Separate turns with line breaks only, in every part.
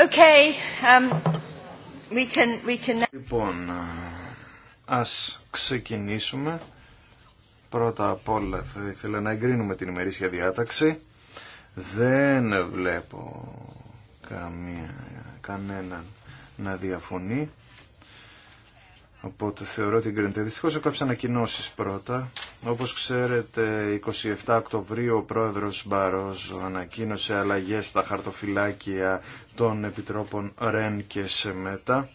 Um,
λοιπόν, ας ξεκινήσουμε. Πρώτα απ' όλα θα ήθελα να εγκρίνουμε την ημερήσια διάταξη. Δεν βλέπω καμία, κανέναν να διαφωνεί. Οπότε θεωρώ ότι εγκρίνεται. Δυστυχώς έχω κάποιες ανακοινώσεις πρώτα. Όπως ξέρετε, 27 Οκτωβρίου ο πρόεδρος Μπαρός ανακοίνωσε αλλαγές στα χαρτοφυλάκια των Επιτρόπων Ρεν και Σεμέτα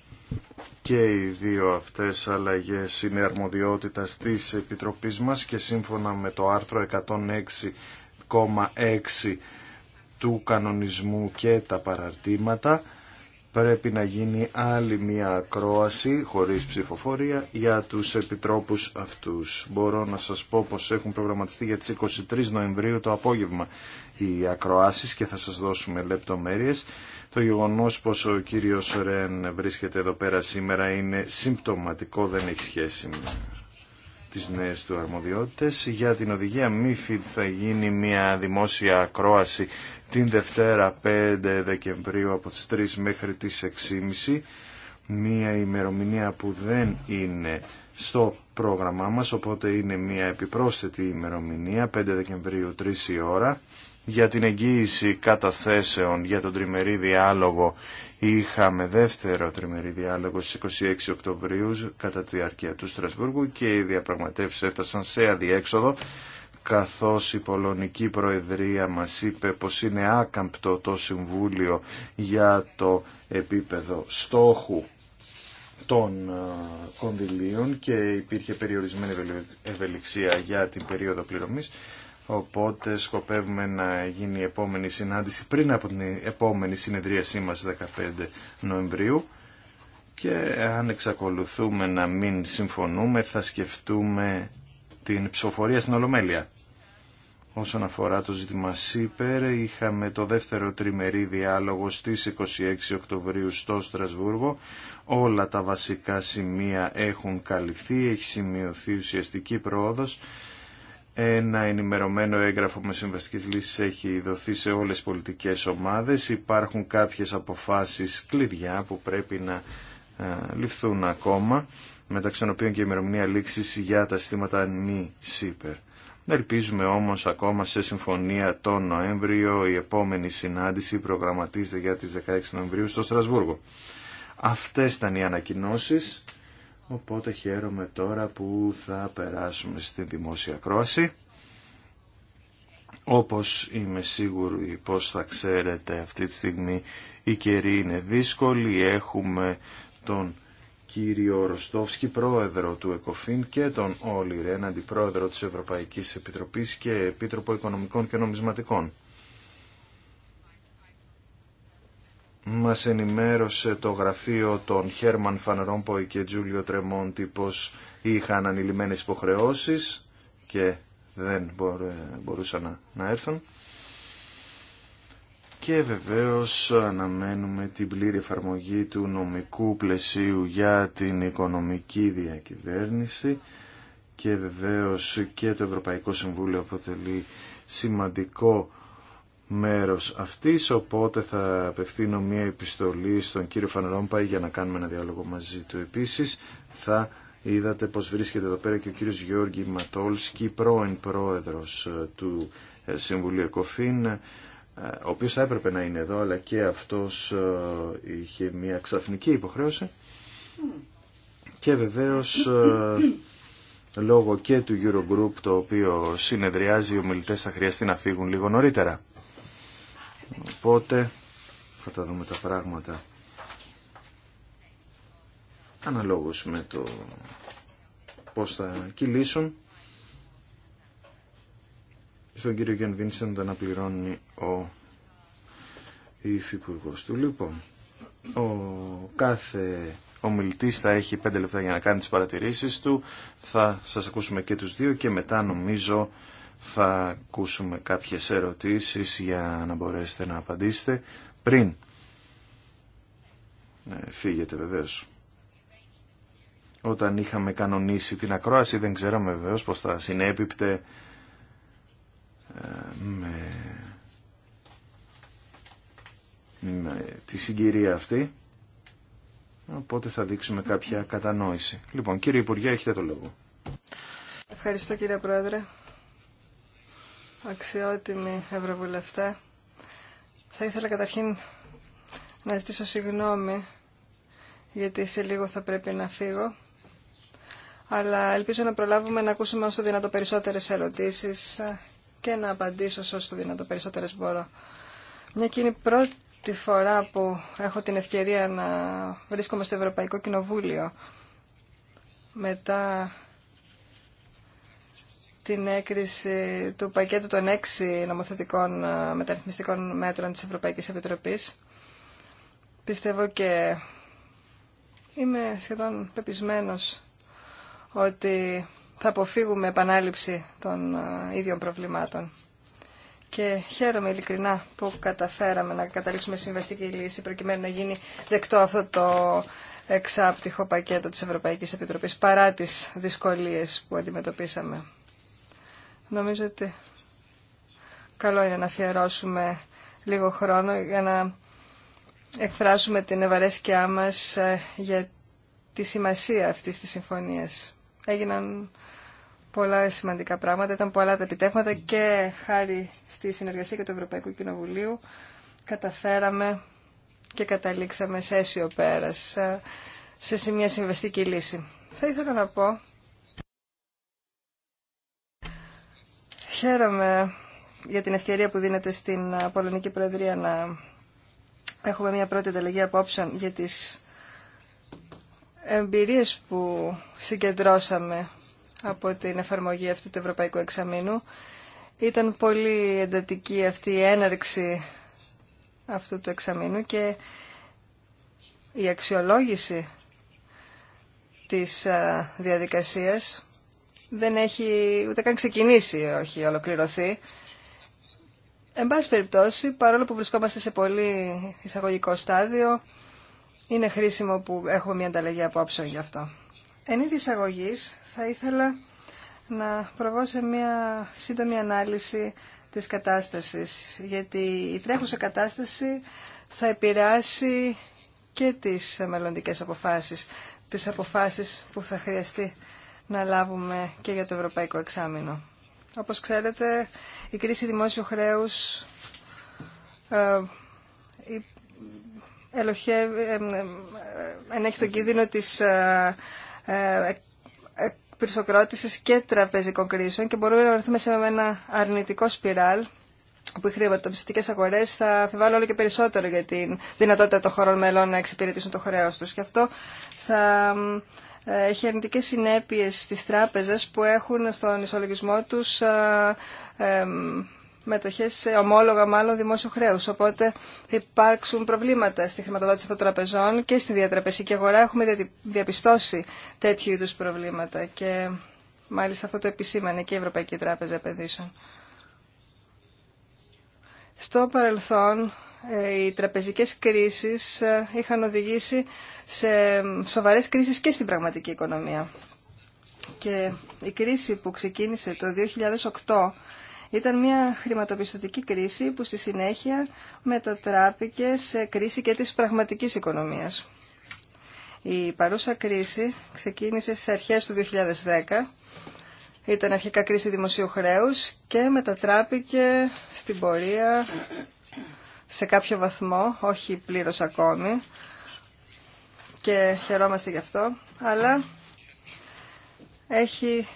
και οι δύο αυτές αλλαγές είναι αρμοδιότητα της Επιτροπής μας και σύμφωνα με το άρθρο 106,6 του κανονισμού και τα παραρτήματα πρέπει να γίνει άλλη μια ακρόαση χωρίς ψηφοφορία για τους επιτρόπους αυτούς. Μπορώ να σας πω πως έχουν προγραμματιστεί για τις 23 Νοεμβρίου το απόγευμα οι ακροάσεις και θα σας δώσουμε λεπτομέρειες. Το γεγονός πως ο κύριος Ρεν βρίσκεται εδώ πέρα σήμερα είναι συμπτωματικό, δεν έχει σχέση με τις νέε του αρμοδιότητε. Για την οδηγία MIFID θα γίνει μια δημόσια ακρόαση την Δευτέρα 5 Δεκεμβρίου από τις 3 μέχρι τις 6.30. Μια ημερομηνία που δεν είναι στο πρόγραμμά μας, οπότε είναι μια επιπρόσθετη ημερομηνία, 5 Δεκεμβρίου 3 η ώρα, για την εγγύηση καταθέσεων για τον τριμερή διάλογο Είχαμε δεύτερο τριμερή διάλογο στις 26 Οκτωβρίου κατά τη διάρκεια του Στρασβούργου και οι διαπραγματεύσεις έφτασαν σε αδιέξοδο καθώς η Πολωνική Προεδρία μας είπε πως είναι άκαμπτο το Συμβούλιο για το επίπεδο στόχου των ε, κονδυλίων και υπήρχε περιορισμένη ευελιξία για την περίοδο πληρωμής Οπότε σκοπεύουμε να γίνει η επόμενη συνάντηση πριν από την επόμενη συνεδρίασή μας 15 Νοεμβρίου και αν εξακολουθούμε να μην συμφωνούμε θα σκεφτούμε την ψηφοφορία στην Ολομέλεια. Όσον αφορά το ζήτημα ΣΥΠΕΡ, είχαμε το δεύτερο τριμερή διάλογο στις 26 Οκτωβρίου στο Στρασβούργο. Όλα τα βασικά σημεία έχουν καλυφθεί, έχει σημειωθεί ουσιαστική πρόοδος ένα ενημερωμένο έγγραφο με συμβαστικής λύσης έχει δοθεί σε όλες τις πολιτικές ομάδες. Υπάρχουν κάποιες αποφάσεις κλειδιά που πρέπει να ε, ληφθούν ακόμα, μεταξύ των οποίων και η ημερομηνία λήξης για τα συστήματα νη ΣΥΠΕΡ. Ελπίζουμε όμως ακόμα σε συμφωνία τον Νοέμβριο η επόμενη συνάντηση προγραμματίζεται για τις 16 Νοεμβρίου στο Στρασβούργο. Αυτές ήταν οι ανακοινώσεις. Οπότε χαίρομαι τώρα που θα περάσουμε στην δημόσια κρόση. Όπως είμαι σίγουροι πως θα ξέρετε αυτή τη στιγμή η καιρή είναι δύσκολη. Έχουμε τον κύριο Ροστόφσκι, πρόεδρο του ΕΚΟΦΗΝ και τον Όλη Ρέναντι, πρόεδρο της Ευρωπαϊκής Επιτροπής και Επίτροπο Οικονομικών και Νομισματικών. μας ενημέρωσε το γραφείο των Χέρμαν Φανρόμποη και Τζούλιο Τρεμόντι πως είχαν ανηλυμένες υποχρεώσεις και δεν μπορούσαν να έρθουν. Και βεβαίως αναμένουμε την πλήρη εφαρμογή του νομικού πλαισίου για την οικονομική διακυβέρνηση και βεβαίως και το Ευρωπαϊκό Συμβούλιο αποτελεί σημαντικό μέρος αυτής, οπότε θα απευθύνω μία επιστολή στον κύριο Φανερόμπα για να κάνουμε ένα διάλογο μαζί του. Επίσης θα είδατε πως βρίσκεται εδώ πέρα και ο κύριος Γιώργη Ματόλσκι, πρώην πρόεδρος ε, του ε, Συμβουλίου Εκοφήν, ε, ο οποίος θα έπρεπε να είναι εδώ, αλλά και αυτός είχε μία ξαφνική υποχρέωση. Και βεβαίως λόγω και του Eurogroup το οποίο συνεδριάζει οι ομιλητές θα χρειαστεί να φύγουν λίγο νωρίτερα. Οπότε θα τα δούμε τα πράγματα αναλόγως με το πώς θα κυλήσουν. Στον κύριο Γιάνν Βίνσεν να πληρώνει ο υφυπουργός του. Λοιπόν, ο κάθε ομιλητής θα έχει πέντε λεπτά για να κάνει τις παρατηρήσεις του. Θα σας ακούσουμε και τους δύο και μετά νομίζω θα ακούσουμε κάποιες ερωτήσεις για να μπορέσετε να απαντήσετε πριν ε, φύγετε βεβαίως. Όταν είχαμε κανονίσει την ακρόαση δεν ξέραμε βεβαίως πως θα συνέπιπτε ε, με... με τη συγκυρία αυτή. Οπότε θα δείξουμε κάποια κατανόηση. Λοιπόν, κύριε Υπουργέ, έχετε το λόγο.
Ευχαριστώ κύριε Πρόεδρε αξιότιμη Ευρωβουλευτέ. Θα ήθελα καταρχήν να ζητήσω συγγνώμη γιατί σε λίγο θα πρέπει να φύγω. Αλλά ελπίζω να προλάβουμε να ακούσουμε όσο δυνατό περισσότερες ερωτήσεις και να απαντήσω όσο το δυνατό περισσότερες μπορώ. Μια και είναι η πρώτη φορά που έχω την ευκαιρία να βρίσκομαι στο Ευρωπαϊκό Κοινοβούλιο μετά την έκριση του πακέτου των έξι νομοθετικών ε, μεταρρυθμιστικών μέτρων της Ευρωπαϊκής Επιτροπής. Πιστεύω και είμαι σχεδόν πεπισμένος ότι θα αποφύγουμε επανάληψη των ε, ίδιων προβλημάτων. Και χαίρομαι ειλικρινά που καταφέραμε να καταλήξουμε συμβαστική λύση προκειμένου να γίνει δεκτό αυτό το εξάπτυχο πακέτο της Ευρωπαϊκής Επιτροπής παρά τις δυσκολίες που αντιμετωπίσαμε. Νομίζω ότι καλό είναι να αφιερώσουμε λίγο χρόνο για να εκφράσουμε την ευαρέσκειά μας ε, για τη σημασία αυτής της συμφωνίας. Έγιναν πολλά σημαντικά πράγματα, ήταν πολλά τα επιτεύγματα και χάρη στη συνεργασία και του Ευρωπαϊκού Κοινοβουλίου καταφέραμε και καταλήξαμε σε αίσιο πέρας, ε, σε μια συμβαστική λύση. Θα ήθελα να πω Χαίρομαι για την ευκαιρία που δίνεται στην ε, Πολωνική Προεδρία να έχουμε μια πρώτη ανταλλαγή απόψεων για τις εμπειρίες που συγκεντρώσαμε από την εφαρμογή αυτού του Ευρωπαϊκού Εξαμήνου. Ήταν πολύ εντατική αυτή η έναρξη αυτού του εξαμήνου και η αξιολόγηση της ε, διαδικασίας δεν έχει ούτε καν ξεκινήσει, όχι ολοκληρωθεί. Εν πάση περιπτώσει, παρόλο που βρισκόμαστε σε πολύ εισαγωγικό στάδιο, είναι χρήσιμο που έχουμε μια ανταλλαγή απόψεων γι' αυτό. Εν είδη εισαγωγή, θα ήθελα να προβώ σε μια σύντομη ανάλυση της κατάστασης, γιατί η τρέχουσα κατάσταση θα επηρεάσει και τις μελλοντικέ αποφάσεις, τις αποφάσεις που θα χρειαστεί να λάβουμε και για το Ευρωπαϊκό Εξάμεινο. Όπως ξέρετε, η κρίση δημόσιου χρέους ε, ε, ε ενέχει τον κίνδυνο της ε, ε και τραπεζικών κρίσεων και μπορούμε να βρεθούμε σε ένα αρνητικό σπιράλ που οι χρηματοπιστωτικέ αγορέ θα αφιβάλλουν όλο και περισσότερο για τη δυνατότητα των χωρών μελών να εξυπηρετήσουν το χρέο του. Και αυτό θα έχει αρνητικές συνέπειες στις τράπεζες που έχουν στον ισολογισμό τους ε, ε, μετοχές, ε, ομόλογα μάλλον δημόσιο χρέου. Οπότε θα υπάρξουν προβλήματα στη χρηματοδότηση των τραπεζών και στη διατραπεζική αγορά. Έχουμε διαπιστώσει τέτοιου είδους προβλήματα και μάλιστα αυτό το επισήμανε και η Ευρωπαϊκή Τράπεζα Επενδύσεων. Στο παρελθόν ε, οι τραπεζικές κρίσεις ε, είχαν οδηγήσει σε σοβαρές κρίσεις και στην πραγματική οικονομία. Και η κρίση που ξεκίνησε το 2008 ήταν μια χρηματοπιστωτική κρίση που στη συνέχεια μετατράπηκε σε κρίση και της πραγματικής οικονομίας. Η παρούσα κρίση ξεκίνησε στις αρχές του 2010, ήταν αρχικά κρίση δημοσίου χρέους και μετατράπηκε στην πορεία σε κάποιο βαθμό, όχι πλήρως ακόμη και χαιρόμαστε γι' αυτό, αλλά έχει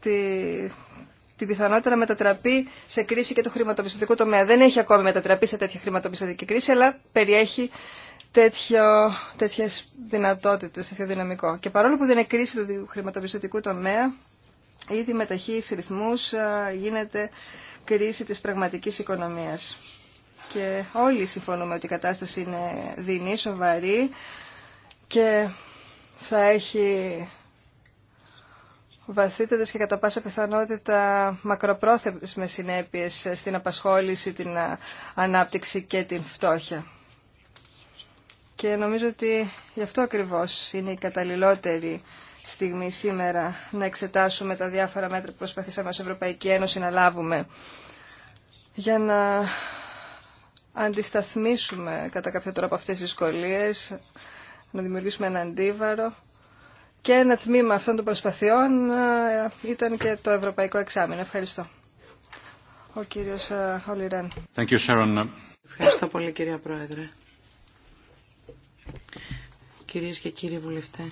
τη, τη πιθανότητα να μετατραπεί σε κρίση και το χρηματοπιστωτικό τομέα. Δεν έχει ακόμη μετατραπεί σε τέτοια χρηματοπιστωτική κρίση, αλλά περιέχει τέτοιο, τέτοιες δυνατότητες, τέτοιο δυναμικό. Και παρόλο που δεν είναι κρίση του χρηματοπιστωτικού τομέα, ήδη με ρυθμούς γίνεται κρίση της πραγματικής οικονομίας και όλοι συμφωνούμε ότι η κατάσταση είναι δεινή, σοβαρή και θα έχει βαθύτερες και κατά πάσα πιθανότητα μακροπρόθεσμες συνέπειες στην απασχόληση, την ανάπτυξη και την φτώχεια. Και νομίζω ότι γι' αυτό ακριβώς είναι η καταλληλότερη στιγμή σήμερα να εξετάσουμε τα διάφορα μέτρα που προσπαθήσαμε ως Ευρωπαϊκή Ένωση να λάβουμε για να αντισταθμίσουμε κατά κάποιο τρόπο αυτές τις δυσκολίες, να δημιουργήσουμε ένα αντίβαρο. Και ένα τμήμα αυτών των προσπαθειών ε, ήταν και το Ευρωπαϊκό Εξάμεινο. Ευχαριστώ. Ο κύριος Χολιράν.
Ε,
Ευχαριστώ πολύ κυρία Πρόεδρε. Κυρίες και κύριοι βουλευτέ,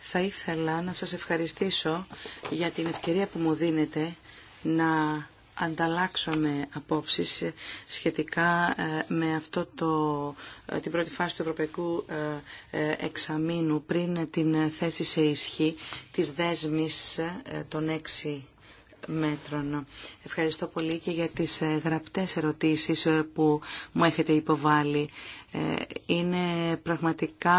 θα ήθελα να σας ευχαριστήσω για την ευκαιρία που μου δίνετε να ανταλλάξαμε απόψεις ε, σχετικά ε, με αυτό το, ε, την πρώτη φάση του Ευρωπαϊκού Εξαμήνου πριν την θέση σε ισχύ της δέσμης των έξι μέτρων. Ευχαριστώ πολύ και για τις γραπτές ερωτήσεις που μου έχετε υποβάλει. Είναι πραγματικά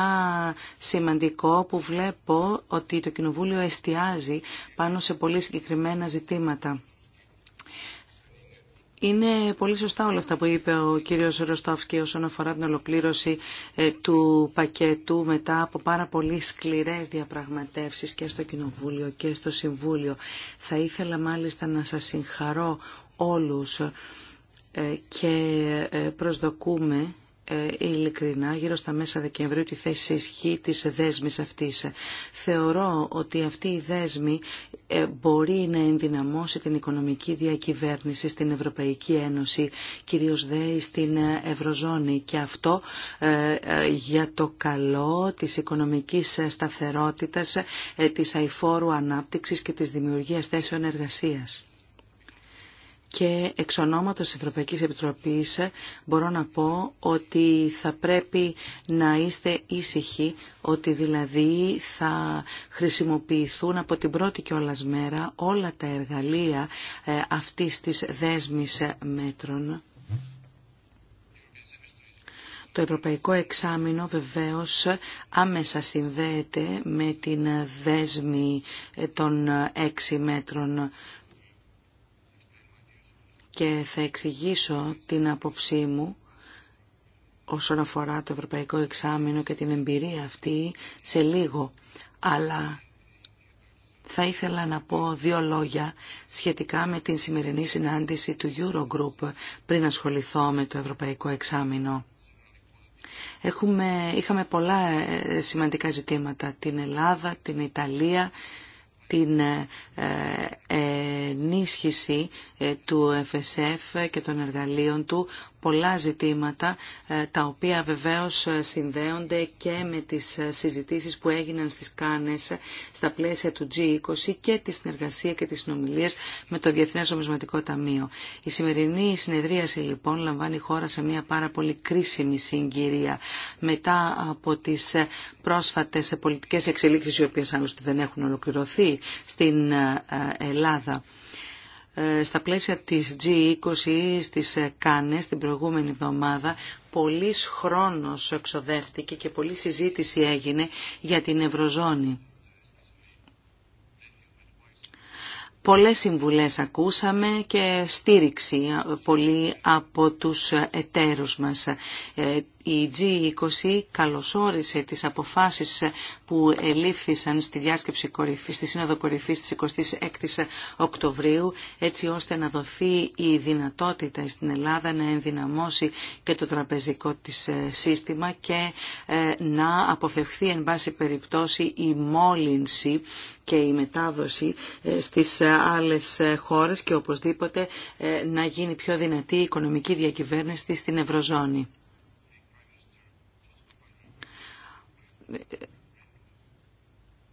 σημαντικό που βλέπω ότι το Κοινοβούλιο εστιάζει πάνω σε πολύ συγκεκριμένα ζητήματα. Είναι πολύ σωστά όλα αυτά που είπε ο κύριος Ροστόφσκι όσον αφορά την ολοκλήρωση ε, του πακέτου μετά από πάρα πολύ σκληρές διαπραγματεύσεις και στο Κοινοβούλιο και στο Συμβούλιο. Θα ήθελα μάλιστα να σας συγχαρώ όλους ε, και ε, προσδοκούμε ε, ειλικρινά γύρω στα μέσα Δεκεμβρίου τη θέση ισχύ της δέσμης αυτής. Θεωρώ ότι αυτή η δέσμη ε, μπορεί να ενδυναμώσει την οικονομική διακυβέρνηση στην Ευρωπαϊκή Ένωση, κυρίως δε στην Ευρωζώνη και αυτό ε, για το καλό της οικονομικής σταθερότητας, της αηφόρου ανάπτυξης και της δημιουργίας θέσεων εργασίας και εξ ονόματος Ευρωπαϊκής Επιτροπής μπορώ να πω ότι θα πρέπει να είστε ήσυχοι ότι δηλαδή θα χρησιμοποιηθούν από την πρώτη κιόλας μέρα όλα τα εργαλεία ε, αυτής της δέσμης μέτρων. Το Ευρωπαϊκό Εξάμεινο βεβαίως άμεσα συνδέεται με την δέσμη ε, των ε, έξι μέτρων και θα εξηγήσω την άποψή μου όσον αφορά το Ευρωπαϊκό Εξάμεινο και την εμπειρία αυτή σε λίγο. Αλλά θα ήθελα να πω δύο λόγια σχετικά με την σημερινή συνάντηση του Eurogroup πριν ασχοληθώ με το Ευρωπαϊκό Εξάμεινο. Έχουμε, είχαμε πολλά ε, σημαντικά ζητήματα, την Ελλάδα, την Ιταλία, την ε, ε, ενίσχυση ε, του FSF και των εργαλείων του πολλά ζητήματα ε, τα οποία βεβαίως ε, συνδέονται και με τις ε, συζητήσεις που έγιναν στις Κάνες στα πλαίσια του G20 και τη συνεργασία και τις συνομιλίες με το Διεθνές Ομισματικό Ταμείο. Η σημερινή συνεδρίαση λοιπόν λαμβάνει η χώρα σε μια πάρα πολύ κρίσιμη συγκυρία μετά από τις πρόσφατες πολιτικές εξελίξεις οι οποίες άλλωστε δεν έχουν ολοκληρωθεί στην Ελλάδα. Ε, στα πλαίσια της G20 στις ε, Κάνες την προηγούμενη εβδομάδα πολύς χρόνος εξοδεύτηκε και πολλή συζήτηση έγινε για την Ευρωζώνη. Πολλές συμβουλές ακούσαμε και στήριξη ε, πολύ από τους εταίρους μας η G20 καλωσόρισε τις αποφάσεις που ελήφθησαν στη διάσκεψη κορυφή, στη Σύνοδο Κορυφής της 26ης Οκτωβρίου, έτσι ώστε να δοθεί η δυνατότητα στην Ελλάδα να ενδυναμώσει και το τραπεζικό της ε, σύστημα και ε, να αποφευχθεί εν πάση περιπτώσει η μόλυνση και η μετάδοση ε, στις άλλες χώρες και οπωσδήποτε να γίνει πιο δυνατή η οικονομική διακυβέρνηση στην Ευρωζώνη.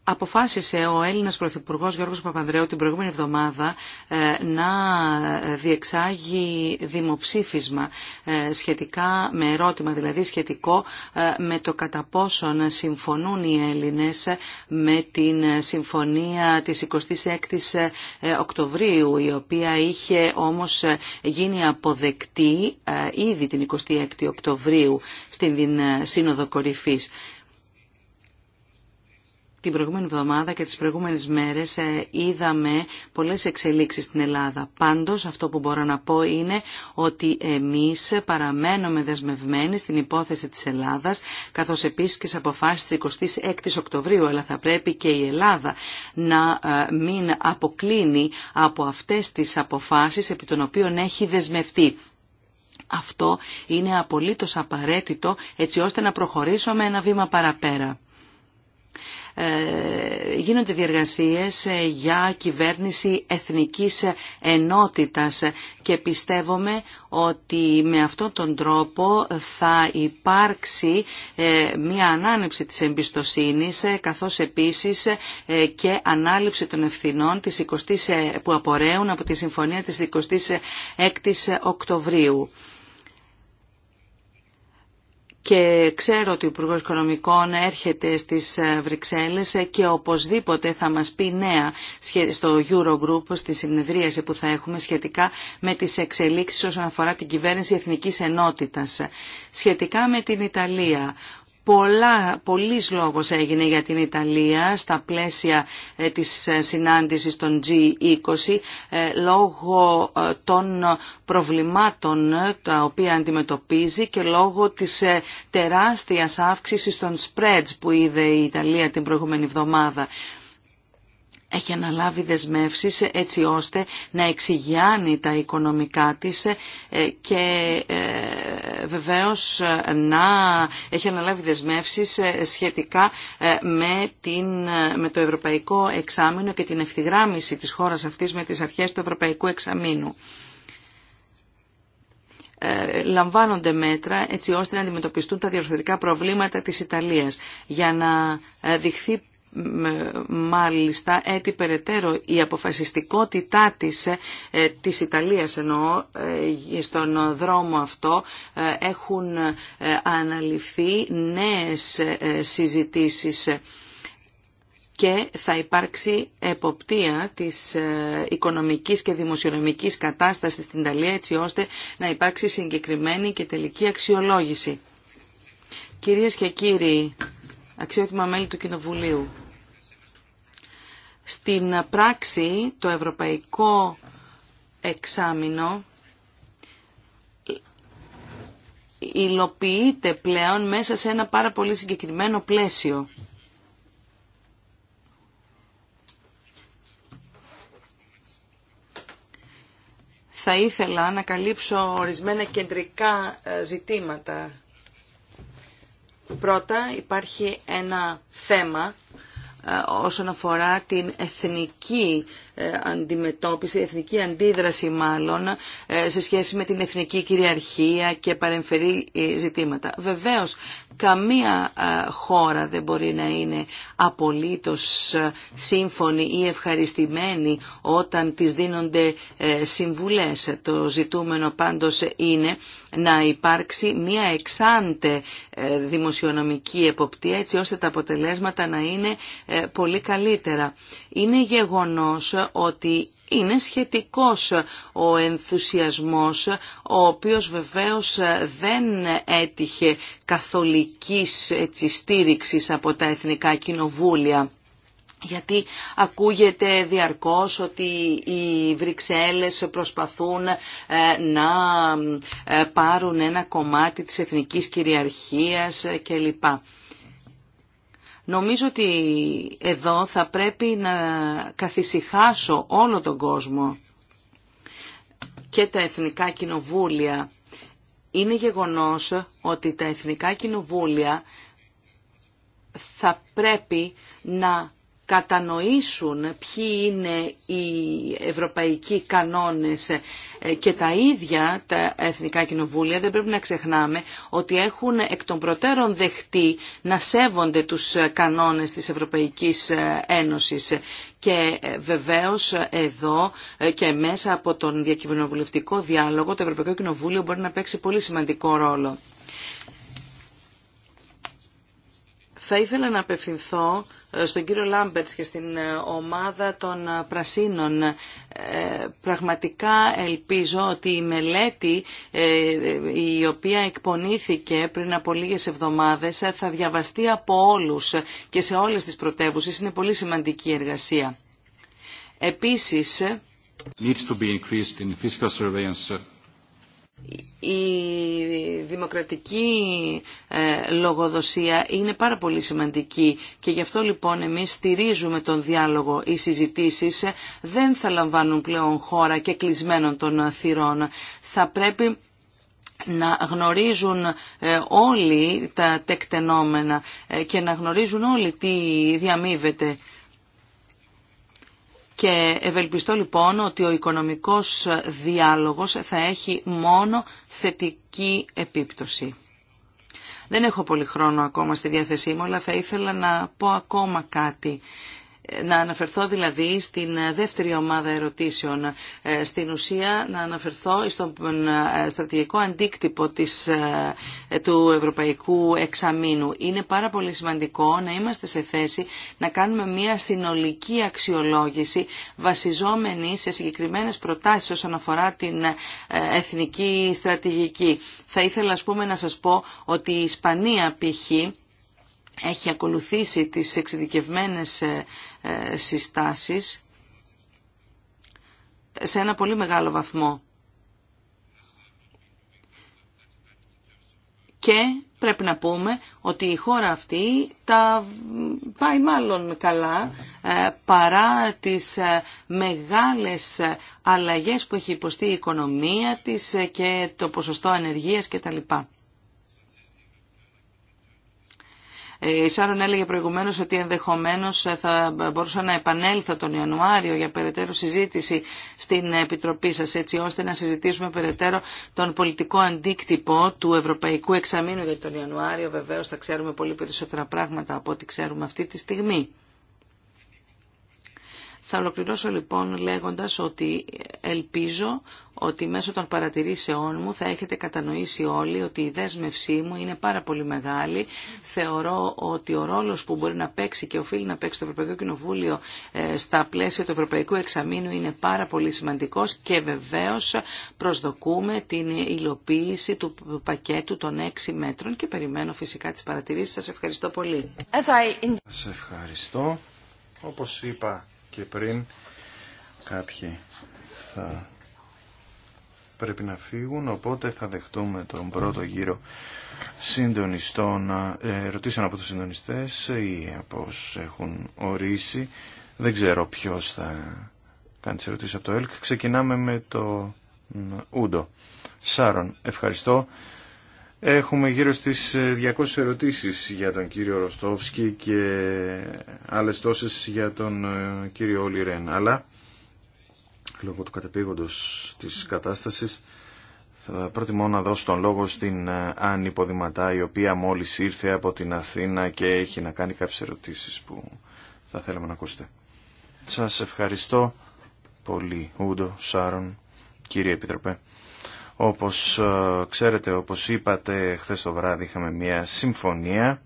Αποφάσισε ο Έλληνας Πρωθυπουργό Γιώργος Παπανδρέου την προηγούμενη εβδομάδα ε, να διεξάγει δημοψήφισμα ε, σχετικά με ερώτημα, δηλαδή σχετικό ε, με το κατά πόσον συμφωνούν οι Έλληνες με την συμφωνία της 26ης Οκτωβρίου, η οποία είχε όμως γίνει αποδεκτή ήδη την 26η Οκτωβρίου στην Σύνοδο Κορυφής την προηγούμενη εβδομάδα και τις προηγούμενες μέρες ε, είδαμε πολλές εξελίξεις στην Ελλάδα. Πάντως αυτό που μπορώ να πω είναι ότι εμείς παραμένουμε δεσμευμένοι στην υπόθεση της Ελλάδας καθώς επίσης και σε αποφάσεις 26 Οκτωβρίου αλλά θα πρέπει και η Ελλάδα να ε, μην αποκλίνει από αυτές τις αποφάσεις επί των οποίων έχει δεσμευτεί. Αυτό είναι απολύτως απαραίτητο έτσι ώστε να προχωρήσουμε ένα βήμα παραπέρα. Ε, γίνονται διεργασίες ε, για κυβέρνηση εθνικής ενότητας και πιστεύουμε ότι με αυτόν τον τρόπο θα υπάρξει ε, μια ανάνεψη της εμπιστοσύνης καθώς επίσης και ανάληψη των ευθυνών της 20 που απορρέουν από τη συμφωνία της 26ης Οκτωβρίου και ξέρω ότι ο Υπουργός Οικονομικών έρχεται στις ε, Βρυξέλλες και οπωσδήποτε θα μας πει νέα στο Eurogroup, στη συνεδρίαση που θα έχουμε σχετικά με τις εξελίξεις όσον αφορά την κυβέρνηση Εθνικής Ενότητας. Σχετικά με την Ιταλία, Πολλά, πολλής λόγος έγινε για την Ιταλία στα πλαίσια ε, της ε, συνάντησης των G20 ε, λόγω των προβλημάτων τα οποία αντιμετωπίζει και λόγω της τεράστιας αύξησης των spreads που είδε η Ιταλία την προηγούμενη εβδομάδα έχει αναλάβει δεσμεύσεις έτσι ώστε να εξηγιάνει τα οικονομικά της ε, και ε, βεβαίως ε, να έχει αναλάβει δεσμεύσεις σχετικά με, την, με το ευρωπαϊκό εξάμεινο και την ευθυγράμμιση της χώρας αυτής με τις αρχές του ευρωπαϊκού εξαμήνου λαμβάνονται μέτρα έτσι ώστε να αντιμετωπιστούν τα διορθωτικά προβλήματα της Ιταλίας για να δειχθεί μάλιστα έτσι περαιτέρω η αποφασιστικότητά της, ε, ε, της Ιταλίας εννοώ, ε, στον δρόμο αυτό έχουν αναλυφθεί νέες συζητήσεις και θα υπάρξει εποπτεία της οικονομικής και δημοσιονομικής κατάστασης στην Ιταλία έτσι ώστε να υπάρξει συγκεκριμένη και τελική αξιολόγηση. Κυρίες και κύριοι, αξιότιμα μέλη του Κοινοβουλίου, στην πράξη το ευρωπαϊκό εξάμεινο υλοποιείται πλέον μέσα σε ένα πάρα πολύ συγκεκριμένο πλαίσιο. Θα ήθελα να καλύψω ορισμένα κεντρικά ε, ζητήματα. Πρώτα υπάρχει ένα θέμα όσον αφορά την εθνική ε, αντιμετώπιση, εθνική αντίδραση μάλλον, ε, σε σχέση με την εθνική κυριαρχία και παρεμφερή ε, ζητήματα. Βεβαίως Καμία χώρα δεν μπορεί να είναι απολύτως σύμφωνη ή ευχαριστημένη όταν της δίνονται ε, συμβουλές. Το ζητούμενο πάντως είναι να υπάρξει μία εξάντε ε, δημοσιονομική εποπτεία έτσι ώστε τα αποτελέσματα να είναι ε, πολύ καλύτερα. Είναι γεγονός ότι είναι σχετικός ο ενθουσιασμός, ο οποίος βεβαίως δεν έτυχε καθολικής έτσι, από τα εθνικά κοινοβούλια γιατί ακούγεται διαρκώς ότι οι Βρυξέλλες προσπαθούν ε, να ε, πάρουν ένα κομμάτι της εθνικής κυριαρχίας ε, κλπ. Νομίζω ότι εδώ θα πρέπει να καθησυχάσω όλο τον κόσμο και τα εθνικά κοινοβούλια. Είναι γεγονός ότι τα εθνικά κοινοβούλια θα πρέπει να κατανοήσουν ποιοι είναι οι ευρωπαϊκοί κανόνες ε, και τα ίδια τα εθνικά κοινοβούλια δεν πρέπει να ξεχνάμε ότι έχουν εκ των προτέρων δεχτεί να σέβονται τους κανόνες της Ευρωπαϊκής ε, Ένωσης και ε, βεβαίως εδώ και μέσα από τον διακυβερνοβουλευτικό διάλογο το Ευρωπαϊκό Κοινοβούλιο μπορεί να παίξει πολύ σημαντικό ρόλο. Θα ήθελα να απευθυνθώ στον κύριο Λάμπερτς και στην ε, ομάδα των ε, Πρασίνων. Ε, πραγματικά ελπίζω ότι η μελέτη η οποία εκπονήθηκε πριν από λίγες εβδομάδες θα διαβαστεί από όλους και σε όλες τις πρωτεύουσες. Είναι πολύ σημαντική εργασία. Επίσης,
to
η δημοκρατική ε, λογοδοσία είναι πάρα πολύ σημαντική και γι' αυτό λοιπόν εμείς στηρίζουμε τον διάλογο. Οι συζητήσεις δεν θα λαμβάνουν πλέον χώρα και κλεισμένων των θυρών. Θα πρέπει να γνωρίζουν ε, όλοι τα τεκτενόμενα ε, και να γνωρίζουν όλοι τι διαμείβεται. Και ευελπιστώ λοιπόν ότι ο οικονομικός διάλογος θα έχει μόνο θετική επίπτωση. Δεν έχω πολύ χρόνο ακόμα στη διάθεσή μου, αλλά θα ήθελα να πω ακόμα κάτι. Να αναφερθώ δηλαδή στην δεύτερη ομάδα ερωτήσεων. Ε, στην ουσία να αναφερθώ στον ε, στρατηγικό αντίκτυπο της, ε, του Ευρωπαϊκού Εξαμήνου. Είναι πάρα πολύ σημαντικό να είμαστε σε θέση να κάνουμε μια συνολική αξιολόγηση βασιζόμενη σε συγκεκριμένες προτάσεις όσον αφορά την εθνική στρατηγική. Θα ήθελα ας πούμε να σας πω ότι η Ισπανία π.χ έχει ακολουθήσει τις εξειδικευμένες ε, ε, συστάσεις σε ένα πολύ μεγάλο βαθμό. Και πρέπει να πούμε ότι η χώρα αυτή τα πάει μάλλον καλά ε, παρά τις μεγάλες αλλαγές που έχει υποστεί η οικονομία της και το ποσοστό ανεργίας κτλ. Ε, η Σάρων έλεγε προηγουμένω ότι ενδεχομένως ε, θα μπορούσα να επανέλθω τον Ιανουάριο για περαιτέρω συζήτηση στην Επιτροπή σας, έτσι ώστε να συζητήσουμε περαιτέρω τον πολιτικό αντίκτυπο του Ευρωπαϊκού Εξαμήνου, για τον Ιανουάριο βεβαίως θα ξέρουμε πολύ περισσότερα πράγματα από ό,τι ξέρουμε αυτή τη στιγμή. Θα ολοκληρώσω λοιπόν λέγοντας ότι ελπίζω ότι μέσω των παρατηρήσεών μου θα έχετε κατανοήσει όλοι ότι η δέσμευσή μου είναι πάρα πολύ μεγάλη. Θεωρώ ότι ο ρόλος που μπορεί να παίξει και οφείλει να παίξει το Ευρωπαϊκό Κοινοβούλιο ε, στα πλαίσια του Ευρωπαϊκού Εξαμήνου είναι πάρα πολύ σημαντικός και βεβαίως προσδοκούμε την υλοποίηση του πακέτου των έξι μέτρων και περιμένω φυσικά τις παρατηρήσεις. Σας
ευχαριστώ πολύ. Σας ευχαριστώ. Όπως είπα και πριν, κάποιοι θα πρέπει να φύγουν, οπότε θα δεχτούμε τον πρώτο γύρο συντονιστών, ερωτήσεων από τους συντονιστές ή από όσους έχουν ορίσει. Δεν ξέρω ποιος θα κάνει τις ερωτήσεις από το ΕΛΚ. Ξεκινάμε με το Ούντο. Σάρον, ευχαριστώ. Έχουμε γύρω στις 200 ε, ερωτήσεις για τον κύριο Ροστόφσκι και άλλες τόσες για τον ε, κύριο Όλιρεν. Αλλά λόγω του κατεπήγοντος της κατάστασης θα προτιμώ να δώσω τον λόγο στην ε, Άννη Ποδηματά η οποία μόλις ήρθε από την Αθήνα και έχει να κάνει κάποιες ερωτήσεις που θα θέλαμε να ακούσετε. Σας ευχαριστώ πολύ Ούντο, Σάρον, κύριε Επιτροπέ. Όπως ε, ξέρετε, όπως είπατε, χθες το βράδυ είχαμε μια συμφωνία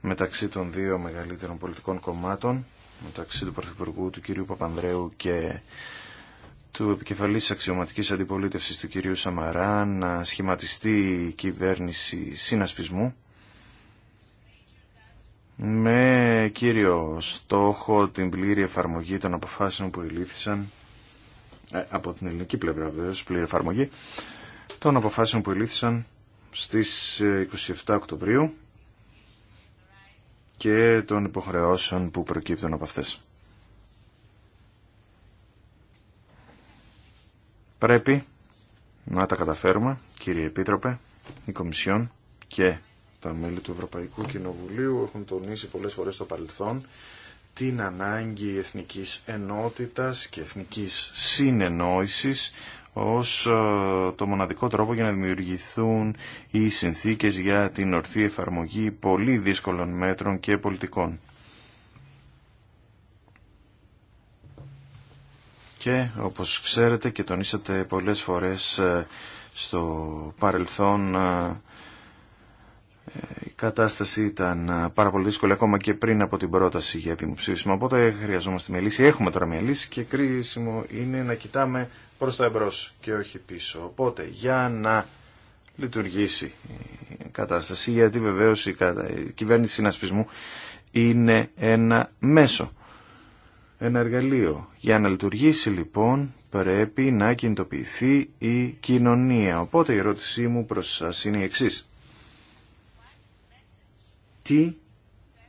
μεταξύ των δύο μεγαλύτερων πολιτικών κομμάτων μεταξύ του Πρωθυπουργού του κυρίου Παπανδρέου και του επικεφαλής αξιωματικής αντιπολίτευσης του κυρίου Σαμαρά να σχηματιστεί η κυβέρνηση συνασπισμού με κύριο στόχο την πλήρη εφαρμογή των αποφάσεων που ελήφθησαν ε, από την ελληνική πλευρά βεβαίως, πλήρη εφαρμογή των αποφάσεων που ελήφθησαν στις 27 ε, Οκτωβρίου και των υποχρεώσεων που προκύπτουν από αυτές. Πρέπει να τα καταφέρουμε, κύριε Επίτροπε, η Κομισιόν και τα μέλη του Ευρωπαϊκού Κοινοβουλίου έχουν τονίσει πολλές φορές στο παρελθόν την ανάγκη εθνικής ενότητας και εθνικής συνεννόησης ως ε, το μοναδικό τρόπο για να δημιουργηθούν οι συνθήκες για την ορθή εφαρμογή πολύ δύσκολων μέτρων και πολιτικών. και όπως ξέρετε και τονίσατε πολλές φορές ε, στο παρελθόν ε, ε, η κατάσταση ήταν πάρα πολύ δύσκολη ακόμα και πριν από την πρόταση για δημοψήφισμα. Οπότε χρειαζόμαστε μια λύση. Έχουμε τώρα μια λύση και κρίσιμο είναι να κοιτάμε προς τα εμπρός και όχι πίσω. Οπότε για να λειτουργήσει η κατάσταση γιατί βεβαίως η κυβέρνηση συνασπισμού είναι ένα μέσο ένα εργαλείο. Για να λειτουργήσει λοιπόν πρέπει να κινητοποιηθεί η κοινωνία. Οπότε η ερώτησή μου προς σας είναι η εξής. Τι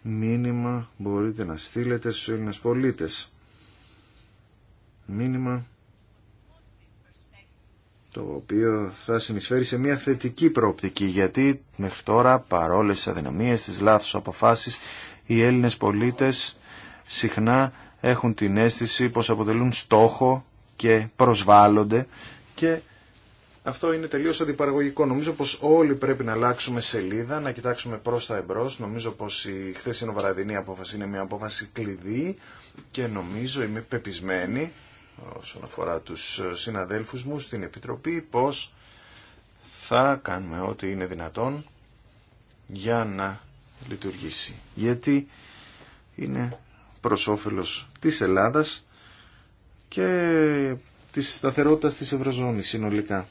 μήνυμα μπορείτε να στείλετε στους Έλληνες πολίτες. Μήνυμα το οποίο θα συνεισφέρει σε μια θετική προοπτική γιατί μέχρι τώρα παρόλες τις αδυναμίες, τις λάθος αποφάσεις οι Έλληνες πολίτες συχνά έχουν την αίσθηση πως αποτελούν στόχο και προσβάλλονται και αυτό είναι τελείως αντιπαραγωγικό. Νομίζω πως όλοι πρέπει να αλλάξουμε σελίδα, να κοιτάξουμε προς τα εμπρός. Νομίζω πως η χθες βραδινή απόφαση είναι μια απόφαση κλειδί και νομίζω είμαι πεπισμένη όσον αφορά τους συναδέλφους μου στην Επιτροπή πως θα κάνουμε ό,τι είναι δυνατόν για να λειτουργήσει. Γιατί είναι προς όφελος της Ελλάδας και της σταθερότητας της Ευρωζώνης συνολικά.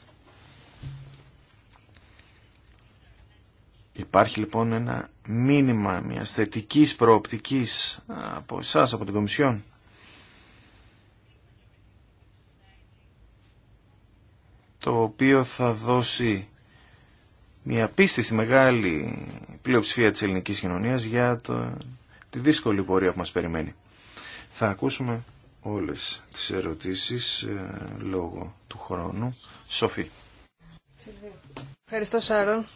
Υπάρχει λοιπόν ένα μήνυμα μια θετική προοπτικής από εσάς, από την Κομισιόν. το οποίο θα δώσει μια πίστη στη μεγάλη πλειοψηφία της ελληνικής κοινωνίας για το τη δύσκολη πορεία που μας περιμένει. Θα ακούσουμε όλες τις ερωτήσεις ε, λόγω του χρόνου. Σοφή.
Ευχαριστώ Σάρων.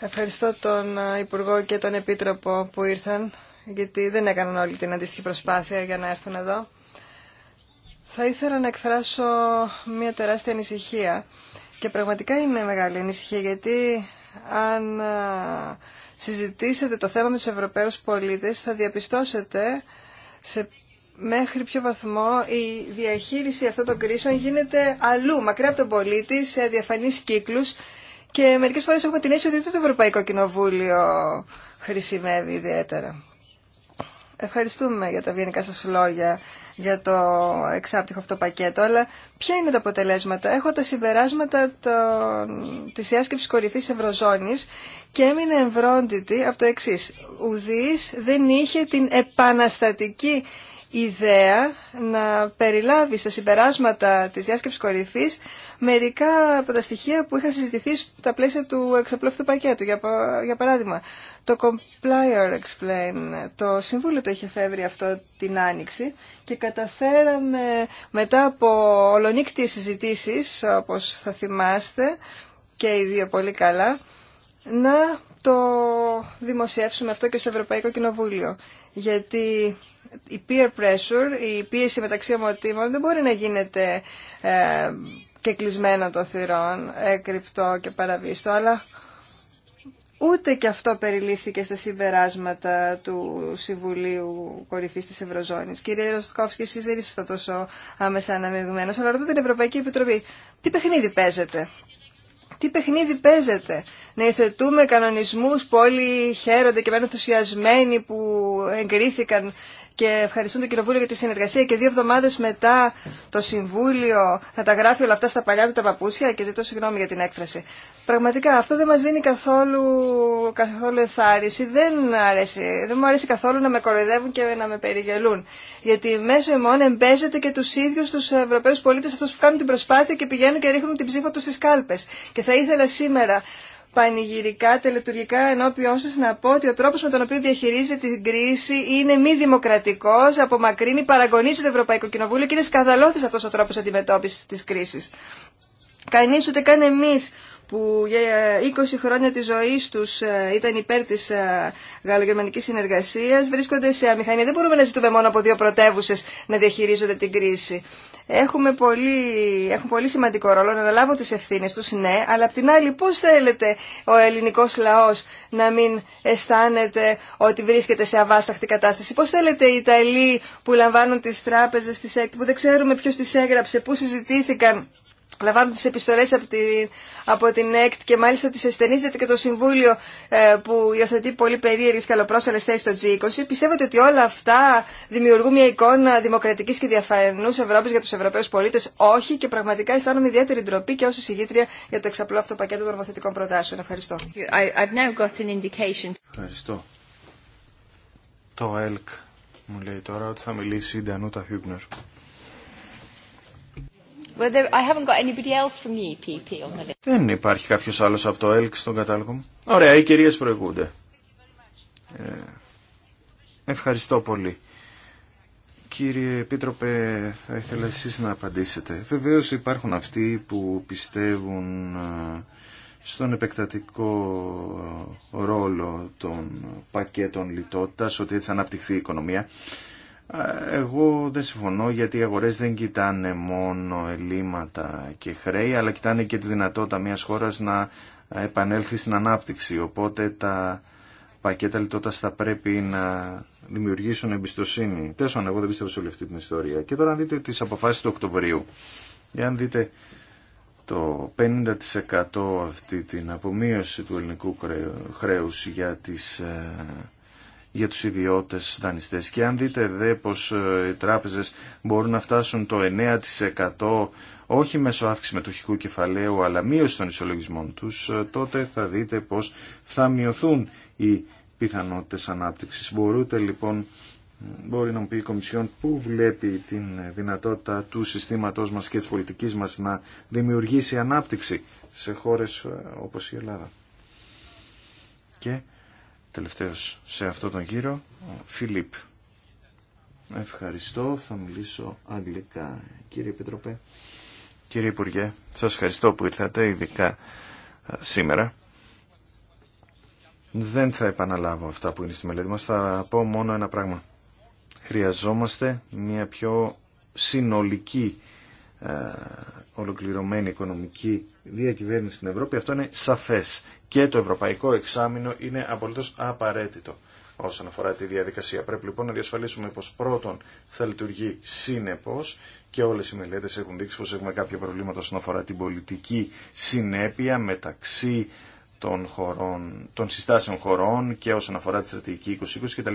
Ευχαριστώ τον ε, Υπουργό και τον Επίτροπο που ήρθαν, γιατί δεν έκαναν όλη την αντίστοιχη προσπάθεια για να έρθουν εδώ. Θα ήθελα να εκφράσω μια τεράστια ανησυχία και πραγματικά είναι μεγάλη ανησυχία γιατί αν ε, συζητήσετε το θέμα με τους Ευρωπαίους πολίτες, θα διαπιστώσετε σε μέχρι ποιο βαθμό η διαχείριση αυτών των κρίσεων γίνεται αλλού, μακριά από τον πολίτη, σε διαφανείς κύκλους και μερικές φορές έχουμε την αίσθηση ότι το Ευρωπαϊκό Κοινοβούλιο χρησιμεύει ιδιαίτερα. Ευχαριστούμε για τα βιενικά σας λόγια για το εξάπτυχο αυτό πακέτο, αλλά ποια είναι τα αποτελέσματα. Έχω τα συμπεράσματα της διάσκεψης κορυφής Ευρωζώνης και έμεινε εμβρόντιτη από το εξή. Ουδής δεν είχε την επαναστατική ιδέα να περιλάβει στα συμπεράσματα της διάσκεψης κορυφής μερικά από τα στοιχεία που είχαν συζητηθεί στα πλαίσια του εξαπλώφτου πακέτου. Για, για παράδειγμα, το Complier Explain, το Συμβούλιο το είχε φεύγει αυτό την Άνοιξη και καταφέραμε μετά από ολονύκτιες συζητήσεις, όπως θα θυμάστε και οι δύο πολύ καλά, να το δημοσιεύσουμε αυτό και στο Ευρωπαϊκό Κοινοβούλιο. Γιατί η peer pressure, η πίεση μεταξύ ομοτήμων δεν μπορεί να γίνεται ε, και κλεισμένο το θυρών, ε, κρυπτό και παραβίστο, αλλά ούτε και αυτό περιλήφθηκε στα συμπεράσματα του Συμβουλίου Κορυφής της Ευρωζώνης. Κύριε Ροστκόφσκη, εσείς δεν είστε τόσο άμεσα αναμειγμένος, αλλά ρωτώ την Ευρωπαϊκή Επιτροπή, τι παιχνίδι παίζετε. Τι παιχνίδι παίζετε. Να υθετούμε κανονισμούς που όλοι χαίρονται και μένουν ενθουσιασμένοι που εγκρίθηκαν και ευχαριστούν το Κοινοβούλιο για τη συνεργασία και δύο εβδομάδες μετά το Συμβούλιο να τα γράφει όλα αυτά στα παλιά του τα παπούσια και ζητώ συγγνώμη για την έκφραση. Πραγματικά αυτό δεν μας δίνει καθόλου, καθόλου εθάριση. δεν, δεν μου αρέσει καθόλου να με κοροϊδεύουν και να με περιγελούν. Γιατί μέσω ημών εμπέζεται και τους ίδιους τους Ευρωπαίους πολίτες αυτούς που κάνουν την προσπάθεια και πηγαίνουν και ρίχνουν την ψήφα του στις Και θα ήθελα σήμερα πανηγυρικά, τελετουργικά ενώπιόν σα να πω ότι ο τρόπος με τον οποίο διαχειρίζεται την κρίση είναι μη δημοκρατικός, απομακρύνει, παραγωνίζει το Ευρωπαϊκό Κοινοβούλιο και είναι σκαδαλώδη αυτός ο τρόπος αντιμετώπισης της κρίσης. Κανείς ούτε καν εμεί που για 20 χρόνια της ζωής τους ε, ήταν υπέρ της ε, γαλλογερμανικής συνεργασίας βρίσκονται σε αμηχανία. Δεν μπορούμε να ζητούμε μόνο από δύο πρωτεύουσε να διαχειρίζονται την κρίση. Έχουμε πολύ, έχουν πολύ σημαντικό ρόλο να αναλάβουν τις ευθύνες τους, ναι, αλλά απ' την άλλη πώς θέλετε ο ελληνικός λαός να μην αισθάνεται ότι βρίσκεται σε αβάσταχτη κατάσταση. Πώς θέλετε οι Ιταλοί που λαμβάνουν τις τράπεζες τις έκτη, που δεν ξέρουμε ποιος τις έγραψε, πού συζητήθηκαν, λαμβάνουν τις επιστολές από την, από την ΕΚΤ και μάλιστα τις αισθενίζεται και το Συμβούλιο ε, που υιοθετεί πολύ περίεργες καλοπρόσαλες θέσεις στο G20. Πιστεύετε ότι όλα αυτά δημιουργούν μια εικόνα δημοκρατικής και διαφανούς Ευρώπης για τους Ευρωπαίους πολίτες. Όχι και πραγματικά αισθάνομαι ιδιαίτερη ντροπή και ως εισηγήτρια για το εξαπλό αυτό πακέτο των νομοθετικών προτάσεων. Ευχαριστώ.
Ευχαριστώ. Το ΕΛΚ μου λέει τώρα ότι θα μιλήσει η Ντανούτα Χιούμπνερ. Δεν υπάρχει κάποιος άλλος από το ΕΛΚ στον κατάλογο μου. Ωραία, οι κυρίες προηγούνται. Ε, ευχαριστώ πολύ. Κύριε Επίτροπε, θα ήθελα εσείς να απαντήσετε. Βεβαίως υπάρχουν αυτοί που πιστεύουν ε, στον επεκτατικό ρόλο των πακέτων λιτότητας, ότι έτσι αναπτυχθεί η οικονομία. Εγώ δεν συμφωνώ γιατί οι αγορές δεν κοιτάνε μόνο ελλείμματα και χρέη αλλά κοιτάνε και τη δυνατότητα μιας χώρας να επανέλθει στην ανάπτυξη. Οπότε τα πακέτα λιτότητας θα πρέπει να δημιουργήσουν εμπιστοσύνη. Τέλος πάντων, εγώ δεν πιστεύω σε όλη αυτή την ιστορία. Και τώρα αν δείτε τις αποφάσεις του Οκτωβρίου. Εάν δείτε το 50% αυτή την απομείωση του ελληνικού χρέους για τις ε, για τους ιδιώτες δανειστές. Και αν δείτε δε πως ε, οι τράπεζες μπορούν να φτάσουν το 9% όχι μέσω αύξηση μετοχικού κεφαλαίου αλλά μείωση των ισολογισμών τους, ε, τότε θα δείτε πως θα μειωθούν οι πιθανότητες ανάπτυξης. Μπορούτε λοιπόν, μπορεί να μου πει η Κομισιόν που βλέπει την δυνατότητα του συστήματός μας και της πολιτικής μας να δημιουργήσει ανάπτυξη σε χώρες ε, όπως η Ελλάδα. Και τελευταίος σε αυτό τον γύρο, ο Φιλίπ. Ευχαριστώ, θα μιλήσω αγγλικά. Κύριε Πετροπέ, κύριε Υπουργέ, σας ευχαριστώ που ήρθατε, ειδικά σήμερα. Δεν θα επαναλάβω αυτά που είναι στη μελέτη μας, θα πω μόνο ένα πράγμα. Χρειαζόμαστε μια πιο συνολική, ολοκληρωμένη οικονομική διακυβέρνηση στην Ευρώπη. Αυτό είναι σαφές και το ευρωπαϊκό εξάμεινο είναι απολύτως απαραίτητο όσον αφορά τη διαδικασία. Πρέπει λοιπόν να διασφαλίσουμε πως πρώτον θα λειτουργεί σύνεπως και όλες οι μελέτες έχουν δείξει πως έχουμε κάποια προβλήματα όσον αφορά την πολιτική συνέπεια μεταξύ των, χωρών, των συστάσεων χωρών και όσον αφορά τη στρατηγική 2020 κτλ.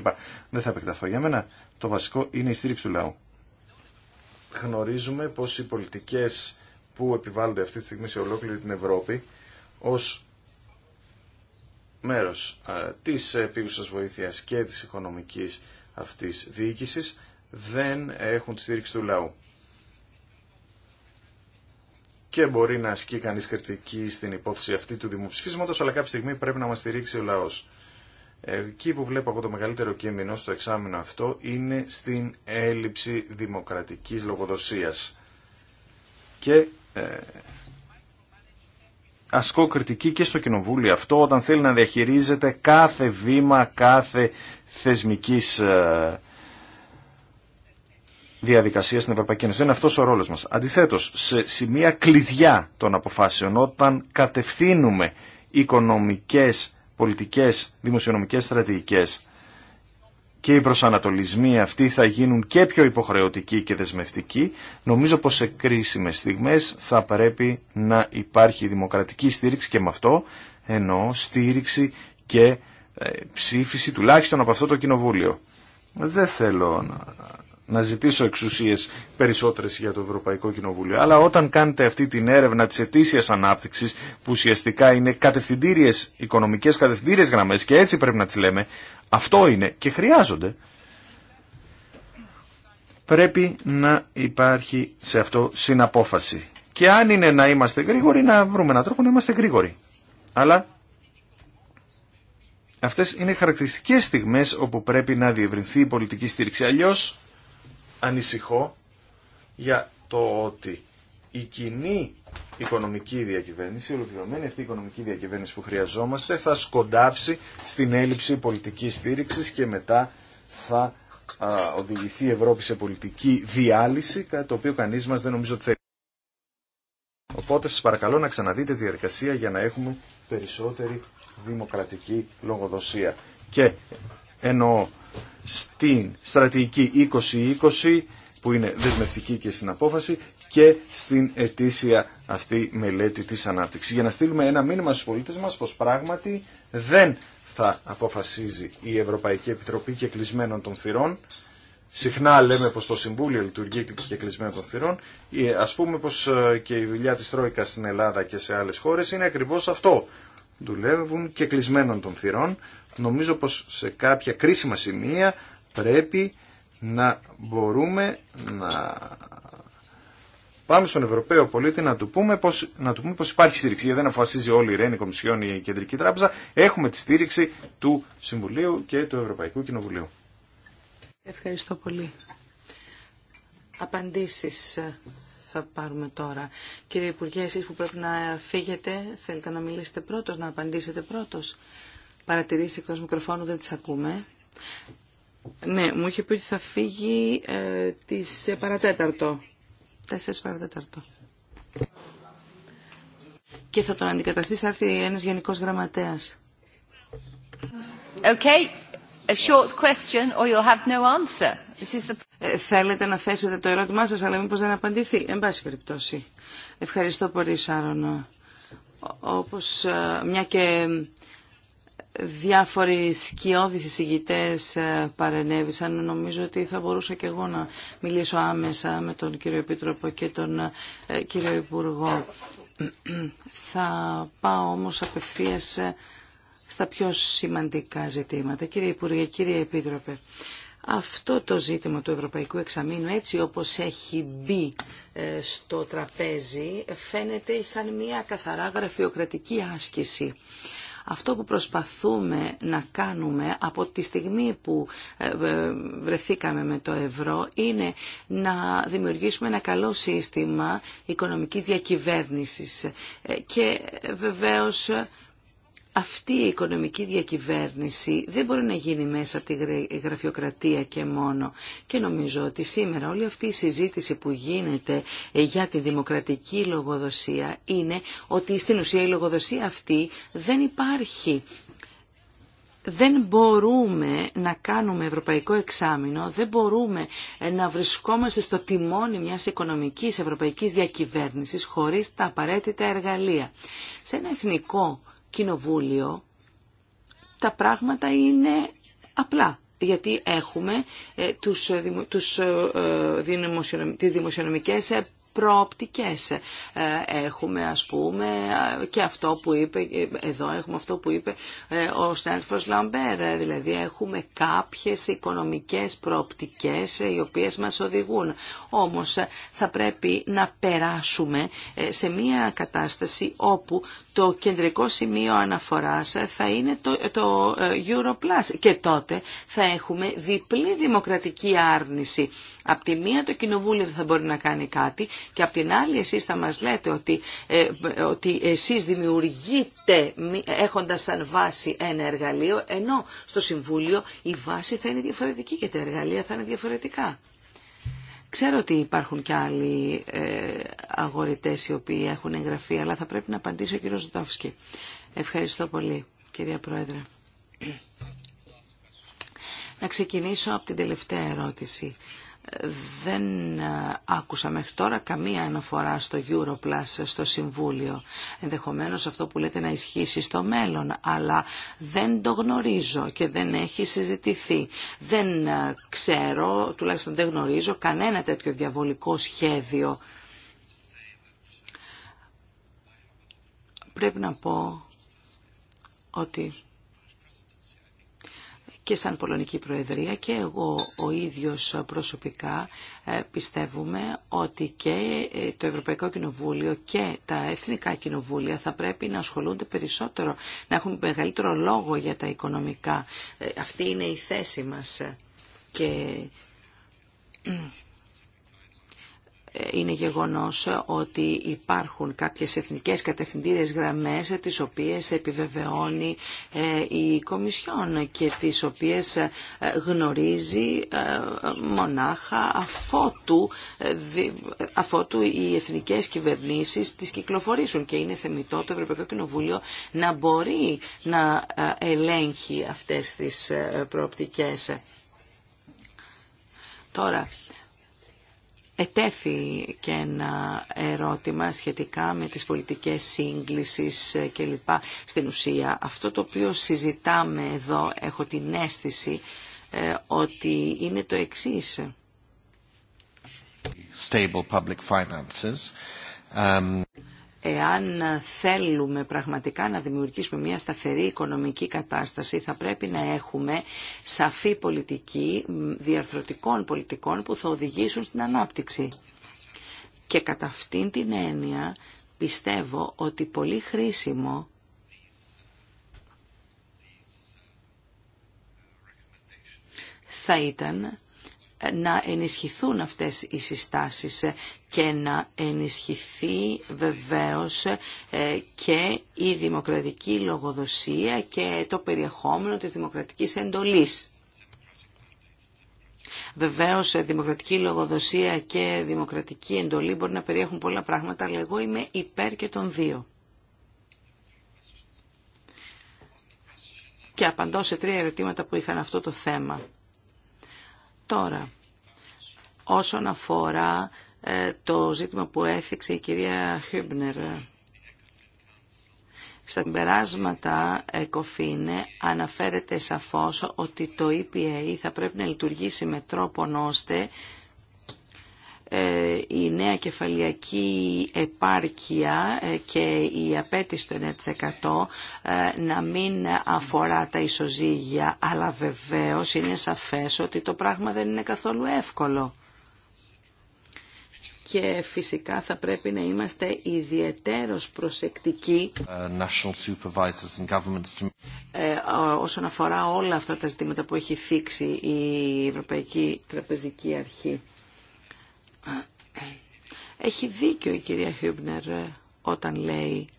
Δεν θα επεκταθώ για μένα. Το βασικό είναι η στήριξη του λαού. Γνωρίζουμε πως οι πολιτικές που επιβάλλονται αυτή τη στιγμή σε ολόκληρη την Ευρώπη ως μέρος ε, της επίγουσας βοήθειας και της οικονομικής αυτής διοίκησης δεν έχουν τη στήριξη του λαού. Και μπορεί να ασκεί κανεί κριτική στην υπόθεση αυτή του δημοψηφίσματο, αλλά κάποια στιγμή πρέπει να μα στηρίξει ο λαό. Εκεί που βλέπω εγώ το μεγαλύτερο κίνδυνο στο εξάμεινο αυτό είναι στην έλλειψη δημοκρατική λογοδοσία. Και ε, ασκώ κριτική και στο Κοινοβούλιο αυτό όταν θέλει να διαχειρίζεται κάθε βήμα κάθε θεσμικής ε, διαδικασία στην Ευρωπαϊκή Ένωση. είναι αυτό ο ρόλος μας. Αντιθέτως, σε σημεία κλειδιά των αποφάσεων, όταν κατευθύνουμε οικονομικέ, πολιτικέ, δημοσιονομικέ στρατηγικέ, και οι προσανατολισμοί αυτοί θα γίνουν και πιο υποχρεωτικοί και δεσμευτικοί, νομίζω πως σε κρίσιμες στιγμές θα πρέπει να υπάρχει δημοκρατική στήριξη και με αυτό εννοώ στήριξη και ε, ψήφιση τουλάχιστον από αυτό το κοινοβούλιο. Δεν θέλω να να ζητήσω εξουσίες περισσότερες για το Ευρωπαϊκό Κοινοβούλιο. Αλλά όταν κάνετε αυτή την έρευνα της ετήσιας ανάπτυξης που ουσιαστικά είναι κατευθυντήριες, οικονομικές κατευθυντήριες γραμμές και έτσι πρέπει να τις λέμε, αυτό είναι και χρειάζονται. Πρέπει να υπάρχει σε αυτό συναπόφαση. Και αν είναι να είμαστε γρήγοροι, να βρούμε έναν τρόπο να είμαστε γρήγοροι. Αλλά αυτές είναι χαρακτηριστικές στιγμές όπου πρέπει να διευρυνθεί η πολιτική στήριξη. Αλλιώς ανησυχώ για το ότι η κοινή οικονομική διακυβέρνηση, η ολοκληρωμένη αυτή η οικονομική διακυβέρνηση που χρειαζόμαστε θα σκοντάψει στην έλλειψη πολιτικής στήριξης και μετά θα οδηγηθεί η Ευρώπη σε πολιτική διάλυση, κάτι το οποίο κανείς μας δεν νομίζω ότι θέλει. Οπότε σας παρακαλώ να ξαναδείτε τη διαδικασία για να έχουμε περισσότερη δημοκρατική λογοδοσία. Και εννοώ στην στρατηγική 2020 που είναι δεσμευτική και στην απόφαση και στην ετήσια αυτή μελέτη της ανάπτυξης. Για να στείλουμε ένα μήνυμα στους πολίτες μας πως πράγματι δεν θα αποφασίζει η Ευρωπαϊκή Επιτροπή και κλεισμένων των θυρών. Συχνά λέμε πως το Συμβούλιο λειτουργεί και κλεισμένο των θυρών. Ε, ας πούμε πως ε, και η δουλειά της Τρόικας στην Ελλάδα και σε άλλες χώρες είναι ακριβώς αυτό. Δουλεύουν και κλεισμένων των θυρών νομίζω πως σε κάποια κρίσιμα σημεία πρέπει να μπορούμε να πάμε στον Ευρωπαίο πολίτη να του πούμε πως, να του πούμε πως υπάρχει στήριξη. Γιατί δεν αποφασίζει όλη η ΡΕΝ, η Κομισιόν, η Κεντρική Τράπεζα. Έχουμε τη στήριξη του Συμβουλίου και του Ευρωπαϊκού Κοινοβουλίου.
Ευχαριστώ πολύ. Απαντήσεις ε, θα πάρουμε τώρα. Κύριε Υπουργέ, εσείς που πρέπει να φύγετε, θέλετε να μιλήσετε πρώτος, να απαντήσετε πρώτος παρατηρήσει εκτός μικροφώνου, δεν τις ακούμε. Ναι, μου είχε πει ότι θα φύγει ε, τις ε, παρατέταρτο. Τέσσερις παρατέταρτο. Και θα τον αντικαταστήσει, θα έρθει ένας γενικός γραμματέας. Okay. A θέλετε να θέσετε το ερώτημά σας, αλλά μήπως δεν απαντηθεί. Εν πάση περιπτώσει. Ευχαριστώ πολύ, Σάρων. Όπως ε, μια και διάφοροι σκιώδεις εισηγητές ε, παρενέβησαν. Νομίζω ότι θα μπορούσα και εγώ να μιλήσω άμεσα με τον κύριο Επίτροπο και τον ε, κύριο Υπουργό. Θα πάω όμως απευθείας ε, στα πιο σημαντικά ζητήματα. Κύριε Υπουργέ, κύριε Επίτροπε, αυτό το ζήτημα του Ευρωπαϊκού Εξαμήνου έτσι όπως έχει μπει στο τραπέζι φαίνεται σαν μια καθαρά γραφειοκρατική άσκηση. Αυτό που προσπαθούμε να κάνουμε από τη στιγμή που ε, βρεθήκαμε με το ευρώ είναι να δημιουργήσουμε ένα καλό σύστημα οικονομικής διακυβέρνησης ε, και βεβαίως αυτή η οικονομική διακυβέρνηση δεν μπορεί να γίνει μέσα από τη γραφειοκρατία και μόνο. Και νομίζω ότι σήμερα όλη αυτή η συζήτηση που γίνεται ε, για τη δημοκρατική λογοδοσία είναι ότι στην ουσία η λογοδοσία αυτή δεν υπάρχει. Δεν μπορούμε να κάνουμε ευρωπαϊκό εξάμεινο, δεν μπορούμε ε, να βρισκόμαστε στο τιμόνι μιας οικονομικής ευρωπαϊκής διακυβέρνησης χωρίς τα απαραίτητα εργαλεία. Σε ένα εθνικό κοινοβούλιο τα πράγματα είναι απλά. Γιατί έχουμε ε, τους, ε, τους, ε, δημοσιονομικές προοπτικές. Ε, έχουμε ας πούμε και αυτό που είπε, εδώ έχουμε αυτό που είπε ε, ο Στέλφος Λαμπέρ, ε, δηλαδή έχουμε κάποιες οικονομικές προοπτικές οι οποίες μας οδηγούν. Όμως θα πρέπει να περάσουμε σε μια κατάσταση όπου το κεντρικό σημείο αναφοράς θα είναι το, το Europlus και τότε θα έχουμε διπλή δημοκρατική άρνηση Απ' τη μία το κοινοβούλιο δεν θα μπορεί να κάνει κάτι και απ' την άλλη εσείς θα μας λέτε ότι, ε, ότι εσείς δημιουργείτε έχοντας σαν βάση ένα εργαλείο ενώ στο Συμβούλιο η βάση θα είναι διαφορετική και τα εργαλεία θα είναι διαφορετικά. Ξέρω ότι υπάρχουν και άλλοι ε, αγορητές οι οποίοι έχουν εγγραφεί αλλά θα πρέπει να απαντήσει ο κ. Ζωτόφσκι. Ευχαριστώ πολύ κυρία Πρόεδρε. Να ξεκινήσω από την τελευταία ερώτηση δεν ε, άκουσα μέχρι τώρα καμία αναφορά στο Europlus, στο Συμβούλιο. Ενδεχομένως αυτό που λέτε να ισχύσει στο μέλλον, αλλά δεν το γνωρίζω και δεν έχει συζητηθεί. Δεν ε, ξέρω, τουλάχιστον δεν γνωρίζω, κανένα τέτοιο διαβολικό σχέδιο. Πρέπει να πω ότι και σαν Πολωνική Προεδρία και εγώ ο ίδιος προσωπικά ε, πιστεύουμε ότι και ε, το Ευρωπαϊκό Κοινοβούλιο και τα Εθνικά Κοινοβούλια θα πρέπει να ασχολούνται περισσότερο, να έχουν μεγαλύτερο λόγο για τα οικονομικά. Ε, αυτή είναι η θέση μας. Και είναι γεγονός ότι υπάρχουν κάποιες εθνικές κατευθυντήριες γραμμές τις οποίες επιβεβαιώνει ε, η Κομισιόν και τις οποίες ε, γνωρίζει ε, μονάχα αφότου, αφότου οι εθνικές κυβερνήσεις τις κυκλοφορήσουν και είναι θεμητό το Ευρωπαϊκό Κοινοβούλιο να μπορεί να ελέγχει αυτές τις προοπτικές. Τώρα, Ετέθη και ένα ερώτημα σχετικά με τις πολιτικές σύγκλησης κλπ. Στην ουσία αυτό το οποίο συζητάμε εδώ έχω την αίσθηση ε, ότι είναι το εξής.
Stable public finances. Um, Εάν
θέλουμε πραγματικά να δημιουργήσουμε μια σταθερή οικονομική κατάσταση, θα πρέπει να έχουμε σαφή πολιτική διαρθρωτικών πολιτικών που θα οδηγήσουν στην ανάπτυξη. Και κατά αυτήν την έννοια πιστεύω ότι πολύ χρήσιμο θα ήταν να ενισχυθούν αυτές οι συστάσεις και να ενισχυθεί βεβαίως ε, και η δημοκρατική λογοδοσία και το περιεχόμενο της δημοκρατικής εντολής. Βεβαίως, ε, δημοκρατική λογοδοσία και δημοκρατική εντολή μπορεί να περιέχουν πολλά πράγματα, αλλά εγώ είμαι υπέρ και των δύο. Και απαντώ σε τρία ερωτήματα που είχαν αυτό το θέμα. Τώρα, όσον αφορά ε, το ζήτημα που έθιξε η κυρία Χιούμπνερ, ε, στα περάσματα ΕΚΟΦΗΝΕ αναφέρεται σαφώς ότι το EPA θα πρέπει να λειτουργήσει με τρόπο ώστε ε, η νέα κεφαλιακή επάρκεια ε, και η απέτηση του 9% ε, να μην αφορά τα ισοζύγια, αλλά βεβαίως είναι σαφές ότι το πράγμα δεν είναι καθόλου εύκολο. Και φυσικά θα πρέπει να είμαστε ιδιαιτέρως προσεκτικοί όσον αφορά όλα αυτά τα ζητήματα που έχει θίξει η Ευρωπαϊκή Τραπεζική Αρχή. Ε, έχει δίκιο η κυρία Χιούμπνερ ε, όταν λέει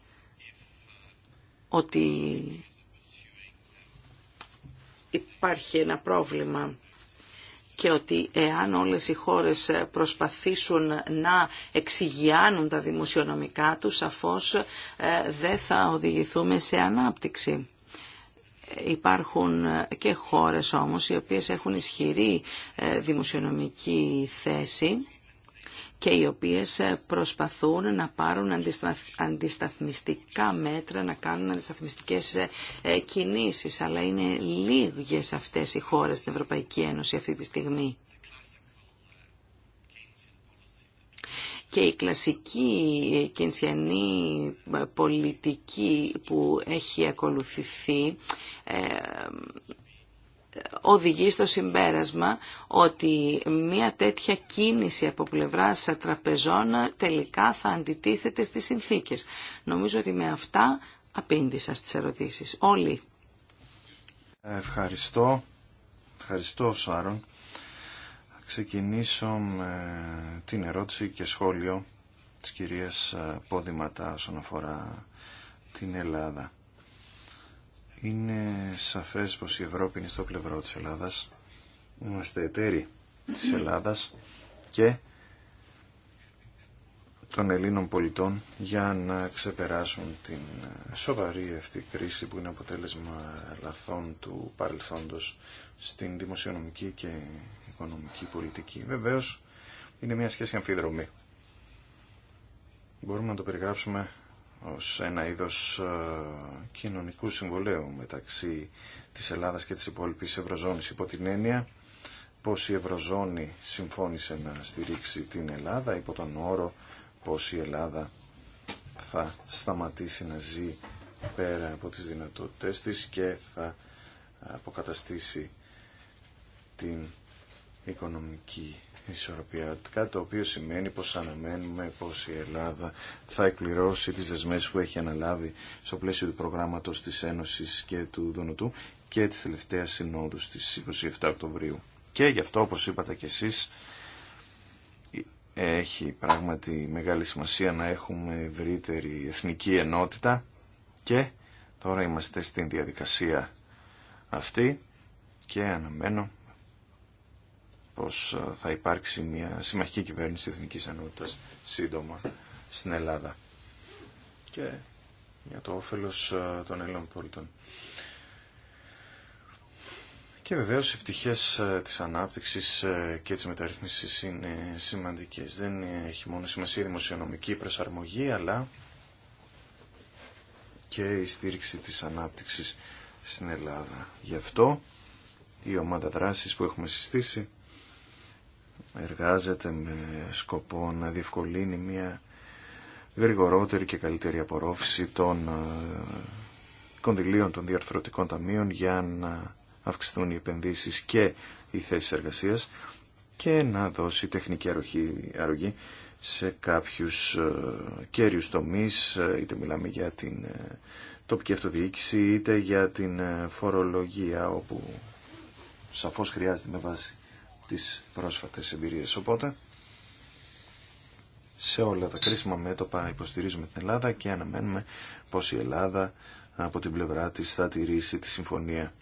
ότι υπάρχει ένα πρόβλημα και ότι εάν όλες οι χώρες προσπαθήσουν να εξηγιάνουν τα δημοσιονομικά τους, σαφώς ε, δεν θα οδηγηθούμε σε ανάπτυξη. Υπάρχουν και χώρες όμως οι οποίες έχουν ισχυρή δημοσιονομική θέση και οι οποίες ε, προσπαθούν να πάρουν αντισταθμιστικά μέτρα, να κάνουν αντισταθμιστικές ε, ε, κινήσεις. Αλλά είναι λίγες αυτές οι χώρες στην Ευρωπαϊκή Ένωση αυτή τη στιγμή. και η κλασική κινσιανή πολιτική που έχει ακολουθηθεί οδηγεί στο συμπέρασμα ότι μια τέτοια κίνηση από πλευράς τραπεζών τελικά θα αντιτίθεται στις συνθήκες. Νομίζω ότι με αυτά απήντησα
στις ερωτήσεις. Όλοι. Ευχαριστώ. Ευχαριστώ Σάρων. Θα ξεκινήσω με την ερώτηση και σχόλιο της κυρίας Πόδηματά όσον αφορά την Ελλάδα. Είναι σαφές πως η Ευρώπη είναι στο πλευρό της Ελλάδας. Είμαστε εταίροι της Ελλάδας και των Ελλήνων πολιτών για να ξεπεράσουν την σοβαρή αυτή κρίση που είναι αποτέλεσμα λαθών του παρελθόντος στην δημοσιονομική και οικονομική πολιτική. Βεβαίως είναι μια σχέση αμφιδρομή. Μπορούμε να το περιγράψουμε ως ένα είδος ε, κοινωνικού συμβολέου μεταξύ της Ελλάδας και της υπόλοιπης Ευρωζώνης υπό την έννοια πως η Ευρωζώνη συμφώνησε να στηρίξει την Ελλάδα υπό τον όρο πως η Ελλάδα θα σταματήσει να ζει πέρα από τις δυνατότητες της και θα αποκαταστήσει την οικονομική ισορροπία, το οποίο σημαίνει πως αναμένουμε πως η Ελλάδα θα εκπληρώσει τις δεσμές που έχει αναλάβει στο πλαίσιο του προγράμματος της Ένωσης και του Δονοτού και της τελευταίας συνόδου της 27 Οκτωβρίου. Και γι' αυτό, όπως είπατε κι εσείς, έχει πράγματι μεγάλη σημασία να έχουμε ευρύτερη εθνική ενότητα και τώρα είμαστε στην διαδικασία αυτή και αναμένω πως ε, θα υπάρξει μια συμμαχική κυβέρνηση εθνικής ενότητας σύντομα στην Ελλάδα και για το όφελος ε, των Ελλήνων πολιτών. Και βεβαίως οι πτυχές ε, της ανάπτυξης και της μεταρρύθμισης είναι σημαντικές. Δεν έχει μόνο σημασία η δημοσιονομική προσαρμογή, αλλά και η στήριξη της ανάπτυξης στην Ελλάδα. Γι' αυτό η ομάδα δράσης που έχουμε συστήσει εργάζεται με σκοπό να διευκολύνει μια γρηγορότερη και καλύτερη απορρόφηση των ε, κονδυλίων των διαρθρωτικών ταμείων για να αυξηθούν οι επενδύσεις και οι θέσεις εργασίας και να δώσει τεχνική αρρωγή σε κάποιους ε, κέριους τομείς, ε, είτε μιλάμε για την τοπική αυτοδιοίκηση, είτε για την φορολογία, όπου σαφώς χρειάζεται με βάση τις πρόσφατες εμπειρίες. Οπότε, σε όλα τα κρίσιμα μέτωπα υποστηρίζουμε την Ελλάδα και αναμένουμε πως η Ελλάδα από την πλευρά της θα τηρήσει τη συμφωνία.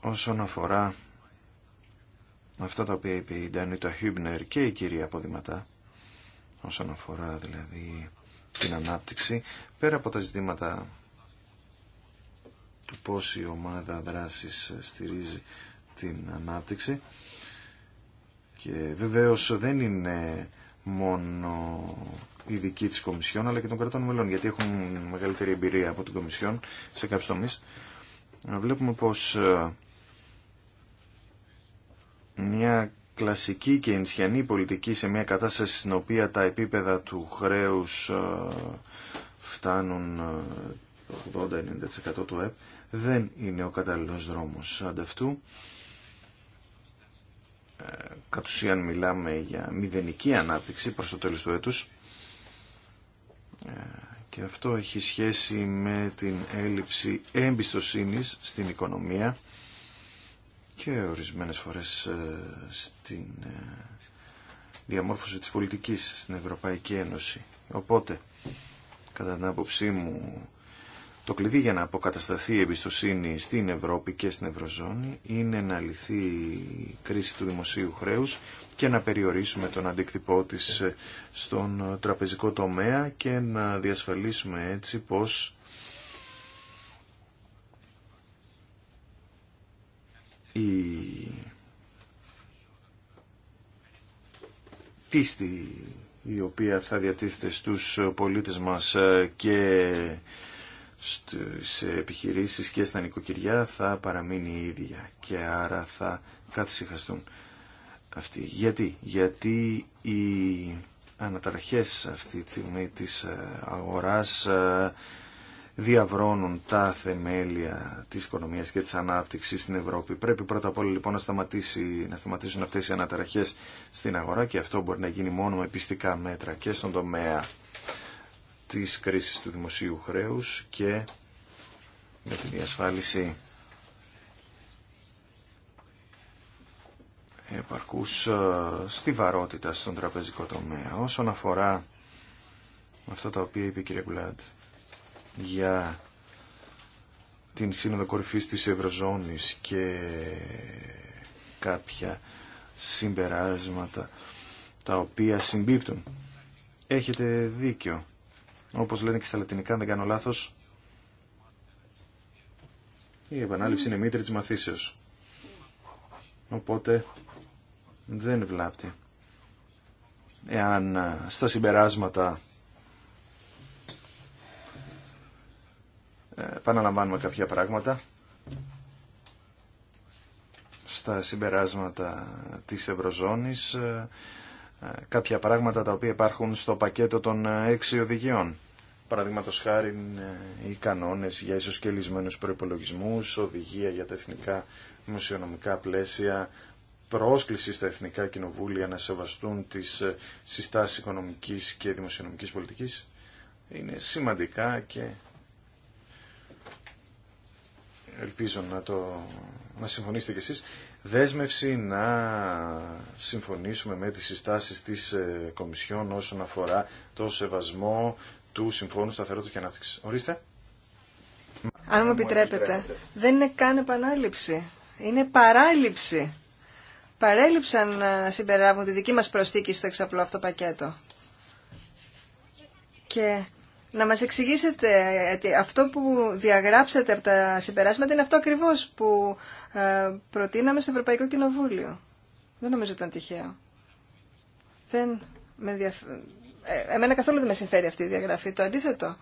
Όσον αφορά αυτά τα οποία είπε η Ντανίτα Χιμπνερ και η κυρία Ποδηματά, όσον αφορά δηλαδή την ανάπτυξη, πέρα από τα ζητήματα του πώς η ομάδα δράσης στηρίζει την ανάπτυξη και βεβαίως δεν είναι μόνο η δική της Κομισιόν αλλά και των κρατών μελών γιατί έχουν μεγαλύτερη εμπειρία από την Κομισιόν σε κάποιους τομείς βλέπουμε πως ε, μια κλασική και ενσιανή πολιτική σε μια κατάσταση στην οποία τα επίπεδα του χρέους ε, φτάνουν ε, 80-90% του ΕΠ δεν είναι ο κατάλληλος δρόμος. Ανταυτού, ε, κατ' ουσίαν μιλάμε για μηδενική ανάπτυξη προς το τέλος του έτους ε, και αυτό έχει σχέση με την έλλειψη εμπιστοσύνης στην οικονομία και ορισμένες φορές ε, στην διαμόρφωση της πολιτικής στην Ευρωπαϊκή Ένωση. Οπότε, κατά την άποψή μου, το κλειδί για να αποκατασταθεί η εμπιστοσύνη στην Ευρώπη και στην Ευρωζώνη είναι να λυθεί η κρίση του δημοσίου χρέους και να περιορίσουμε τον αντίκτυπό της στον τραπεζικό τομέα και να διασφαλίσουμε έτσι πως η πίστη η οποία θα διατίθεται στους πολίτες μας και στις επιχειρήσεις και στα νοικοκυριά θα παραμείνει η ίδια και άρα θα καθυσυχαστούν αυτοί. Γιατί, Γιατί οι αναταραχές αυτή τη στιγμή της ε, αγοράς ε, διαβρώνουν τα θεμέλια της οικονομίας και της ανάπτυξης στην Ευρώπη. Πρέπει πρώτα απ' όλα λοιπόν να, σταματήσει, να σταματήσουν αυτές οι αναταραχές στην αγορά και αυτό μπορεί να γίνει μόνο με πιστικά μέτρα και στον τομέα της κρίσης του δημοσίου χρέους και με την διασφάλιση επαρκούς ε, βαρότητα στον τραπεζικό τομέα. Όσον αφορά αυτά τα οποία είπε η κυρία Γκουλάντ για την σύνοδο κορυφής της Ευρωζώνης και κάποια συμπεράσματα τα οποία συμπίπτουν. Έχετε δίκιο όπως λένε και στα λατινικά, αν δεν κάνω λάθος, η επανάληψη είναι μήτρη της μαθήσεως. Οπότε δεν βλάπτει. Εάν στα συμπεράσματα ε, επαναλαμβάνουμε κάποια πράγματα, στα συμπεράσματα της Ευρωζώνης, ε, ε, κάποια πράγματα τα οποία υπάρχουν στο πακέτο των έξι οδηγιών. Παραδείγματο χάρη ε, οι κανόνε για ισοσκελισμένου προπολογισμού, οδηγία για τα εθνικά δημοσιονομικά πλαίσια, πρόσκληση στα εθνικά κοινοβούλια να σεβαστούν τι ε, συστάσει οικονομική και δημοσιονομική πολιτική είναι σημαντικά και ελπίζω να, το, να συμφωνήσετε κι εσείς, δέσμευση να συμφωνήσουμε με τις συστάσεις της ε, Κομισιόν όσον αφορά το σεβασμό του Συμφώνου Σταθερότητα και Ανάπτυξη. Ορίστε.
Αν μου επιτρέπετε, δεν είναι καν επανάληψη. Είναι παράληψη. Παρέλειψαν να συμπεράβουν τη δική μας προσθήκη στο εξαπλό αυτό πακέτο. Και να μας εξηγήσετε ότι αυτό που διαγράψατε από τα συμπεράσματα είναι αυτό ακριβώς που ε, προτείναμε στο Ευρωπαϊκό Κοινοβούλιο. Δεν νομίζω ήταν τυχαίο. Δεν με ε, εμένα καθόλου δεν με συμφέρει αυτή η διαγραφή. Το αντίθετο.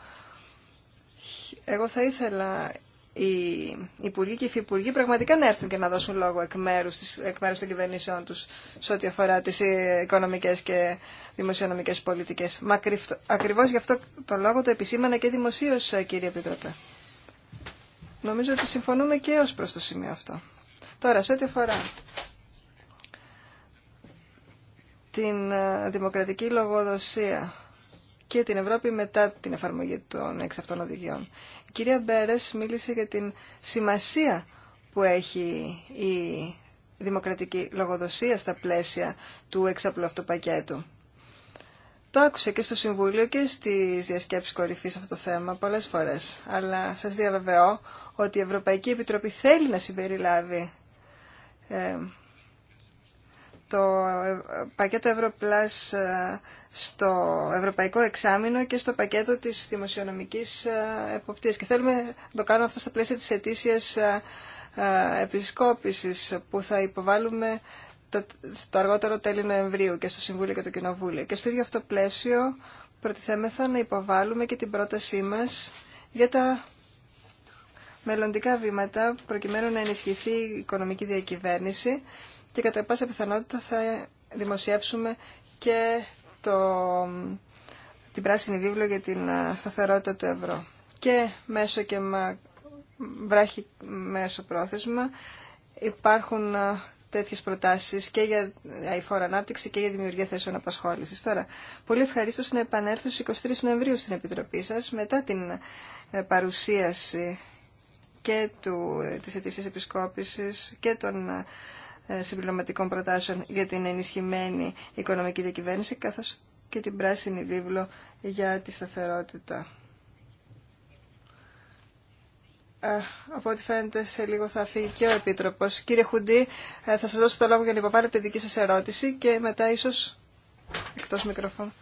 Εγώ θα ήθελα οι υπουργοί και οι υφυπουργοί πραγματικά να έρθουν και να δώσουν λόγο εκ μέρους, της, εκ των κυβερνήσεών τους σε ό,τι αφορά τις ε, οικονομικές και δημοσιονομικές πολιτικές. Μα ακριβώς γι' αυτό το λόγο το επισήμανα και δημοσίως, ε, κύριε Επιτροπέ. Νομίζω ότι συμφωνούμε και ως προς το σημείο αυτό. Τώρα, σε ό,τι αφορά την ε, δημοκρατική λογοδοσία και την Ευρώπη μετά την εφαρμογή των εξ αυτών οδηγιών. Η κυρία Μπέρες μίλησε για την σημασία που έχει η δημοκρατική λογοδοσία στα πλαίσια του εξαπλού αυτού πακέτου. Το άκουσα και στο Συμβούλιο και στις διασκέψεις κορυφής αυτό το θέμα πολλές φορές, αλλά σας διαβεβαιώ ότι η Ευρωπαϊκή Επιτροπή θέλει να συμπεριλάβει ε, το πακέτο Ευρωπλάς ε, στο Ευρωπαϊκό Εξάμεινο και στο πακέτο της δημοσιονομικής ε, εποπτείας. Και θέλουμε να το κάνουμε αυτό στα πλαίσια της ετήσιας ε, επισκόπησης που θα υποβάλουμε το αργότερο τέλη Νοεμβρίου και στο Συμβούλιο και το Κοινοβούλιο. Και στο ίδιο αυτό πλαίσιο προτιθέμεθα να υποβάλουμε και την πρότασή μας για τα μελλοντικά βήματα προκειμένου να ενισχυθεί η οικονομική διακυβέρνηση και κατά πάσα πιθανότητα θα δημοσιεύσουμε και το, την πράσινη βίβλο για την σταθερότητα του ευρώ. Και μέσω και με βράχη μέσω πρόθεσμα υπάρχουν τέτοιε προτάσει και για φόρα ανάπτυξη και για δημιουργία θέσεων απασχόληση. Τώρα, πολύ ευχαρίστω να επανέλθω στι 23 Νοεμβρίου στην Επιτροπή σα μετά την παρουσίαση και του, ε, της αιτήσιας επισκόπησης και των ε, συμπληρωματικών προτάσεων για την ενισχυμένη οικονομική διακυβέρνηση, καθώς και την πράσινη βίβλο για τη σταθερότητα. Ε, από ό,τι φαίνεται σε λίγο θα φύγει και ο Επίτροπος. Κύριε Χουντή, ε, θα σας δώσω το λόγο για να υποβάλλετε δική σας ερώτηση και μετά ίσως εκτός μικρόφωνου.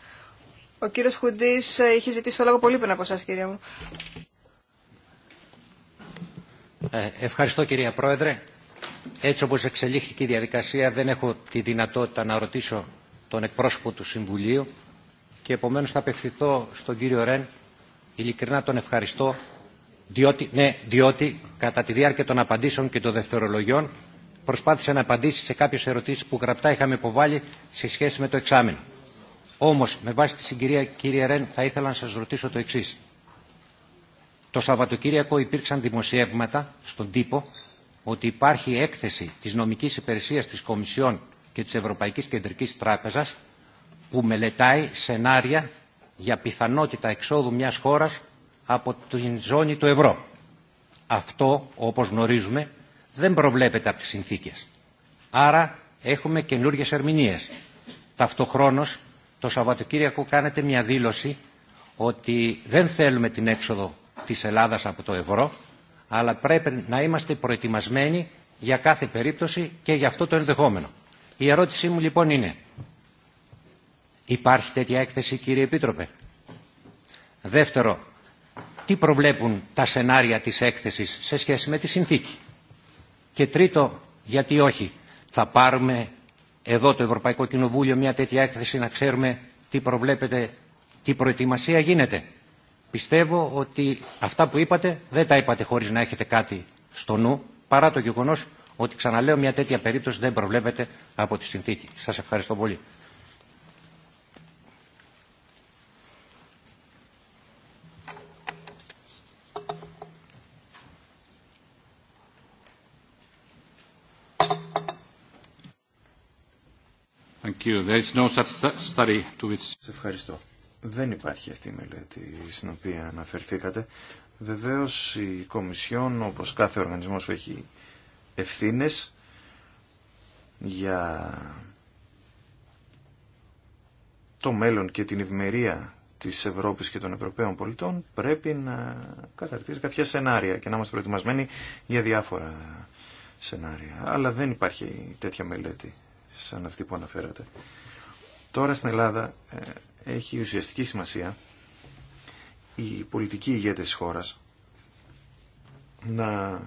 Ο κύριος Χουντής είχε ζητήσει το λόγο πολύ πριν από εσάς, κύριε μου.
Ε, ευχαριστώ, κυρία Πρόεδρε έτσι όπως εξελίχθηκε η διαδικασία δεν έχω τη δυνατότητα να ρωτήσω τον εκπρόσωπο του Συμβουλίου και επομένως θα απευθυνθώ στον κύριο Ρεν, ειλικρινά τον ευχαριστώ, διότι, ναι, διότι κατά τη διάρκεια των απαντήσεων και των δευτερολογιών προσπάθησε να απαντήσει σε κάποιες ερωτήσεις που γραπτά είχαμε υποβάλει σε σχέση με το εξάμεινο. Όμως, με βάση τη συγκυρία, κύριε Ρεν, θα ήθελα να σας ρωτήσω το εξής. Το Σαββατοκύριακο υπήρξαν δημοσιεύματα στον τύπο ότι υπάρχει έκθεση της νομικής υπηρεσίας της Κομισιόν και της Ευρωπαϊκής Κεντρικής Τράπεζας που μελετάει σενάρια για πιθανότητα εξόδου μιας χώρας από την ζώνη του ευρώ. Αυτό, όπως γνωρίζουμε, δεν προβλέπεται από τις συνθήκες. Άρα έχουμε καινούργιε ερμηνείε. Ταυτοχρόνως, το Σαββατοκύριακο κάνετε μια δήλωση ότι δεν θέλουμε την έξοδο της Ελλάδας από το ευρώ, αλλά πρέπει να είμαστε προετοιμασμένοι για κάθε περίπτωση και για αυτό το ενδεχόμενο. Η ερώτησή μου λοιπόν είναι, υπάρχει τέτοια έκθεση κύριε Επίτροπε. Δεύτερο, τι προβλέπουν τα σενάρια της έκθεσης σε σχέση με τη συνθήκη. Και τρίτο, γιατί όχι, θα πάρουμε εδώ το Ευρωπαϊκό Κοινοβούλιο μια τέτοια έκθεση να ξέρουμε τι προβλέπετε, τι προετοιμασία γίνεται. Πιστεύω ότι αυτά που είπατε δεν τα είπατε χωρίς να έχετε κάτι στο νου, παρά το γεγονός ότι ξαναλέω μια τέτοια περίπτωση δεν προβλέπεται από τη συνθήκη. Σας ευχαριστώ πολύ. Thank you. no such study to which... ευχαριστώ
δεν υπάρχει αυτή η μελέτη στην οποία αναφερθήκατε. Βεβαίως η Κομισιόν, όπως κάθε οργανισμός που έχει ευθύνες για το μέλλον και την ευημερία της Ευρώπης και των Ευρωπαίων πολιτών, πρέπει να καταρτίζει κάποια σενάρια και να είμαστε προετοιμασμένοι για διάφορα σενάρια. Αλλά δεν υπάρχει τέτοια μελέτη σαν αυτή που αναφέρατε. Τώρα στην Ελλάδα ε, έχει ουσιαστική σημασία οι πολιτικοί ηγέτες της χώρας να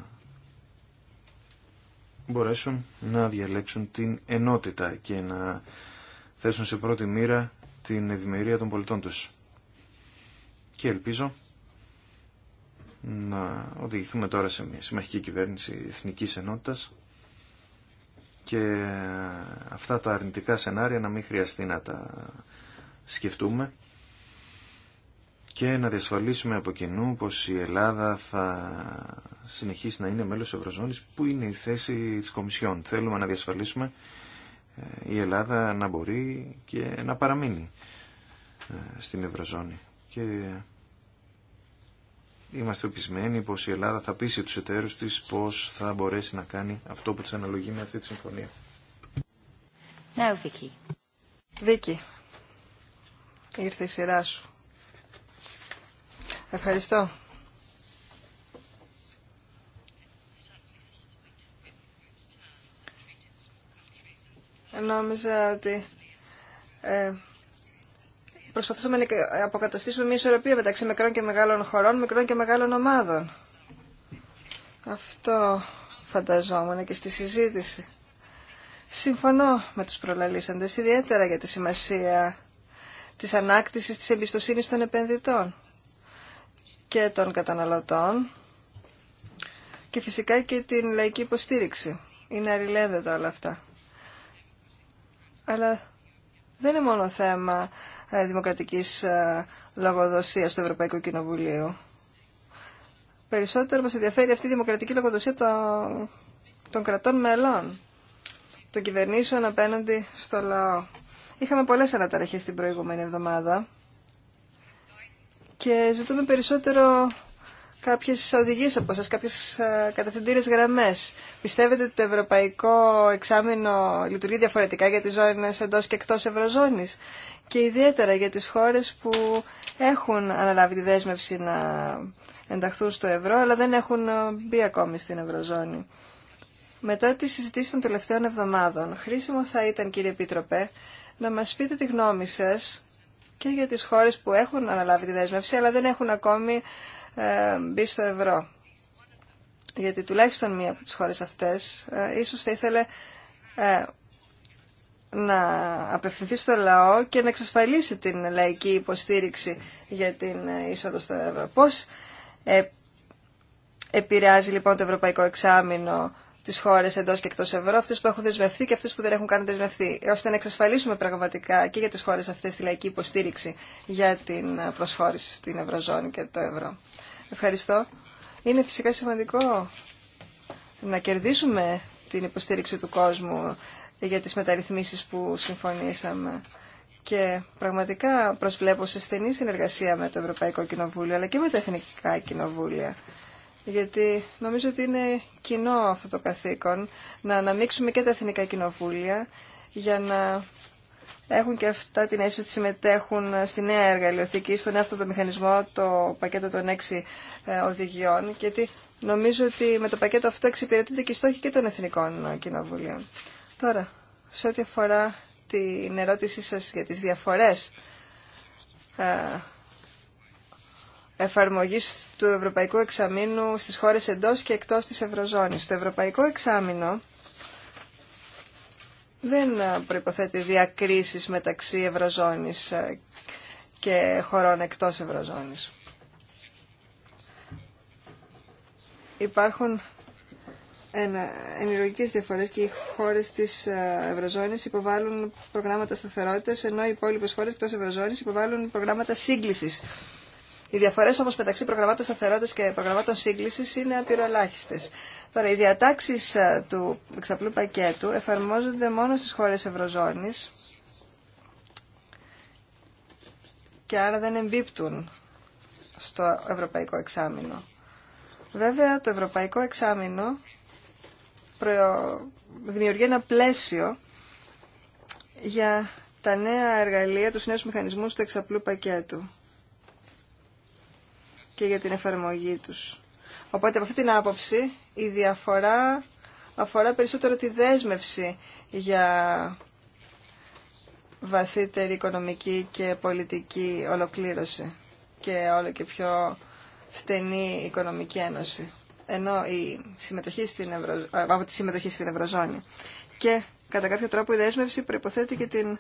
μπορέσουν να διαλέξουν την ενότητα και να θέσουν σε πρώτη μοίρα την ευημερία των πολιτών τους. Και ελπίζω να οδηγηθούμε τώρα σε μια συμμαχική κυβέρνηση εθνικής ενότητας και αυτά τα αρνητικά σενάρια να μην χρειαστεί να τα σκεφτούμε και να διασφαλίσουμε από κοινού πως η Ελλάδα θα συνεχίσει να είναι μέλος Ευρωζώνης που είναι η θέση της Κομισιόν. Θέλουμε να διασφαλίσουμε ε, η Ελλάδα να μπορεί και να παραμείνει ε, στην Ευρωζώνη. Και είμαστε οπισμένοι πως η Ελλάδα θα πείσει τους εταίρους της πως θα μπορέσει να κάνει αυτό που της αναλογεί με αυτή τη συμφωνία.
Ήρθε η σειρά σου. Ευχαριστώ. Νόμιζα ότι ε, προσπαθούσαμε να αποκαταστήσουμε μια ισορροπία μεταξύ μικρών και μεγάλων χωρών, μικρών και μεγάλων ομάδων. Αυτό φανταζόμουν και στη συζήτηση. Συμφωνώ με τους προλαλήσαντες, ιδιαίτερα για τη σημασία της ανάκτησης της εμπιστοσύνης των επενδυτών και των καταναλωτών και φυσικά και την λαϊκή υποστήριξη. Είναι αλληλένδετα όλα αυτά. Αλλά δεν είναι μόνο θέμα ε, δημοκρατικής ε, λογοδοσίας του Ευρωπαϊκού Κοινοβουλίου. Περισσότερο μας ενδιαφέρει αυτή η δημοκρατική λογοδοσία των, των κρατών μελών, των κυβερνήσεων απέναντι στο λαό. Είχαμε πολλές αναταραχές την προηγούμενη εβδομάδα και ζητούμε περισσότερο κάποιες οδηγίες από σας, κάποιες ε, καταθεντήρες γραμμές. Πιστεύετε ότι το ευρωπαϊκό εξάμεινο λειτουργεί διαφορετικά για τις ζώνες εντός και εκτός ευρωζώνης και ιδιαίτερα για τις χώρες που έχουν αναλάβει τη δέσμευση να ενταχθούν στο ευρώ αλλά δεν έχουν ε, μπει ακόμη στην ευρωζώνη. Μετά τις συζητήσεις των τελευταίων εβδομάδων, χρήσιμο θα ήταν κύριε Επίτροπε να μας πείτε τη γνώμη σας και για τις χώρες που έχουν αναλάβει τη δέσμευση αλλά δεν έχουν ακόμη ε, μπει στο ευρώ. Γιατί τουλάχιστον μία από τις χώρες αυτές ε, ίσως θα ήθελε ε, να απευθυνθεί στο λαό και να εξασφαλίσει την λαϊκή υποστήριξη για την είσοδο στο ευρώ. Πώς επηρεάζει λοιπόν το ευρωπαϊκό εξάμεινο τι χώρε εντό και εκτό ευρώ, αυτέ που έχουν δεσμευτεί και αυτέ που δεν έχουν καν δεσμευτεί, ώστε να εξασφαλίσουμε πραγματικά και για τι χώρε αυτέ τη λαϊκή υποστήριξη για την προσχώρηση στην Ευρωζώνη και το ευρώ. Ευχαριστώ. Είναι φυσικά σημαντικό να κερδίσουμε την υποστήριξη του κόσμου για τις μεταρρυθμίσεις που συμφωνήσαμε. Και πραγματικά προσβλέπω σε στενή συνεργασία με το Ευρωπαϊκό Κοινοβούλιο αλλά και με τα Εθνικά Κοινοβούλια γιατί νομίζω ότι είναι κοινό αυτό το καθήκον να αναμίξουμε και τα εθνικά κοινοβούλια για να έχουν και αυτά την αίσθηση ότι συμμετέχουν στη νέα εργαλειοθήκη, στον αυτό το μηχανισμό, το πακέτο των έξι ε, οδηγιών, γιατί νομίζω ότι με το πακέτο αυτό εξυπηρετούνται και οι στόχοι και των εθνικών κοινοβουλίων. Τώρα, σε ό,τι αφορά την ερώτησή σας για τις διαφορές ε, εφαρμογής του Ευρωπαϊκού Εξαμήνου στις χώρες εντός και εκτός της Ευρωζώνης. Το Ευρωπαϊκό Εξάμεινο δεν προϋποθέτει διακρίσεις μεταξύ Ευρωζώνης και χωρών εκτός Ευρωζώνης. Υπάρχουν ενηλογικές διαφορές και οι χώρες της ε, Ευρωζώνης υποβάλλουν προγράμματα σταθερότητας, ενώ οι υπόλοιπες χώρες εκτός Ευρωζώνης υποβάλλουν προγράμματα σύγκλησης οι διαφορέ όμω μεταξύ προγραμμάτων σταθερότητα και προγραμμάτων σύγκληση είναι απειροελάχιστε. Τώρα, οι διατάξει ε, του εξαπλού πακέτου εφαρμόζονται μόνο στι χώρε Ευρωζώνη και άρα δεν εμπίπτουν στο Ευρωπαϊκό Εξάμεινο. Βέβαια, το Ευρωπαϊκό Εξάμεινο δημιουργεί ένα πλαίσιο για τα νέα εργαλεία, τους νέους μηχανισμούς του εξαπλού πακέτου και για την εφαρμογή τους. Οπότε από αυτή την άποψη η διαφορά αφορά περισσότερο τη δέσμευση για βαθύτερη οικονομική και πολιτική ολοκλήρωση και όλο και πιο στενή οικονομική ένωση. Ενώ η συμμετοχή στην Ευρω... Ε, από τη συμμετοχή στην Ευρωζώνη. Και κατά κάποιο τρόπο η δέσμευση προϋποθέτει και την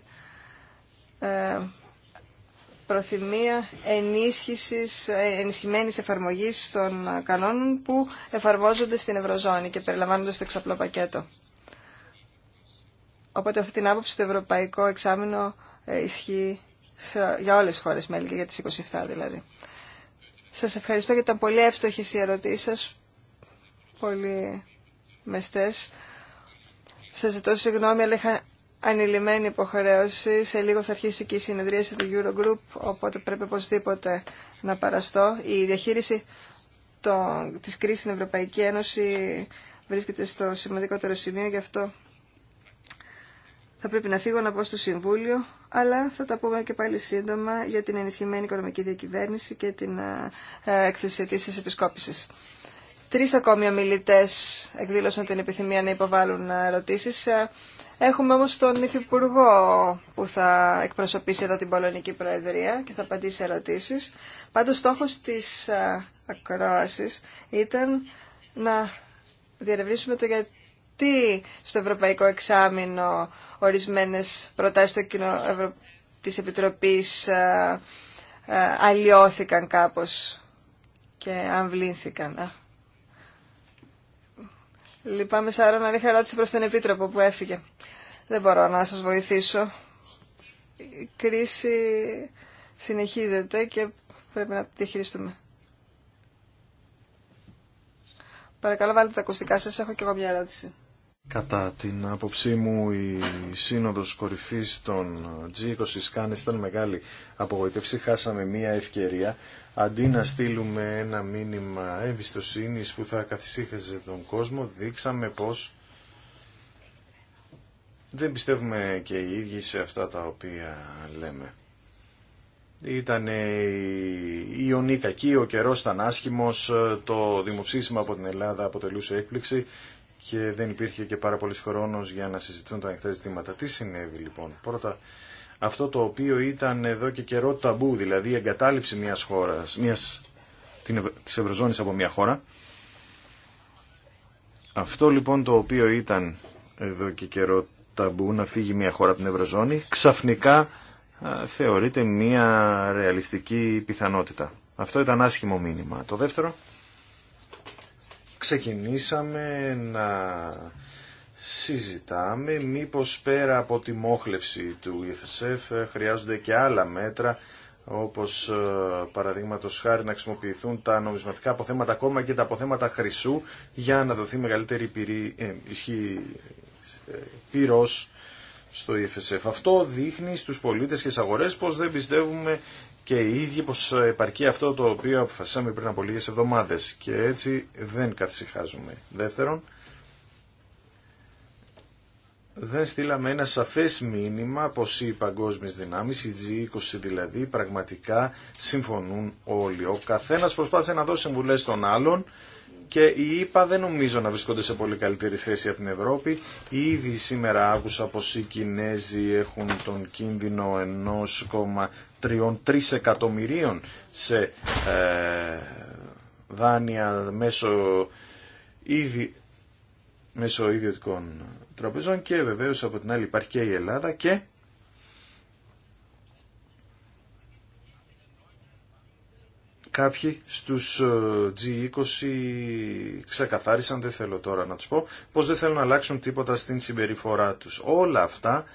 ε, προθυμία ενίσχυσης, ε, ενισχυμένης εφαρμογής των κανόνων που εφαρμόζονται στην Ευρωζώνη και περιλαμβάνονται στο εξαπλό πακέτο. Οπότε αυτή την άποψη το ευρωπαϊκό εξάμεινο ε, ισχύει για όλες τις χώρες μέλη για τις 27 δηλαδή. Σας ευχαριστώ για τα πολύ εύστοχες οι ερωτήσεις σας, πολύ μεστές. Σας ζητώ συγγνώμη, αλλά είχα ανηλυμένη υποχρέωση. Σε λίγο θα αρχίσει και η συνεδρίαση του Eurogroup, οπότε πρέπει οπωσδήποτε να παραστώ. Η διαχείριση το, της κρίσης στην Ευρωπαϊκή Ένωση βρίσκεται στο σημαντικότερο σημείο, γι' αυτό θα πρέπει να φύγω να πω στο Συμβούλιο, αλλά θα τα πούμε και πάλι σύντομα για την ενισχυμένη οικονομική διακυβέρνηση και την ε, ε, έκθεση της επισκόπησης. Τρεις ακόμη ομιλητές εκδήλωσαν την επιθυμία να υποβάλουν ε, ερωτήσεις. Έχουμε όμως τον Υφυπουργό που θα εκπροσωπήσει εδώ την Πολωνική Προεδρία και θα απαντήσει ερωτήσεις. Πάντως στόχος της ακρόασης ήταν να διερευνήσουμε το γιατί στο Ευρωπαϊκό Εξάμεινο ορισμένες προτάσεις της Επιτροπής αλλοιώθηκαν κάπως και αμβλήθηκαν. Λυπάμαι Σάρων, αλλά είχα ερώτηση προς τον Επίτροπο που έφυγε. Δεν μπορώ να σας βοηθήσω. Η κρίση συνεχίζεται και πρέπει να τη χειριστούμε. Παρακαλώ βάλτε τα ακουστικά σας, έχω και εγώ μια ερώτηση.
Κατά την άποψή μου η σύνοδος κορυφής των G20 Σκάνες ήταν μεγάλη απογοητεύση. Χάσαμε μία ευκαιρία αντί να στείλουμε ένα μήνυμα εμπιστοσύνης που θα καθησύχαζε τον κόσμο δείξαμε πως δεν πιστεύουμε και οι ίδιοι σε αυτά τα οποία λέμε. Ήταν η Ιωνή κακή, ο καιρός ήταν άσχημος, το δημοψήφισμα από την Ελλάδα αποτελούσε έκπληξη και δεν υπήρχε και πάρα πολλής χρόνος για να συζητούν τα ανοιχτά ζητήματα. Τι συνέβη λοιπόν. Πρώτα αυτό το οποίο ήταν εδώ και καιρό ταμπού, δηλαδή η εγκατάλειψη μιας χώρας, μιας, της Ευρωζώνης από μια χώρα. Αυτό λοιπόν το οποίο ήταν εδώ και καιρό ταμπού να φύγει μια χώρα από την Ευρωζώνη, ξαφνικά θεωρείται μια ρεαλιστική πιθανότητα. Αυτό ήταν άσχημο μήνυμα. Το δεύτερο ξεκινήσαμε να συζητάμε μήπως πέρα από τη μόχλευση του ΙΕΦΣΕΦ ε, χρειάζονται και άλλα μέτρα όπως ε, παραδείγματος χάρη να χρησιμοποιηθούν τα νομισματικά αποθέματα ακόμα και τα αποθέματα χρυσού για να δοθεί μεγαλύτερη πυρή, ε, πυρός στο EFSF. Αυτό δείχνει στους πολίτες και στις αγορές πως δεν πιστεύουμε και οι ίδιοι πως επαρκεί αυτό το οποίο αποφασίσαμε πριν από λίγες εβδομάδες και έτσι δεν καθυσυχάζουμε. Δεύτερον, δεν στείλαμε ένα σαφές μήνυμα πως οι παγκόσμιες δυνάμεις, οι G20 δηλαδή, πραγματικά συμφωνούν όλοι. Ο καθένας προσπάθησε να δώσει συμβουλές στον άλλον και οι ΗΠΑ δεν νομίζω να βρισκόνται σε πολύ καλύτερη θέση από την Ευρώπη. Ήδη σήμερα άκουσα πως οι Κινέζοι έχουν τον κίνδυνο κόμμα 3 εκατομμυρίων σε ε, δάνεια μέσω, ήδη, μέσω ιδιωτικών τραπεζών και βεβαίως από την άλλη υπάρχει και η Ελλάδα και κάποιοι στους ε, G20 ξεκαθάρισαν, δεν θέλω τώρα να τους πω, πως δεν θέλουν να αλλάξουν τίποτα στην συμπεριφορά τους. Όλα αυτά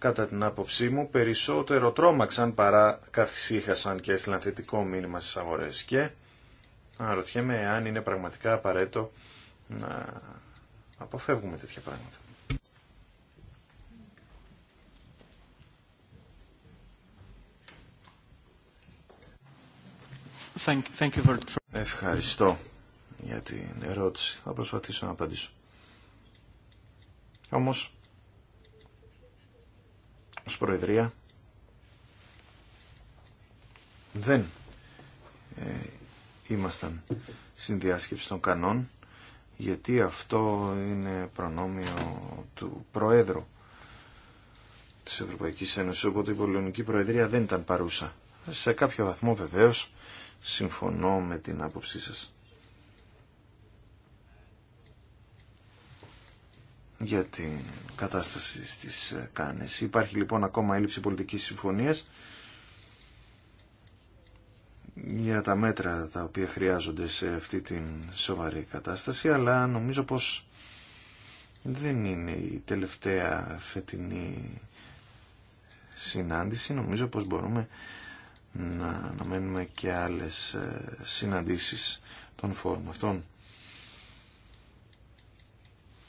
κατά την άποψή μου, περισσότερο τρόμαξαν παρά καθυσίχασαν και έστειλαν θετικό μήνυμα στις αγορές. Και αναρωτιέμαι αν είναι πραγματικά απαραίτητο να αποφεύγουμε τέτοια πράγματα. Thank you for... Ευχαριστώ για την ερώτηση. Θα προσπαθήσω να απαντήσω. Όμως ως Προεδρία δεν ε, ήμασταν στην διάσκεψη των κανόν γιατί αυτό είναι προνόμιο του Προέδρου της Ευρωπαϊκής Ένωσης οπότε η Πολωνική Προεδρία δεν ήταν παρούσα. Σε κάποιο βαθμό βεβαίως συμφωνώ με την άποψή σας. για την κατάσταση στις ε, Κάνες. Υπάρχει λοιπόν ακόμα έλλειψη πολιτικής συμφωνίας για τα μέτρα τα οποία χρειάζονται σε αυτή την σοβαρή κατάσταση, αλλά νομίζω πως δεν είναι η τελευταία φετινή συνάντηση. Νομίζω πως μπορούμε να αναμένουμε και άλλες ε, συναντήσεις των φόρων αυτών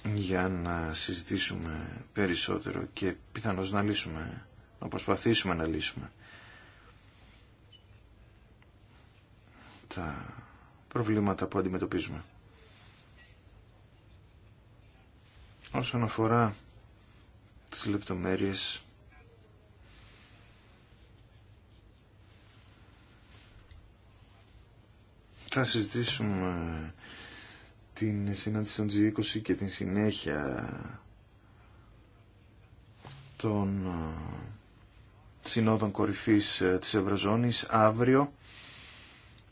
για να συζητήσουμε περισσότερο και πιθανώς να λύσουμε, να προσπαθήσουμε να λύσουμε τα προβλήματα που αντιμετωπίζουμε. Όσον αφορά τις λεπτομέρειες θα συζητήσουμε την συνάντηση των G20 και την συνέχεια των συνόδων κορυφής της Ευρωζώνης αύριο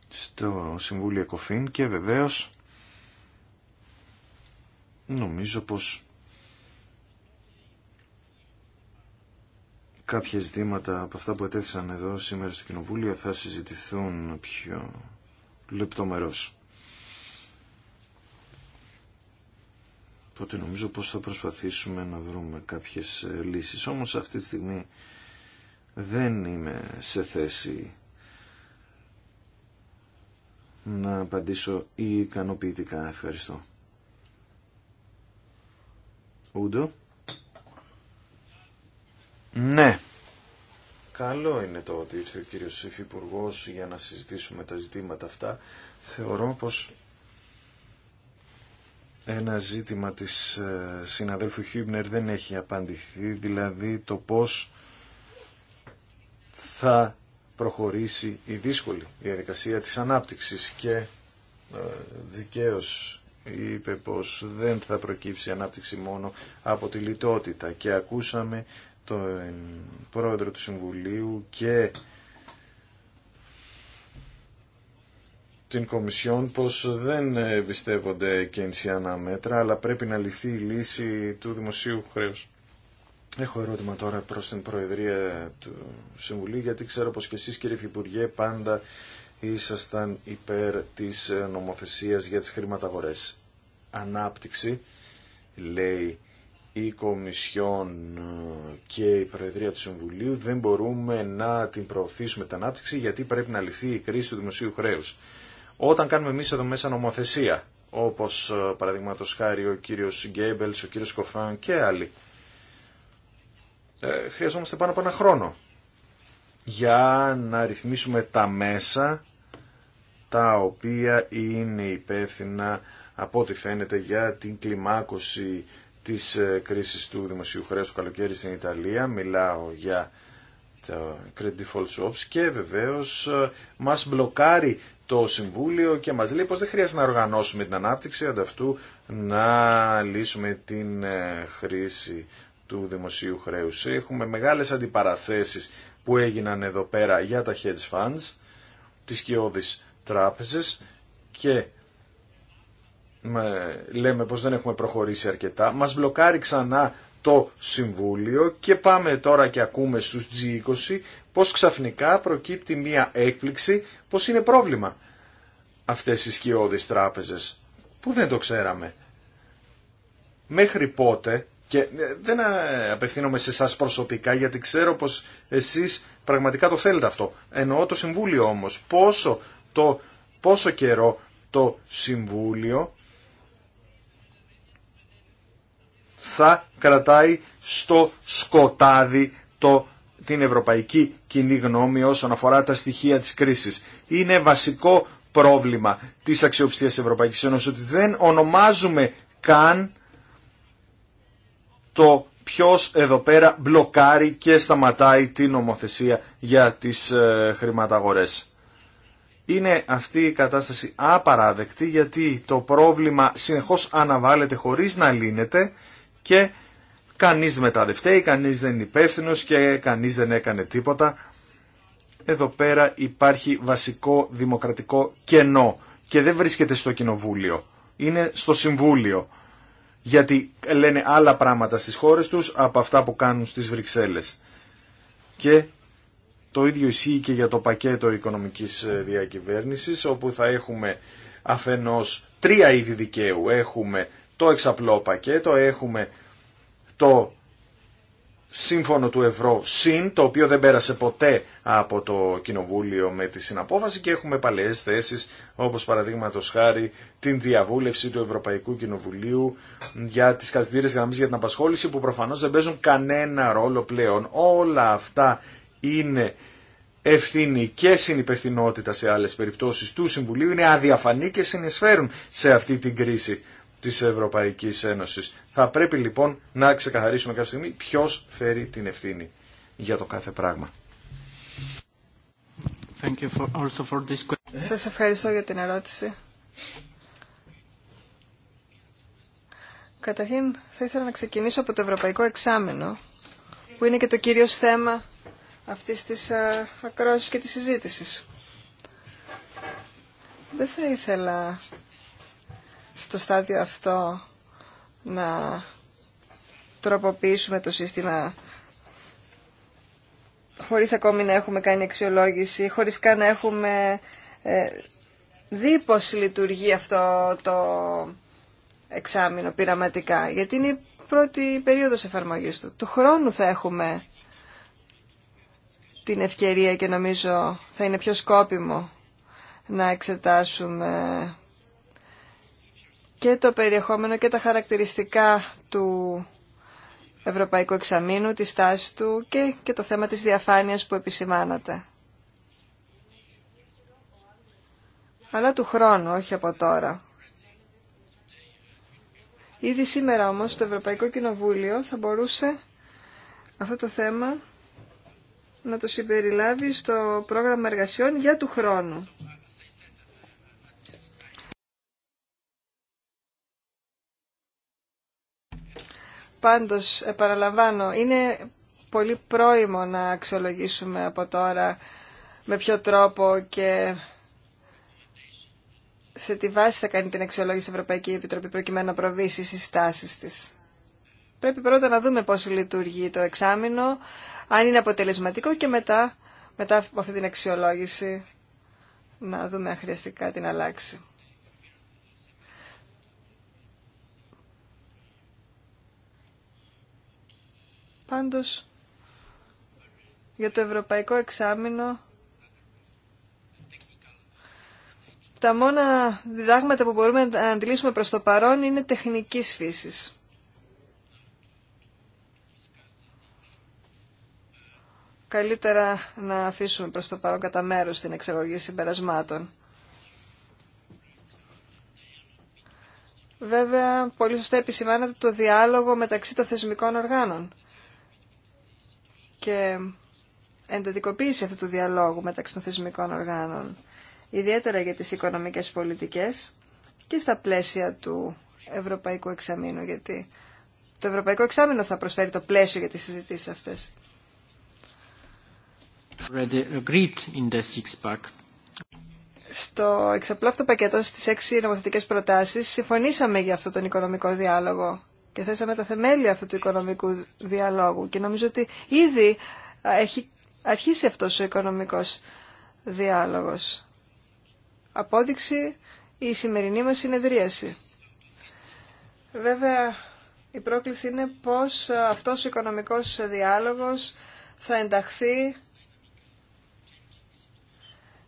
στο Συμβούλιο Εκοφήν και βεβαίως νομίζω πως κάποια ζητήματα από αυτά που ετέθησαν εδώ σήμερα στο Κοινοβούλιο θα συζητηθούν πιο λεπτομερώς. Οπότε νομίζω πως θα προσπαθήσουμε να βρούμε κάποιες ε, λύσεις. Όμως αυτή τη στιγμή δεν είμαι σε θέση να απαντήσω ή ικανοποιητικά. Ευχαριστώ. Ούντο. Ναι. Καλό είναι το ότι ήρθε ο κύριος Υφυπουργός για να συζητήσουμε τα ζητήματα αυτά. Θεωρώ πως ένα ζήτημα της ε, συναδέλφου Χίμπνερ δεν έχει απαντηθεί, δηλαδή το πώς θα προχωρήσει η δύσκολη διαδικασία της ανάπτυξης και ε, δικαίως είπε πως δεν θα προκύψει ανάπτυξη μόνο από τη λιτότητα και ακούσαμε τον πρόεδρο του Συμβουλίου και την Κομισιόν πως δεν ε, εμπιστεύονται ενσιανά μέτρα, αλλά πρέπει να λυθεί η λύση του δημοσίου χρέους. Έχω ερώτημα τώρα προς την Προεδρία του Συμβουλίου, γιατί ξέρω πως και εσείς κύριε Υφυπουργέ πάντα ήσασταν υπέρ της ε, νομοθεσίας για τις χρηματαγορές. Ανάπτυξη, λέει η Κομισιόν ε, και η Προεδρία του Συμβουλίου, δεν μπορούμε να την προωθήσουμε την ανάπτυξη γιατί πρέπει να λυθεί η κρίση του δημοσίου χρέους όταν κάνουμε εμεί εδώ μέσα νομοθεσία, όπως ε, παραδείγματο χάρη ο κύριος Γκέιμπελς, ο κύριος Κοφάν και άλλοι. Ε, χρειαζόμαστε πάνω από ένα χρόνο για να ρυθμίσουμε τα μέσα τα οποία είναι υπεύθυνα από ό,τι φαίνεται για την κλιμάκωση της ε, κρίσης του δημοσίου χρέους του καλοκαίρι στην Ιταλία. Μιλάω για το credit default swaps και βεβαίως ε, μας μπλοκάρει το Συμβούλιο και μας λέει πως δεν χρειάζεται να οργανώσουμε την ανάπτυξη ανταυτού να λύσουμε την ε, χρήση του δημοσίου χρέους. Έχουμε μεγάλες αντιπαραθέσεις που έγιναν εδώ πέρα για τα hedge funds, τις κοιόδεις τράπεζες και λέμε πως δεν έχουμε προχωρήσει αρκετά. Μας μπλοκάρει ξανά το Συμβούλιο και πάμε τώρα και ακούμε στους G20 πως ξαφνικά προκύπτει μία έκπληξη πως είναι πρόβλημα αυτές οι σκιώδεις τράπεζες που δεν το ξέραμε. Μέχρι πότε και ε, δεν ε, απευθύνομαι σε σας προσωπικά γιατί ξέρω πως εσείς πραγματικά το θέλετε αυτό. Εννοώ το Συμβούλιο όμως. Πόσο, το, πόσο καιρό το Συμβούλιο θα κρατάει στο σκοτάδι το την ευρωπαϊκή κοινή γνώμη όσον αφορά τα στοιχεία της κρίσης. Είναι βασικό πρόβλημα της αξιοπιστίας της Ευρωπαϊκής Ένωσης ότι δεν ονομάζουμε καν το ποιος εδώ πέρα μπλοκάρει και σταματάει την νομοθεσία για τις ε, χρηματαγορές. Είναι αυτή η κατάσταση απαράδεκτη γιατί το πρόβλημα συνεχώς αναβάλλεται χωρίς να λύνεται και Κανείς φταίει, κανείς δεν είναι υπεύθυνο και κανείς δεν έκανε τίποτα. Εδώ πέρα υπάρχει βασικό δημοκρατικό κενό και δεν βρίσκεται στο κοινοβούλιο. Είναι στο συμβούλιο. Γιατί λένε άλλα πράγματα στις χώρες τους από αυτά που κάνουν στις Βρυξέλλες. Και το ίδιο ισχύει και για το πακέτο οικονομικής ε, διακυβέρνησης όπου θα έχουμε αφενός τρία είδη δικαίου. Έχουμε το εξαπλό πακέτο, έχουμε το σύμφωνο του ευρώ συν, το οποίο δεν πέρασε ποτέ από το κοινοβούλιο με τη συναπόφαση και έχουμε παλαιές θέσεις όπως παραδείγματο χάρη την διαβούλευση του Ευρωπαϊκού Κοινοβουλίου για τις καθητήρες γραμμή για την απασχόληση που προφανώς δεν παίζουν κανένα ρόλο πλέον. Όλα αυτά είναι ευθύνη και συνυπευθυνότητα σε άλλες περιπτώσεις του Συμβουλίου, είναι αδιαφανή και συνεισφέρουν σε αυτή την κρίση της Ευρωπαϊκής Ένωσης. Θα πρέπει λοιπόν να ξεκαθαρίσουμε κάποια στιγμή ποιο φέρει την ευθύνη για το κάθε πράγμα. Thank
Σας ευχαριστώ για την ερώτηση. Καταρχήν θα ήθελα να ξεκινήσω από το Ευρωπαϊκό Εξάμενο, που είναι και το κύριο θέμα αυτής της ακρόασης και της συζήτησης. Δεν θα ήθελα στο στάδιο αυτό να τροποποιήσουμε το σύστημα χωρίς ακόμη να έχουμε κάνει αξιολόγηση, χωρίς καν να έχουμε ε, δει πώς λειτουργεί αυτό το εξάμεινο πειραματικά. Γιατί είναι η πρώτη περίοδος εφαρμογής του. Του χρόνου θα έχουμε την ευκαιρία και νομίζω θα είναι πιο σκόπιμο να εξετάσουμε και το περιεχόμενο και τα χαρακτηριστικά του Ευρωπαϊκού Εξαμήνου, τη στάση του και, και το θέμα της διαφάνειας που επισημάνατε. Αλλά του χρόνου, όχι από τώρα. Ήδη σήμερα όμως το Ευρωπαϊκό Κοινοβούλιο θα μπορούσε αυτό το θέμα να το συμπεριλάβει στο πρόγραμμα εργασιών για του χρόνου. Πάντως, επαναλαμβάνω, είναι πολύ πρόημο να αξιολογήσουμε από τώρα με ποιο τρόπο και σε τι βάση θα κάνει την αξιολόγηση η Ευρωπαϊκή Επιτροπή προκειμένου να προβήσει στις στάσεις της. Πρέπει πρώτα να δούμε πώς λειτουργεί το εξάμεινο, αν είναι αποτελεσματικό και μετά, μετά από αυτή την αξιολόγηση να δούμε αν την αλλάξει. Πάντως, για το ευρωπαϊκό εξάμεινο, τα μόνα διδάγματα που μπορούμε να αντιλήσουμε προς το παρόν είναι τεχνικής φύσης. Καλύτερα να αφήσουμε προς το παρόν κατά μέρος την εξαγωγή συμπερασμάτων. Βέβαια, πολύ σωστά επισημάνατε το διάλογο μεταξύ των θεσμικών οργάνων και εντατικοποίηση αυτού του διαλόγου μεταξύ των θεσμικών οργάνων, ιδιαίτερα για τις οικονομικές πολιτικές και στα πλαίσια του Ευρωπαϊκού Εξαμήνου, γιατί το Ευρωπαϊκό Εξάμεινο θα προσφέρει το πλαίσιο για τις συζητήσεις αυτές. Στο εξαπλώ αυτό πακέτο στις έξι νομοθετικές προτάσεις συμφωνήσαμε για αυτό τον οικονομικό διάλογο και θέσαμε τα θεμέλια αυτού του οικονομικού διαλόγου και νομίζω ότι ήδη έχει αρχίσει αυτός ο οικονομικός διάλογος. Απόδειξη η σημερινή μας συνεδρίαση. Βέβαια, η πρόκληση είναι πώς αυτός ο οικονομικός διάλογος θα ενταχθεί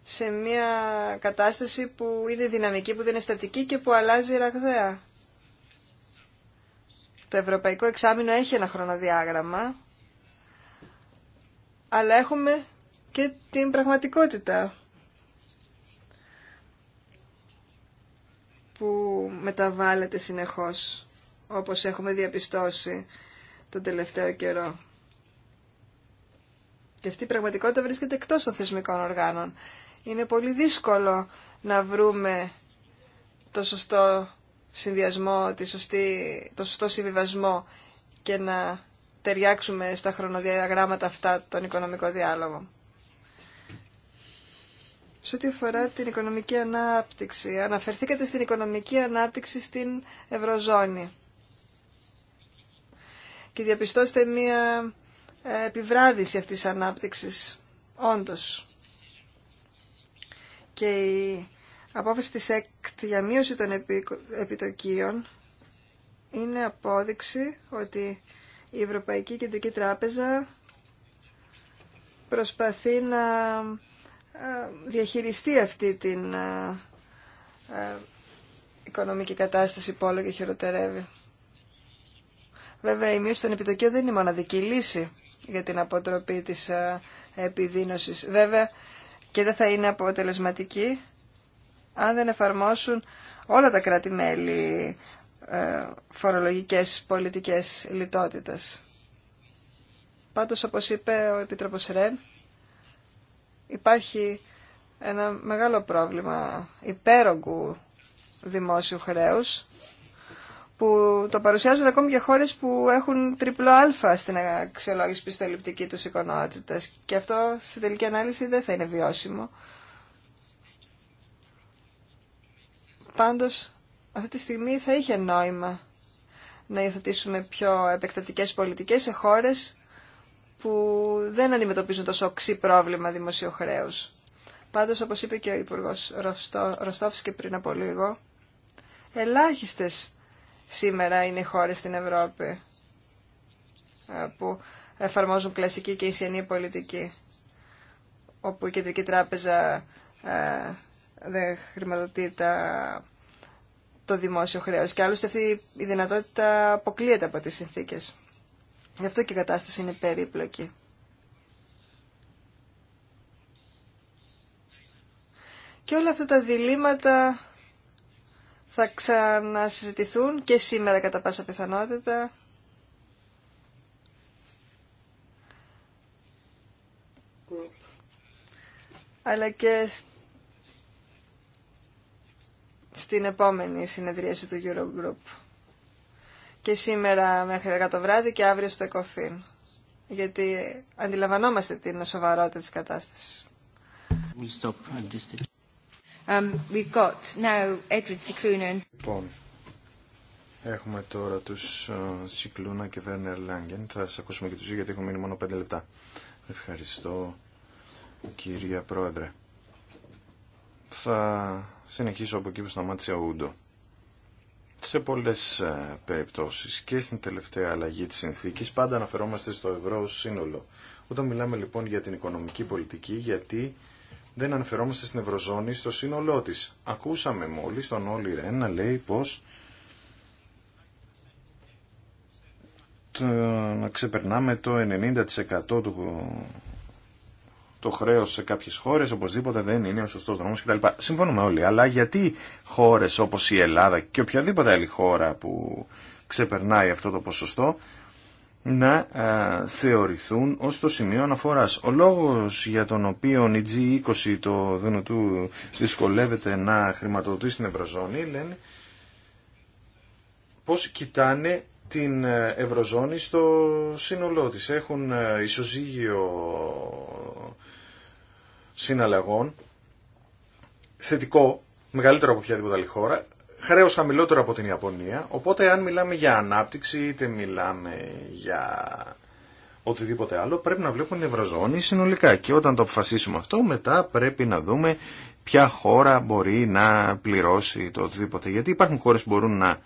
σε μια κατάσταση που είναι δυναμική, που δεν είναι στατική και που αλλάζει ραγδαία. Το Ευρωπαϊκό Εξάμεινο έχει ένα χρονοδιάγραμμα, αλλά έχουμε και την πραγματικότητα που μεταβάλλεται συνεχώς, όπως έχουμε διαπιστώσει τον τελευταίο καιρό. Και αυτή η πραγματικότητα βρίσκεται εκτός των θεσμικών οργάνων. Είναι πολύ δύσκολο να βρούμε το σωστό συνδυασμό, τη σωστή, το σωστό συμβιβασμό και να ταιριάξουμε στα χρονοδιαγράμματα αυτά τον οικονομικό διάλογο. Σε ό,τι αφορά την οικονομική ανάπτυξη, αναφερθήκατε στην οικονομική ανάπτυξη στην Ευρωζώνη και διαπιστώστε μία ε, επιβράδυση αυτής της ανάπτυξης, όντως. Και απόφαση της ΕΚΤ για μείωση των επιτοκίων είναι απόδειξη ότι η Ευρωπαϊκή Κεντρική Τράπεζα προσπαθεί να ε, διαχειριστεί αυτή την ε, ε, οικονομική κατάσταση που όλο και χειροτερεύει. Βέβαια, η μείωση των επιτοκίων δεν είναι η μοναδική λύση για την αποτροπή της επιδείνωσης. Βέβαια, και δεν θα είναι αποτελεσματική αν δεν εφαρμόσουν όλα τα κράτη-μέλη ε, φορολογικές πολιτικές λιτότητας. Πάντως, όπως είπε ο Επίτροπος Ρεν, υπάρχει ένα μεγάλο πρόβλημα υπέρογκου δημόσιου χρέους που το παρουσιάζουν ακόμη και χώρες που έχουν τριπλό αλφα στην αξιολόγηση πιστοληπτική τους εικονότητας και αυτό σε τελική ανάλυση δεν θα είναι βιώσιμο Πάντως, αυτή τη στιγμή θα είχε νόημα να υιοθετήσουμε πιο επεκτατικές πολιτικές σε χώρες που δεν αντιμετωπίζουν τόσο οξύ πρόβλημα δημοσιοχρέους. Πάντως, όπως είπε και ο Υπουργός Ροστόφης και πριν από λίγο, ελάχιστες σήμερα είναι οι χώρες στην Ευρώπη ε, που εφαρμόζουν κλασική και ισιανή πολιτική, όπου η Κεντρική Τράπεζα ε, δεν χρηματοδοτεί το δημόσιο χρέος. Και άλλωστε αυτή η δυνατότητα αποκλείεται από τι συνθήκες. Γι' αυτό και η κατάσταση είναι περίπλοκη. Και όλα αυτά τα διλήμματα θα ξανασυζητηθούν και σήμερα κατά πάσα πιθανότητα. αλλά και στην επόμενη συνεδρίαση του Eurogroup. Και σήμερα μέχρι αργά το βράδυ και αύριο στο ΕΚΟΦΗΝ. Γιατί αντιλαμβανόμαστε την σοβαρότητα της κατάστασης. Um, we've got now
λοιπόν, έχουμε τώρα τους Σικλούνα ε, και Βέρνερ Λάγκεν. Θα σας ακούσουμε και τους δύο γιατί έχουμε μείνει μόνο πέντε λεπτά. Ευχαριστώ κυρία Πρόεδρε. Θα συνεχίσω από εκεί που σταμάτησε ο Ούντο. Σε πολλές ε, περιπτώσεις και στην τελευταία αλλαγή της συνθήκης πάντα αναφερόμαστε στο ευρώ σύνολο. Όταν μιλάμε λοιπόν για την οικονομική πολιτική, γιατί δεν αναφερόμαστε στην Ευρωζώνη στο σύνολό της. Ακούσαμε μόλις τον Όλη Ρεν να λέει πως να ξεπερνάμε το 90% του το χρέο σε κάποιες χώρες οπωσδήποτε δεν είναι ο σωστό δρόμο κτλ. Συμφωνούμε όλοι, αλλά γιατί χώρες όπως η Ελλάδα και οποιαδήποτε άλλη χώρα που ξεπερνάει αυτό το ποσοστό να ε, θεωρηθούν ως το σημείο αναφοράς. Ο λόγος για τον οποίο η G20 το ΔΝΤ δυσκολεύεται να χρηματοδοτήσει την Ευρωζώνη λένε πως κοιτάνε την ε, Ευρωζώνη στο σύνολό της. Έχουν ε, ισοζύγιο συναλλαγών, θετικό, μεγαλύτερο από οποιαδήποτε άλλη χώρα, χρέο χαμηλότερο από την Ιαπωνία. Οπότε, αν μιλάμε για ανάπτυξη, είτε μιλάμε για οτιδήποτε άλλο, πρέπει να βλέπουμε την Ευρωζώνη συνολικά. Και όταν το αποφασίσουμε αυτό, μετά πρέπει να δούμε ποια χώρα μπορεί να πληρώσει το οτιδήποτε. Γιατί υπάρχουν χώρε που μπορούν να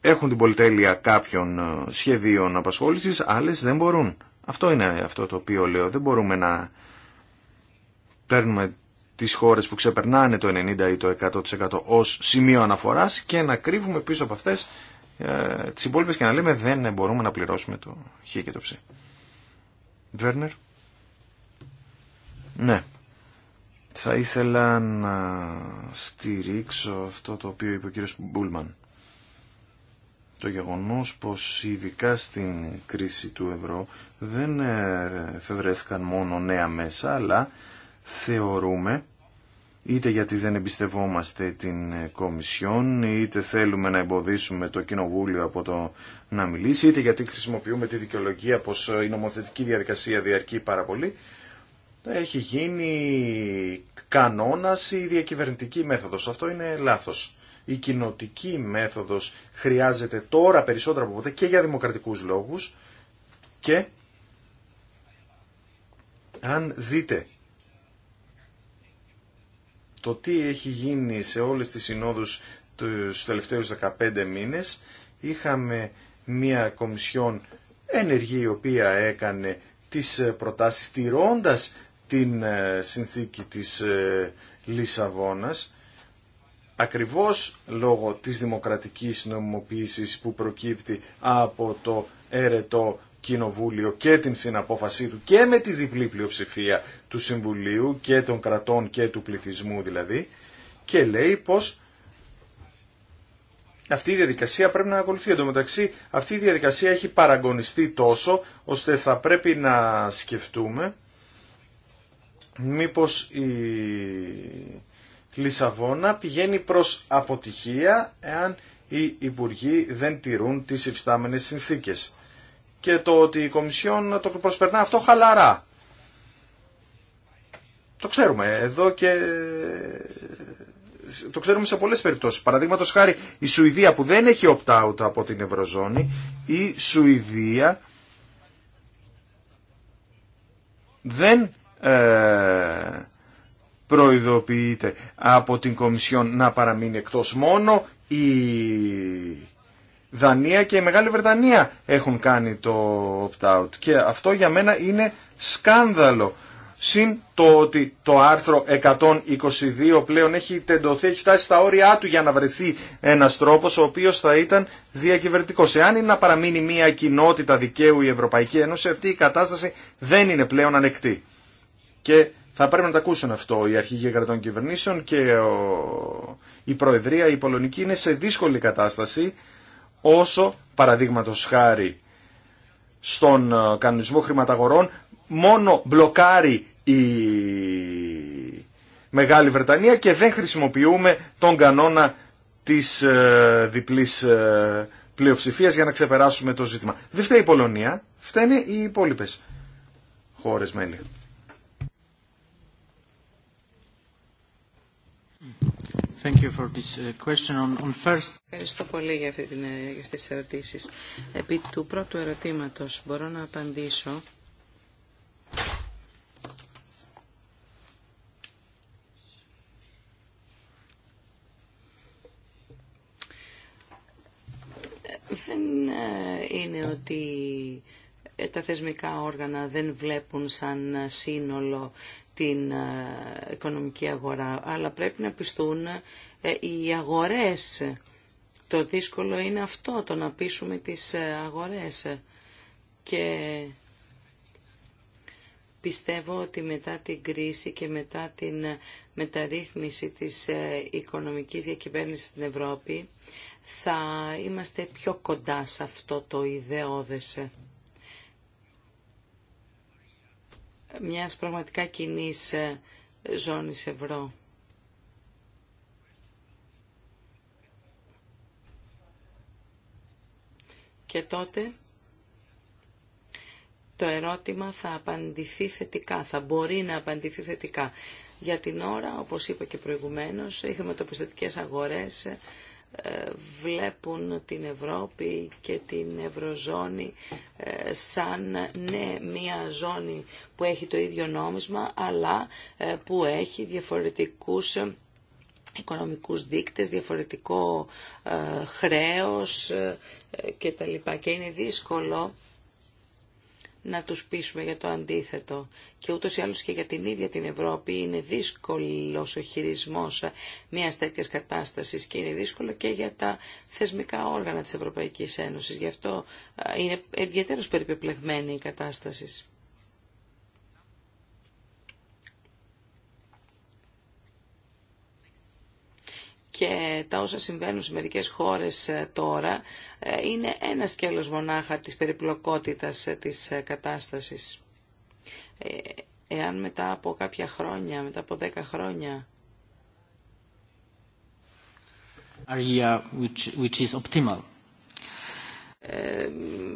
έχουν την πολυτέλεια κάποιων ε, σχεδίων απασχόλησης, άλλες δεν μπορούν. Αυτό είναι αυτό το οποίο λέω. Δεν μπορούμε να παίρνουμε τις χώρες που ξεπερνάνε το 90% ή το 100% ως σημείο αναφοράς και να κρύβουμε πίσω από αυτές ε, τις υπόλοιπες και να λέμε δεν μπορούμε να πληρώσουμε το χ και το ψ. Βέρνερ. Ναι. Θα ήθελα να στηρίξω αυτό το οποίο είπε ο κύριος Μπούλμαν το γεγονός πως ειδικά στην κρίση του ευρώ δεν εφευρέθηκαν μόνο νέα μέσα, αλλά θεωρούμε είτε γιατί δεν εμπιστευόμαστε την Κομισιόν, είτε θέλουμε να εμποδίσουμε το Κοινοβούλιο από το να μιλήσει, είτε γιατί χρησιμοποιούμε τη δικαιολογία πως η νομοθετική διαδικασία διαρκεί πάρα πολύ, έχει γίνει κανόνας η διακυβερνητική μέθοδος. Αυτό είναι λάθος η κοινοτική μέθοδος χρειάζεται τώρα περισσότερο από ποτέ και για δημοκρατικούς λόγους και αν δείτε το τι έχει γίνει σε όλες τις συνόδους τους τελευταίους 15 μήνες είχαμε μια κομισιόν ενεργή η οποία έκανε τις προτάσεις τηρώντας την ε, συνθήκη της ε, Λισαβόνας ακριβώς λόγω της δημοκρατικής νομιμοποίησης που προκύπτει από το έρετο κοινοβούλιο και την συναπόφασή του και με τη διπλή πλειοψηφία του Συμβουλίου και των κρατών και του πληθυσμού δηλαδή και λέει πως αυτή η διαδικασία πρέπει να ακολουθεί. Εν τω μεταξύ αυτή η διαδικασία έχει παραγωνιστεί τόσο ώστε θα πρέπει να σκεφτούμε μήπως η Λισαβόνα πηγαίνει προς αποτυχία εάν οι Υπουργοί δεν τηρούν τις υφιστάμενες συνθήκες. Και το ότι η Κομισιόν το προσπερνά αυτό χαλαρά. Το ξέρουμε εδώ και το ξέρουμε σε πολλές περιπτώσεις. Παραδείγματο χάρη η Σουηδία που δεν έχει opt-out από την Ευρωζώνη, η Σουηδία δεν ε, προειδοποιείται από την Κομισιόν να παραμείνει εκτός μόνο η Δανία και η Μεγάλη Βρετανία έχουν κάνει το opt-out και αυτό για μένα είναι σκάνδαλο. Συν το ότι το άρθρο 122 πλέον έχει τεντωθεί, έχει φτάσει στα όρια του για να βρεθεί ένας τρόπος ο οποίος θα ήταν διακυβερτικός. Εάν είναι να παραμείνει μια κοινότητα δικαίου η Ευρωπαϊκή Ένωση, αυτή η κατάσταση δεν είναι πλέον ανεκτή. Και θα πρέπει να τα ακούσουν αυτό οι αρχηγοί κρατών κυβερνήσεων και ο... η Προεδρία, η Πολωνική είναι σε δύσκολη κατάσταση όσο παραδείγματο χάρη στον ε, κανονισμό χρηματαγορών μόνο μπλοκάρει η Μεγάλη Βρετανία και δεν χρησιμοποιούμε τον κανόνα της ε, διπλής ε, πλειοψηφίας για να ξεπεράσουμε το ζήτημα. Δεν φταίει η Πολωνία, φταίνε οι υπόλοιπε χώρες μέλη. Uh, Ευχαριστώ
πολύ για, αυτή ε, για αυτές τις ερωτήσεις. Επί του πρώτου ερωτήματος μπορώ να απαντήσω δεν ε, είναι ότι ε, τα θεσμικά όργανα δεν βλέπουν σαν σύνολο την ε, οικονομική αγορά, αλλά πρέπει να πιστούν ε, οι αγορές. Το δύσκολο είναι αυτό, το να πείσουμε τις ε, αγορές. Και πιστεύω ότι μετά την κρίση και μετά την μεταρρύθμιση της οικονομικής διακυβέρνησης στην Ευρώπη, θα είμαστε πιο κοντά σε αυτό το ιδεώδες. μιας πραγματικά κοινή ε, ζώνης ευρώ. Και τότε το ερώτημα θα απαντηθεί θετικά, θα μπορεί να απαντηθεί θετικά. Για την ώρα, όπως είπα και προηγουμένως, είχαμε τοπιστατικές αγορές ε, βλέπουν την Ευρώπη και την Ευρωζώνη ε, σαν ναι μία ζώνη που έχει το ίδιο νόμισμα αλλά ε, που έχει διαφορετικούς οικονομικούς δείκτες, διαφορετικό χρέος και τα λοιπά. Και είναι δύσκολο να τους πείσουμε για το αντίθετο. Και ούτως ή άλλως και για την ίδια την Ευρώπη είναι δύσκολος ο χειρισμός μιας τέτοιας κατάστασης και είναι δύσκολο και για τα θεσμικά όργανα της Ευρωπαϊκής Ένωσης. Γι' αυτό ε, είναι ιδιαίτερως περιπεπλεγμένη η κατάσταση. και τα όσα συμβαίνουν σε μερικές χώρες ε, τώρα ε, είναι ένα σκέλος μονάχα της περιπλοκότητας ε, της κατάστασης. Εάν μετά από κάποια χρόνια, μετά από δέκα
χρόνια... Area which, which is optimal.
Ε,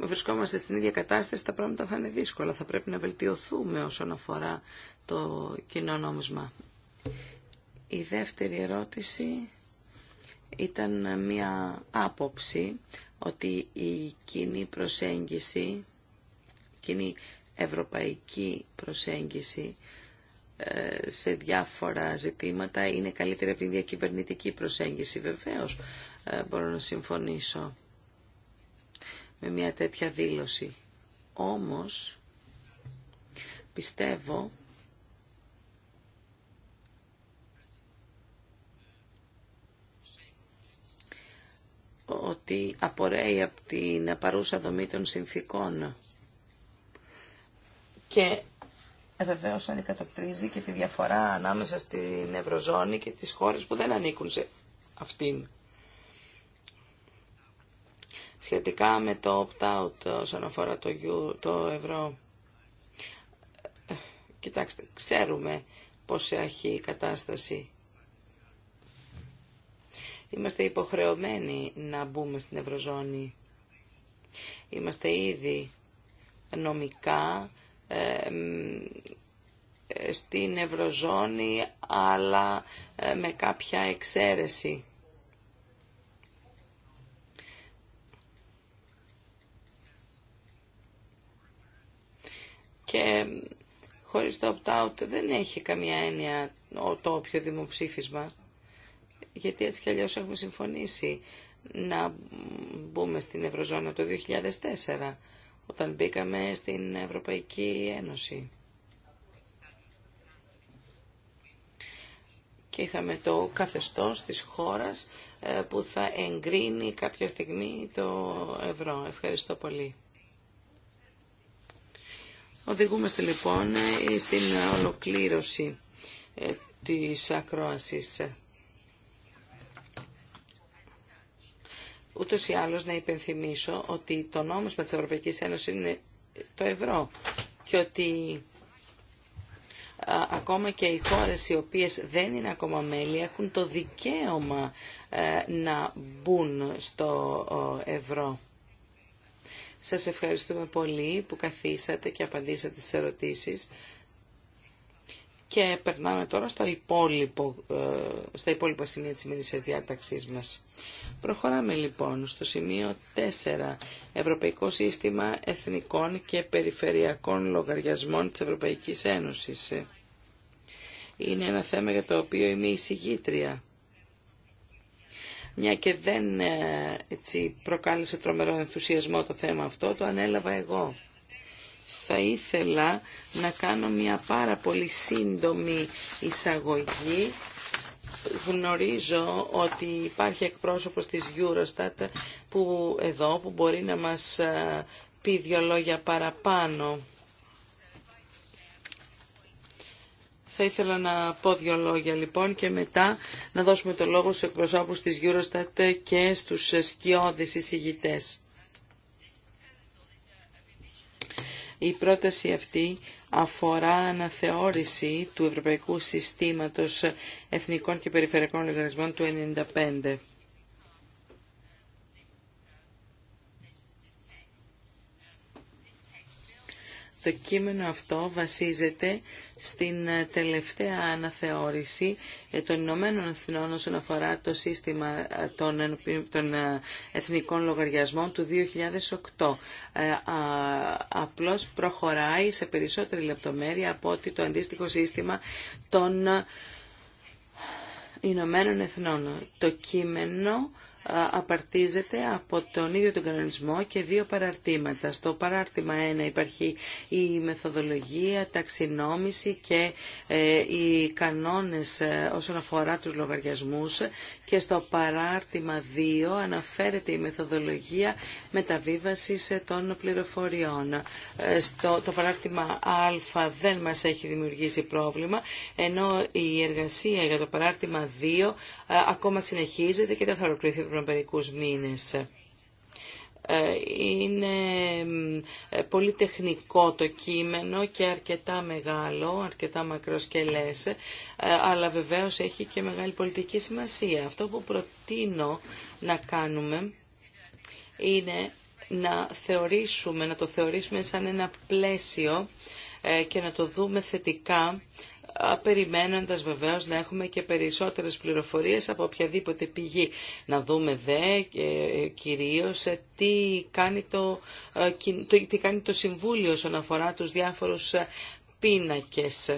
βρισκόμαστε στην ίδια κατάσταση, τα πράγματα θα είναι δύσκολα. Θα πρέπει να βελτιωθούμε όσον αφορά το κοινό νόμισμα. Η δεύτερη ερώτηση ήταν μία άποψη ότι η κοινή προσέγγιση, κοινή ευρωπαϊκή προσέγγιση ε, σε διάφορα ζητήματα είναι καλύτερη από την διακυβερνητική προσέγγιση. Βεβαίως ε, μπορώ να συμφωνήσω με μια τέτοια δήλωση. Όμως πιστεύω ότι απορρέει από την παρούσα δομή των συνθήκων και βεβαίω αντικατοπτρίζει και τη διαφορά ανάμεσα στην Ευρωζώνη και τις χώρες που δεν ανήκουν σε αυτήν. Σχετικά με το opt-out όσον αφορά το, το ευρώ, ε, κοιτάξτε, ξέρουμε πώς έχει η κατάσταση Είμαστε υποχρεωμένοι να μπούμε στην Ευρωζώνη. Είμαστε ήδη νομικά ε, ε, στην Ευρωζώνη, αλλά ε, με κάποια εξαίρεση. Και χωρίς το opt-out δεν έχει καμία έννοια το όποιο δημοψήφισμα γιατί έτσι κι αλλιώς έχουμε συμφωνήσει να μπούμε στην Ευρωζώνη το 2004, όταν μπήκαμε στην Ευρωπαϊκή Ένωση. Και είχαμε το καθεστώς της χώρας ε, που θα εγκρίνει κάποια στιγμή το ευρώ. Ευχαριστώ πολύ. Οδηγούμαστε λοιπόν στην ολοκλήρωση ε, της ακρόασης. Ούτως ή άλλως να υπενθυμίσω ότι το νόμισμα της Ευρωπαϊκής Ένωσης είναι το ευρώ και ότι ακόμα και οι χώρες οι οποίες δεν είναι ακόμα μέλη έχουν το δικαίωμα ε, να μπουν στο ευρώ. Σας ευχαριστούμε πολύ που καθίσατε και απαντήσατε στις ερωτήσεις. Και περνάμε τώρα στο υπόλοιπο, ε, στα υπόλοιπα σημεία της ημερήσιας διάταξής μας. Προχωράμε λοιπόν στο σημείο 4. Ευρωπαϊκό Σύστημα Εθνικών και Περιφερειακών Λογαριασμών της Ευρωπαϊκής Ένωσης. Είναι ένα θέμα για το οποίο είμαι εισηγήτρια. Μια και δεν ε, έτσι, προκάλεσε τρομερό ενθουσιασμό το θέμα αυτό, το ανέλαβα εγώ θα ήθελα να κάνω μια πάρα πολύ σύντομη εισαγωγή. Γνωρίζω ότι υπάρχει εκπρόσωπος της Eurostat που εδώ που μπορεί να μας ε, πει δύο λόγια παραπάνω. Θα ήθελα να πω δύο λόγια λοιπόν και μετά να δώσουμε το λόγο στους εκπροσώπους της Eurostat και στους σκιώδεις εισηγητές. Η πρόταση αυτή αφορά αναθεώρηση του Ευρωπαϊκού Συστήματος Εθνικών και Περιφερειακών Οργανισμών του 1995. Το κείμενο αυτό βασίζεται στην ε, τελευταία αναθεώρηση ε, των Ηνωμένων Εθνών όσον αφορά το σύστημα ε, των εθνικών λογαριασμών του 2008. Απλώς προχωράει σε περισσότερη λεπτομέρεια από ότι το αντίστοιχο σύστημα των Ηνωμένων Εθνών. Το κείμενο απαρτίζεται από τον ίδιο τον κανονισμό και δύο παραρτήματα. Στο παράρτημα 1 υπάρχει η μεθοδολογία, ταξινόμηση και ε, οι κανόνες ε, όσον αφορά τους λογαριασμούς και στο παράρτημα 2 αναφέρεται η μεθοδολογία μεταβίβασης ε, των πληροφοριών. Ε, στο, το παράρτημα Α δεν μας έχει δημιουργήσει πρόβλημα, ενώ η εργασία για το παράρτημα 2 ε, ακόμα συνεχίζεται και δεν θα ολοκληρωθεί πριν μερικού μήνες. Ε, είναι ε, πολύ τεχνικό το κείμενο και αρκετά μεγάλο, αρκετά μακροσκελές, ε, αλλά βεβαίως έχει και μεγάλη πολιτική σημασία. Αυτό που προτείνω να κάνουμε είναι να θεωρήσουμε, να το θεωρήσουμε σαν ένα πλαίσιο και να το δούμε θετικά περιμένοντας βεβαίως να έχουμε και περισσότερες πληροφορίες από οποιαδήποτε πηγή. Να δούμε δε ε, ε, κυρίως ε, τι κάνει το, τι κάνει το Συμβούλιο όσον αφορά τους διάφορους πίνακες.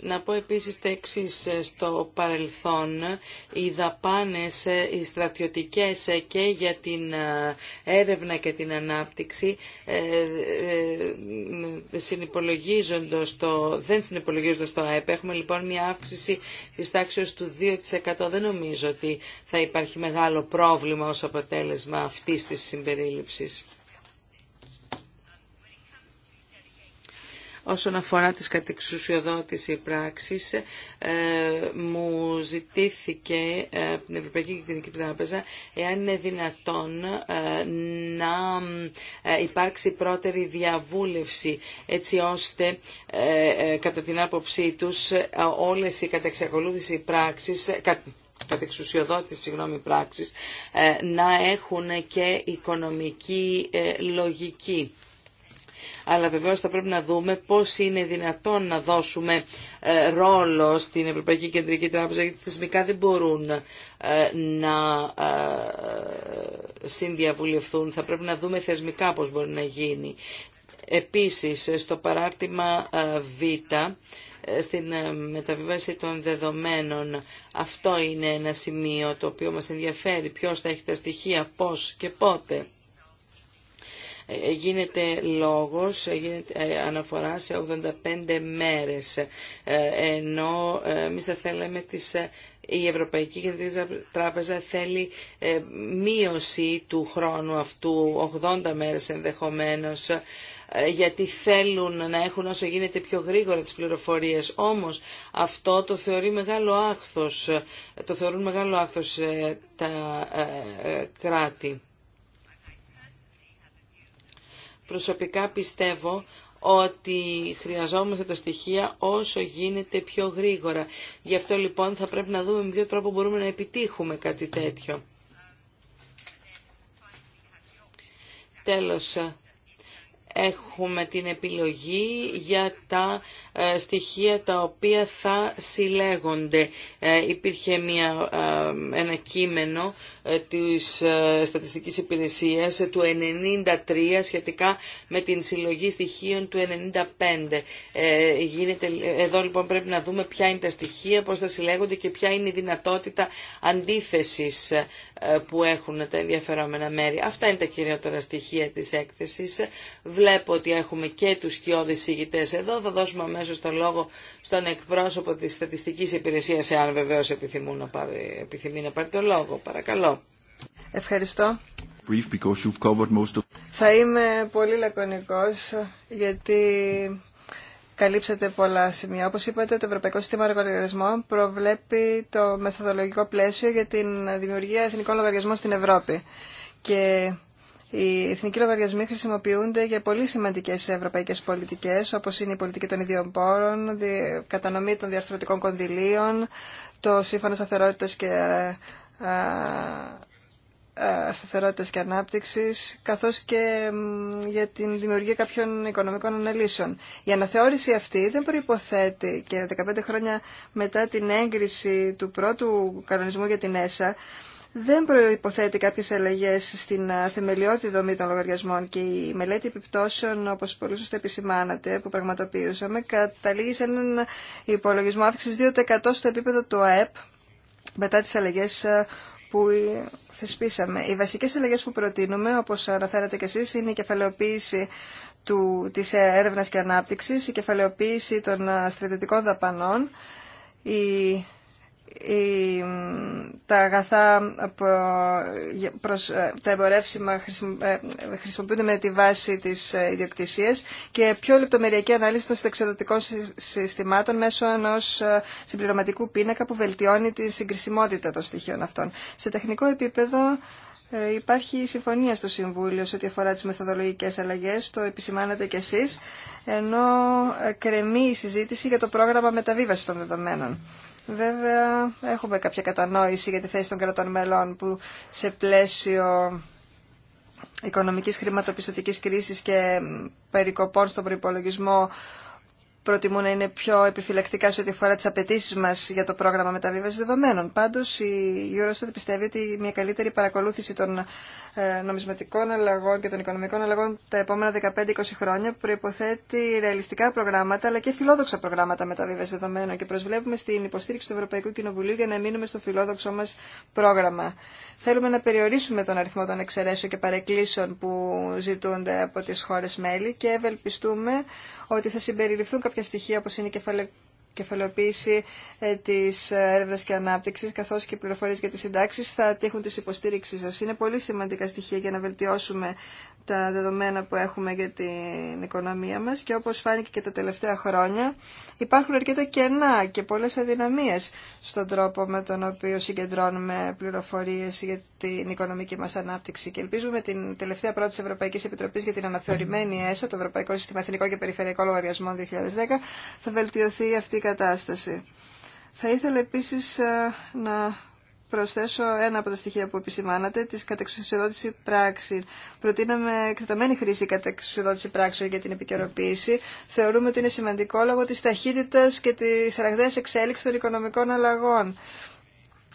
Να πω επίσης τα ε, στο παρελθόν, οι δαπάνες, ε, οι στρατιωτικές ε, και για την έρευνα και την ανάπτυξη το, δεν συνυπολογίζοντας το ΑΕΠ. Έχουμε λοιπόν μια αύξηση της τάξης του 2%. Δεν νομίζω ότι θα υπάρχει μεγάλο πρόβλημα ως αποτέλεσμα αυτής της συμπερίληψης. Όσον αφορά τις κατεξουσιοδότηση πράξης, ε, μου ζητήθηκε ε, από την Ευρωπαϊκή Κεντρική Τράπεζα εάν είναι δυνατόν ε, να υπάρξει πρώτερη διαβούλευση έτσι ώστε κατά την άποψή τους όλες οι κατεξακολούθηση πράξεις κατεξουσιοδότης συγγνώμη πράξης να έχουν και οικονομική λογική αλλά βεβαίως θα πρέπει να δούμε πώς είναι δυνατόν να δώσουμε ε, ρόλο στην Ευρωπαϊκή Κεντρική Τράπεζα, γιατί θεσμικά δεν μπορούν ε, να ε, συνδιαβουλευθούν. Θα πρέπει να δούμε θεσμικά πώς μπορεί να γίνει. Επίσης, στο παράρτημα Β, στην μεταβίβαση των δεδομένων. Αυτό είναι ένα σημείο το οποίο μας ενδιαφέρει, ποιος θα έχει τα στοιχεία, πώς και πότε γίνεται λόγος, γίνεται ε, αναφορά σε 85 μέρες, ε, ενώ ε, εμείς τις η Ευρωπαϊκή Κεντρική Τράπεζα θέλει μείωση του χρόνου αυτού, 80 μέρες ενδεχομένως, γιατί θέλουν να έχουν όσο γίνεται πιο γρήγορα τις πληροφορίες. Όμως αυτό το θεωρεί μεγάλο άχθος, το θεωρούν μεγάλο άχθος τα κράτη. Προσωπικά πιστεύω ότι χρειαζόμαστε τα στοιχεία όσο γίνεται πιο γρήγορα. Γι' αυτό λοιπόν θα πρέπει να δούμε με ποιο τρόπο μπορούμε να επιτύχουμε κάτι τέτοιο. Τέλος, έχουμε την επιλογή για τα ε, στοιχεία τα οποία θα συλλέγονται. Ε, υπήρχε μια, ε, ένα κείμενο ε, της ε, Στατιστικής Υπηρεσίας ε, του 93 σχετικά με την συλλογή στοιχείων του 95. γίνεται, εδώ λοιπόν πρέπει να δούμε ποια είναι τα στοιχεία, πώς θα συλλέγονται και ποια είναι η δυνατότητα αντίθεσης που έχουν τα ενδιαφερόμενα μέρη. Αυτά είναι τα κυριότερα στοιχεία της έκθεσης. Βλέπω ότι έχουμε και τους σκιώδεις ηγητές εδώ. Θα δώσουμε αμέσω το λόγο στον εκπρόσωπο της Στατιστικής Υπηρεσίας, εάν βεβαίως επιθυμούν να πάρει, επιθυμεί να πάρει το λόγο. Παρακαλώ. Ευχαριστώ. Θα
είμαι πολύ λακωνικός γιατί καλύψατε πολλά σημεία. Όπως είπατε, το Ευρωπαϊκό Σύστημα Λογαριασμών προβλέπει το μεθοδολογικό πλαίσιο για την δημιουργία εθνικών λογαριασμών στην Ευρώπη. Και οι εθνικοί λογαριασμοί χρησιμοποιούνται για πολύ σημαντικέ ευρωπαϊκέ πολιτικέ, όπω είναι η πολιτική των ιδιών πόρων, η κατανομή των διαρθρωτικών κονδυλίων, το σύμφωνο σταθερότητα και ε, ε, ε, Σταθερότητα και ανάπτυξη, καθώ και για την δημιουργία κάποιων οικονομικών αναλύσεων. Η αναθεώρηση αυτή δεν προποθέτει και 15 χρόνια μετά την έγκριση του πρώτου κανονισμού για την ΕΣΑ, δεν προϋποθέτει κάποιες αλλαγές στην ε, θεμελιώδη δομή των λογαριασμών και η μελέτη επιπτώσεων, όπως πολύ σωστά επισημάνατε, που πραγματοποιούσαμε, καταλήγει σε έναν υπολογισμό αύξησης 2% στο επίπεδο του ΑΕΠ μετά τις αλλαγές ε, που θεσπίσαμε. Οι βασικές αλλαγές που προτείνουμε, όπως αναφέρατε και εσείς, είναι η κεφαλαιοποίηση του, της έρευνας και ανάπτυξης, η κεφαλαιοποίηση των στρατιωτικών δαπανών, η τα αγαθά προς, ε, τα εμπορεύσιμα ε, χρησιμοποιούνται με τη βάση της ε, ιδιοκτησίας και πιο λεπτομεριακή ανάλυση των συνταξιοδοτικών συστημάτων μέσω ενός συμπληρωματικού πίνακα που βελτιώνει τη συγκρισιμότητα των στοιχείων αυτών. Σε τεχνικό επίπεδο υπάρχει συμφωνία στο Συμβούλιο σε ό,τι αφορά τις μεθοδολογικές αλλαγές, το επισημάνατε κι εσείς, ενώ κρεμεί η συζήτηση για το πρόγραμμα μεταβίβασης των δεδομένων. Βέβαια, έχουμε κάποια κατανόηση για τη θέση των κρατών μελών που σε πλαίσιο οικονομικής χρηματοπιστωτικής κρίσης και περικοπών στον προϋπολογισμό προτιμούν να είναι πιο επιφυλακτικά σε ό,τι αφορά τι απαιτήσει μα για το πρόγραμμα μεταβίβαση δεδομένων. Πάντω, η Eurostat πιστεύει ότι μια καλύτερη παρακολούθηση των ε, νομισματικών αλλαγών και των οικονομικών αλλαγών τα επόμενα 15-20 χρόνια προποθέτει ρεαλιστικά προγράμματα αλλά και φιλόδοξα προγράμματα μεταβίβαση δεδομένων και προσβλέπουμε στην υποστήριξη του Ευρωπαϊκού Κοινοβουλίου για να μείνουμε στο φιλόδοξό μα πρόγραμμα. Θέλουμε να περιορίσουμε τον αριθμό των εξαιρέσεων και παρεκκλήσεων που ζητούνται από τι χώρε μέλη και ευελπιστούμε ότι θα συμπεριληφθούν κάποια στοιχεία όπως είναι η κεφαλαιο κεφαλαιοποίηση ε, τη έρευνα και ανάπτυξη, καθώ και οι πληροφορίε για τι συντάξει θα τύχουν τις υποστήριξή σα. Είναι πολύ σημαντικά στοιχεία για να βελτιώσουμε τα δεδομένα που έχουμε για την οικονομία μας. και όπως φάνηκε και τα τελευταία χρόνια, υπάρχουν αρκετά κενά και πολλές αδυναμίες στον τρόπο με τον οποίο συγκεντρώνουμε πληροφορίες για την οικονομική μας ανάπτυξη. Και ελπίζουμε την τελευταία πρώτη της Ευρωπαϊκής Επιτροπής για την αναθεωρημένη ΕΣΑ, το Ευρωπαϊκό Σύστημα Εθνικό και Περιφερειακό Λογαριασμό 2010, θα βελτιωθεί αυτή η κατάσταση. Θα ήθελα επίσης ε, να προσθέσω ένα από τα στοιχεία που επισημάνατε, τη κατεξουσιοδότηση πράξη. Προτείναμε εκτεταμένη χρήση κατεξουσιοδότηση πράξη για την επικαιροποίηση. Θεωρούμε ότι είναι σημαντικό λόγω τη ταχύτητα και τη ραγδαία εξέλιξη των οικονομικών αλλαγών.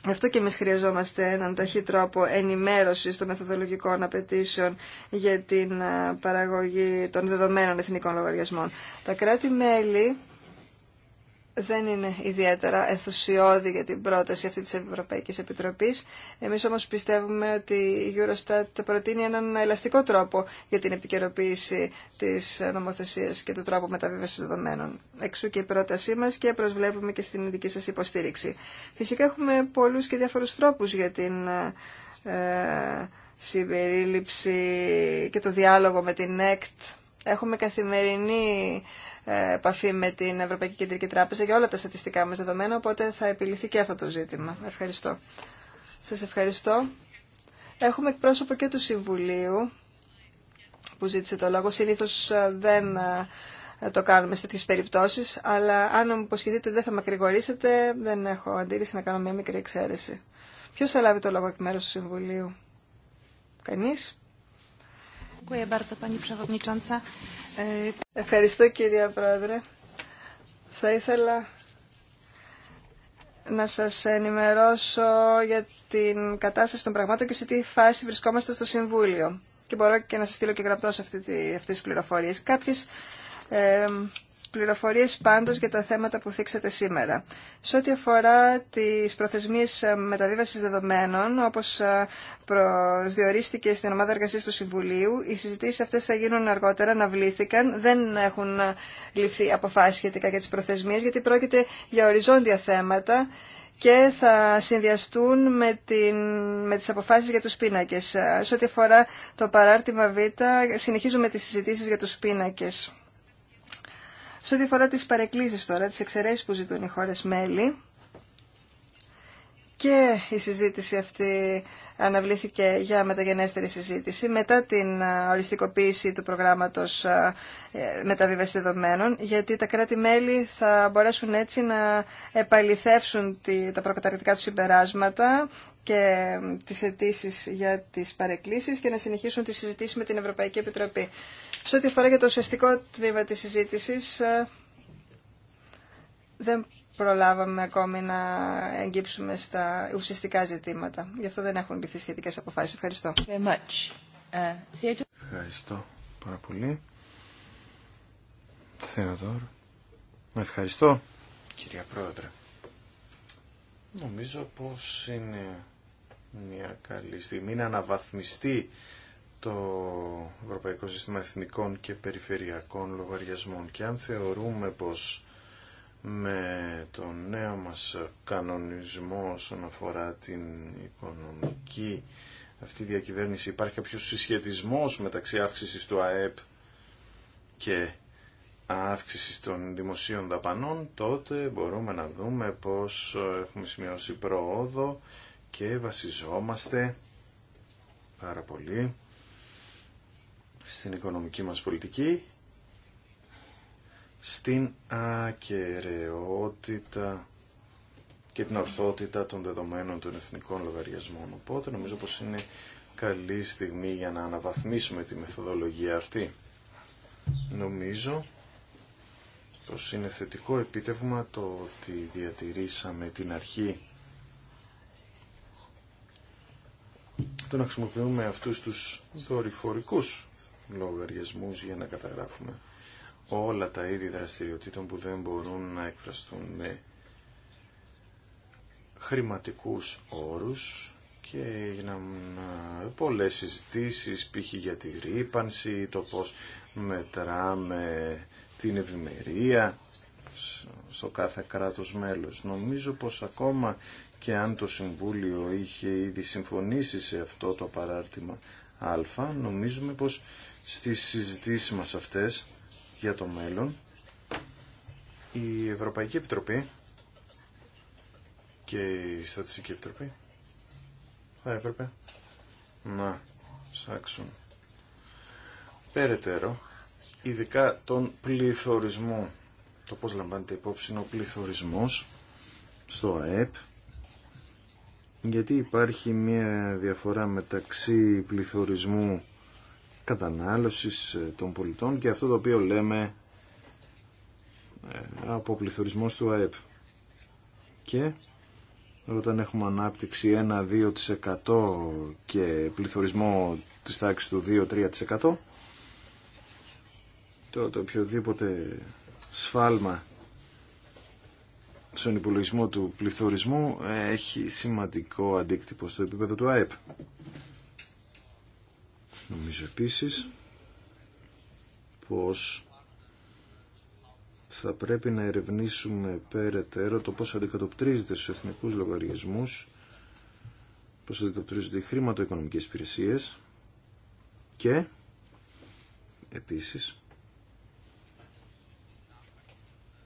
Γι' αυτό και εμεί χρειαζόμαστε έναν ταχύ τρόπο ενημέρωση των μεθοδολογικών απαιτήσεων για την ε, παραγωγή των δεδομένων εθνικών λογαριασμών. Τα κράτη-μέλη δεν είναι ιδιαίτερα ενθουσιώδη για την πρόταση αυτή της Ευρωπαϊκής Επιτροπής. Εμείς όμως πιστεύουμε ότι η Eurostat προτείνει έναν ελαστικό τρόπο για την επικαιροποίηση της νομοθεσίας και του τρόπου μεταβίβασης δεδομένων. Εξού και η πρότασή μας και προσβλέπουμε και στην δική σας υποστήριξη. Φυσικά έχουμε πολλούς και διάφορους τρόπους για την ε, συμπερίληψη και το διάλογο με την ΕΚΤ. Έχουμε καθημερινή ε, επαφή με την Ευρωπαϊκή Κεντρική Τράπεζα για όλα τα στατιστικά μας δεδομένα, οπότε θα επιληθεί και αυτό το ζήτημα. Ευχαριστώ. Σας ευχαριστώ. Έχουμε εκπρόσωπο και του Συμβουλίου που ζήτησε το λόγο. Συνήθως ε, δεν ε, το κάνουμε σε τέτοιες περιπτώσεις, αλλά αν μου υποσχεθείτε δεν θα με ακρηγορήσετε δεν έχω αντίρρηση να κάνω μια μικρή εξαίρεση. Ποιος θα λάβει το λόγο εκ μέρους του Συμβουλίου. Κανείς. Dziękuję bardzo Ευχαριστώ κυρία Πρόεδρε. Θα ήθελα να σας ενημερώσω για την κατάσταση των πραγμάτων και σε τι φάση βρισκόμαστε στο Συμβούλιο. Και μπορώ και να σας στείλω και γραπτώ σε αυτή τη, αυτές τις πληροφορίες. Κάποιες ε, πληροφορίες πάντως για τα θέματα που θίξατε σήμερα. Σε ό,τι αφορά τις προθεσμίες ε, μεταβίβασης δεδομένων, όπως ε, προσδιορίστηκε στην ομάδα εργασίας του Συμβουλίου, οι συζητήσεις αυτές θα γίνουν αργότερα, αναβλήθηκαν, δεν έχουν ε, ληφθεί αποφάσεις σχετικά για τις προθεσμίες, γιατί πρόκειται για οριζόντια θέματα και θα συνδυαστούν με, την, με τις αποφάσεις για τους πίνακες. Σε ό,τι αφορά το παράρτημα Β, συνεχίζουμε τις συζητήσεις για τους πίνακες. Σε ό,τι αφορά τις παρεκκλήσεις τώρα, τις εξαιρέσεις που ζητούν οι χώρες μέλη, και η συζήτηση αυτή αναβλήθηκε για μεταγενέστερη συζήτηση μετά την οριστικοποίηση του προγράμματος ε, μεταβίβαση δεδομένων γιατί τα κράτη-μέλη θα μπορέσουν έτσι να επαληθεύσουν τα προκαταρκτικά του συμπεράσματα και τις αιτήσει για τις παρεκκλήσεις και να συνεχίσουν τις συζητήσεις με την Ευρωπαϊκή Επιτροπή. Σε ό,τι αφορά για το ουσιαστικό τμήμα της συζήτησης, ε, δεν προλάβαμε ακόμη να εγγύψουμε στα ουσιαστικά ζητήματα. Γι' αυτό δεν έχουν μπηθεί σχετικέ αποφάσεις. Ευχαριστώ. Ε,
ευχαριστώ πάρα πολύ. Θεοδόρ. Ευχαριστώ, κυρία Πρόεδρε. Νομίζω πως είναι μια καλή στιγμή να αναβαθμιστεί το Ευρωπαϊκό Σύστημα Εθνικών και Περιφερειακών Λογαριασμών και αν θεωρούμε πως με τον νέο μας κανονισμό όσον αφορά την οικονομική αυτή διακυβέρνηση υπάρχει κάποιο συσχετισμός μεταξύ αύξησης του ΑΕΠ και αύξηση των δημοσίων δαπανών τότε μπορούμε να δούμε πως έχουμε σημειώσει προόδο και βασιζόμαστε πάρα πολύ στην οικονομική μας πολιτική, στην ακαιρεότητα και την ορθότητα των δεδομένων των εθνικών λογαριασμών. Οπότε νομίζω πως είναι καλή στιγμή για να αναβαθμίσουμε τη μεθοδολογία αυτή. Νομίζω πως είναι θετικό επίτευγμα το ότι διατηρήσαμε την αρχή το να χρησιμοποιούμε αυτούς τους δορυφορικούς λογαριασμούς για να καταγράφουμε όλα τα είδη δραστηριοτήτων που δεν μπορούν να εκφραστούν με χρηματικούς όρους και έγιναν πολλές συζητήσεις π.χ. για τη ρήπανση, το πώς μετράμε την ευημερία στο κάθε κράτος μέλος. Νομίζω πως ακόμα και αν το Συμβούλιο είχε ήδη συμφωνήσει σε αυτό το παράρτημα Α, νομίζουμε πως στις συζητήσεις μας αυτές για το μέλλον. Η Ευρωπαϊκή Επιτροπή και η Στατιστική Επιτροπή θα έπρεπε να ψάξουν περαιτέρω ειδικά τον πληθωρισμό το πώς λαμβάνεται υπόψη είναι ο πληθωρισμός στο ΑΕΠ γιατί υπάρχει μια διαφορά μεταξύ πληθωρισμού κατανάλωσης ε, των πολιτών και αυτό το οποίο λέμε ε, από πληθωρισμός του ΑΕΠ. Και όταν έχουμε ανάπτυξη 1-2% και πληθωρισμό της τάξης του 2-3% τότε οποιοδήποτε σφάλμα στον υπολογισμό του πληθωρισμού ε, έχει σημαντικό αντίκτυπο στο επίπεδο του ΑΕΠ. Νομίζω επίσης πως θα πρέπει να ερευνήσουμε περαιτέρω το πώς αντικατοπτρίζεται στους εθνικούς λογαριασμούς, πώς αντικατοπτρίζονται οι χρηματοοικονομικές υπηρεσίες και επίσης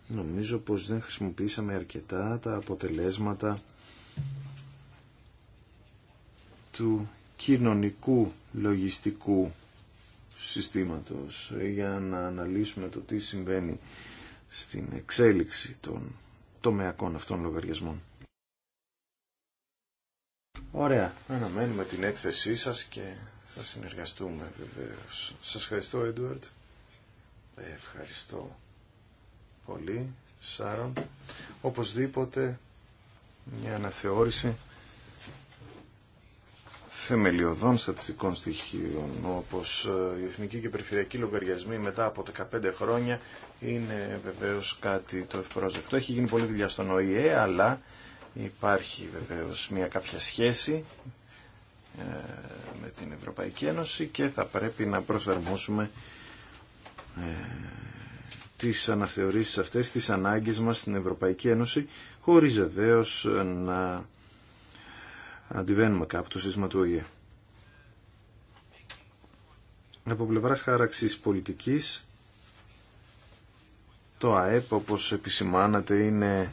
νομίζω πως δεν χρησιμοποιήσαμε αρκετά τα αποτελέσματα του κοινωνικού λογιστικού συστήματος για να αναλύσουμε το τι συμβαίνει στην εξέλιξη των τομεακών αυτών λογαριασμών. Ωραία, αναμένουμε την έκθεσή σας και θα συνεργαστούμε βεβαίως. Σας ευχαριστώ Έντουαρτ. Ευχαριστώ πολύ Σάρον. Οπωσδήποτε μια αναθεώρηση θεμελιωδών στατιστικών στοιχείων όπως η ε, εθνική και περιφερειακή λογαριασμή μετά από 15 χρόνια είναι βεβαίως κάτι το ευπρόσδεκτο. Έχει γίνει πολλή δουλειά στον ΟΗΕ αλλά υπάρχει βεβαίως μια κάποια σχέση ε, με την Ευρωπαϊκή Ένωση και θα πρέπει να προσαρμόσουμε ε, τις αναθεωρήσεις αυτές, τις ανάγκες μας στην Ευρωπαϊκή Ένωση χωρίς βεβαίως να αντιβαίνουμε κάπου το σύστημα του ΟΗΕ. Από πλευρά χάραξης πολιτικής, το ΑΕΠ, όπως επισημάνατε, είναι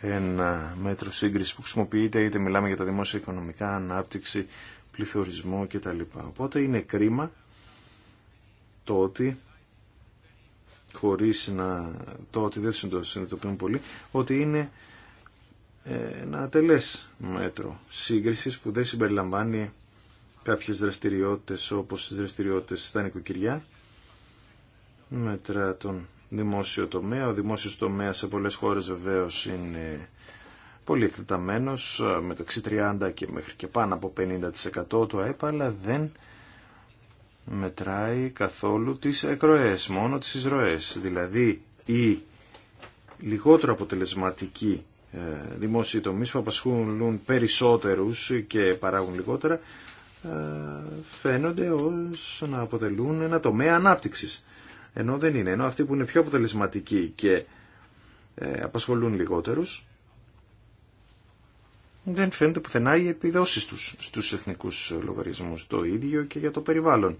ένα μέτρο σύγκριση που χρησιμοποιείται, είτε μιλάμε για τα δημόσια οικονομικά, ανάπτυξη, πληθωρισμό κτλ. Οπότε είναι κρίμα το ότι χωρίς να το ότι δεν συνειδητοποιούν πολύ ότι είναι ε, ένα τελές μέτρο σύγκρισης που δεν συμπεριλαμβάνει κάποιες δραστηριότητες όπως τις δραστηριότητες στα νοικοκυριά μετρά τον δημόσιο τομέα. Ο δημόσιος τομέας σε πολλές χώρες βεβαίω είναι πολύ εκτεταμένος μεταξύ 30 και μέχρι και πάνω από 50% του ΑΕΠ αλλά δεν μετράει καθόλου τις εκροές, μόνο τις εισρωές. Δηλαδή η λιγότερο αποτελεσματική ε, δημόσιοι τομείς που απασχολούν περισσότερους και παράγουν λιγότερα ε, φαίνονται ως να αποτελούν ένα τομέα ανάπτυξης. Ενώ δεν είναι. Ενώ αυτοί που είναι πιο αποτελεσματικοί και ε, απασχολούν λιγότερους δεν φαίνεται πουθενά οι επιδόσεις τους στους εθνικούς λογαριασμούς. Το ίδιο και για το περιβάλλον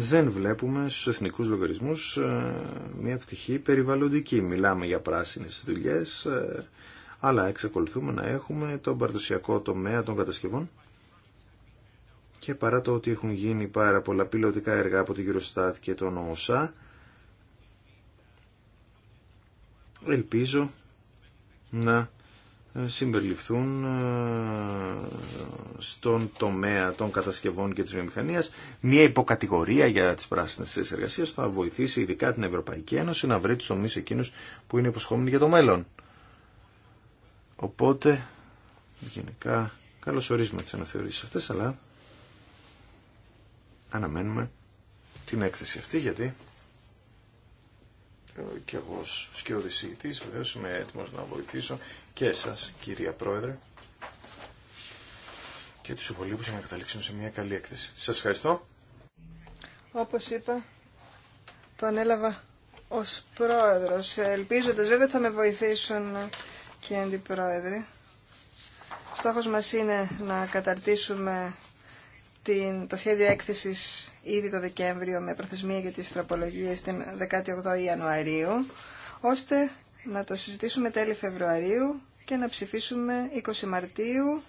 δεν βλέπουμε στους εθνικούς λογαριασμούς ε, μια πτυχή περιβαλλοντική. Μιλάμε για πράσινες δουλειές, ε, αλλά εξακολουθούμε να έχουμε τον παραδοσιακό τομέα των κατασκευών και παρά το ότι έχουν γίνει πάρα πολλά πιλωτικά έργα από την Eurostat και τον ΟΣΑ, ελπίζω να συμπεριληφθούν ε, στον τομέα των κατασκευών και της βιομηχανίας. Μια υποκατηγορία για τις πράσινες θέσεις εργασίας θα βοηθήσει ειδικά την Ευρωπαϊκή Ένωση να βρει τους τομείς εκείνους που είναι υποσχόμενοι για το μέλλον. Οπότε, γενικά, καλώς ορίζουμε τις αναθεωρήσεις αυτές, αλλά αναμένουμε την έκθεση αυτή, γιατί και εγώ ως σκιώδης βεβαίως είμαι έτοιμος να βοηθήσω και εσάς κυρία Πρόεδρε και τους υπολείπους για να καταλήξουμε σε μια καλή έκθεση. Σας ευχαριστώ.
Όπως είπα, τον έλαβα ως πρόεδρος, ελπίζοντας βέβαια θα με βοηθήσουν και οι αντιπρόεδροι. Στόχος μας είναι να καταρτήσουμε την, το σχέδιο έκθεσης ήδη το Δεκέμβριο με προθεσμία για τις τροπολογίες την 18 Ιανουαρίου, ώστε να το συζητήσουμε τέλη Φεβρουαρίου και να ψηφίσουμε 20 Μαρτίου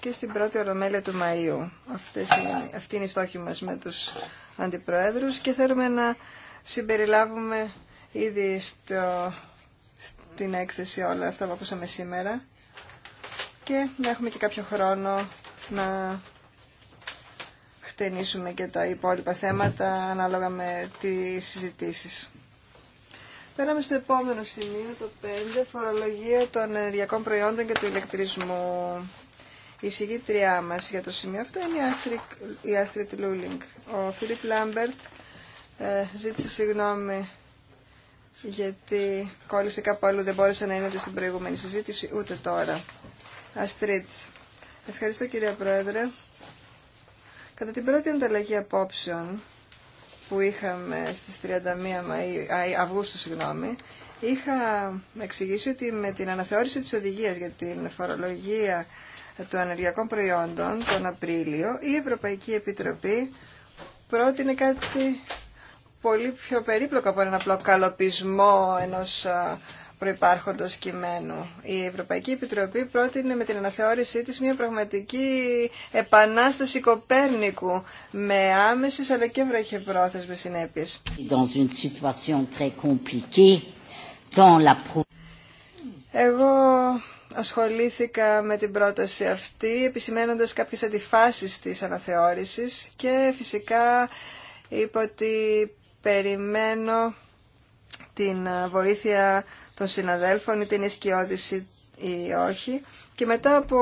και στην πρώτη ορομέλεια του Μαΐου. Αυτές είναι, αυτή είναι η στόχη μας με τους αντιπροέδρους και θέλουμε να συμπεριλάβουμε ήδη στο, στην έκθεση όλα αυτά που ακούσαμε σήμερα και να έχουμε και κάποιο χρόνο να χτενίσουμε και τα υπόλοιπα θέματα ανάλογα με τις συζητήσεις. Πέραμε στο επόμενο σημείο, το 5, φορολογία των ενεργειακών προϊόντων και του ηλεκτρισμού. Η συγγήτριά μα για το σημείο αυτό είναι η Astrid, Λούλινγκ. Ο Φίλιπ Λάμπερτ ε, ζήτησε συγγνώμη γιατί κόλλησε κάπου αλλού, δεν μπόρεσε να είναι στην προηγούμενη συζήτηση, ούτε τώρα. Αστρίτ. Ευχαριστώ κυρία Πρόεδρε. Κατά την πρώτη ανταλλαγή απόψεων που είχαμε στις 31 Αυγούστου συγγνώμη, είχα εξηγήσει ότι με την αναθεώρηση της οδηγίας για την φορολογία των ενεργειακών προϊόντων τον Απρίλιο η Ευρωπαϊκή Επιτροπή πρότεινε κάτι πολύ πιο περίπλοκο από ένα απλό καλοπισμό ενός προϋπάρχοντος κειμένου. Η Ευρωπαϊκή Επιτροπή πρότεινε με την αναθεώρησή της μια πραγματική επανάσταση Κοπέρνικου με άμεσες αλλά και βραχυπρόθεσμες συνέπειες. Εγώ ασχολήθηκα με την πρόταση αυτή επισημένοντας κάποιες αντιφάσεις της αναθεώρησης και φυσικά είπα ότι περιμένω την ε, βοήθεια των συναδέλφων, είτε είναι σκιώδηση ή όχι. Και μετά από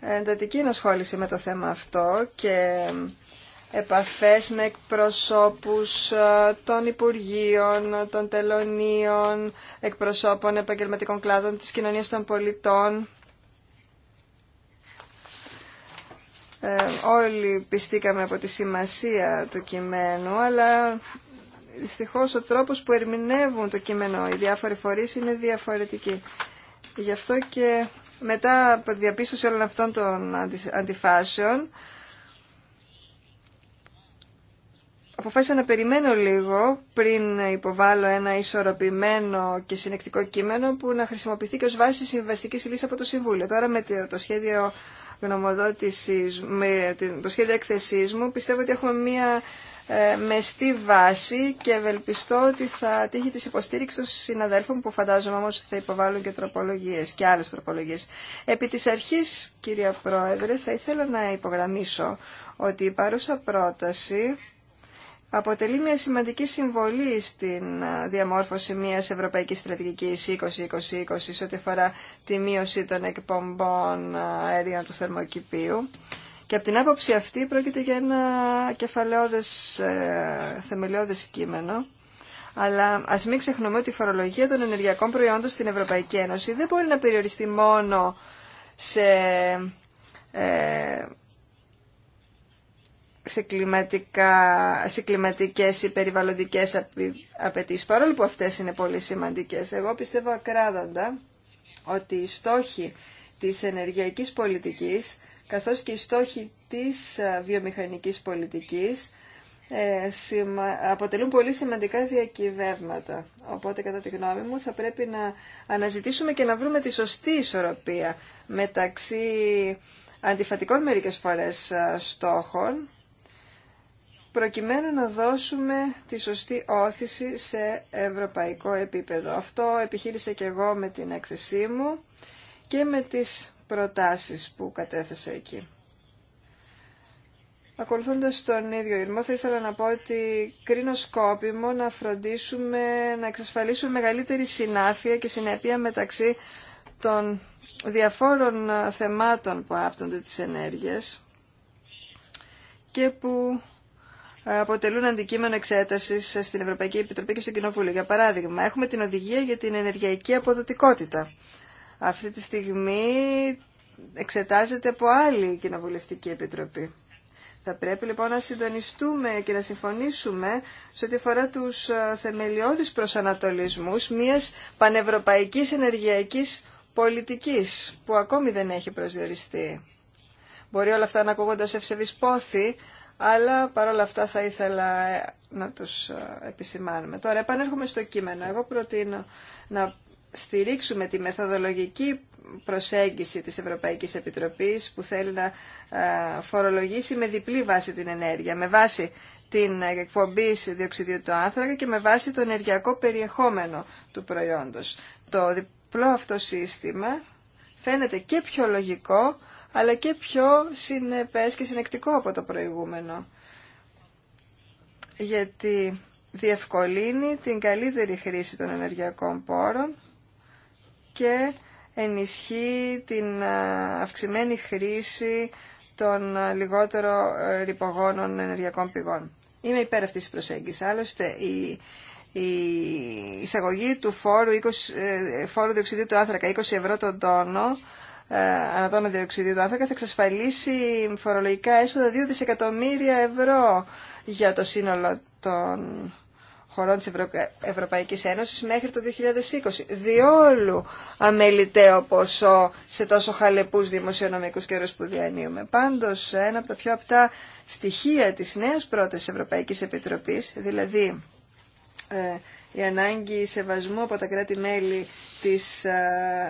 εντατική ενασχόληση με το θέμα αυτό και επαφές με εκπροσώπους ε, των Υπουργείων, των Τελωνίων, εκπροσώπων επαγγελματικών κλάδων της κοινωνίας των πολιτών. Ε, όλοι πιστήκαμε από τη σημασία του κειμένου, αλλά Δυστυχώ ο τρόπος που ερμηνεύουν το κείμενο οι διάφοροι φορείς είναι διαφορετική. Γι' αυτό και μετά από διαπίστωση όλων αυτών των αντιφάσεων αποφάσισα να περιμένω λίγο πριν υποβάλω ένα ισορροπημένο και συνεκτικό κείμενο που να χρησιμοποιηθεί και ως βάση συμβαστική λύση από το Συμβούλιο. Τώρα με το σχέδιο γνωμοδότησης, με το σχέδιο έκθεσής μου πιστεύω ότι έχουμε μία ε, με στη βάση και ευελπιστώ ότι θα τύχει τη υποστήριξη των συναδέλφων που φαντάζομαι όμως θα υποβάλουν και τροπολογίες και άλλες τροπολογίες. Επί της αρχής, κυρία Πρόεδρε, θα ήθελα να υπογραμμίσω ότι η παρούσα πρόταση αποτελεί μια σημαντική συμβολή στην διαμόρφωση μιας ευρωπαϊκής στρατηγικής 2020-2020 σε ό,τι αφορά τη μείωση των εκπομπών αερίων του θερμοκηπίου και από την άποψη αυτή πρόκειται για ένα κεφαλαιόδες, ε, θεμελιώδες κείμενο. Αλλά ας μην ξεχνούμε ότι η φορολογία των ενεργειακών προϊόντων στην Ευρωπαϊκή Ένωση δεν μπορεί να περιοριστεί μόνο σε, ε, σε, κλιματικά, σε κλιματικές ή περιβαλλοντικές απαιτήσεις, παρόλο που αυτές είναι πολύ σημαντικές. Εγώ πιστεύω ακράδαντα ότι οι στόχοι της ενεργειακής πολιτικής καθώς και οι στόχοι της ε, βιομηχανικής πολιτικής ε, αποτελούν πολύ σημαντικά διακυβεύματα. Οπότε, κατά τη γνώμη μου, θα πρέπει να αναζητήσουμε και να βρούμε τη σωστή ισορροπία μεταξύ αντιφατικών μερικές φορές ε, στόχων, προκειμένου να δώσουμε τη σωστή όθηση σε ευρωπαϊκό επίπεδο. Αυτό επιχείρησα και εγώ με την έκθεσή μου και με τις προτάσεις που κατέθεσε εκεί. Ακολουθώντας τον ίδιο ρυθμό, θα ήθελα να πω ότι κρίνω σκόπιμο να φροντίσουμε να εξασφαλίσουμε μεγαλύτερη συνάφεια και συνέπεια μεταξύ των διαφόρων θεμάτων που άπτονται τις ενέργειες και που αποτελούν αντικείμενο εξέταση στην Ευρωπαϊκή Επιτροπή και στο Κοινοβούλιο. Για παράδειγμα, έχουμε την οδηγία για την ενεργειακή αποδοτικότητα αυτή τη στιγμή εξετάζεται από άλλη κοινοβουλευτική επιτροπή. Θα πρέπει λοιπόν να συντονιστούμε και να συμφωνήσουμε σε ό,τι αφορά τους ε, θεμελιώδεις προσανατολισμούς μιας πανευρωπαϊκής ενεργειακής πολιτικής που ακόμη δεν έχει προσδιοριστεί. Μπορεί όλα αυτά να ακούγονται σε ευσεβείς πόθη, αλλά παρόλα αυτά θα ήθελα ε, να τους ε, επισημάνουμε. Τώρα επανέρχομαι στο κείμενο. Εγώ προτείνω να στηρίξουμε τη μεθοδολογική προσέγγιση της Ευρωπαϊκής Επιτροπής που θέλει να φορολογήσει με διπλή βάση την ενέργεια, με βάση την εκπομπή διοξιδίου του άνθρακα και με βάση το ενεργειακό περιεχόμενο του προϊόντος. Το διπλό αυτό σύστημα φαίνεται και πιο λογικό, αλλά και πιο συνεπές και συνεκτικό από το προηγούμενο. Γιατί διευκολύνει την καλύτερη χρήση των ενεργειακών πόρων και ενισχύει την ε, αυξημένη χρήση των ε, λιγότερο ε, ρηπογόνων ενεργειακών πηγών. Είμαι υπέρ αυτής της προσέγγισης. Άλλωστε, η, η εισαγωγή του φόρου, 20, φόρου διοξιδίου του άνθρακα 20 ευρώ τον τόνο ε, ανατόνο διοξιδίου του άνθρακα θα εξασφαλίσει φορολογικά έσοδα 2 δισεκατομμύρια ευρώ για το σύνολο των χωρών της Ευρωπαϊκής Ένωσης μέχρι το 2020. Διόλου αμεληταίο ποσό σε τόσο χαλεπούς δημοσιονομικούς καιρούς που διανύουμε. Πάντως, ένα από τα πιο απτά στοιχεία της νέας πρώτης Ευρωπαϊκής Επιτροπής, δηλαδή ε, η ανάγκη σεβασμού από τα κράτη-μέλη της ε,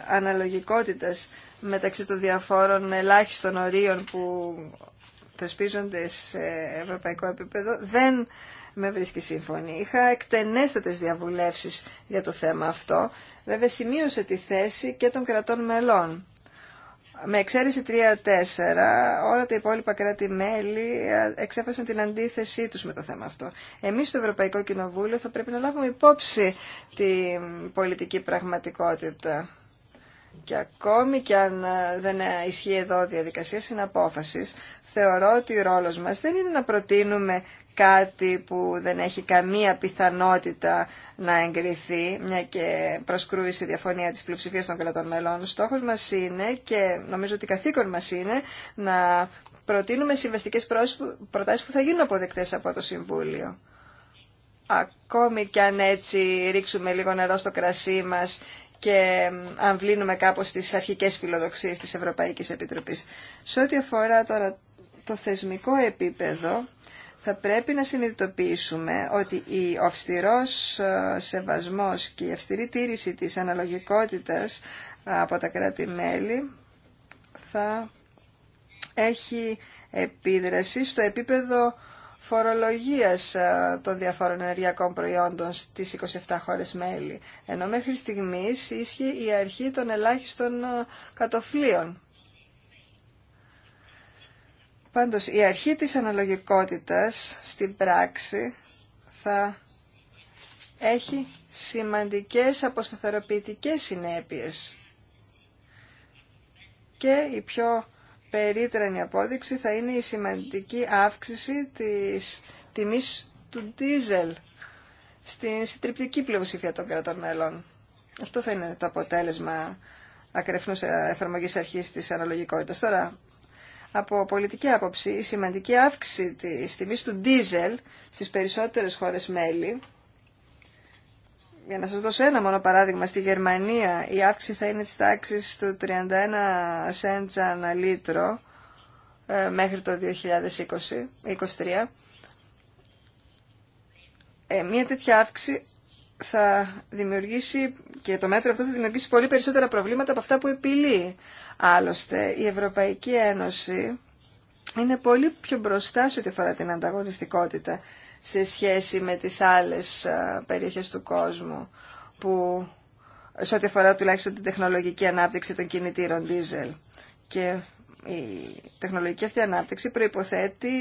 αναλογικότητας μεταξύ των διαφόρων ελάχιστων ορίων που θεσπίζονται σε ευρωπαϊκό επίπεδο, δεν με βρίσκει σύμφωνη. Είχα εκτενέστατες διαβουλεύσεις για το θέμα αυτό. Βέβαια σημείωσε τη θέση και των κρατών μελών. Με εξαίρεση 3-4, όλα τα υπόλοιπα κράτη-μέλη ε, εξέφασαν την αντίθεσή τους με το θέμα αυτό. Εμείς στο Ευρωπαϊκό Κοινοβούλιο θα πρέπει να λάβουμε υπόψη την πολιτική πραγματικότητα. Και ακόμη και αν ε, δεν ισχύει εδώ διαδικασία συναπόφασης, θεωρώ ότι ο ρόλος μας δεν είναι να προτείνουμε κάτι που δεν έχει καμία πιθανότητα να εγκριθεί, μια και προσκρούει διαφωνία της πλειοψηφίας των κρατών μελών. στόχος μας είναι και νομίζω ότι καθήκον μας είναι να προτείνουμε συμβαστικές προτάσεις που θα γίνουν αποδεκτές από το Συμβούλιο. Ακόμη κι αν έτσι ρίξουμε λίγο νερό στο κρασί μας και αμβλύνουμε κάπως τις αρχικές φιλοδοξίες της Ευρωπαϊκής Επιτροπής. Σε ό,τι αφορά τώρα το θεσμικό επίπεδο, θα πρέπει να συνειδητοποιήσουμε ότι ο αυστηρός ε, σεβασμός και η αυστηρή τήρηση της αναλογικότητας ε, από τα κράτη-μέλη θα έχει επίδραση στο επίπεδο φορολογίας ε, των διαφόρων ενεργειακών προϊόντων στις 27 χώρες μέλη. Ενώ μέχρι στιγμής ίσχυε η αρχή των ελάχιστων κατοφλίων Πάντως, η αρχή της αναλογικότητας στην πράξη θα έχει σημαντικές αποσταθεροποιητικές συνέπειες. Και η πιο περίτρανη απόδειξη θα είναι η σημαντική αύξηση της τιμής του ντίζελ στην συντριπτική πλειοψηφία των κρατών μέλων. Αυτό θα είναι το αποτέλεσμα ακρεφνούς εφαρμογής αρχής της αναλογικότητας. Τώρα, από πολιτική άποψη η σημαντική αύξηση της τιμής του ντίζελ στις περισσότερες χώρες μέλη. Για να σας δώσω ένα μόνο παράδειγμα, στη Γερμανία η αύξηση θα είναι της τάξης του 31 cents ανά λίτρο ε, μέχρι το 2023. Ε, μια τέτοια αύξηση θα δημιουργήσει και το μέτρο αυτό θα δημιουργήσει πολύ περισσότερα προβλήματα από αυτά που επιλύει. Άλλωστε, η Ευρωπαϊκή Ένωση είναι πολύ πιο μπροστά σε ό,τι αφορά την ανταγωνιστικότητα σε σχέση με τις άλλες περιοχές του κόσμου που σε ό,τι αφορά τουλάχιστον την τεχνολογική ανάπτυξη των κινητήρων δίζελ. Και η τεχνολογική αυτή ανάπτυξη προϋποθέτει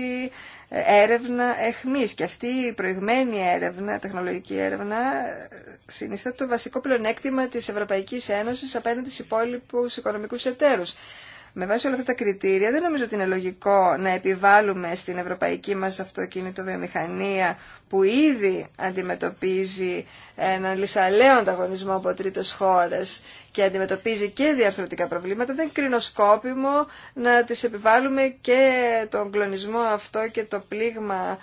ε, έρευνα εχμής και αυτή η προηγμένη έρευνα, τεχνολογική έρευνα ε, συνιστά το βασικό πλεονέκτημα της Ευρωπαϊκής Ένωσης απέναντι στις υπόλοιπους οικονομικούς εταίρους. Με βάση όλα αυτά τα κριτήρια δεν νομίζω ότι είναι λογικό να επιβάλλουμε στην ευρωπαϊκή μας αυτοκίνητο βιομηχανία που ήδη αντιμετωπίζει έναν λησαλέοντα ανταγωνισμό από τρίτες χώρες και αντιμετωπίζει και διαρθρωτικά προβλήματα, δεν κρίνω να τις επιβάλλουμε και τον κλονισμό αυτό και το πλήγμα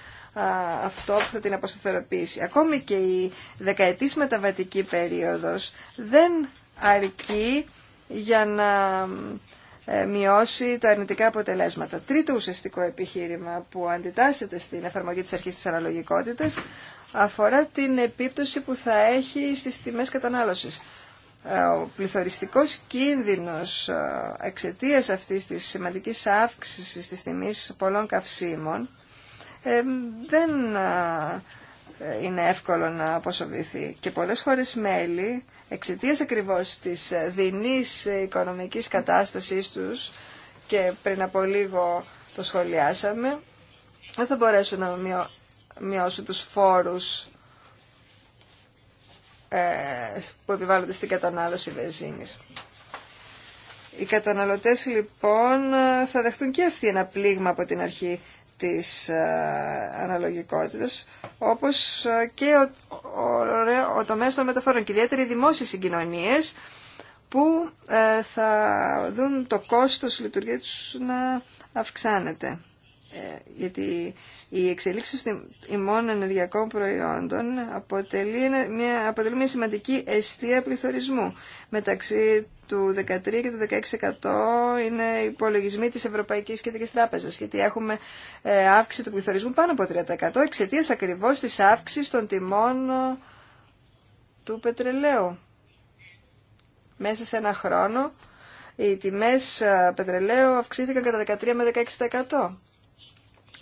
αυτό που θα την αποσταθεροποιήσει. Ακόμη και η δεκαετής μεταβατική περίοδος δεν αρκεί για να ε, μειώσει τα αρνητικά αποτελέσματα. Τρίτο ουσιαστικό επιχείρημα που αντιτάσσεται στην εφαρμογή της αρχής της αναλογικότητας αφορά την επίπτωση που θα έχει στις τιμές κατανάλωσης. Ε, ο πληθωριστικός κίνδυνος ε, εξαιτίας αυτής της σημαντικής αύξησης της τιμής πολλών καυσίμων δεν είναι εύκολο να αποσοβηθεί και πολλές χώρες μέλη Εξαιτία ακριβώ τη δεινή οικονομικής κατάστασής τους και πριν από λίγο το σχολιάσαμε, δεν θα μπορέσουν να μειώσουν τους φόρους ε, που επιβάλλονται στην κατανάλωση βενζίνης. Οι καταναλωτές λοιπόν θα δεχτούν και αυτοί ένα πλήγμα από την αρχή της ε, αναλογικότητας, όπως ε, και ο, ο, ο τομέας των μεταφορών και ιδιαίτερα οι δημόσιες συγκοινωνίες που ε, θα δουν το κόστος λειτουργίας να αυξάνεται. γιατί η εξελίξη των ημών ενεργειακών προϊόντων αποτελεί μια, αποτελεί μια σημαντική αιστεία πληθωρισμού. Μεταξύ του 13 και του 16% είναι υπολογισμοί της Ευρωπαϊκής Κεντρικής Τράπεζας, γιατί έχουμε ε, αύξηση του πληθωρισμού πάνω από 30% εξαιτίας ακριβώς της αύξησης των τιμών ε, του πετρελαίου. Μέσα σε ένα χρόνο οι τιμές ε, πετρελαίου αυξήθηκαν κατά 13 με 16%.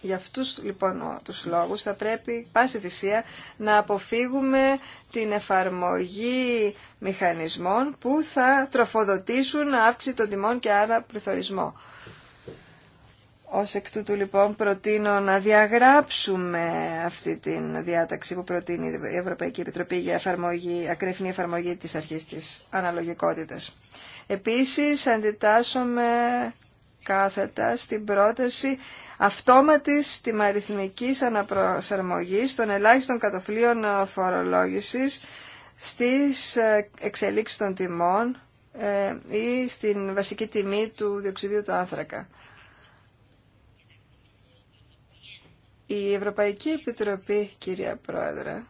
Για αυτούς λοιπόν τους λόγους θα πρέπει πάση θυσία να αποφύγουμε την εφαρμογή μηχανισμών που θα τροφοδοτήσουν αύξηση των τιμών και άρα πληθωρισμό. Ως εκ τούτου λοιπόν προτείνω να διαγράψουμε αυτή τη διάταξη που προτείνει η Ευρωπαϊκή Επιτροπή για εφαρμογή, ακρεφνή εφαρμογή της αρχής της αναλογικότητας. Επίσης αντιτάσσομαι κάθετα στην πρόταση αυτόματης τιμαριθμικής αναπροσαρμογής των ελάχιστων κατοφλίων ε, φορολόγησης στις ε, εξελίξεις των τιμών ε, ή στην βασική τιμή του διοξιδίου του άνθρακα. Η Ευρωπαϊκή Επιτροπή, κυρία Πρόεδρε,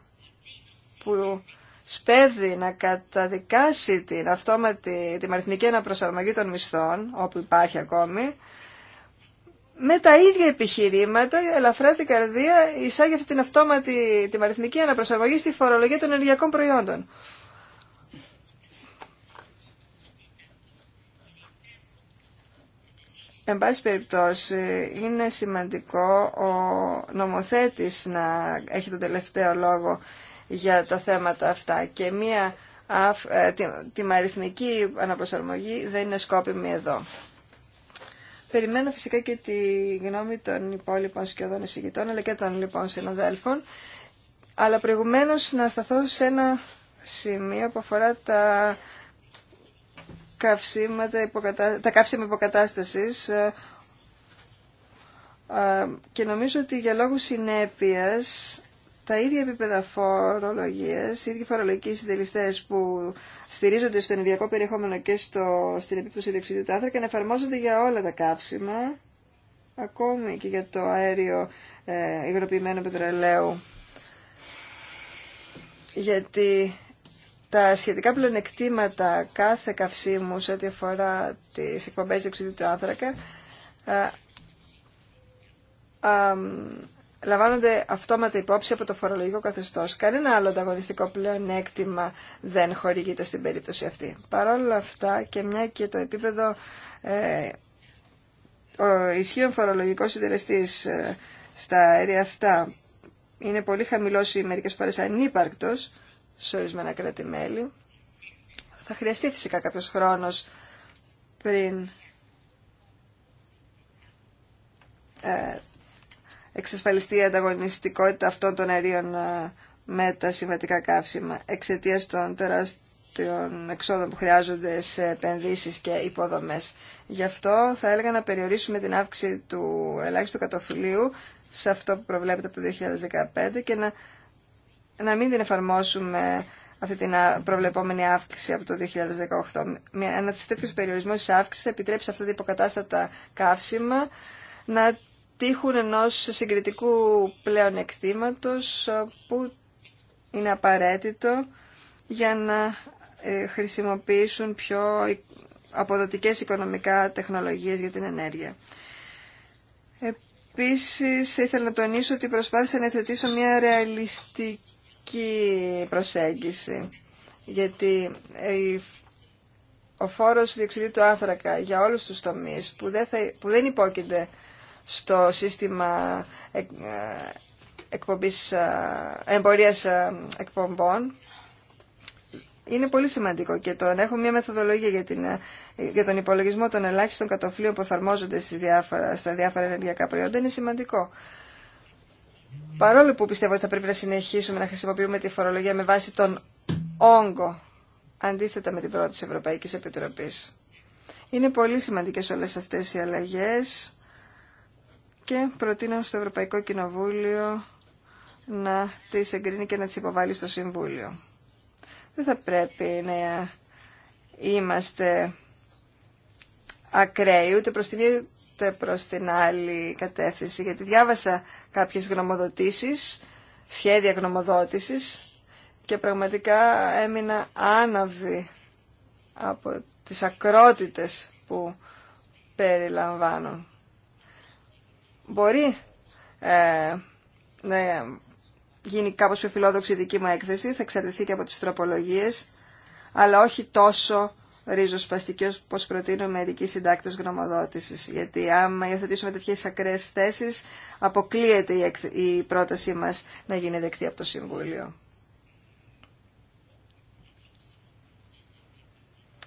που σπέβδει να καταδικάσει την αυτόματη, τη αριθμική αναπροσαρμογή των μισθών, όπου υπάρχει ακόμη, με τα ίδια επιχειρήματα, ελαφρά την καρδία, εισάγει αυτή την αυτόματη, τη αριθμική αναπροσαρμογή στη φορολογία των ενεργειακών προϊόντων. Εν πάση περιπτώσει, είναι σημαντικό ο νομοθέτης να έχει τον τελευταίο λόγο για τα θέματα αυτά και μία ε, τιμαριθμική αναπροσαρμογή δεν είναι σκόπιμη εδώ. Περιμένω φυσικά και τη γνώμη των υπόλοιπων σκιωδών εισηγητών αλλά και των λοιπόν συνοδέλφων αλλά προηγουμένως να σταθώ σε ένα σημείο που αφορά τα καυσίματα, τα καύσιμα υποκατάστασης ε, ε, και νομίζω ότι για λόγους συνέπειας τα ίδια επίπεδα φορολογία, οι ίδιοι φορολογικοί συντελεστέ που στηρίζονται στο ενεργειακό περιεχόμενο και στο, στην επίπτωση διοξιδίου του άνθρακα να εφαρμόζονται για όλα τα καύσιμα, ακόμη και για το αέριο ε, υγροποιημένο πετρελαίου. Γιατί τα σχετικά πλεονεκτήματα κάθε καυσίμου σε ό,τι αφορά τις εκπομπές διοξιδίου του άνθρακα ε, ε, λαμβάνονται αυτόματα υπόψη από το φορολογικό καθεστώ. Κανένα άλλο ανταγωνιστικό πλεονέκτημα δεν χορηγείται στην περίπτωση αυτή. Παρ' όλα αυτά και μια και το επίπεδο ε, ο ισχύων φορολογικό συντελεστής ε, στα αέρια αυτά είναι πολύ χαμηλό ή μερικέ φορέ ανύπαρκτο σε ορισμένα κράτη-μέλη. Θα χρειαστεί φυσικά κάποιο χρόνο πριν ε, εξασφαλιστεί η ανταγωνιστικότητα αυτών των αερίων ε, με τα συμβατικά καύσιμα εξαιτία των τεράστιων εξόδων που χρειάζονται σε επενδύσεις και υποδομές. Γι' αυτό θα έλεγα να περιορίσουμε την αύξηση του ελάχιστου κατοφυλίου σε αυτό που προβλέπεται από το 2015 και να, να μην την εφαρμόσουμε αυτή την προβλεπόμενη αύξηση από το 2018. Ένα τέτοιο περιορισμό τη αύξηση θα επιτρέψει αυτά τα υποκατάστατα καύσιμα να τύχουν ενός συγκριτικού πλέον εκτήματος ε, που είναι απαραίτητο για να ε, χρησιμοποιήσουν πιο ε, αποδοτικές οικονομικά τεχνολογίες για την ενέργεια. Επίσης, ήθελα να τονίσω ότι προσπάθησα να θετήσω μια ρεαλιστική προσέγγιση, γιατί ο φόρος διοξιδίου του άνθρακα για όλους τους τομείς που δεν, που δεν υπόκεινται στο σύστημα ε, εκπομπής, ε, εμπορίας ε, εκπομπών. Είναι πολύ σημαντικό και το να έχουμε μια μεθοδολογία για, την, για τον υπολογισμό των ελάχιστων κατοφλίων που εφαρμόζονται στις διάφορα, στα διάφορα ενεργειακά προϊόντα είναι σημαντικό. Παρόλο που πιστεύω ότι θα πρέπει να συνεχίσουμε να χρησιμοποιούμε τη φορολογία με βάση τον όγκο, αντίθετα με την πρώτη Ευρωπαϊκή Ευρωπαϊκής Είναι πολύ σημαντικέ όλε αυτέ οι αλλαγέ και προτείνω στο Ευρωπαϊκό Κοινοβούλιο να τις εγκρίνει και να τις υποβάλει στο Συμβούλιο. Δεν θα πρέπει να είμαστε ακραίοι ούτε προς την ούτε προς την άλλη κατεύθυνση γιατί διάβασα κάποιες γνωμοδοτήσεις, σχέδια γνωμοδότησης και πραγματικά έμεινα άναβη από τις ακρότητες που περιλαμβάνουν μπορεί ε, να γίνει κάπως πιο φιλόδοξη η δική μου έκθεση, θα εξαρτηθεί και από τις τροπολογίες, αλλά όχι τόσο ρίζοσπαστική όπως προτείνουν μερικοί συντάκτες γνωμοδότησης. Γιατί άμα υιοθετήσουμε τέτοιες ακραίες θέσεις, αποκλείεται η πρότασή μας να γίνει δεκτή από το Συμβούλιο.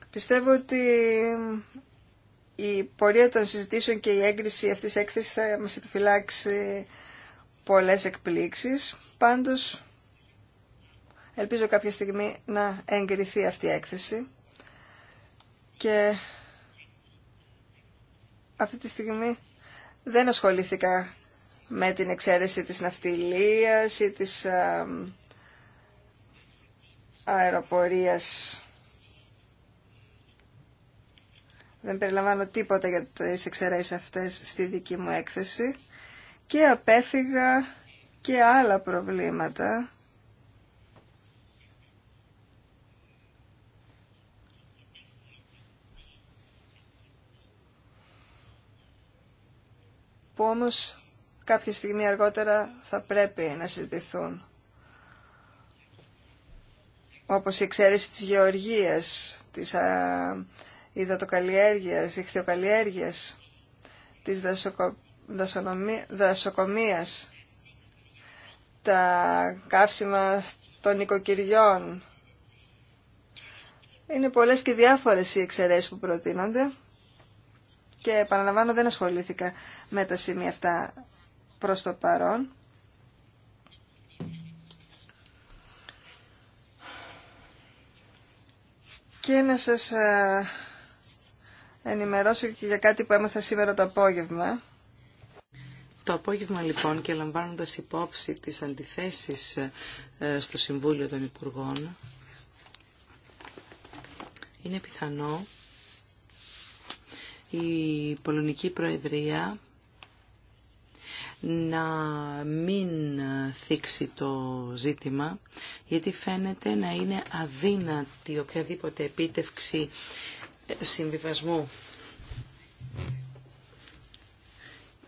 Πιστεύω ότι η πορεία των συζητήσεων και η έγκριση αυτής της έκθεσης θα μας επιφυλάξει πολλές εκπλήξεις. Πάντως, ελπίζω κάποια στιγμή να εγκριθεί αυτή η έκθεση. Και αυτή τη στιγμή δεν ασχολήθηκα με την εξαίρεση της ναυτιλίας ή της αεροπορίας Δεν περιλαμβάνω τίποτα για τις εξαιρέσεις αυτές στη δική μου έκθεση. Και απέφυγα και άλλα προβλήματα. Που όμως κάποια στιγμή αργότερα θα πρέπει να συζητηθούν. Όπως η εξαίρεση της γεωργίας, της υδατοκαλλιέργειας, ηχθειοκαλλιέργειας, της δασοκο... της δασοκομείας, τα καύσιμα των οικοκυριών. Είναι πολλές και διάφορες οι εξαιρέσεις που προτείνονται και παραλαμβάνω δεν ασχολήθηκα με τα σημεία αυτά προς το παρόν. Και να σας ε, ενημερώσω και για κάτι που έμαθα σήμερα το απόγευμα.
Το απόγευμα λοιπόν και λαμβάνοντας υπόψη τις αντιθέσεις ε, στο Συμβούλιο των Υπουργών, είναι πιθανό η Πολωνική Προεδρία να μην θίξει το ζήτημα, γιατί φαίνεται να είναι αδύνατη οποιαδήποτε επίτευξη συμβιβασμού.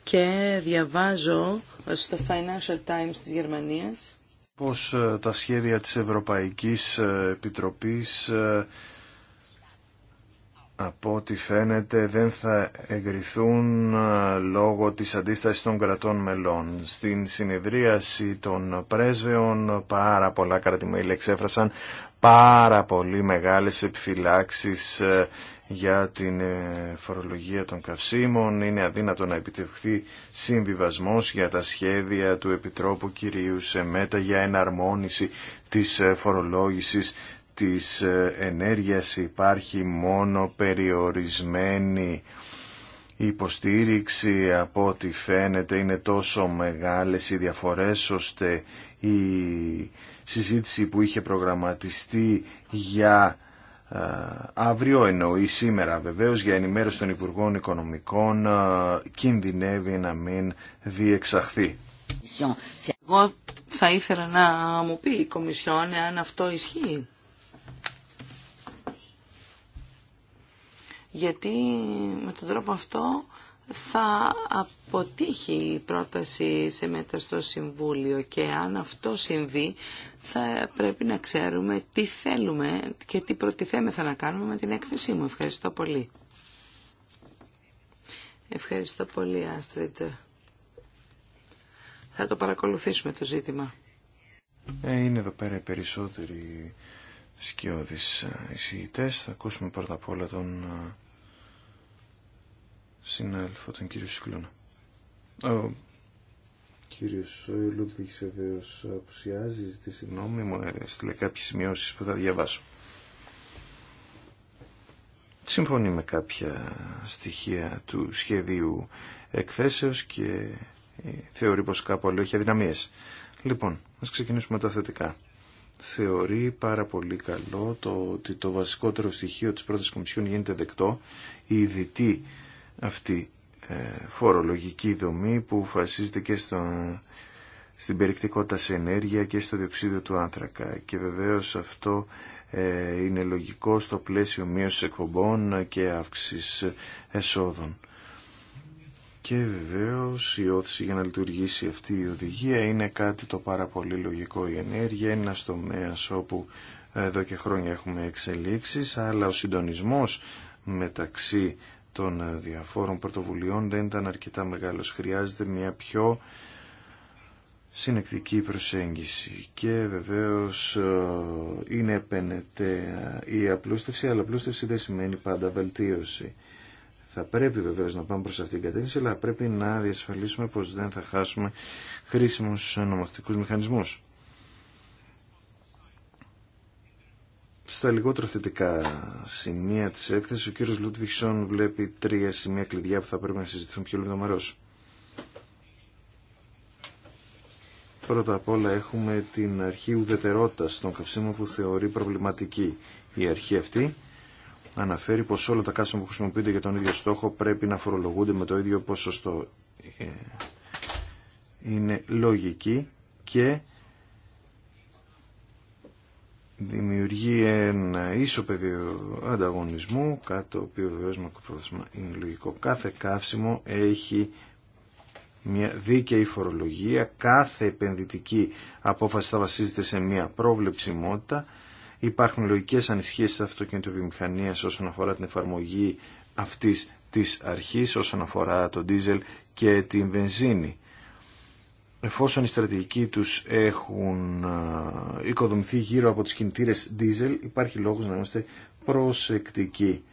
Και διαβάζω στο Financial Times της Γερμανίας
πως ε, τα σχέδια της Ευρωπαϊκής ε, Επιτροπής ε, από ό,τι φαίνεται δεν θα εγκριθούν λόγω της αντίστασης των κρατών μελών. Στην συνεδρίαση των πρέσβεων πάρα πολλά κρατημέλη εξέφρασαν πάρα πολύ μεγάλες επιφυλάξεις για την ε, φορολογία των καυσίμων. Είναι αδύνατο να επιτευχθεί συμβιβασμός για τα σχέδια του Επιτρόπου κυρίου Σεμέτα για εναρμόνιση της ε, φορολόγησης της ε, ενέργειας. Υπάρχει μόνο περιορισμένη υποστήριξη από ό,τι φαίνεται είναι τόσο μεγάλες οι διαφορές ώστε η συζήτηση που είχε προγραμματιστεί για ε, αύριο εννοεί σήμερα βεβαίως για ενημέρωση των Υπουργών Οικονομικών ε, κινδυνεύει να μην διεξαχθεί. Εγώ θα ήθελα να μου πει η Κομισιόν αν αυτό ισχύει.
Γιατί με τον τρόπο αυτό θα αποτύχει η πρόταση σε μέτα στο Συμβούλιο και αν αυτό συμβεί θα πρέπει να ξέρουμε τι θέλουμε και τι προτιθέμεθα να κάνουμε με την έκθεσή μου. Ευχαριστώ πολύ. Ευχαριστώ πολύ Άστριντ. Θα το παρακολουθήσουμε το ζήτημα.
Ε, είναι εδώ πέρα οι περισσότεροι σκιώδεις ε, εισηγητές. Θα ακούσουμε πρώτα απ' όλα τον ε, συνάδελφο, τον κύριο Σικλώνα. Ο κύριος Λούτβιχ, βεβαίως απουσιάζει, ζητεί συγγνώμη μου, έστειλε κάποιες σημειώσεις που θα διαβάσω. Συμφωνεί με κάποια στοιχεία του σχεδίου εκθέσεως και θεωρεί πως κάπου αλλού έχει αδυναμίες. Λοιπόν, ας ξεκινήσουμε τα θετικά. Θεωρεί πάρα πολύ καλό το ότι το βασικότερο στοιχείο της πρώτης κομισιόν γίνεται δεκτό, αυτή ε, φορολογική δομή που φασίζεται και στον στην περιεκτικότητα σε ενέργεια και στο διοξίδιο του άνθρακα. Και βεβαίως αυτό ε, είναι λογικό στο πλαίσιο μείωση εκπομπών και αύξησης εσόδων. Και βεβαίως η όθηση για να λειτουργήσει αυτή η οδηγία είναι κάτι το πάρα πολύ λογικό. Η ενέργεια είναι ένας τομέας όπου ε, εδώ και χρόνια έχουμε εξελίξεις, αλλά ο συντονισμός μεταξύ των ε, διαφόρων πρωτοβουλειών δεν ήταν αρκετά μεγάλος. Χρειάζεται μια πιο συνεκτική προσέγγιση και βεβαίως ε, είναι επένεται ε, η απλούστευση, αλλά απλούστευση δεν σημαίνει πάντα βελτίωση. Θα πρέπει βεβαίως να πάμε προς αυτήν την κατεύθυνση, αλλά πρέπει να διασφαλίσουμε πως δεν θα χάσουμε χρήσιμους νομοθετικούς μηχανισμούς. Στα λιγότερο θετικά σημεία της έκθεσης, ο κύριος Λούτβιχσον βλέπει τρία σημεία κλειδιά που θα πρέπει να συζητηθούν πιο λεπτομερώς. Πρώτα απ' όλα έχουμε την αρχή ουδετερότητας των καυσίμων που θεωρεί προβληματική. Η αρχή αυτή αναφέρει πως όλα τα καύσιμα που χρησιμοποιούνται για τον ίδιο στόχο πρέπει να φορολογούνται με το ίδιο ποσοστό. Ε, είναι λογική και δημιουργεί ένα ίσο πεδίο ανταγωνισμού, κάτι το οποίο βεβαίως μακροπρόθεσμα είναι λογικό. Κάθε καύσιμο έχει μια δίκαιη φορολογία, κάθε επενδυτική απόφαση θα βασίζεται σε μια προβλεψιμότητα. Υπάρχουν λογικές ανησυχίες της αυτοκινητοβιομηχανίας όσον αφορά την εφαρμογή αυτής της αρχής, όσον αφορά το ντίζελ και την βενζίνη εφόσον οι στρατηγικοί τους έχουν ε, οικοδομηθεί γύρω από τις κινητήρες diesel, υπάρχει λόγος να είμαστε προσεκτικοί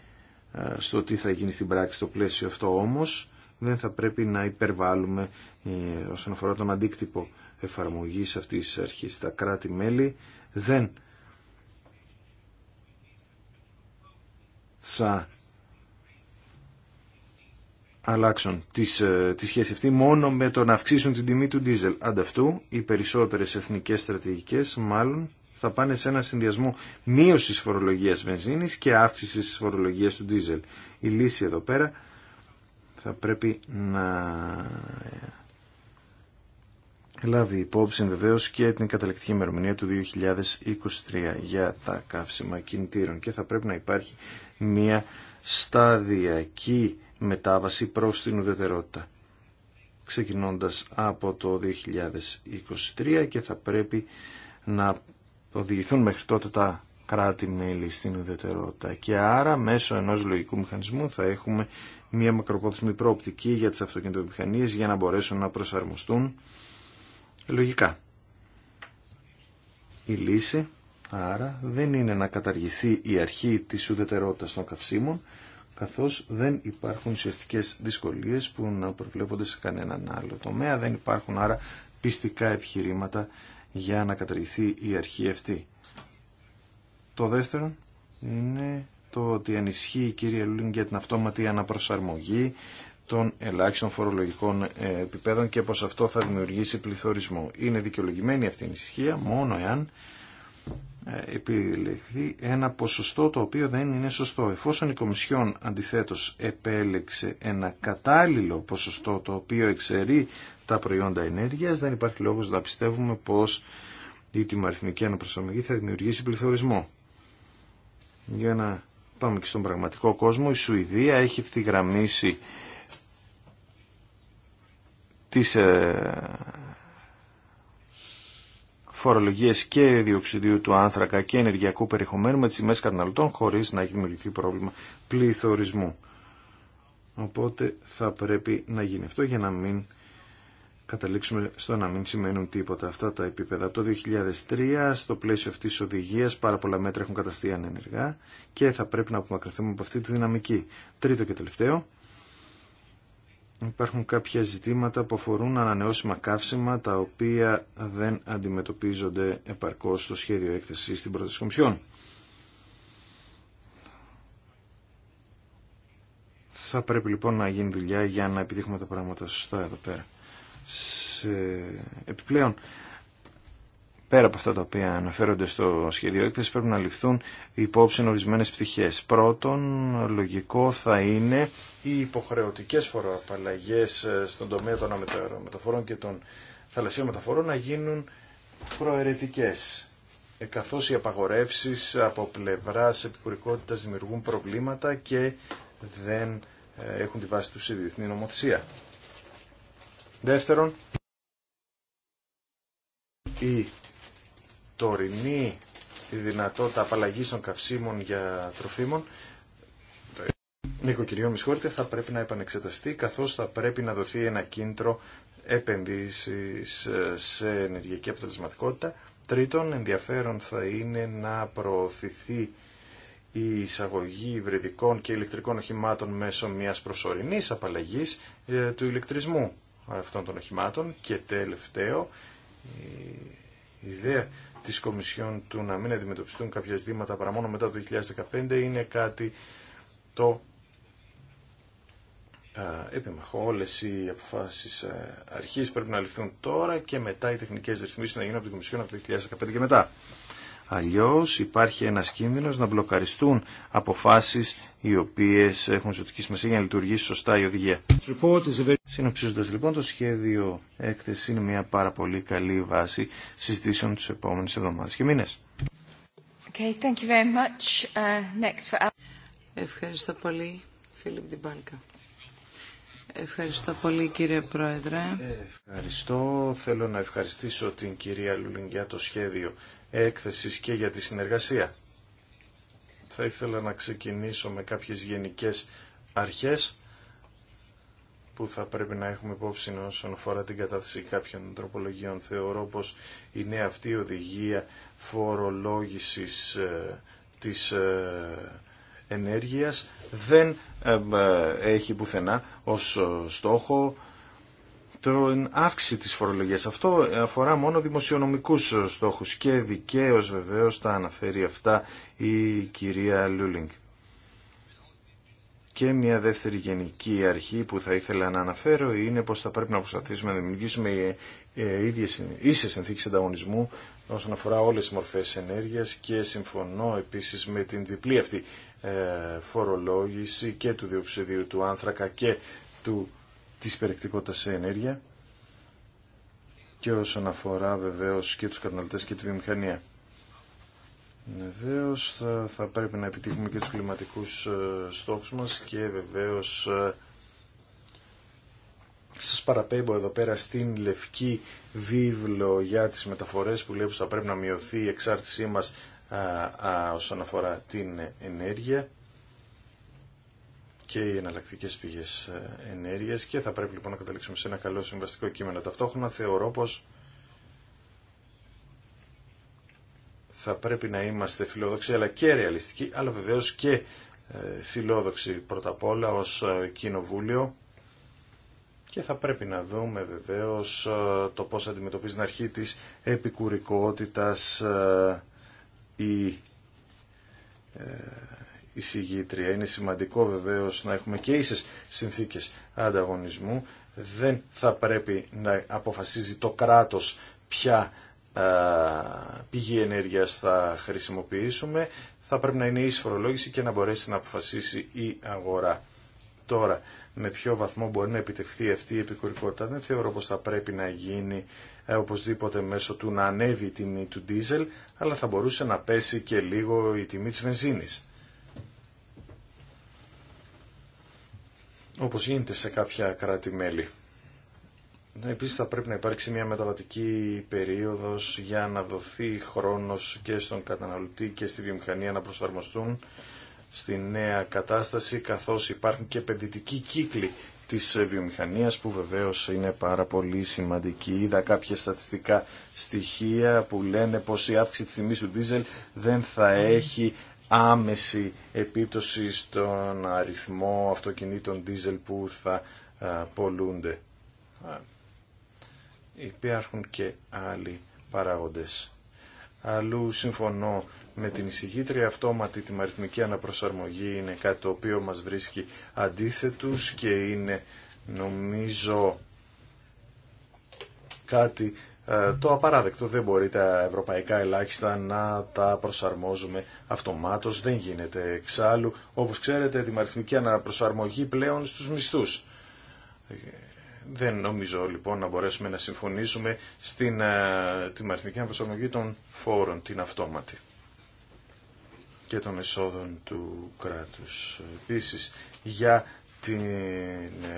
ε, στο τι θα γίνει στην πράξη στο πλαίσιο αυτό όμως δεν θα πρέπει να υπερβάλλουμε ε, όσον αφορά τον αντίκτυπο εφαρμογής αυτής της αρχής. Τα κράτη-μέλη δεν θα αλλάξουν τις, ε, τη σχέση αυτή μόνο με το να αυξήσουν την τιμή του ντίζελ. Ανταυτού, οι περισσότερες εθνικές στρατηγικές μάλλον θα πάνε σε ένα συνδυασμό μείωσης φορολογίας βενζίνης και αύξησης φορολογίας του ντίζελ. Η λύση εδώ πέρα θα πρέπει να ε, λάβει υπόψη βεβαίω και την καταληκτική ημερομηνία του 2023 για τα καύσιμα κινητήρων και θα πρέπει να υπάρχει μια σταδιακή μετάβαση προς την ουδετερότητα ξεκινώντας από το 2023 και θα πρέπει να οδηγηθούν μέχρι τότε τα κράτη-μέλη στην ουδετερότητα. Και άρα μέσω ενός λογικού μηχανισμού θα έχουμε μια μακροπρόθεσμη προοπτική για τις αυτοκινητομηχανίες για να μπορέσουν να προσαρμοστούν λογικά. Η λύση άρα δεν είναι να καταργηθεί η αρχή της ουδετερότητας των καυσίμων, καθώς δεν υπάρχουν ουσιαστικές δυσκολίες που να προβλέπονται σε κανέναν άλλο τομέα, δεν υπάρχουν άρα πιστικά επιχειρήματα για να καταργηθεί η αρχή αυτή. Το δεύτερο είναι το ότι ανισχύει η κυρία Λούλινγκ για την αυτόματη αναπροσαρμογή των ελάχιστων φορολογικών ε, επιπέδων και πως αυτό θα δημιουργήσει πληθωρισμό. Είναι δικαιολογημένη αυτή η ανισχύα, μόνο εάν ε, επιλεχθεί ένα ποσοστό το οποίο δεν είναι σωστό. Εφόσον η Κομισιόν αντιθέτως επέλεξε ένα κατάλληλο ποσοστό το οποίο εξαιρεί τα προϊόντα ενέργειας, δεν υπάρχει λόγος να πιστεύουμε πως η τιμαριθμική αναπροσαρμογή θα δημιουργήσει πληθωρισμό. Για να πάμε και στον πραγματικό κόσμο, η Σουηδία έχει ευθυγραμμίσει τις ε, φορολογίες και διοξιδίου του άνθρακα και ενεργειακού περιεχομένου με τις τιμές καταναλωτών χωρί να έχει δημιουργηθεί πρόβλημα πληθωρισμού. Οπότε θα πρέπει να γίνει αυτό για να μην καταλήξουμε στο να μην σημαίνουν τίποτα αυτά τα επίπεδα. το 2003, στο πλαίσιο αυτής τη οδηγία πάρα πολλά μέτρα έχουν καταστεί ανενεργά και θα πρέπει να απομακρυνθούμε από αυτή τη δυναμική. Τρίτο και τελευταίο, Υπάρχουν κάποια ζητήματα που αφορούν ανανεώσιμα καύσιμα τα οποία δεν αντιμετωπίζονται επαρκώς στο σχέδιο έκθεσης στην πρόταση Κομισιόν. Θα πρέπει λοιπόν να γίνει δουλειά για να επιτύχουμε τα πράγματα σωστά εδώ πέρα. Σε... Επιπλέον, πέρα από αυτά τα οποία αναφέρονται στο σχέδιο έκθεση πρέπει να ληφθούν υπόψη ορισμένε πτυχέ. Πρώτον, λογικό θα είναι οι υποχρεωτικέ φοροαπαλλαγές ε, στον τομέα των αμεταφόρων και των θαλασσίων μεταφορών να γίνουν προαιρετικέ ε, καθώ οι απαγορεύσει από πλευρά, επικουρικότητα δημιουργούν προβλήματα και δεν ε, έχουν τη βάση του σε διεθνή νομοθεσία. Δεύτερον, τωρινή δυνατότητα απαλλαγή των καυσίμων για τροφίμων Νοικοκυριό, με συγχωρείτε, θα πρέπει να επανεξεταστεί, καθώς θα πρέπει να δοθεί ένα κίνητρο επενδύσεις ε, σε ενεργειακή αποτελεσματικότητα. Τρίτον, ενδιαφέρον θα είναι να προωθηθεί η εισαγωγή υβριδικών και ηλεκτρικών οχημάτων μέσω μιας προσωρινής απαλλαγής ε, του ηλεκτρισμού αυτών των οχημάτων. Και τελευταίο, η ιδέα της Κομισιόν του να μην αντιμετωπιστούν κάποια ζητήματα παρά μόνο μετά το 2015 είναι κάτι το επιμαχώ. Όλες οι αποφάσεις αρχής πρέπει να ληφθούν τώρα και μετά οι τεχνικές ρυθμίσεις να γίνουν από την Κομισιόν από το 2015 και μετά. Αλλιώς υπάρχει ένας κίνδυνος να μπλοκαριστούν αποφάσεις οι οποίες έχουν ζωτική σημασία για να λειτουργήσει σωστά η οδηγία. Συνοψίζοντας λοιπόν το σχέδιο έκθεση είναι μια πάρα πολύ καλή βάση συζητήσεων του επόμενου εβδομάδες και μήνες.
Okay,
thank you very much. Uh, next for... Ευχαριστώ πολύ, Φίλιπ Ντιμπάλκα. Ευχαριστώ πολύ κύριε Πρόεδρε.
Ευχαριστώ. Θέλω να ευχαριστήσω την κυρία Λουλίνγκ για το σχέδιο έκθεσης και για τη συνεργασία. Θα ήθελα να ξεκινήσω με κάποιες γενικές αρχές που θα πρέπει να έχουμε υπόψη όσον αφορά την κατάθεση κάποιων τροπολογιών. Θεωρώ πως είναι αυτή η οδηγία φορολόγησης ε, της ε, ενέργειας δεν ε, έχει πουθενά ως ε, στόχο την αύξηση της φορολογίας. Αυτό αφορά μόνο δημοσιονομικούς ε, στόχους και δικαίως βεβαίως τα αναφέρει αυτά η κυρία Λούλινγκ. Και μια δεύτερη γενική αρχή που θα ήθελα να αναφέρω είναι πως θα πρέπει να προσπαθήσουμε να δημιουργήσουμε ίδιες, ίσες συνθήκες ανταγωνισμού όσον αφορά όλες τις μορφές ενέργειας και συμφωνώ επίσης με την διπλή αυτή ε, φορολόγηση και του διοξιδίου του άνθρακα και του, της περιεκτικότητας σε ενέργεια και όσον αφορά βεβαίως και τους καταναλωτές και τη βιομηχανία. Βεβαίω θα, θα πρέπει να επιτύχουμε και τους κλιματικούς ε, στόχους μας και βεβαίως ε, σας παραπέμπω εδώ πέρα στην λευκή βίβλο για τις μεταφορές που λέει ότι θα πρέπει να μειωθεί η εξάρτησή μας α, όσον αφορά την ενέργεια και οι εναλλακτικέ πηγέ ε, ενέργεια και θα πρέπει λοιπόν να καταλήξουμε σε ένα καλό συμβαστικό κείμενο. Ταυτόχρονα θεωρώ πω θα πρέπει να είμαστε φιλόδοξοι αλλά και ρεαλιστικοί, αλλά βεβαίω και ε, φιλόδοξοι πρώτα απ' όλα ω ε, κοινοβούλιο και θα πρέπει να δούμε βεβαίως το πώς αντιμετωπίζει την αρχή τη επικουρικότητα η εισηγήτρια. Είναι σημαντικό βεβαίως να έχουμε και ίσες συνθήκες ανταγωνισμού. Δεν θα πρέπει να αποφασίζει το κράτος ποια ε, πηγή ενέργειας θα χρησιμοποιήσουμε. Θα πρέπει να είναι ίση φορολόγηση και να μπορέσει να αποφασίσει η αγορά. Τώρα, με ποιο βαθμό μπορεί να επιτευχθεί αυτή η επικουρικότητα δεν θεωρώ πως θα πρέπει να γίνει ε, οπωσδήποτε μέσω του να ανέβει η τιμή του ντίζελ, αλλά θα μπορούσε να πέσει και λίγο η τιμή της βενζίνης. Όπως γίνεται σε κάποια κράτη-μέλη. Ναι, επίσης θα πρέπει να υπάρξει μια μεταβατική περίοδος για να δοθεί χρόνος και στον καταναλωτή και στη βιομηχανία να προσαρμοστούν στη νέα κατάσταση καθώς υπάρχουν και επενδυτικοί κύκλοι της βιομηχανίας που βεβαίως είναι πάρα πολύ σημαντική. Είδα κάποια στατιστικά στοιχεία που λένε πως η αύξηση της τιμής του δίζελ δεν θα έχει άμεση επίπτωση στον αριθμό αυτοκινήτων δίζελ που θα πολλούνται. Υπάρχουν και άλλοι παράγοντες. Αλλού συμφωνώ με την εισηγήτρια αυτόματη τη αριθμική αναπροσαρμογή είναι κάτι το οποίο μας βρίσκει αντίθετους και είναι νομίζω κάτι ε, το απαράδεκτο. Δεν μπορεί τα ευρωπαϊκά ελάχιστα να τα προσαρμόζουμε αυτομάτως. Δεν γίνεται εξάλλου. Όπως ξέρετε, μαριθμική αναπροσαρμογή πλέον στους μισθούς. Δεν νομίζω λοιπόν να μπορέσουμε να συμφωνήσουμε στην ε, αριθμική αναπροσαρμογή των φόρων, την αυτόματη και των εσόδων του κράτους. Επίσης, για την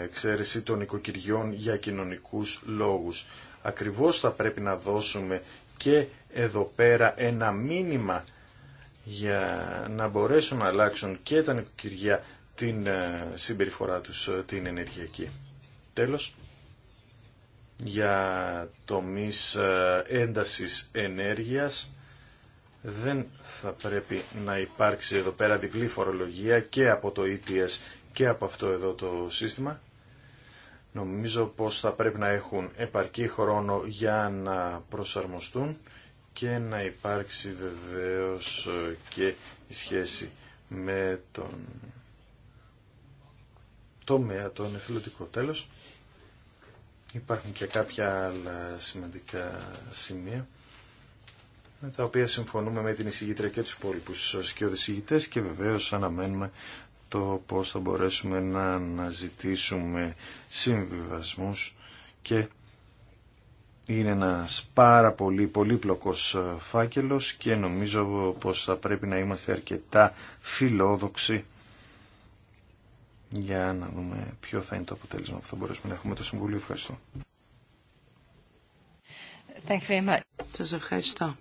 εξαίρεση των οικοκυριών για κοινωνικούς λόγους. Ακριβώς θα πρέπει να δώσουμε και εδώ πέρα ένα μήνυμα για να μπορέσουν να αλλάξουν και τα νοικοκυριά την ε, συμπεριφορά τους ε, την ενεργειακή. Τέλος, για τομείς ε, έντασης ενέργειας δεν θα πρέπει να υπάρξει εδώ πέρα διπλή φορολογία και από το ETS και από αυτό εδώ το σύστημα. Νομίζω πως θα πρέπει να έχουν επαρκή χρόνο για να προσαρμοστούν και να υπάρξει βεβαίως ε, και η σχέση με τον τομέα, τον εθελοντικό τέλος. Υπάρχουν και κάποια άλλα σημαντικά σημεία με τα οποία συμφωνούμε με την εισηγήτρια και τους υπόλοιπους σκιοδησηγητές και βεβαίως αναμένουμε το πώς θα μπορέσουμε να αναζητήσουμε συμβιβασμούς και είναι ένας πάρα πολύ πολύπλοκος φάκελος και νομίζω πως θα πρέπει να είμαστε αρκετά φιλόδοξοι για να δούμε ποιο θα είναι το αποτέλεσμα που θα μπορέσουμε να έχουμε το Συμβουλίο. Ευχαριστώ. Thank Σας ευχαριστώ.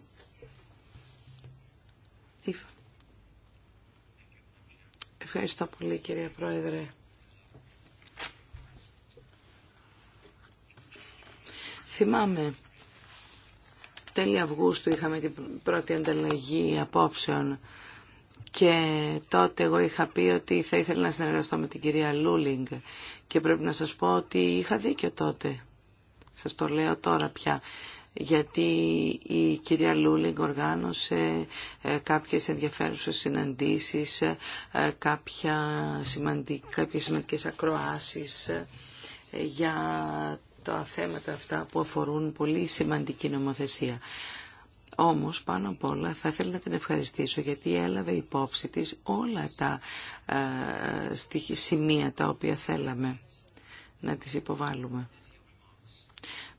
Ευχαριστώ πολύ κυρία Πρόεδρε. Θυμάμαι, τέλη Αυγούστου είχαμε την πρώτη ανταλλαγή απόψεων και τότε εγώ είχα πει ότι θα ήθελα να συνεργαστώ με την κυρία Λούλινγκ και πρέπει να σας πω ότι είχα δίκιο τότε. Σας το λέω τώρα πια γιατί η κυρία Λούλη οργάνωσε ε, κάποιες ενδιαφέρουσες συναντήσεις, ε, κάποια σημαντικ, κάποιες σημαντικές ακροάσεις ε, για τα θέματα αυτά που αφορούν πολύ σημαντική νομοθεσία. Όμως, πάνω απ' όλα, θα ήθελα να την ευχαριστήσω γιατί έλαβε υπόψη της όλα τα ε, σημεία τα οποία θέλαμε να τις υποβάλουμε.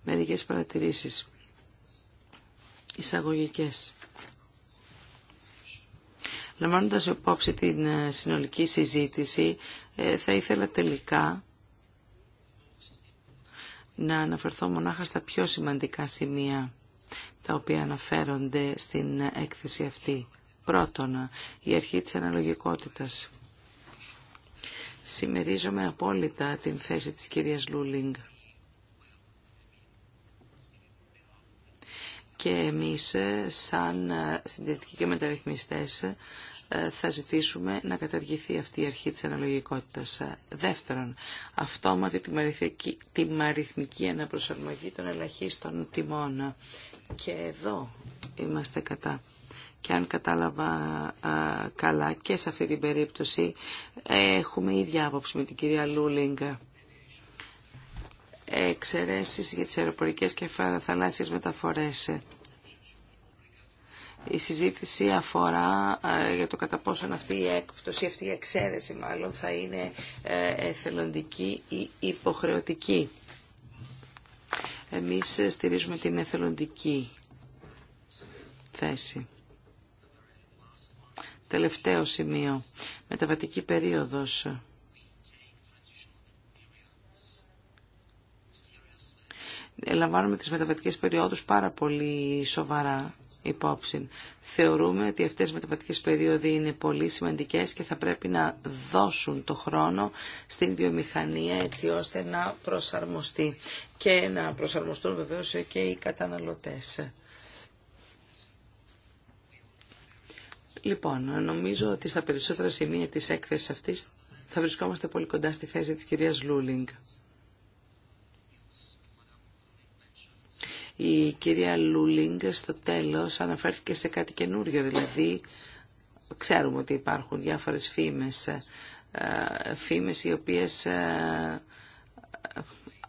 Μερικές παρατηρήσεις εισαγωγικές. Λαμβάνοντας υπόψη την ε, συνολική συζήτηση, ε, θα ήθελα τελικά να αναφερθώ μονάχα στα πιο σημαντικά σημεία τα οποία αναφέρονται στην έκθεση αυτή. Πρώτον, η αρχή της αναλογικότητας. Σημερίζομαι απόλυτα την θέση της κυρίας Λούλινγκ. και εμείς ε, σαν ε, συντηρητικοί και μεταρρυθμιστές ε, θα ζητήσουμε να καταργηθεί αυτή η αρχή της αναλογικότητας. Δεύτερον, αυτόματη μαριθμική αναπροσαρμογή των ελαχίστων τιμών. Και εδώ είμαστε κατά. Και αν κατάλαβα καλά και σε αυτή την περίπτωση έχουμε ίδια άποψη με την κυρία Λούλινγκ εξαιρέσεις για τις αεροπορικές και θαλάσσιες μεταφορές. Η συζήτηση αφορά ε, για το κατά πόσον αυτή η έκπτωση, αυτή η εξαίρεση μάλλον θα είναι ε, εθελοντική ή υποχρεωτική. Εμείς στηρίζουμε την εθελοντική θέση. Τελευταίο σημείο. Μεταβατική περίοδος. λαμβάνουμε τις μεταβατικές περιόδους πάρα πολύ σοβαρά υπόψη. Θεωρούμε ότι αυτές οι μεταβατικές περίοδοι είναι πολύ σημαντικές και θα πρέπει να δώσουν το χρόνο στην βιομηχανία έτσι ώστε να προσαρμοστεί και να προσαρμοστούν βεβαίως και οι καταναλωτές. Λοιπόν, νομίζω ότι στα περισσότερα σημεία της έκθεσης αυτής θα βρισκόμαστε πολύ κοντά στη θέση της κυρίας Λούλινγκ. Η κυρία Λούλινγκ στο τέλος αναφέρθηκε σε κάτι καινούριο, δηλαδή ξέρουμε ότι υπάρχουν διάφορες φήμες, ε, φήμες οι οποίες ε,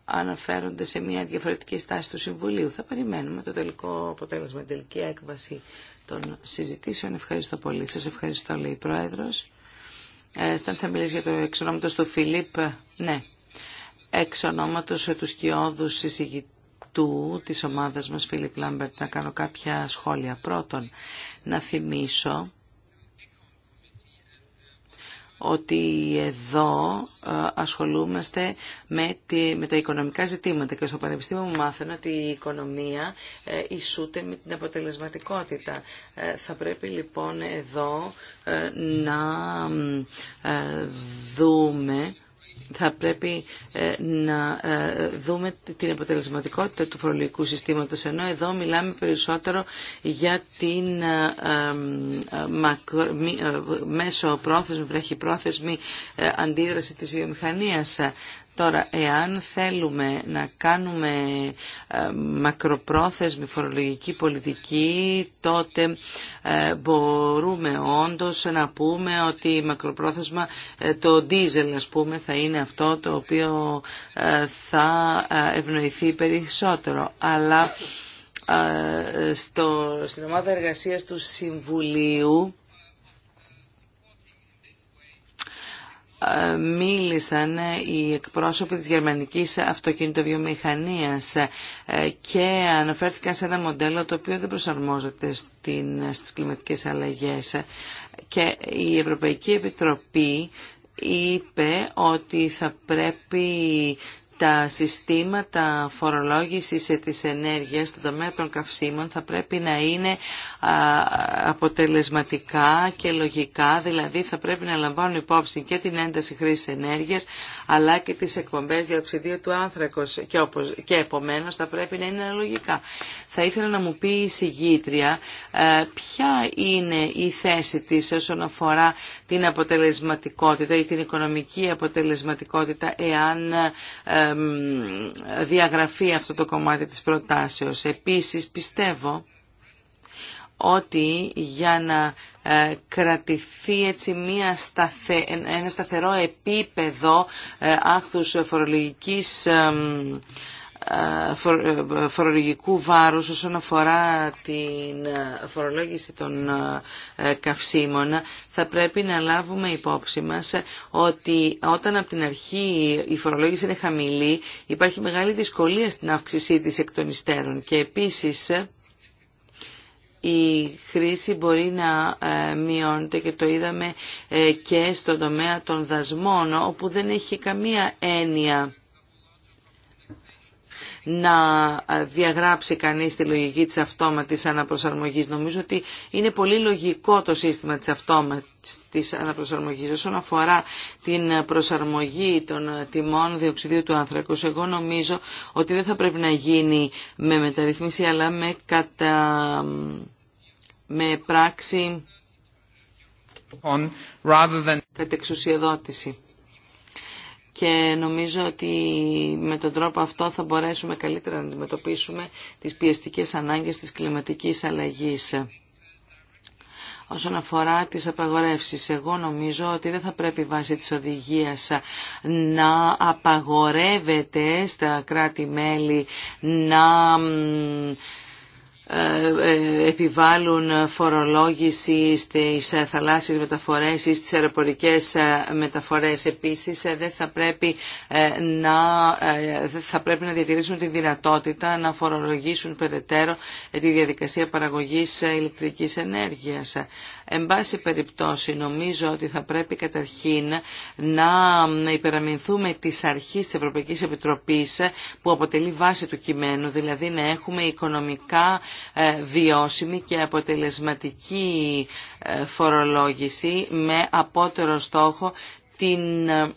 αναφέρονται σε μια διαφορετική στάση του Συμβουλίου. Θα περιμένουμε το τελικό αποτέλεσμα, την τελική έκβαση των συζητήσεων. Ευχαριστώ πολύ. Σας ευχαριστώ, λέει η Πρόεδρος. Ε, θα μιλήσει για το εξ του Φιλίπ. Ναι, εξ ε, του σκιώδους συζητή του της ομάδας μας Φίλιπ Λάμπερτ να κάνω κάποια σχόλια. Πρώτον, να θυμίσω ότι εδώ ε, ασχολούμαστε με, τη, με τα οικονομικά ζητήματα και στο Πανεπιστήμιο μου μάθανε ότι η οικονομία ε, ισούται με την αποτελεσματικότητα. Ε, θα πρέπει λοιπόν εδώ να δούμε θα πρέπει ε, να ε, δούμε την αποτελεσματικότητα του φορολογικού συστήματος ενώ εδώ μιλάμε περισσότερο για την ε, μέσο πρόθεσμη, βρέχη πρόθεσμη αντίδραση της βιομηχανίας. Τώρα, εάν θέλουμε να κάνουμε ε, μακροπρόθεσμη φορολογική πολιτική, τότε ε, μπορούμε όντως να πούμε ότι μακροπρόθεσμα ε, το ντίζελ, ας πούμε, θα είναι αυτό το οποίο θα ευνοηθεί περισσότερο. Αλλά στο, στην ομάδα εργασίας του Συμβουλίου μίλησαν οι εκπρόσωποι της γερμανικής αυτοκινητοβιομηχανίας και αναφέρθηκαν σε ένα μοντέλο το οποίο δεν προσαρμόζεται στις κλιματικές αλλαγές. Και η Ευρωπαϊκή Επιτροπή είπε ότι θα πρέπει τα συστήματα φορολόγησης της ενέργειας στον τομέα των καυσίμων θα πρέπει να είναι αποτελεσματικά και λογικά, δηλαδή θα πρέπει να λαμβάνουν υπόψη και την ένταση χρήσης ενέργειας αλλά και τις εκπομπές διοξιδίου του άνθρακος και, όπως, και επομένως θα πρέπει να είναι λογικά. Θα ήθελα να μου πει η συγγήτρια ε, ποια είναι η θέση της όσον αφορά την αποτελεσματικότητα ή την οικονομική αποτελεσματικότητα εάν ε, διαγραφεί αυτό το κομμάτι της προτάσεως. Επίσης πιστεύω ότι για να ε, κρατηθεί έτσι μια σταθε... ένα σταθερό επίπεδο ε, άχθους φορολογικής φορολογικού βάρους όσον αφορά την φορολόγηση των ε, καυσίμων θα πρέπει να λάβουμε υπόψη μας ότι όταν από την αρχή η φορολόγηση είναι χαμηλή υπάρχει μεγάλη δυσκολία στην αύξησή της εκ των υστέρων και επίσης η χρήση μπορεί να ε, μειώνεται και το είδαμε ε, και στον τομέα των δασμών όπου δεν έχει καμία έννοια να διαγράψει κανείς τη λογική της αυτόματης αναπροσαρμογής. Νομίζω ότι είναι πολύ λογικό το σύστημα της αυτόματης της αναπροσαρμογής. Όσον αφορά την προσαρμογή των τιμών διοξιδίου του άνθρακος, εγώ νομίζω ότι δεν θα πρέπει να γίνει με μεταρρυθμίση, αλλά με, κατα... με πράξη κατεξουσιοδότηση και νομίζω ότι με τον τρόπο αυτό θα μπορέσουμε καλύτερα να αντιμετωπίσουμε τις πιεστικές ανάγκες της κλιματικής αλλαγής. Όσον αφορά τις απαγορεύσεις, εγώ νομίζω ότι δεν θα πρέπει βάσει της οδηγίας να απαγορεύεται στα κράτη-μέλη να ε, επιβάλλουν φορολόγηση στις ε, θαλάσσιες μεταφορές ή στις αεροπορικές ε, μεταφορές. Επίσης δεν θα πρέπει να, θα πρέπει να διατηρήσουν τη δυνατότητα να φορολογήσουν περαιτέρω τη διαδικασία παραγωγής ηλεκτρικής ενέργειας. Εν πάση περιπτώσει νομίζω ότι θα πρέπει καταρχήν να υπεραμεινθούμε της αρχή της Ευρωπαϊκής Επιτροπής που αποτελεί βάση του κειμένου, δηλαδή να έχουμε οικονομικά ε, βιώσιμη και αποτελεσματική ε, φορολόγηση με απότερο στόχο την ε,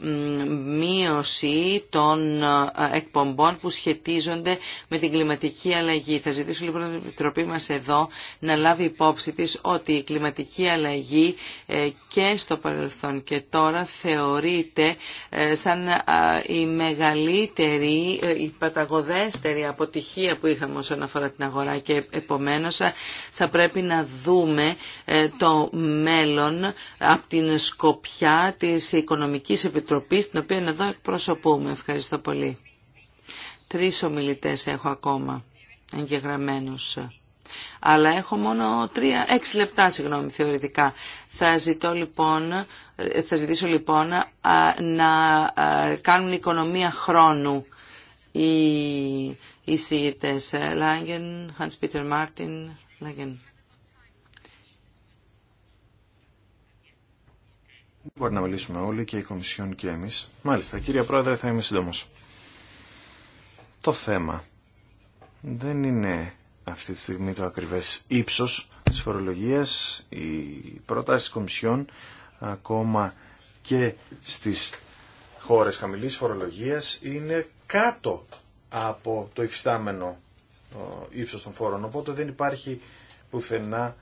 μείωση των ε, εκπομπών που σχετίζονται με την κλιματική αλλαγή. Θα ζητήσω λοιπόν την Επιτροπή μας εδώ να λάβει υπόψη της ότι η κλιματική αλλαγή ε, και στο παρελθόν και τώρα θεωρείται σαν η μεγαλύτερη, η παταγωδέστερη αποτυχία που είχαμε όσον αφορά την αγορά και επομένως θα πρέπει να δούμε το μέλλον από την σκοπιά της οικονομικής Οικονομικής Επιτροπής, την οποία εδώ εκπροσωπούμε. Ευχαριστώ πολύ. Τρεις ομιλητές έχω ακόμα εγγεγραμμένους. Αλλά έχω μόνο τρία, έξι λεπτά, συγγνώμη, θεωρητικά. Θα, ζητώ, λοιπόν, θα ζητήσω λοιπόν να κάνουν οικονομία χρόνου οι εισηγητές. Λάγεν, Hans-Peter Martin, Λάγεν.
Μπορεί να μιλήσουμε όλοι και η Κομισιόν και εμείς. Μάλιστα, κύριε Πρόεδρε, θα είμαι σύντομος. Το θέμα δεν είναι αυτή τη στιγμή το ακριβές ύψος της φορολογίας. Οι προτάσεις Κομισιόν ακόμα και στις χώρες χαμηλής φορολογίας είναι κάτω από το υφιστάμενο ύψος των φόρων. Οπότε δεν υπάρχει πουθενά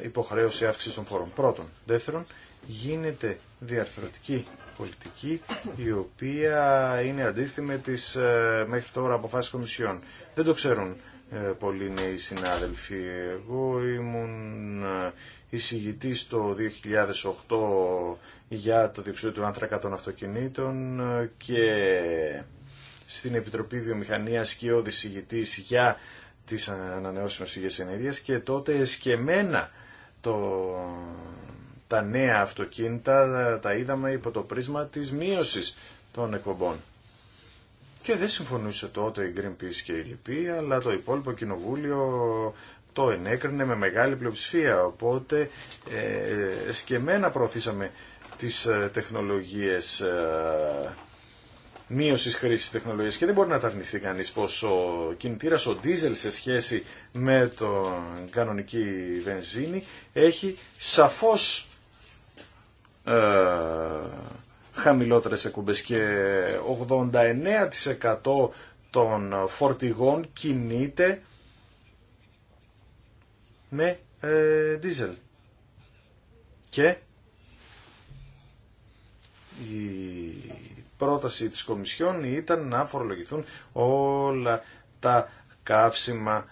ε, υποχρέωση αύξηση των φόρων. Πρώτον. Δεύτερον, γίνεται διαρθρωτική πολιτική η οποία είναι αντίστοιχη με τις ε, μέχρι τώρα αποφάσεις κομισιών. Δεν το ξέρουν ε, πολλοί νέοι συνάδελφοι. Εγώ ήμουν ε, εισηγητής το 2008 για το διοξείδιο του άνθρακα των αυτοκινήτων και στην Επιτροπή Βιομηχανίας και ο για τις ανανεώσιμες πηγές ενέργειας και τότε εσκεμένα το τα νέα αυτοκίνητα τα είδαμε υπό το πρίσμα της μείωσης των εκπομπών. Και δεν συμφωνούσε τότε η Greenpeace και η Λυπή, αλλά το υπόλοιπο κοινοβούλιο το ενέκρινε με μεγάλη πλειοψηφία. Οπότε ε, σκεμμένα προωθήσαμε τις ε, τεχνολογίες ε, μείωση χρήση τεχνολογία και δεν μπορεί να τα αρνηθεί κανεί πω ο κινητήρα ο δίζελ σε σχέση με τον κανονική βενζίνη έχει σαφώς ε, χαμηλότερες εκπομπές και 89% των φορτηγών κινείται με ε, δίζελ. Και η πρόταση της Κομισιόν ήταν να φορολογηθούν όλα τα καύσιμα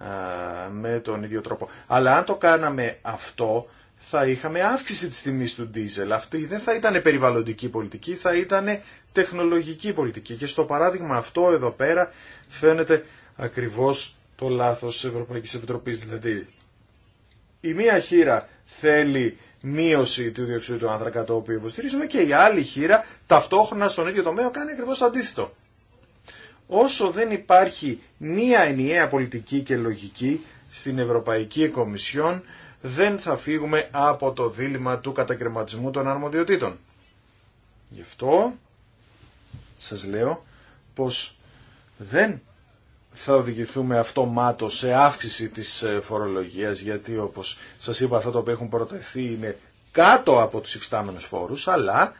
ε, με τον ίδιο τρόπο. Αλλά αν το κάναμε αυτό θα είχαμε αύξηση της τιμής του ντίζελ. Αυτή δεν θα ήταν περιβαλλοντική πολιτική, θα ήταν τεχνολογική πολιτική. Και στο παράδειγμα αυτό εδώ πέρα φαίνεται ακριβώς το λάθος της Ευρωπαϊκής Επιτροπής. Δηλαδή η μία χείρα θέλει μείωση του διοξιδίου του άνθρακα το οποίο υποστηρίζουμε και η άλλη χείρα ταυτόχρονα στον ίδιο τομέα κάνει ακριβώς το αντίθετο. Όσο δεν υπάρχει μία ενιαία πολιτική και λογική στην Ευρωπαϊκή Κομισιόν δεν θα φύγουμε από το δίλημα του κατακρεματισμού των αρμοδιοτήτων. Γι' αυτό σας λέω πως δεν θα οδηγηθούμε αυτομάτως σε αύξηση της ε, φορολογίας γιατί όπως σας είπα αυτά το έχουν προτεθεί είναι κάτω από τους υφιστάμενους φόρους αλλά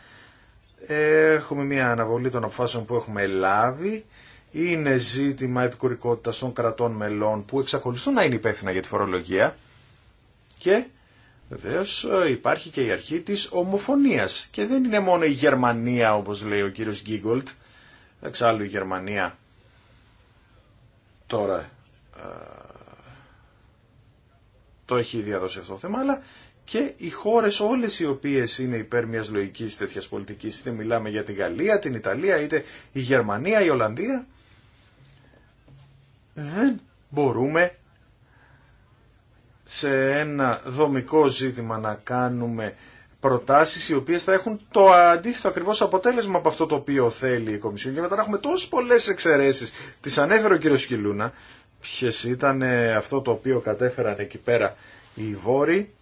ε, έχουμε μια αναβολή των αποφάσεων που έχουμε λάβει είναι ζήτημα επικουρικότητας των κρατών μελών που εξακολουθούν να είναι υπεύθυνα για τη φορολογία και βεβαίως υπάρχει και η αρχή της ομοφωνίας. Και δεν είναι μόνο η Γερμανία όπως λέει ο κύριος Γκίγκολτ. Εξάλλου η Γερμανία τώρα ε, το έχει διαδώσει αυτό το θέμα, αλλά και οι χώρες όλες οι οποίες είναι υπέρ μιας λογική τέτοιας πολιτικής... είτε μιλάμε για την Γαλλία, την Ιταλία, είτε η Γερμανία, η Ολλανδία, δεν μπορούμε σε ένα δομικό ζήτημα να κάνουμε προτάσεις οι οποίες θα έχουν το αντίθετο ακριβώς αποτέλεσμα από αυτό το οποίο θέλει η Κομισιόν και μετά να έχουμε τόσες πολλές εξαιρέσεις. Τις ανέφερε ο κύριος Σκυλούνα, ποιε ήταν ε, αυτό το οποίο κατέφεραν εκεί πέρα οι Βόροι.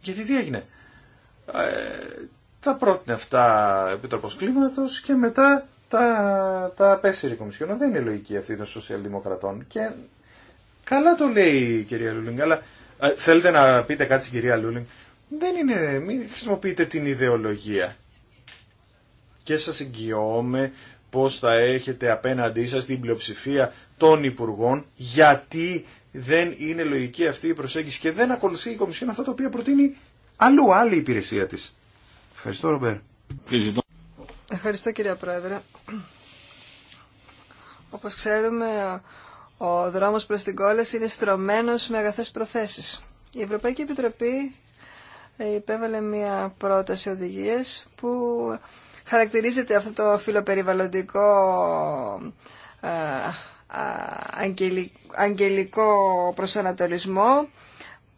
Γιατί τι έγινε. Ε, θα πρότεινε αυτά Επίτροπος Κλίματος και μετά τα, τα απέσυρε Δεν είναι λογική αυτή των σοσιαλδημοκρατών. Και καλά το λέει η κυρία Λούλινγκ, αλλά ε, θέλετε να πείτε κάτι στην κυρία Λούλινγκ. Δεν είναι, μην χρησιμοποιείτε την ιδεολογία. Και σας εγγυώμαι πως θα έχετε απέναντί σας την πλειοψηφία των Υπουργών, γιατί δεν είναι λογική αυτή η προσέγγιση και δεν ακολουθεί η Κομισιόν αυτά τα οποία προτείνει αλλού άλλη υπηρεσία της. Ευχαριστώ, Ρομπέρ.
Ευχαριστώ, κυρία Πρόεδρε. Όπως ξέρουμε, ο δρόμος προς την κόλαση είναι στρωμένος με αγαθές προθέσεις. Η Ευρωπαϊκή Επιτροπή υπέβαλε μια πρόταση οδηγίες που χαρακτηρίζεται αυτό το φιλοπεριβαλλοντικό ε, αγγελικό προσανατολισμό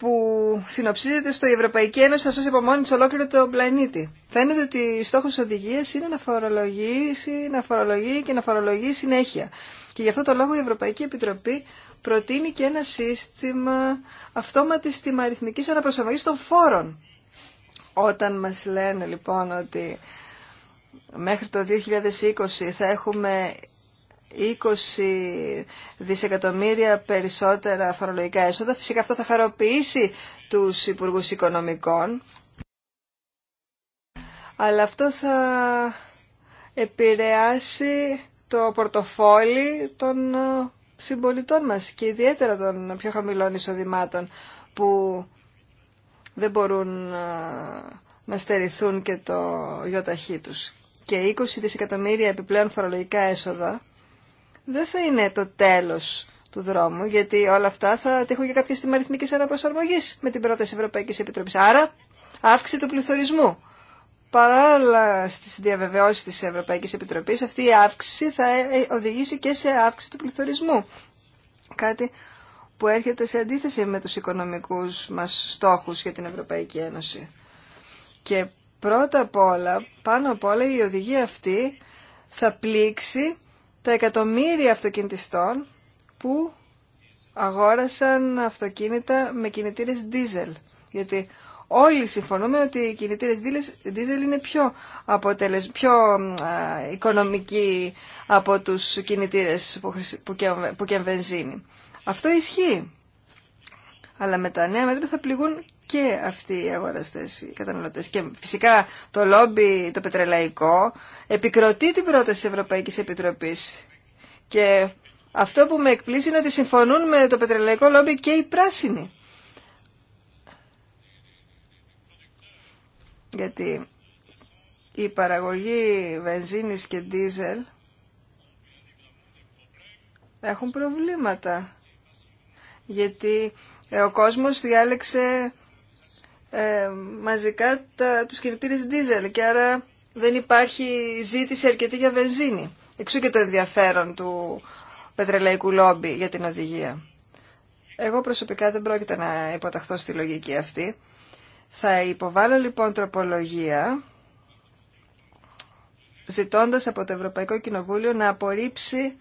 που συνοψίζεται στο «Η Ευρωπαϊκή Ένωση θα σώσει από μόνη της ολόκληρο τον πλανήτη». Φαίνεται ότι στόχος οδηγίας είναι να φορολογήσει, να φορολογεί και να φορολογεί συνέχεια. Και γι' αυτό το λόγο η Ευρωπαϊκή Επιτροπή προτείνει και ένα σύστημα αυτόματης τιμαριθμικής αναπροσαρμογής των φόρων. Όταν μας λένε λοιπόν ότι μέχρι το 2020 θα έχουμε 20 δισεκατομμύρια περισσότερα φορολογικά έσοδα. Φυσικά αυτό θα χαροποιήσει τους Υπουργούς Οικονομικών. Αλλά αυτό θα επηρεάσει το πορτοφόλι των ε, συμπολιτών μας και ιδιαίτερα των πιο χαμηλών εισοδημάτων που δεν μπορούν ε, να στερηθούν και το γιοταχή τους. Και 20 δισεκατομμύρια επιπλέον φορολογικά έσοδα δεν θα είναι το τέλος του δρόμου, γιατί όλα αυτά θα τύχουν και κάποια στιγμή αριθμική αναπροσαρμογή με την πρόταση Ευρωπαϊκή Επιτροπή. Άρα, αύξηση του πληθωρισμού. Παράλληλα στι διαβεβαιώσει τη Ευρωπαϊκή Επιτροπή, αυτή η αύξηση θα οδηγήσει και σε αύξηση του πληθωρισμού. Κάτι που έρχεται σε αντίθεση με του οικονομικού μα στόχου για την Ευρωπαϊκή Ένωση. Και πρώτα απ' όλα, πάνω απ' όλα, η οδηγία αυτή θα πλήξει τα εκατομμύρια αυτοκινητιστών που αγόρασαν αυτοκίνητα με κινητήρες δίζελ. Γιατί όλοι συμφωνούμε ότι οι κινητήρες δίζελ είναι πιο, αποτελεσ... πιο οικονομικοί από τους κινητήρες που, και, που Αυτό ισχύει. Αλλά με τα νέα μέτρα θα πληγούν και αυτοί οι αγοραστές, οι καταναλωτές. Και φυσικά το λόμπι, το πετρελαϊκό, επικροτεί την πρόταση της Ευρωπαϊκή Επιτροπής. Και αυτό που με εκπλήσει είναι ότι συμφωνούν με το πετρελαϊκό λόμπι και οι πράσινοι. Γιατί η παραγωγή βενζίνης και δίζελ έχουν προβλήματα. Γιατί ο κόσμος διάλεξε ε, μαζικά τα, τους κινητήρες δίζελ και άρα δεν υπάρχει ζήτηση αρκετή για βενζίνη. Εξού και το ενδιαφέρον του πετρελαϊκού λόμπι για την οδηγία. Εγώ προσωπικά δεν πρόκειται να υποταχθώ στη λογική αυτή. Θα υποβάλω λοιπόν τροπολογία ζητώντας από το Ευρωπαϊκό Κοινοβούλιο να απορρίψει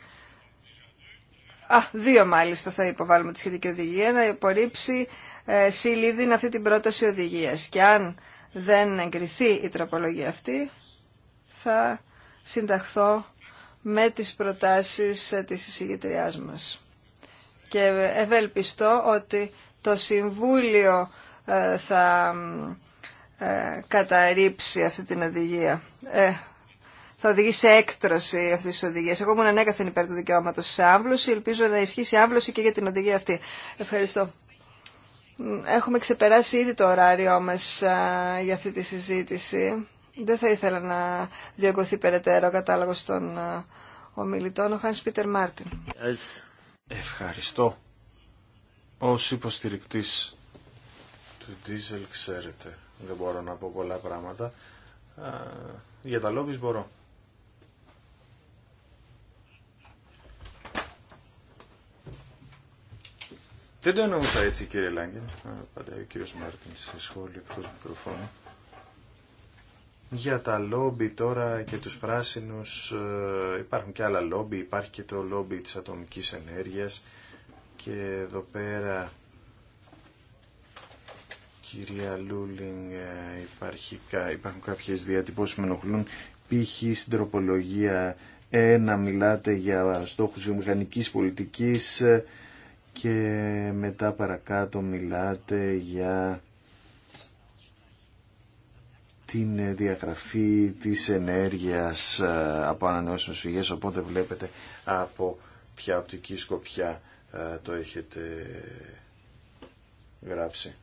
Α, δύο μάλιστα θα υποβάλουμε τη σχετική οδηγία, να υπορρίψει ε, σύλληδιν αυτή την πρόταση οδηγίας. Και αν δεν εγκριθεί η τροπολογία αυτή, θα συνταχθώ με τις προτάσεις ε, της εισηγητριάς μας. Και ευελπιστώ ότι το Συμβούλιο ε, θα ε, καταρρύψει αυτή την οδηγία θα οδηγεί σε έκτρωση αυτή τη οδηγία. Εγώ ήμουν ανέκαθεν υπέρ του δικαιώματο σε άμβλωση. Ελπίζω να ισχύσει άμβλωση και για την οδηγία αυτή. Ευχαριστώ. Έχουμε ξεπεράσει ήδη το ωράριό μα για αυτή τη συζήτηση. Δεν θα ήθελα να διακοθεί περαιτέρω ο κατάλογο των ομιλητών. Ο Χάν Πίτερ Μάρτιν.
Ευχαριστώ. Ω υποστηρικτή του Diesel, ξέρετε, δεν μπορώ να πω πολλά πράγματα. Για τα λόμπι μπορώ. Δεν το εννοούσα έτσι κύριε Λάγκεν, Πάντα ο κύριος Μάρτιν σε σχόλιο εκτός μικροφώνου. Για τα λόμπι τώρα και τους πράσινους ε, υπάρχουν και άλλα λόμπι, υπάρχει και το λόμπι της ατομικής ενέργειας και εδώ πέρα κυρία Λούλινγκ ε, υπάρχει, υπάρχουν κάποιες διατυπώσεις που με ενοχλούν π.χ. στην τροπολογία 1 μιλάτε για στόχους βιομηχανικής πολιτικής ε, και μετά παρακάτω μιλάτε για την διαγραφή της ενέργειας ε, από ανανεώσιμες πηγές, οπότε βλέπετε από ποια οπτική σκοπιά ε, το έχετε γράψει.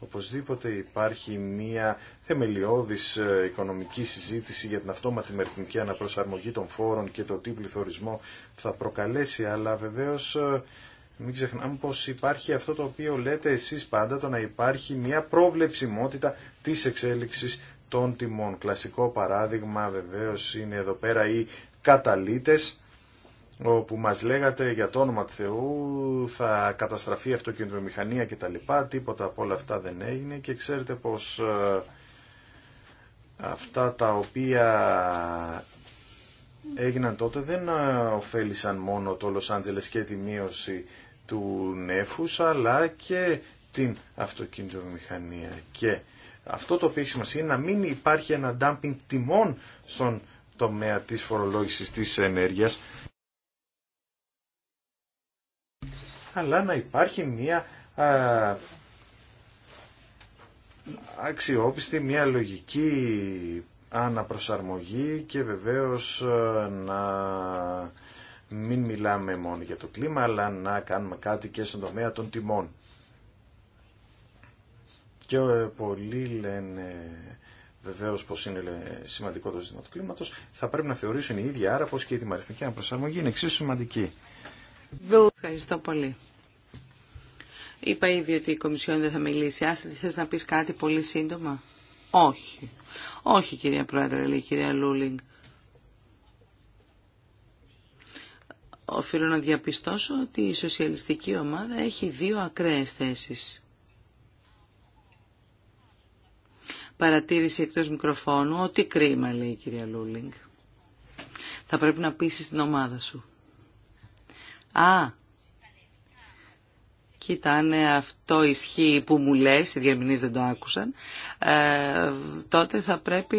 Οπωσδήποτε υπάρχει μια θεμελιώδης ε, οικονομική συζήτηση για την αυτόματη μεριθμική αναπροσαρμογή των φόρων και το τι πληθωρισμό θα προκαλέσει, αλλά βεβαίως μην ξεχνάμε πως υπάρχει αυτό το οποίο λέτε εσείς πάντα, το να υπάρχει μια προβλεψιμότητα της εξέλιξης των τιμών. Κλασικό παράδειγμα βεβαίως είναι εδώ πέρα οι καταλήτες, όπου μας λέγατε για το όνομα του Θεού θα καταστραφεί η αυτοκινητομηχανία κτλ. Τίποτα από όλα αυτά δεν έγινε και ξέρετε πως ε, αυτά τα οποία έγιναν τότε δεν ε, ωφέλησαν μόνο το Λος Άντζελες και τη μείωση του νέφους αλλά και την μηχανία Και αυτό το οποίο έχει σημασία είναι να μην υπάρχει ένα ντάμπινγκ τιμών στον τομέα της φορολόγησης της ενέργειας αλλά να υπάρχει μια α, αξιόπιστη, μια λογική αναπροσαρμογή και βεβαίως ε, να μην μιλάμε μόνο για το κλίμα, αλλά να κάνουμε κάτι και στον τομέα των τιμών. Και ε, πολλοί λένε βεβαίω πω είναι σημαντικό το ζήτημα του κλίματο, θα πρέπει να θεωρήσουν οι ίδιοι άρα πω και η δημαριθμική αναπροσαρμογή είναι εξίσου σημαντική. Ευχαριστώ πολύ. Είπα ήδη
ότι η Κομισιόν δεν θα μιλήσει. Άσε, θε να πει κάτι πολύ σύντομα. Όχι. Όχι, κυρία Πρόεδρε, λέει η κυρία Λούλινγκ. οφείλω να διαπιστώσω ότι η σοσιαλιστική ομάδα έχει δύο ακραίες θέσεις. Παρατήρηση εκτός μικροφώνου, ότι κρίμα λέει η κυρία Λούλινγκ. Θα πρέπει να πείσεις την ομάδα σου. Α, κοίτα αν αυτό ισχύει που μου λες, οι διερμηνείς δεν το άκουσαν, ε, τότε θα πρέπει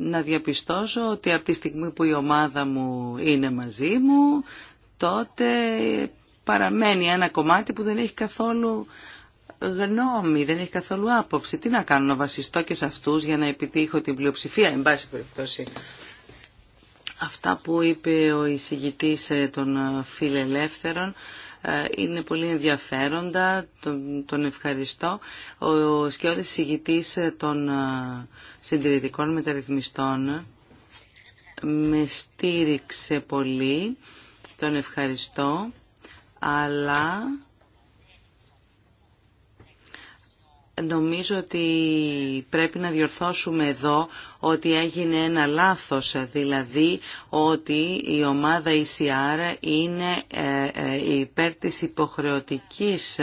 να διαπιστώσω ότι από τη στιγμή που η ομάδα μου είναι μαζί μου, τότε παραμένει ένα κομμάτι που δεν έχει καθόλου γνώμη, δεν έχει καθόλου άποψη. Τι να κάνω, να βασιστώ και σε αυτούς για να επιτύχω την πλειοψηφία, εν πάση περιπτώσει. Αυτά που είπε ο εισηγητής ε, των ε, φιλελεύθερων, ε, είναι πολύ ενδιαφέροντα, τον, τον ευχαριστώ. Ο σκιώδης συγητής ε, των ε, συντηρητικών μεταρρυθμιστών με στήριξε πολύ, τον ευχαριστώ, αλλά Νομίζω ότι πρέπει να διορθώσουμε εδώ ότι έγινε ένα λάθος, δηλαδή ότι η ομάδα ECR είναι ε, ε, υπέρ της υποχρεωτικής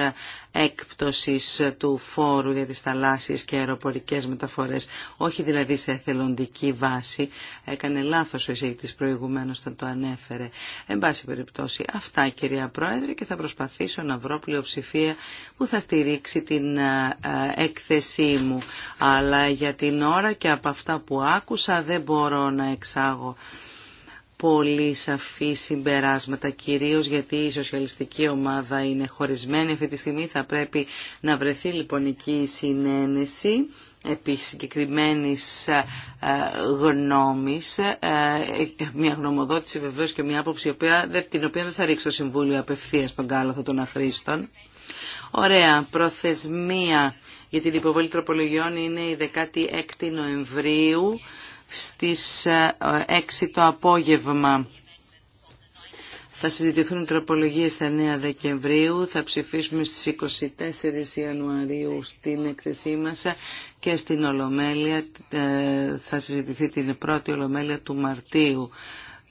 έκπτωσης του φόρου για τις θαλάσσιες και αεροπορικές μεταφορές, όχι δηλαδή σε εθελοντική βάση. Έκανε λάθος ο εισηγητής προηγουμένως όταν το ανέφερε. Εν πάση περιπτώσει, αυτά κυρία Πρόεδρε και θα προσπαθήσω να βρω πλειοψηφία που θα στηρίξει την ε, ε, έκθεσή μου. Αλλά για την ώρα και από αυτά που άκουσα δεν μπορώ να εξάγω πολύ σαφή συμπεράσματα, κυρίως γιατί η σοσιαλιστική ομάδα είναι χωρισμένη αυτή τη στιγμή. Θα πρέπει να βρεθεί λοιπόν εκεί η συνένεση επί συγκεκριμένης ε, γνώμης, ε, μια γνωμοδότηση βεβαίως και μια άποψη την οποία δεν θα ρίξω Συμβούλιο απευθείας στον κάλαθο των αχρήστων. Ωραία, προθεσμία για την υποβολή τροπολογιών είναι η 16η Νοεμβρίου στις 6 ε, το απόγευμα. Θα συζητηθούν οι τροπολογίες στα 9 Δεκεμβρίου, θα ψηφίσουμε στις 24 Ιανουαρίου στην έκθεσή μας και στην Ολομέλεια, ε, θα συζητηθεί την πρώτη Ολομέλεια του Μαρτίου.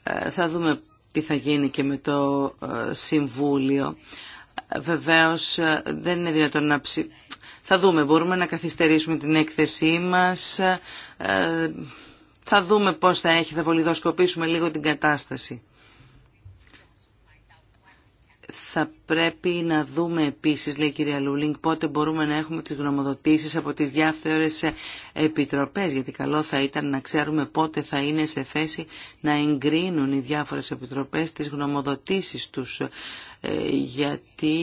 Ε, θα δούμε τι θα γίνει και με το Συμβούλιο. Βεβαίως δεν είναι δυνατόν να ψηφίσουμε. Θα δούμε, μπορούμε να καθυστερήσουμε την έκθεσή μας, θα δούμε πώς θα έχει, θα βολιδοσκοπήσουμε λίγο την κατάσταση. Θα πρέπει να δούμε επίσης, λέει η κυρία Λούλινγκ, πότε μπορούμε να έχουμε τις γνωμοδοτήσεις από τις διάφορες επιτροπές, γιατί καλό θα ήταν να ξέρουμε πότε θα είναι σε θέση να εγκρίνουν οι διάφορες επιτροπές τις γνωμοδοτήσεις τους, ε, γιατί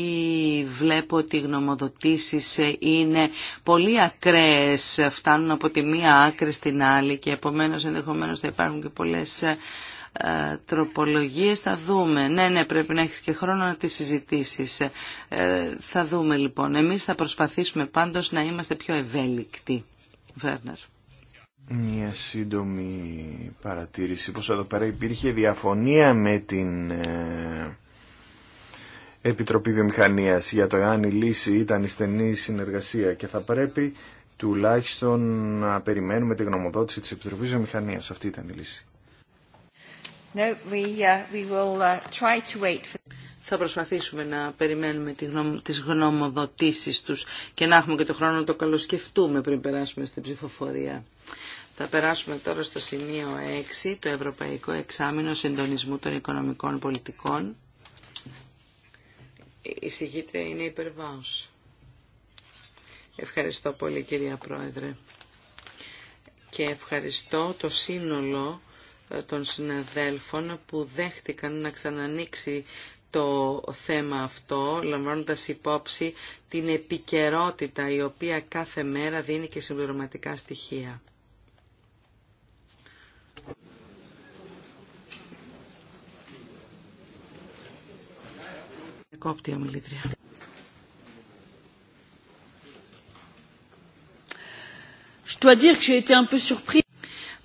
βλέπω ότι οι γνωμοδοτήσεις ε, είναι πολύ ακραίες, φτάνουν από τη μία άκρη στην άλλη και επομένως ενδεχομένως θα υπάρχουν και πολλές ε, ε, τροπολογίες θα δούμε. Ναι, ναι, πρέπει να έχεις και χρόνο να τις συζητήσεις. Ε, θα δούμε λοιπόν. Εμείς θα προσπαθήσουμε πάντως να είμαστε πιο ευέλικτοι. Βέρνερ.
Μια σύντομη παρατήρηση πως εδώ πέρα υπήρχε διαφωνία με την ε, Επιτροπή Βιομηχανίας για το εάν η λύση ήταν η στενή συνεργασία και θα πρέπει τουλάχιστον να περιμένουμε τη γνωμοδότηση της Επιτροπής Βιομηχανίας. Αυτή ήταν η λύση.
Θα προσπαθήσουμε να περιμένουμε τις γνωμοδοτήσεις τους και να έχουμε και το χρόνο να το καλοσκεφτούμε πριν περάσουμε στην ψηφοφορία. Θα περάσουμε τώρα στο σημείο 6, το Ευρωπαϊκό Εξάμεινο Συντονισμού των Οικονομικών Πολιτικών. Η συγκίτρια είναι υπερβάως. Ευχαριστώ πολύ κυρία Πρόεδρε. Και ευχαριστώ το σύνολο των συναδέλφων που δέχτηκαν να ξανανοίξει το θέμα αυτό, λαμβάνοντας υπόψη την επικαιρότητα η οποία κάθε μέρα δίνει και συμπληρωματικά στοιχεία. Κόπτια Je dois dire que j'ai été un peu surpris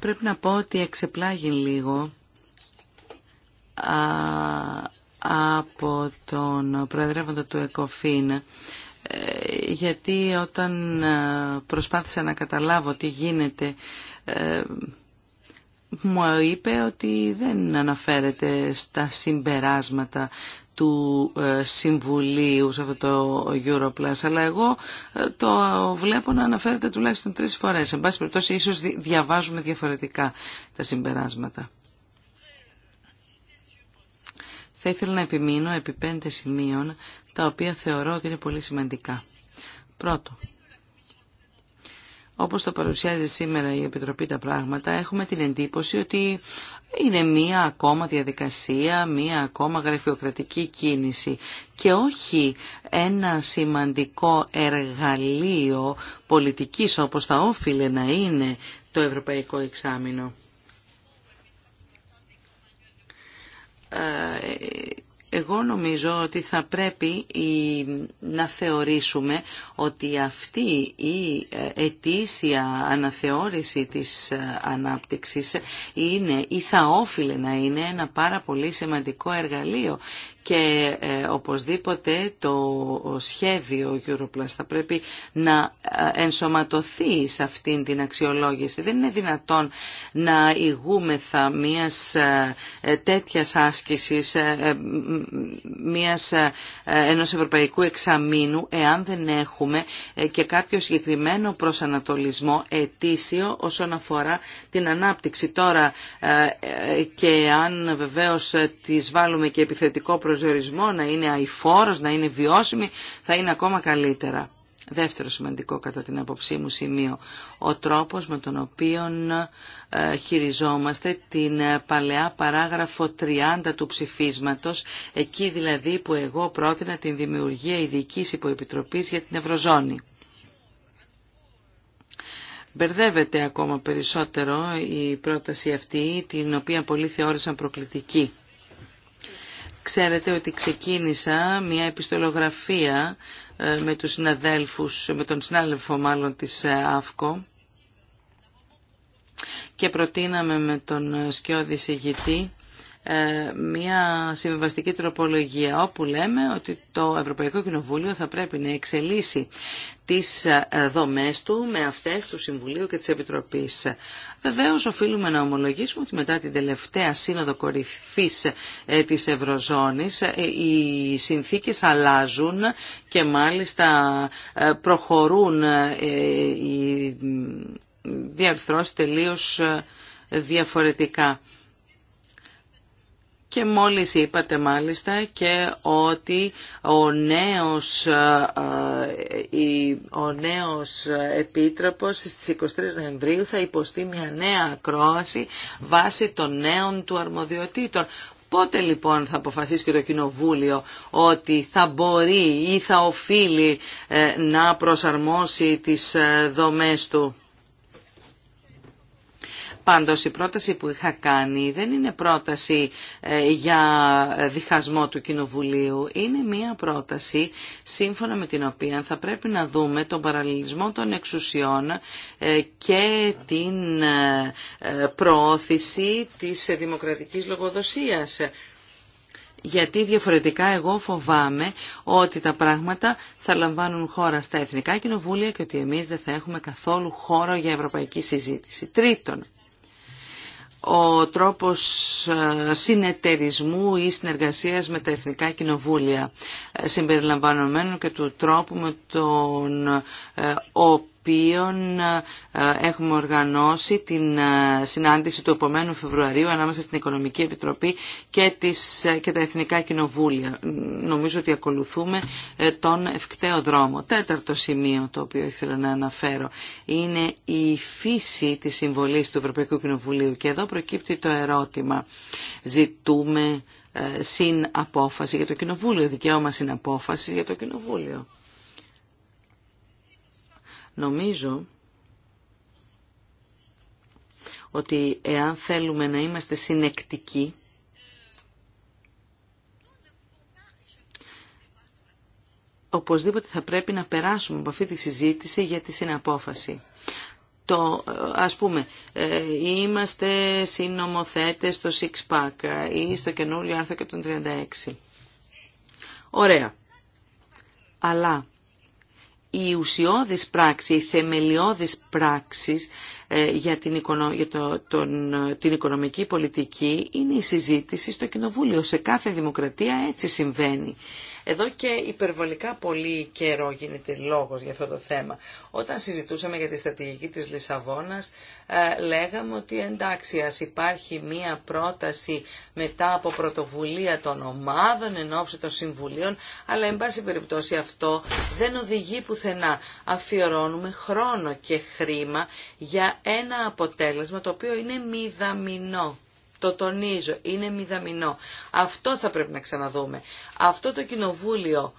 πρέπει να πω ότι εξεπλάγει λίγο από τον Προεδρεύοντα του ΕΚΟΦΗΝ ε, γιατί όταν ε, προσπάθησα να καταλάβω τι γίνεται ε, μου είπε ότι δεν αναφέρεται στα συμπεράσματα του ε, Συμβουλίου σε αυτό το Europlus, αλλά εγώ ε, το βλέπω να αναφέρεται τουλάχιστον τρεις φορές. Εν πάση περιπτώσει, ίσως διαβάζουμε διαφορετικά τα συμπεράσματα. Θα ήθελα να επιμείνω επί πέντε σημείων, τα οποία θεωρώ ότι είναι πολύ σημαντικά. Πρώτο, όπως το παρουσιάζει σήμερα η Επιτροπή τα πράγματα, έχουμε την εντύπωση ότι είναι μία ακόμα διαδικασία, μία ακόμα γραφειοκρατική κίνηση και όχι ένα σημαντικό εργαλείο πολιτικής όπως θα όφιλε να είναι το Ευρωπαϊκό Εξάμεινο. Ε, εγώ νομίζω ότι θα πρέπει να θεωρήσουμε ότι αυτή η ε, ετήσια αναθεώρηση της ε, ανάπτυξης είναι ή θα όφιλε να είναι ένα πάρα πολύ σημαντικό εργαλείο και ε, οπωσδήποτε το σχέδιο Europlus θα πρέπει να ε, ενσωματωθεί σε αυτήν την αξιολόγηση. Δεν είναι δυνατόν να ηγούμεθα μιας ε, τέτοιας άσκησης, μιας, ενός ευρωπαϊκού εξαμήνου, εάν δεν έχουμε και κάποιο συγκεκριμένο προσανατολισμό ετήσιο όσον αφορά την ανάπτυξη. Τώρα και αν βεβαίως τις βάλουμε και επιθετικό προσανατολισμό, προσδιορισμό, να είναι αηφόρος, να είναι βιώσιμη, θα είναι ακόμα καλύτερα. Δεύτερο σημαντικό κατά την άποψή μου σημείο, ο τρόπος με τον οποίο ε, χειριζόμαστε την ε, παλαιά παράγραφο 30 του ψηφίσματος, εκεί δηλαδή που εγώ πρότεινα την δημιουργία ειδική υποεπιτροπής για την Ευρωζώνη. Μπερδεύεται ακόμα περισσότερο η πρόταση αυτή, την οποία πολλοί θεώρησαν προκλητική. Ξέρετε ότι ξεκίνησα μια επιστολογραφία ε, με τους συναδέλφους, με τον συνάδελφο μάλλον της ε, ΑΦΚΟ και προτείναμε με τον ε, σκιώδη Σιγητή ε, μια συμβιβαστική τροπολογία όπου λέμε ότι το Ευρωπαϊκό Κοινοβούλιο θα πρέπει να εξελίσσει τις ε, δομές του με αυτές του Συμβουλίου και της Επιτροπής. Βεβαίως οφείλουμε να ομολογήσουμε ότι μετά την τελευταία σύνοδο κορυφής ε, της Ευρωζώνης οι συνθήκες αλλάζουν και μάλιστα προχωρούν οι διαρθρώσεις τελείως διαφορετικά και μόλις είπατε μάλιστα και ότι ο νέος, ε, ε, ο νέος επίτροπος στις 23 Νοεμβρίου θα υποστεί μια νέα ακρόαση βάσει των νέων του αρμοδιοτήτων. Πότε λοιπόν θα αποφασίσει και το Κοινοβούλιο ότι θα μπορεί ή θα οφείλει ε, να προσαρμόσει τις δομές του. Πάντως η πρόταση που είχα κάνει δεν είναι πρόταση ε, για διχασμό του Κοινοβουλίου. Είναι μία πρόταση σύμφωνα με την οποία θα πρέπει να δούμε τον παραλληλισμό των εξουσιών ε, και την ε, προώθηση της δημοκρατικής λογοδοσίας γιατί διαφορετικά εγώ φοβάμαι ότι τα πράγματα θα λαμβάνουν χώρα στα εθνικά κοινοβούλια και ότι εμείς δεν θα έχουμε καθόλου χώρο για ευρωπαϊκή συζήτηση. Τρίτον, ο τρόπος ε, συνεταιρισμού ή συνεργασίας με τα Εθνικά Κοινοβούλια ε, συμπεριλαμβανομένου και του τρόπου με τον οποίο ε, οποίων ε, ε, έχουμε οργανώσει την ε, συνάντηση του επομένου Φεβρουαρίου ανάμεσα στην Οικονομική Επιτροπή και, τις, και τα Εθνικά Κοινοβούλια. Νομίζω ότι ακολουθούμε τον ευκταίο δρόμο. Τέταρτο σημείο το οποίο ήθελα να αναφέρω είναι η φύση της συμβολής του Ευρωπαϊκού Κοινοβουλίου και εδώ προκύπτει το ερώτημα. Ζητούμε συν απόφαση για το Κοινοβούλιο, δικαίωμα συν απόφαση για το Κοινοβούλιο. Νομίζω ότι εάν θέλουμε να είμαστε συνεκτικοί, οπωσδήποτε θα πρέπει να περάσουμε από αυτή τη συζήτηση για τη συναπόφαση. Το, ας πούμε, ε, είμαστε συνομοθέτες στο Six Pack ή στο καινούριο άρθρο 136. Ωραία. Αλλά η ουσιώδης πράξη, η πράξη πράξη ε, για, την, ε, την οικονομική πολιτική είναι η συζήτηση στο Κοινοβούλιο. Σε κάθε δημοκρατία έτσι συμβαίνει. Εδώ και υπερβολικά πολύ καιρό γίνεται λόγος για αυτό το θέμα. Όταν συζητούσαμε για τη στρατηγική της Λισαβόνας, ε, λέγαμε ότι εντάξει, ας υπάρχει μία πρόταση μετά από πρωτοβουλία των ομάδων εν ώψη των συμβουλίων, αλλά εν πάση περιπτώσει αυτό δεν οδηγεί πουθενά. Αφιερώνουμε χρόνο και χρήμα για ένα αποτέλεσμα το οποίο είναι μηδαμινό το τονίζω, είναι μηδαμινό. Αυτό θα πρέπει να ξαναδούμε. Αυτό το κοινοβούλιο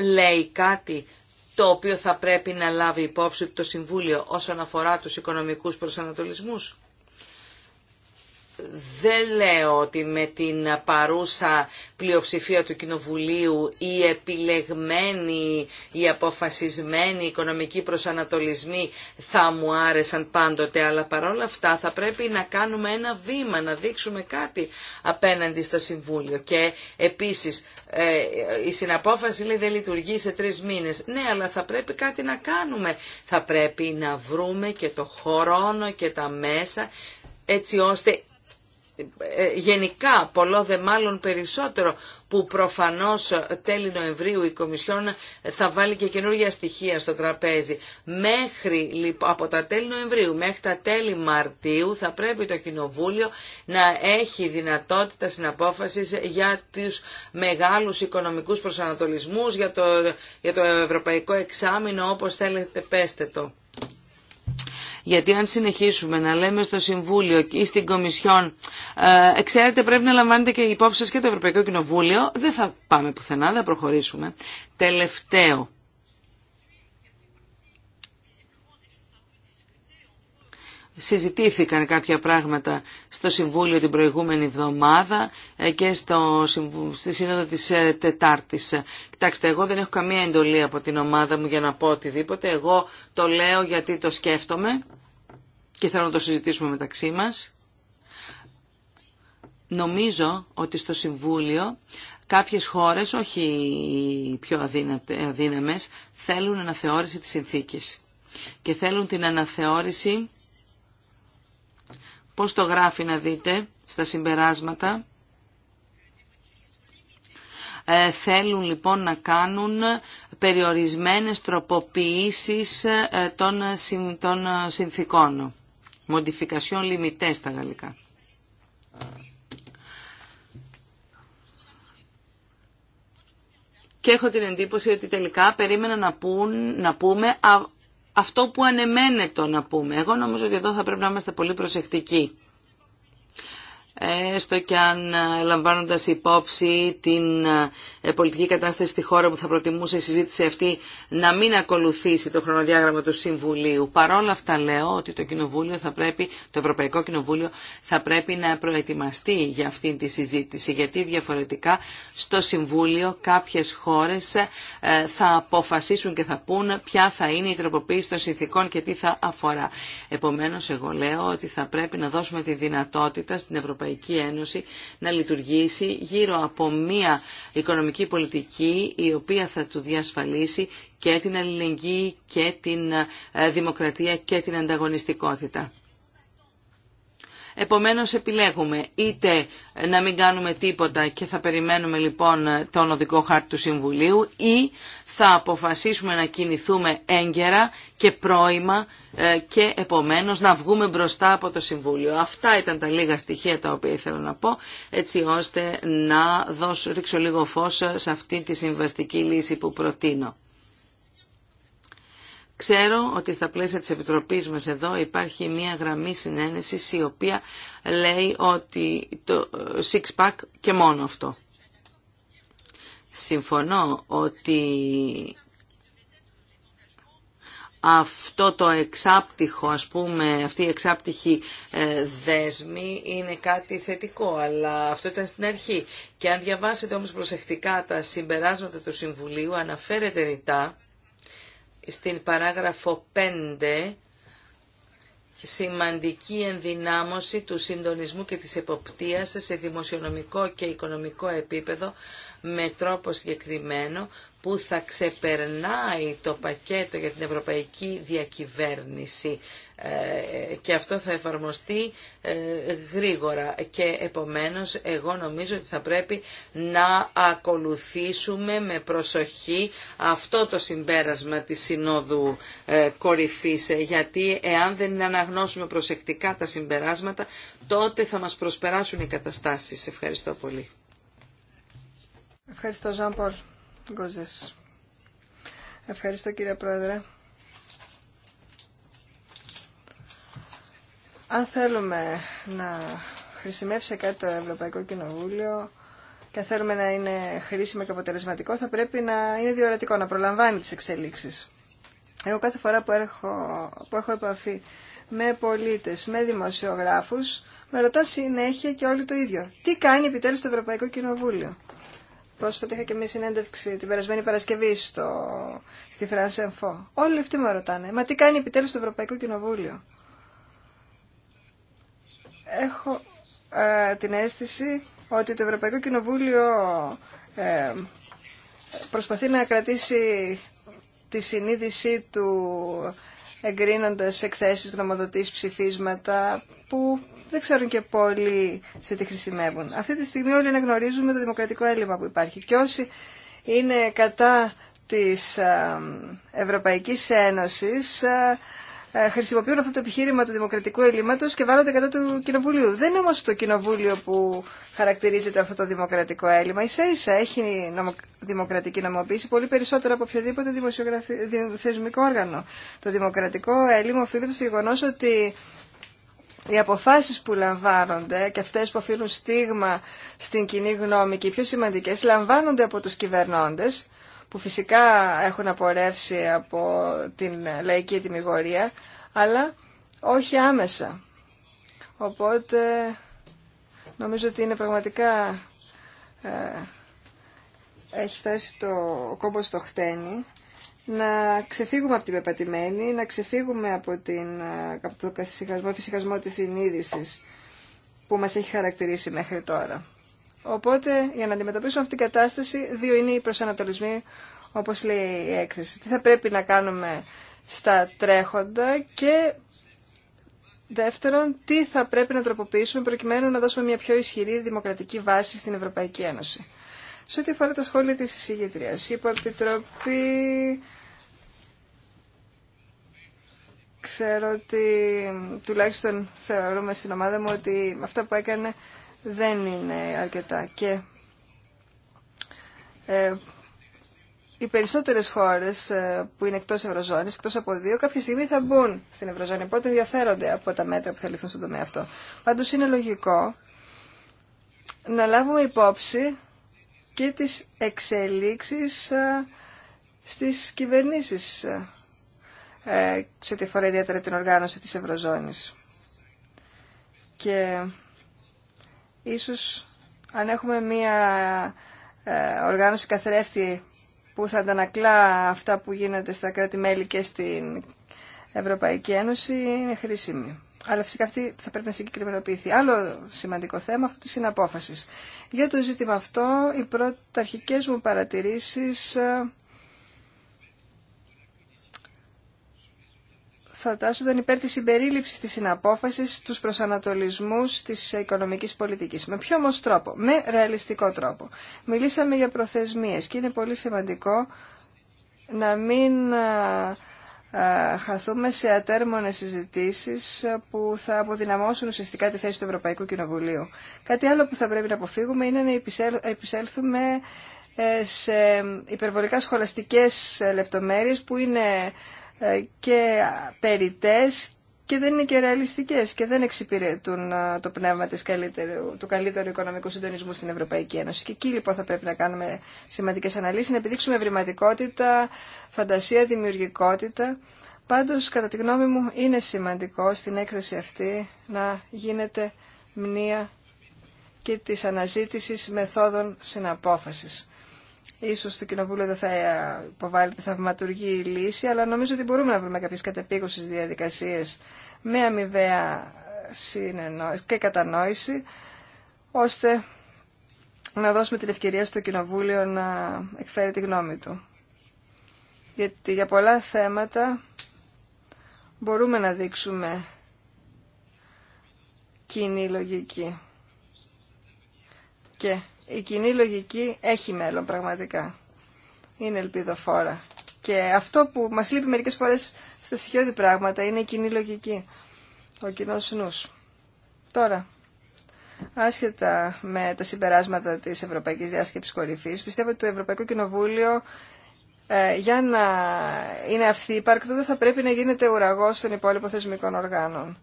λέει κάτι το οποίο θα πρέπει να λάβει υπόψη το Συμβούλιο όσον αφορά τους οικονομικούς προσανατολισμούς δεν λέω ότι με την παρούσα πλειοψηφία του Κοινοβουλίου οι επιλεγμένοι, οι αποφασισμένοι οικονομικοί προσανατολισμοί θα μου άρεσαν πάντοτε, αλλά παρόλα αυτά θα πρέπει να κάνουμε ένα βήμα, να δείξουμε κάτι απέναντι στο Συμβούλιο. Και επίσης ε, η συναπόφαση λέει δεν λειτουργεί σε τρεις μήνες. Ναι, αλλά θα πρέπει κάτι να κάνουμε. Θα πρέπει να βρούμε και το χρόνο και τα μέσα έτσι ώστε ε, γενικά πολλό δε μάλλον περισσότερο που προφανώς τέλη Νοεμβρίου η Κομισιόν θα βάλει και καινούργια στοιχεία στο τραπέζι. Μέχρι, λοιπόν, από τα τέλη Νοεμβρίου μέχρι τα τέλη Μαρτίου θα πρέπει το Κοινοβούλιο να έχει δυνατότητα συναπόφασης για τους μεγάλους οικονομικούς προσανατολισμούς, για το, για το ευρωπαϊκό εξάμεινο όπως θέλετε πέστε το. Γιατί αν συνεχίσουμε να λέμε στο Συμβούλιο ή στην Κομισιόν, ε, ξέρετε πρέπει να λαμβάνετε και υπόψη σας και το Ευρωπαϊκό Κοινοβούλιο, δεν θα πάμε πουθενά, δεν θα προχωρήσουμε. Τελευταίο συζητήθηκαν κάποια πράγματα στο Συμβούλιο την προηγούμενη εβδομάδα ε, και στο, στη Σύνοδο της ε, Τετάρτης. Κοιτάξτε, εγώ δεν έχω καμία εντολή από την ομάδα μου για να πω οτιδήποτε. Εγώ το λέω γιατί το σκέφτομαι και θέλω να το συζητήσουμε μεταξύ μας. Νομίζω ότι στο Συμβούλιο κάποιες χώρες, όχι οι πιο αδύναμες, θέλουν αναθεώρηση της συνθήκης και θέλουν την αναθεώρηση πώς το γράφει να δείτε στα συμπεράσματα. Ε, θέλουν λοιπόν να κάνουν περιορισμένες τροποποιήσεις ε, των, των συνθήκων. μοντιφικασιών λιμιτές, στα γαλλικά. Και έχω την εντύπωση ότι τελικά περίμενα να, πούν, να πούμε αυτό που ανεμένετο να πούμε. Εγώ νομίζω ότι εδώ θα πρέπει να είμαστε πολύ προσεκτικοί έστω και αν ε, λαμβάνοντα υπόψη την ε, πολιτική κατάσταση στη χώρα που θα προτιμούσε η συζήτηση αυτή να μην ακολουθήσει το χρονοδιάγραμμα του Συμβουλίου. Παρόλα αυτά λέω ότι το, Κοινοβούλιο θα πρέπει, το Ευρωπαϊκό Κοινοβούλιο θα πρέπει να προετοιμαστεί για αυτή τη συζήτηση γιατί διαφορετικά στο Συμβούλιο κάποιες χώρες ε, θα αποφασίσουν και θα πούν ποια θα είναι η τροποποίηση των συνθήκων και τι θα αφορά. Επομένως εγώ λέω ότι θα πρέπει να δώσουμε τη δυνατότητα στην Ευρωπαϊκή Ευρωπαϊκή Ένωση να λειτουργήσει γύρω από μια οικονομική πολιτική η οποία θα του διασφαλίσει και την αλληλεγγύη και την ε, δημοκρατία και την ανταγωνιστικότητα. Επομένως επιλέγουμε είτε να μην κάνουμε τίποτα και θα περιμένουμε λοιπόν τον οδικό χάρτη του Συμβουλίου ή θα αποφασίσουμε να κινηθούμε έγκαιρα και πρόημα ε, και επομένως να βγούμε μπροστά από το Συμβούλιο. Αυτά ήταν τα λίγα στοιχεία τα οποία ήθελα να πω έτσι ώστε να δώσω, ρίξω λίγο φως σε αυτή τη συμβαστική λύση που προτείνω. Ξέρω ότι στα πλαίσια της Επιτροπής μας εδώ υπάρχει μια γραμμή συνένεσης η οποία λέει ότι το ε, six-pack και μόνο αυτό. Συμφωνώ ότι αυτό το εξάπτυχο, ας πούμε, αυτή η εξάπτυχη ε, δέσμη είναι κάτι θετικό, αλλά αυτό ήταν στην αρχή. Και αν διαβάσετε όμως προσεκτικά τα συμπεράσματα του Συμβουλίου, αναφέρεται ρητά στην παράγραφο 5 σημαντική ενδυνάμωση του συντονισμού και της εποπτείας σε δημοσιονομικό και οικονομικό επίπεδο με τρόπο συγκεκριμένο που θα ξεπερνάει το πακέτο για την ευρωπαϊκή διακυβέρνηση ε, και αυτό θα εφαρμοστεί ε, γρήγορα και επομένως εγώ νομίζω ότι θα πρέπει να ακολουθήσουμε με προσοχή αυτό το συμπέρασμα της Συνόδου ε, Κορυφής γιατί εάν δεν αναγνώσουμε προσεκτικά τα συμπεράσματα τότε θα μας προσπεράσουν οι καταστάσεις. Ευχαριστώ πολύ.
Ευχαριστώ, Ζαν Πολ Γκόζες. Ευχαριστώ, κύριε Πρόεδρε. Αν θέλουμε να χρησιμεύσει κάτι το Ευρωπαϊκό Κοινοβούλιο και αν θέλουμε να είναι χρήσιμο και αποτελεσματικό, θα πρέπει να είναι διορατικό, να προλαμβάνει τις εξελίξεις. Εγώ κάθε φορά που, που έχω επαφή με πολίτες, με δημοσιογράφους, με ρωτά συνέχεια και όλοι το ίδιο. Τι κάνει επιτέλους το Ευρωπαϊκό Κοινοβούλιο. Πρόσφατα είχα και μια συνέντευξη την περασμένη Παρασκευή στο, στη Φράση Info. Όλοι αυτοί με ρωτάνε, μα τι κάνει επιτέλους το Ευρωπαϊκό Κοινοβούλιο. Έχω ε, την αίσθηση ότι το Ευρωπαϊκό Κοινοβούλιο ε, προσπαθεί να κρατήσει τη συνείδησή του εγκρίνοντας εκθέσεις, γνωμοδοτήσεις, ψηφίσματα που δεν ξέρουν και πολλοί σε τι χρησιμεύουν. Αυτή τη στιγμή όλοι αναγνωρίζουμε το δημοκρατικό έλλειμμα που υπάρχει και όσοι είναι κατά της ε, Ευρωπαϊκής Ένωσης ε, ε, χρησιμοποιούν αυτό το επιχείρημα του δημοκρατικού ελλείμματος και βάλλονται κατά του κοινοβουλίου. Δεν είναι όμως το κοινοβούλιο που χαρακτηρίζεται αυτό το δημοκρατικό έλλειμμα. Ίσα ίσα έχει δημοκρατική νομοποίηση πολύ περισσότερο από οποιοδήποτε θεσμικό όργανο. Το δημοκρατικό έλλειμμα οφείλεται στο γεγονό ότι οι αποφάσεις που λαμβάνονται και αυτές που αφήνουν στίγμα στην κοινή γνώμη και οι πιο σημαντικές λαμβάνονται από τους κυβερνώντες που φυσικά έχουν απορρεύσει από την λαϊκή ετοιμιγορία αλλά όχι άμεσα. Οπότε νομίζω ότι είναι πραγματικά... Ε, έχει φτάσει το κόμπο στο χτένι να ξεφύγουμε από την πεπατημένη, να ξεφύγουμε από, την, ε, από το καθυσυχασμό, φυσικασμό της συνείδησης που μας έχει χαρακτηρίσει μέχρι τώρα. Οπότε, για να αντιμετωπίσουμε αυτή την κατάσταση, δύο είναι οι προσανατολισμοί, όπως λέει η έκθεση. Τι θα πρέπει να κάνουμε στα τρέχοντα και δεύτερον, τι θα πρέπει να τροποποιήσουμε προκειμένου να δώσουμε μια πιο ισχυρή δημοκρατική βάση στην Ευρωπαϊκή Ένωση. Σε ό,τι αφορά τα σχόλια της εισηγητρίας, η Υποεπιτροπή ξέρω ότι τουλάχιστον θεωρούμε στην ομάδα μου ότι αυτά που έκανε δεν είναι αρκετά και ε, οι περισσότερες χώρες ε, που είναι εκτός Ευρωζώνης, εκτός από δύο, κάποια στιγμή θα μπουν στην Ευρωζώνη, οπότε ενδιαφέρονται από τα μέτρα που θα ληφθούν στον τομέα αυτό. Πάντως είναι λογικό να λάβουμε υπόψη και τις εξελίξεις ε, στις κυβερνήσεις ε, ε, σε τη φορά ιδιαίτερα την οργάνωση της Ευρωζώνης. Και ίσως αν έχουμε μία οργάνωση καθρέφτη που θα αντανακλά αυτά που γίνονται στα κράτη-μέλη και στην Ευρωπαϊκή Ένωση είναι χρήσιμη. Αλλά φυσικά αυτή θα πρέπει να συγκεκριμενοποιηθεί. Άλλο σημαντικό θέμα αυτό τη συναπόφασης. Για το ζήτημα αυτό, οι πρωταρχικές μου παρατηρήσεις ε, θα τάσσονταν υπέρ τη συμπερίληψη τη συναπόφασης στου προσανατολισμούς τη οικονομική πολιτική. Με ποιο όμω τρόπο, με ρεαλιστικό τρόπο. Μιλήσαμε για προθεσμίε και είναι πολύ σημαντικό να μην ε, χαθούμε σε ατέρμονες συζητήσεις που θα αποδυναμώσουν ουσιαστικά τη θέση του Ευρωπαϊκού Κοινοβουλίου. Κάτι άλλο που θα πρέπει να αποφύγουμε είναι να επισέλθουμε ε, σε υπερβολικά σχολαστικές λεπτομέρειες που είναι ε, και περιτές και δεν είναι και ρεαλιστικέ και δεν εξυπηρετούν το πνεύμα της καλύτερου, του καλύτερου οικονομικού συντονισμού στην Ευρωπαϊκή Ένωση. Και εκεί λοιπόν θα πρέπει να κάνουμε σημαντικέ αναλύσει, να επιδείξουμε ευρηματικότητα, φαντασία, δημιουργικότητα. Πάντως, κατά τη γνώμη μου, είναι σημαντικό στην έκθεση αυτή να γίνεται μνήα και της αναζήτησης μεθόδων συναπόφασης. Ίσως το Κοινοβούλιο δεν θα υποβάλει τη θαυματουργή λύση, αλλά νομίζω ότι μπορούμε να βρούμε κάποιες κατεπίγουσες διαδικασίες με αμοιβαία συνεννόηση και κατανόηση, ώστε να δώσουμε την ευκαιρία στο Κοινοβούλιο να εκφέρει τη γνώμη του. Γιατί για πολλά θέματα μπορούμε να δείξουμε κοινή λογική. Και η κοινή λογική έχει μέλλον πραγματικά. Είναι ελπιδοφόρα. Και αυτό που μας λείπει μερικές φορές στα στοιχειώδη πράγματα είναι η κοινή λογική. Ο κοινό νους. Τώρα, άσχετα με τα συμπεράσματα της Ευρωπαϊκής Διάσκεψης Κορυφής, πιστεύω ότι το Ευρωπαϊκό Κοινοβούλιο ε, για να είναι αυθύπαρκτο δεν θα πρέπει να γίνεται ουραγός των υπόλοιπων θεσμικών οργάνων.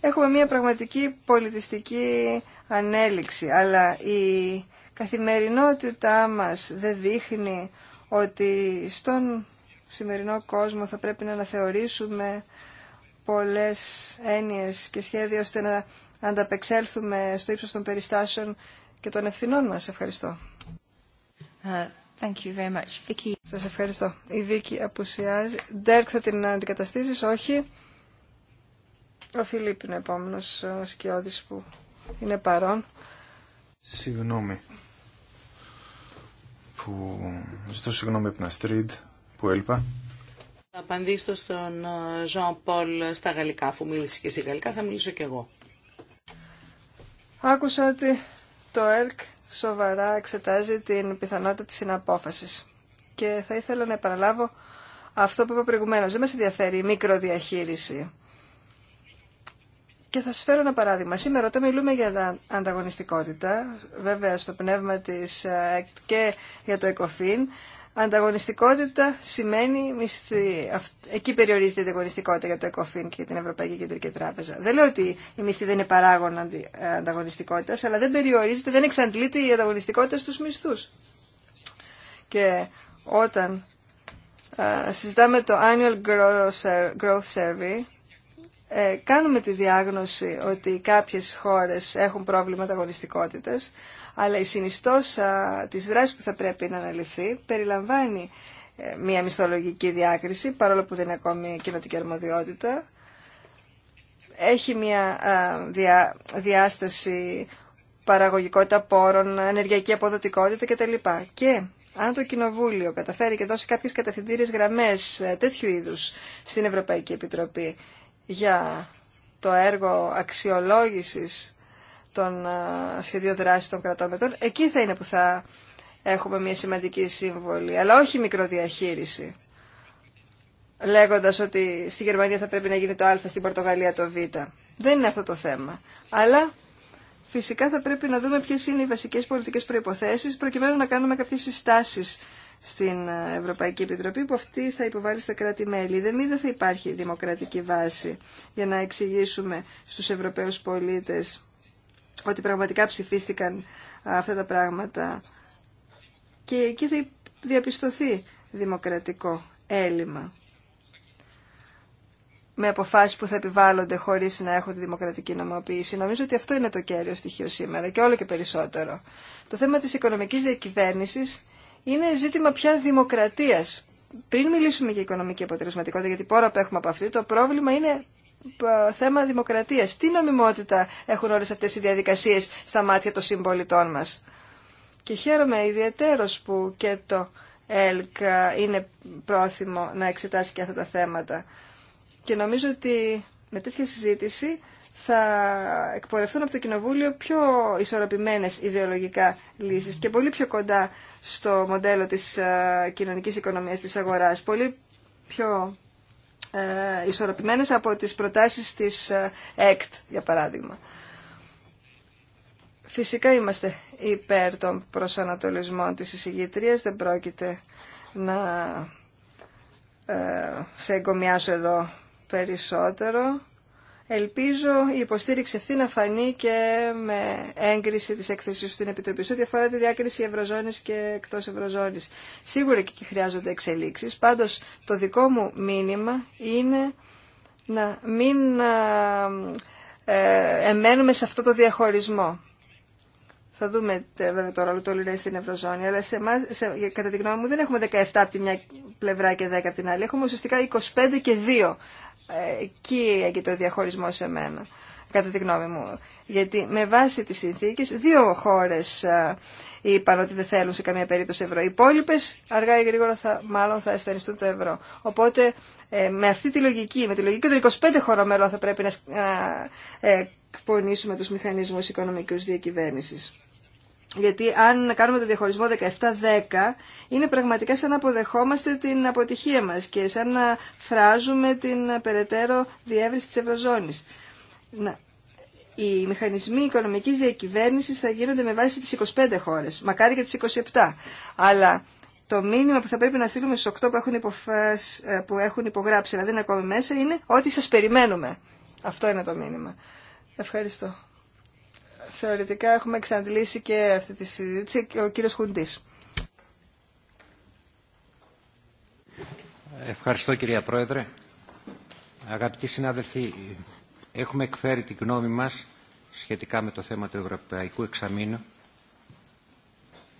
Έχουμε μια πραγματική πολιτιστική ανέλυξη, αλλά η καθημερινότητά μας δεν δείχνει ότι στον σημερινό κόσμο θα πρέπει να αναθεωρήσουμε πολλές έννοιες και σχέδια ώστε να ανταπεξέλθουμε στο ύψος των περιστάσεων και των ευθυνών μας. Ευχαριστώ. Uh, thank you very much. Vicky. Σας ευχαριστώ. Η Βίκη απουσιάζει. Ντέρκ θα την αντικαταστήσεις, όχι. Ο Φιλίπ είναι ο επόμενος σκιώδης που είναι παρόν.
Συγγνώμη που ζητώ συγγνώμη από την Αστρίντ που έλπα.
Θα απαντήσω στον Ζωάν ε, Πολ στα γαλλικά, αφού μίλησε και εσύ γαλλικά θα μιλήσω και εγώ.
Άκουσα ότι το ΕΡΚ σοβαρά εξετάζει την πιθανότητα της συναπόφασης και θα ήθελα να επαναλάβω αυτό που είπα προηγουμένως. Δεν μας ενδιαφέρει η μικροδιαχείριση και θα σας φέρω ένα παράδειγμα. Σήμερα όταν μιλούμε για ανταγωνιστικότητα, βέβαια στο πνεύμα της ε, και για το ΕΚΟΦΗΝ, ανταγωνιστικότητα σημαίνει μισθή. Εκεί περιορίζεται η ανταγωνιστικότητα για το ΕΚΟΦΗΝ και την Ευρωπαϊκή Κεντρική Τράπεζα. Δεν λέω ότι η μισθή δεν είναι παράγον ε, ανταγωνιστικότητα, αλλά δεν περιορίζεται, δεν εξαντλείται η ανταγωνιστικότητα στους μισθούς. Και όταν ε, συζητάμε το Annual Growth Survey, ε, κάνουμε τη διάγνωση ότι κάποιες χώρες έχουν πρόβλημα ανταγωνιστικότητας, αλλά η συνιστόσα της δράσης που θα πρέπει να αναλυθεί περιλαμβάνει ε, μια μισθολογική διάκριση, παρόλο που δεν είναι ακόμη κοινωτική αρμοδιότητα. Έχει μια διά, διάσταση παραγωγικότητα πόρων, ενεργειακή αποδοτικότητα κτλ. Και αν το Κοινοβούλιο καταφέρει και δώσει κάποιες κατευθυντήριες γραμμές ε, τέτοιου είδους στην Ευρωπαϊκή Επιτροπή για το έργο αξιολόγησης των ε, σχεδίων δράσης των κρατών εκεί θα είναι που θα έχουμε μια σημαντική σύμβολη, αλλά όχι μικροδιαχείριση. Λέγοντας ότι στη Γερμανία θα πρέπει να γίνει το Α, στην Πορτογαλία το Β. Δεν είναι αυτό το θέμα. Αλλά φυσικά θα πρέπει να δούμε ποιες είναι οι βασικές πολιτικές προϋποθέσεις προκειμένου να κάνουμε κάποιες συστάσεις στην Ευρωπαϊκή Επιτροπή που αυτή θα υποβάλει στα κράτη-μέλη. Δεν μη θα υπάρχει δημοκρατική βάση για να εξηγήσουμε στους Ευρωπαίους πολίτες ότι πραγματικά ψηφίστηκαν αυτά τα πράγματα και εκεί θα διαπιστωθεί δημοκρατικό έλλειμμα με αποφάσεις που θα επιβάλλονται χωρίς να έχουν τη δημοκρατική νομοποίηση. Νομίζω ότι αυτό είναι το κέριο στοιχείο σήμερα και όλο και περισσότερο. Το θέμα της οικονομικής διακυβέρνησης είναι ζήτημα πια δημοκρατίας. Πριν μιλήσουμε για οικονομική αποτελεσματικότητα, γιατί πόρα που έχουμε από αυτή, το πρόβλημα είναι ε, θέμα δημοκρατίας. Τι νομιμότητα έχουν όλε αυτές οι διαδικασίε στα μάτια των συμπολιτών μας. Και χαίρομαι ιδιαίτερος που και το ΕΛΚ ε, είναι πρόθυμο να εξετάσει και αυτά τα θέματα. Και νομίζω ότι με τέτοια συζήτηση θα εκπορευθούν από το Κοινοβούλιο πιο ισορροπημένες ιδεολογικά λύσεις και πολύ πιο κοντά στο μοντέλο της ε, κοινωνικής οικονομίας της αγοράς. Πολύ πιο ε, ισορροπημένες από τις προτάσεις της ε, ΕΚΤ, για παράδειγμα. Φυσικά είμαστε υπέρ των προσανατολισμών της εισηγητρίας. Δεν πρόκειται να σε εγκομιάσω εδώ περισσότερο. Ελπίζω η υποστήριξη αυτή να φανεί και με έγκριση της έκθεσης στην Επιτροπή ότι αφορά τη διάκριση Ευρωζώνης και εκτός Ευρωζώνης. Σίγουρα και εκεί χρειάζονται εξελίξεις, πάντως το δικό μου μήνυμα είναι να μην ε, εμένουμε σε αυτό το διαχωρισμό. Θα δούμε ε, βέβαια το όλο το Ολυρέ στην Ευρωζώνη, αλλά κατά τη γνώμη μου δεν έχουμε 17 από τη μια πλευρά και 10 από την άλλη. Έχουμε ουσιαστικά 25 και 2 ε, εκεί έγινε το διαχωρισμό σε μένα, κατά τη γνώμη μου. Γιατί με βάση τις συνθήκες δύο χώρες ε, είπαν ότι δεν θέλουν σε καμία περίπτωση ευρώ. Οι υπόλοιπε αργά ή γρήγορα θα, μάλλον θα αισθανιστούν το ευρώ. Οπότε ε, με αυτή τη λογική, με τη λογική των 25 χωρών μελών θα πρέπει να εκπονήσουμε τους μηχανισμούς οικονομικούς διακυβέρνησης. Γιατί αν κάνουμε το διαχωρισμό 17-10, είναι πραγματικά σαν να αποδεχόμαστε την αποτυχία μας και σαν να φράζουμε την περαιτέρω διεύρυνση της Ευρωζώνης. Να. Οι μηχανισμοί οικονομικής διακυβέρνησης θα γίνονται με βάση τις 25 χώρες, μακάρι και τις 27. Αλλά το μήνυμα που θα πρέπει να στείλουμε στους 8 που έχουν, ε, που έχουν υπογράψει, να δηλαδή δεν είναι ακόμη μέσα, είναι ότι σας περιμένουμε. Αυτό είναι το μήνυμα. Ευχαριστώ θεωρητικά έχουμε εξαντλήσει και αυτή τη συζήτηση ο κύριος Χουντής.
Ευχαριστώ κυρία Πρόεδρε. Αγαπητοί συνάδελφοι, έχουμε εκφέρει τη γνώμη μας σχετικά με το θέμα του Ευρωπαϊκού Εξαμήνου.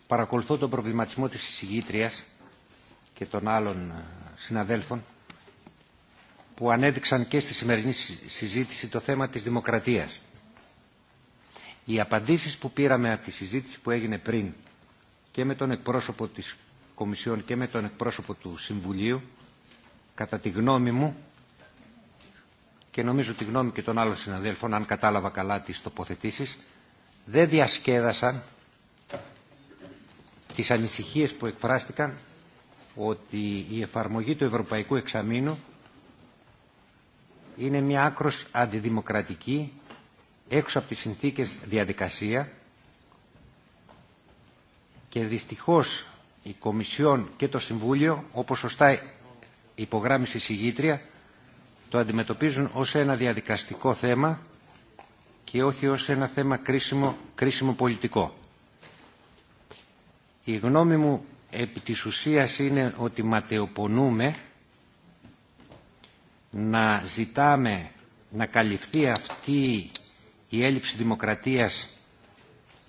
Παρακολουθώ τον προβληματισμό της συγγήτριας και των άλλων ε, συναδέλφων που ανέδειξαν και στη σημερινή συζήτηση το θέμα της δημοκρατίας. Οι απαντήσεις που πήραμε από τη συζήτηση που έγινε πριν και με τον εκπρόσωπο της Κομισιόν και με τον εκπρόσωπο του Συμβουλίου, κατά τη γνώμη μου και νομίζω τη γνώμη και των άλλων συναδέλφων, αν κατάλαβα καλά τις τοποθετήσεις, δεν διασκέδασαν τις ανησυχίες που εκφράστηκαν ότι η εφαρμογή του Ευρωπαϊκού Εξαμήνου είναι μια άκρος αντιδημοκρατική έξω από τις συνθήκες διαδικασία και δυστυχώς η Κομισιόν και το Συμβούλιο, όπως σωστά υπογράμμισε η συγγήτρια, το αντιμετωπίζουν ως ένα διαδικαστικό θέμα και όχι ως ένα θέμα κρίσιμο, κρίσιμο πολιτικό. Η γνώμη μου επί της ουσίας είναι ότι ματαιοπονούμε να ζητάμε να καλυφθεί αυτή η έλλειψη δημοκρατίας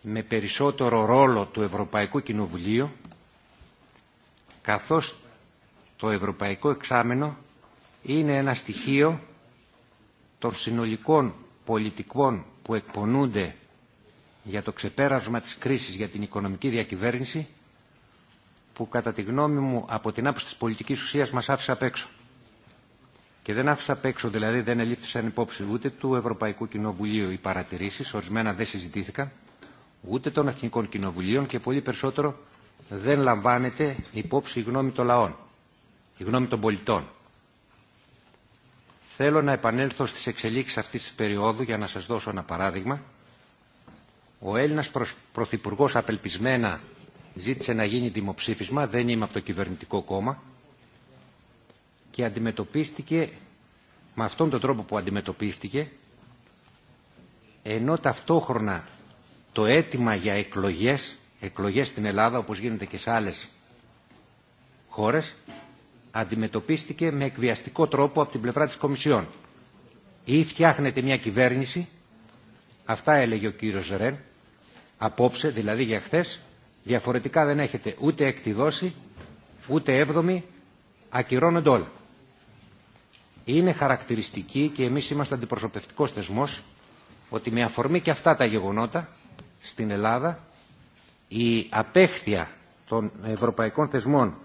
με περισσότερο ρόλο του Ευρωπαϊκού Κοινοβουλίου, καθώς το Ευρωπαϊκό Εξάμενο είναι ένα στοιχείο των συνολικών πολιτικών που εκπονούνται για το ξεπέρασμα της κρίσης για την οικονομική διακυβέρνηση, που κατά τη γνώμη μου από την άποψη της πολιτικής ουσίας μας άφησε απ' έξω. Και δεν άφησα απ' έξω, δηλαδή δεν ελήφθησαν υπόψη ούτε του Ευρωπαϊκού Κοινοβουλίου οι παρατηρήσει, ορισμένα δεν συζητήθηκαν, ούτε των Εθνικών Κοινοβουλίων και πολύ περισσότερο δεν λαμβάνεται υπόψη η γνώμη των λαών, η γνώμη των πολιτών. Θέλω να επανέλθω στι εξελίξει αυτή τη περίοδου για να σα δώσω ένα παράδειγμα. Ο Έλληνα Πρωθυπουργό απελπισμένα ζήτησε να γίνει δημοψήφισμα, δεν είμαι από το κυβερνητικό κόμμα, και αντιμετωπίστηκε με αυτόν τον τρόπο που αντιμετωπίστηκε ενώ ταυτόχρονα το αίτημα για εκλογές, εκλογές στην Ελλάδα όπως γίνεται και σε άλλες χώρες, αντιμετωπίστηκε με εκβιαστικό τρόπο από την πλευρά της Κομισιόν. Ή φτιάχνετε μια κυβέρνηση, αυτά έλεγε ο κύριος Ρεν, απόψε δηλαδή για χθες, διαφορετικά δεν έχετε ούτε εκτιδώσει ούτε έβδομη, ακυρώνονται όλα είναι χαρακτηριστική και εμείς είμαστε αντιπροσωπευτικός θεσμός ότι με αφορμή και αυτά τα γεγονότα στην Ελλάδα η απέχθεια των ευρωπαϊκών θεσμών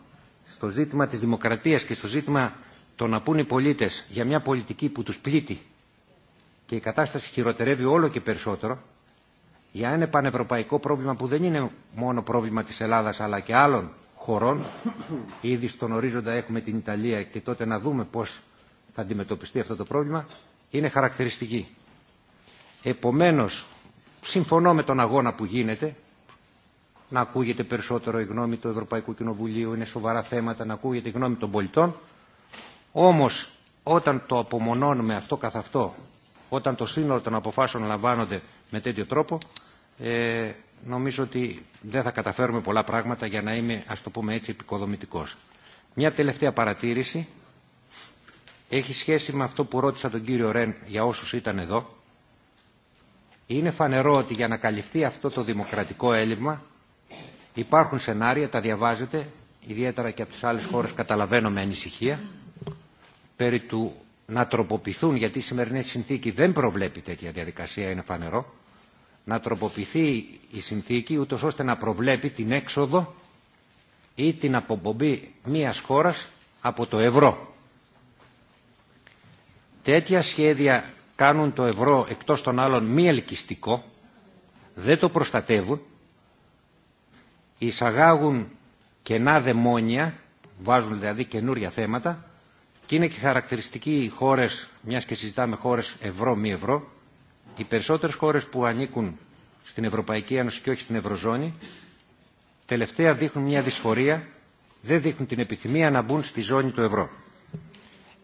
στο ζήτημα της δημοκρατίας και στο ζήτημα το να πούν οι πολίτες για μια πολιτική που τους πλήττει και η κατάσταση χειροτερεύει όλο και περισσότερο για ένα πανευρωπαϊκό πρόβλημα που δεν είναι μόνο πρόβλημα της Ελλάδας αλλά και άλλων χωρών ήδη στον ορίζοντα έχουμε την Ιταλία και τότε να δούμε πώς θα αντιμετωπιστεί αυτό το πρόβλημα είναι χαρακτηριστική. Επομένως, συμφωνώ με τον αγώνα που γίνεται, να ακούγεται περισσότερο η γνώμη του Ευρωπαϊκού Κοινοβουλίου, είναι σοβαρά θέματα, να ακούγεται η γνώμη των πολιτών, όμως όταν το απομονώνουμε αυτό καθ' αυτό, όταν το σύνολο των αποφάσεων λαμβάνονται με τέτοιο τρόπο, ε, νομίζω ότι δεν θα καταφέρουμε πολλά πράγματα για να είμαι, ας το πούμε έτσι, επικοδομητικός. Μια τελευταία παρατήρηση έχει σχέση με αυτό που ρώτησα τον κύριο Ρεν για όσους ήταν εδώ. Είναι φανερό ότι για να καλυφθεί αυτό το δημοκρατικό έλλειμμα υπάρχουν σενάρια, τα διαβάζετε, ιδιαίτερα και από τις άλλες χώρες καταλαβαίνω με ανησυχία, περί του να τροποποιηθούν, γιατί η σημερινή συνθήκη δεν προβλέπει τέτοια διαδικασία, είναι φανερό, να τροποποιηθεί η συνθήκη ούτω ώστε να προβλέπει την έξοδο ή την αποπομπή μιας χώρας από το ευρώ τέτοια σχέδια κάνουν το ευρώ εκτός των άλλων μη ελκυστικό, δεν το προστατεύουν, εισαγάγουν κενά δαιμόνια, βάζουν δηλαδή καινούρια θέματα και είναι και χαρακτηριστικοί οι χώρες, μιας και συζητάμε χώρες ευρώ μη ευρώ, οι περισσότερες χώρες που ανήκουν στην Ευρωπαϊκή Ένωση και όχι στην Ευρωζώνη, τελευταία δείχνουν μια δυσφορία, δεν δείχνουν την επιθυμία να μπουν στη ζώνη του ευρώ.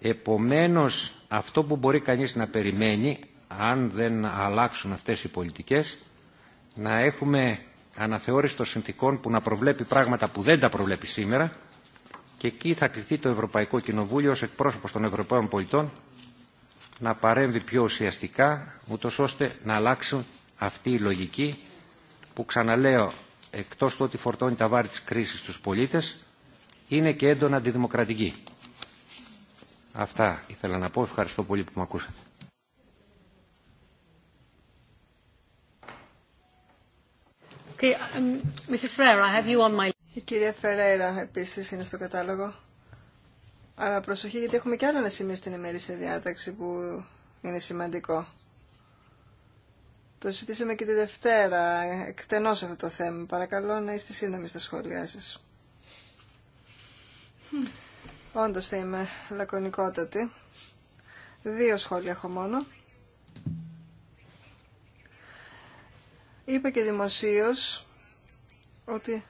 Επομένως, αυτό που μπορεί κανείς να περιμένει αν δεν αλλάξουν αυτές οι πολιτικές να έχουμε αναθεώρηση των συνθήκων που να προβλέπει πράγματα που δεν τα προβλέπει σήμερα και εκεί θα κριθεί το Ευρωπαϊκό Κοινοβούλιο ως εκπρόσωπος των Ευρωπαίων πολιτών να παρέμβει πιο ουσιαστικά ούτως ώστε να αλλάξουν αυτή η λογική που ξαναλέω εκτός του ότι φορτώνει τα βάρη της κρίσης στους πολίτες είναι και έντονα αντιδημοκρατική. Αυτά ήθελα να πω. Ευχαριστώ πολύ που με ακούσατε.
Um,
Η κυρία Φεραίρα επίση είναι στο κατάλογο. Αλλά προσοχή γιατί έχουμε και άλλο ένα σημείο στην ημερήσια διάταξη που είναι σημαντικό. Το ζητήσαμε και τη Δευτέρα, Εκτενώ αυτό το θέμα. Παρακαλώ να είστε σύντομοι στα σχόλιά σα. Hmm. Όντως θα είμαι λακωνικότατη. Δύο σχόλια έχω μόνο. Είπα και δημοσίως ότι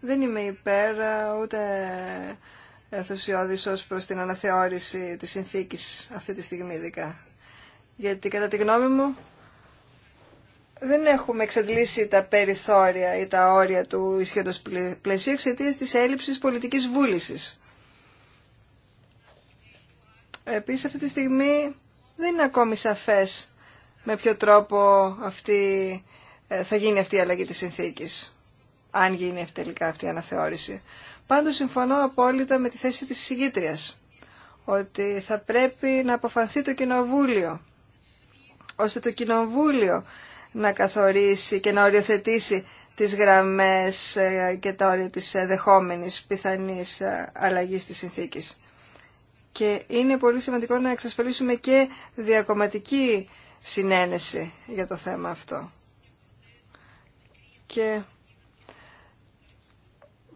δεν είμαι υπέρ ούτε ενθουσιώδης ως προς την αναθεώρηση της συνθήκης αυτή τη στιγμή ειδικά. Γιατί κατά τη γνώμη μου δεν έχουμε εξαντλήσει τα περιθώρια ή τα όρια του ισχυρός πλαισίου εξαιτία της έλλειψης πολιτικής βούλησης. Επίσης αυτή τη στιγμή δεν είναι ακόμη σαφές με ποιο τρόπο αυτή, ε, θα γίνει αυτή η αλλαγή της συνθήκης, αν γίνει τελικά αυτή η αναθεώρηση. Πάντως συμφωνώ απόλυτα με τη θέση της συγκήτριας, ότι θα πρέπει να αποφανθεί το Κοινοβούλιο, ώστε το Κοινοβούλιο να καθορίσει και να οριοθετήσει τις γραμμές ε, και τα όρια της ε, δεχόμενης πιθανής αλλαγής της συνθήκης. Και είναι πολύ σημαντικό να εξασφαλίσουμε και διακομματική συνένεση για το θέμα αυτό. Και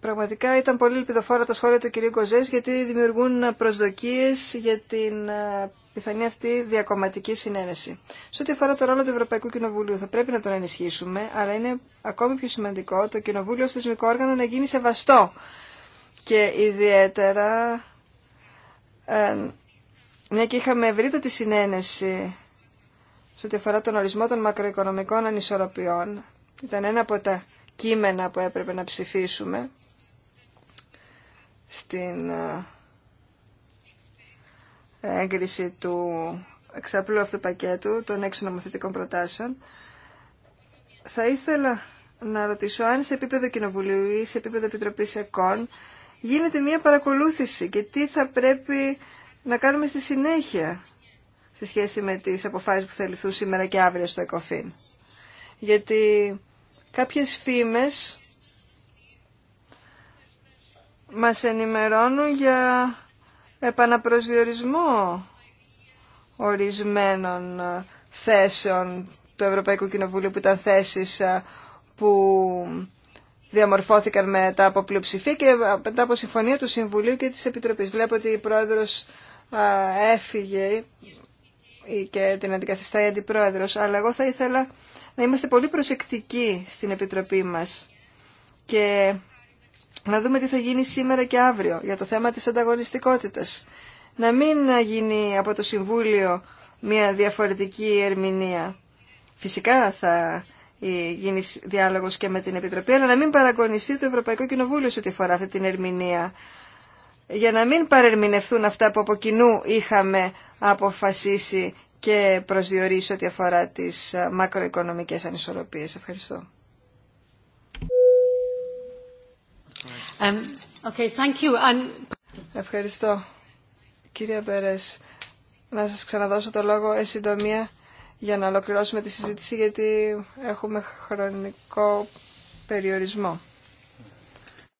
πραγματικά ήταν πολύ ελπιδοφόρα τα σχόλια του κυρίου Κοζές γιατί δημιουργούν προσδοκίες για την ε, πιθανή αυτή διακομματική συνένεση. Σε ό,τι αφορά το ρόλο του Ευρωπαϊκού Κοινοβουλίου, θα πρέπει να τον ενισχύσουμε, αλλά είναι ακόμη πιο σημαντικό το Κοινοβούλιο ως θεσμικό όργανο να γίνει σεβαστό. Και ιδιαίτερα μια και είχαμε ευρύτατη συνένεση σε ό,τι αφορά τον ορισμό των μακροοικονομικών ανισορροπιών, ήταν ένα από τα κείμενα που έπρεπε να ψηφίσουμε στην ε, έγκριση του εξαπλού αυτού πακέτου των έξι νομοθετικών προτάσεων. Θα ήθελα να ρωτήσω αν σε επίπεδο Κοινοβουλίου ή σε επίπεδο Επιτροπής ΕΚΟΝ γίνεται μια παρακολούθηση και τι θα πρέπει να κάνουμε στη συνέχεια σε σχέση με τις αποφάσεις που θα ληφθούν σήμερα και αύριο στο ΕΚΟΦΗΝ. Γιατί κάποιες φήμες μας ενημερώνουν για επαναπροσδιορισμό ορισμένων θέσεων του Ευρωπαϊκού Κοινοβουλίου που ήταν θέσεις που διαμορφώθηκαν μετά από πλειοψηφία και μετά από συμφωνία του Συμβουλίου και της Επιτροπής. Βλέπω ότι η Πρόεδρος έφυγε και την αντικαθιστάει η Αντιπρόεδρος, αλλά εγώ θα ήθελα να είμαστε πολύ προσεκτικοί στην Επιτροπή μας και να δούμε τι θα γίνει σήμερα και αύριο για το θέμα της ανταγωνιστικότητας. Να μην γίνει από το Συμβούλιο μια διαφορετική ερμηνεία. Φυσικά θα ε, γίνει διάλογος και με την Επιτροπή, αλλά να μην παραγωνιστεί το Ευρωπαϊκό Κοινοβούλιο σε ό,τι αφορά αυτή την ερμηνεία. Για να μην παρερμηνευτούν αυτά που από κοινού είχαμε αποφασίσει και προσδιορίσει ό,τι αφορά τις ε, μακροοικονομικές ανισορροπίες. Ευχαριστώ.
Um, okay, thank you.
Ευχαριστώ. Κύριε Μπερές, να σας ξαναδώσω το λόγο εν συντομία για να ολοκληρώσουμε τη συζήτηση γιατί έχουμε χρονικό
περιορισμό.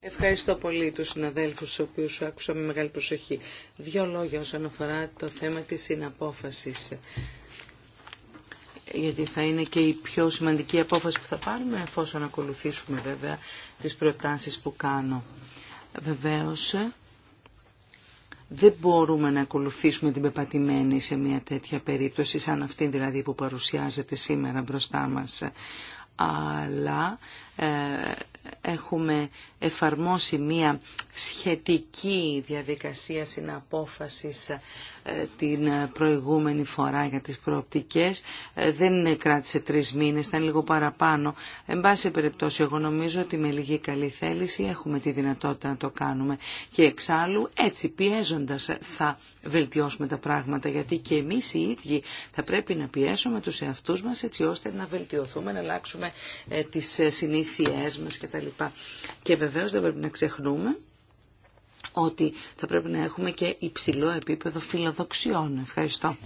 Ευχαριστώ πολύ τους συναδέλφου του οποίους άκουσα με μεγάλη προσοχή. Δύο λόγια όσον αφορά το θέμα της συναπόφαση. Γιατί θα είναι και η πιο σημαντική απόφαση που θα πάρουμε εφόσον ακολουθήσουμε βέβαια τις προτάσει που κάνω. Βεβαιώ δεν μπορούμε να ακολουθήσουμε την πεπατημένη σε μια τέτοια περίπτωση, σαν αυτή δηλαδή που παρουσιάζεται σήμερα μπροστά μας. Αλλά ε, έχουμε εφαρμόσει μια σχετική διαδικασία συναπόφασης ε, την προηγούμενη φορά για τις προοπτικές. Ε, δεν κράτησε τρεις μήνες, ήταν λίγο παραπάνω. Εν πάση περιπτώσει, εγώ νομίζω ότι με λίγη καλή θέληση έχουμε τη δυνατότητα να το κάνουμε. Και εξάλλου, έτσι πιέζοντας ε, θα βελτιώσουμε τα πράγματα, γιατί και εμείς οι ίδιοι θα πρέπει να πιέσουμε τους εαυτούς μας έτσι ώστε να βελτιωθούμε, να αλλάξουμε τις συνήθειές μας κτλ. Και βεβαίως δεν πρέπει να ξεχνούμε ότι θα πρέπει να έχουμε και υψηλό επίπεδο φιλοδοξιών. Ευχαριστώ.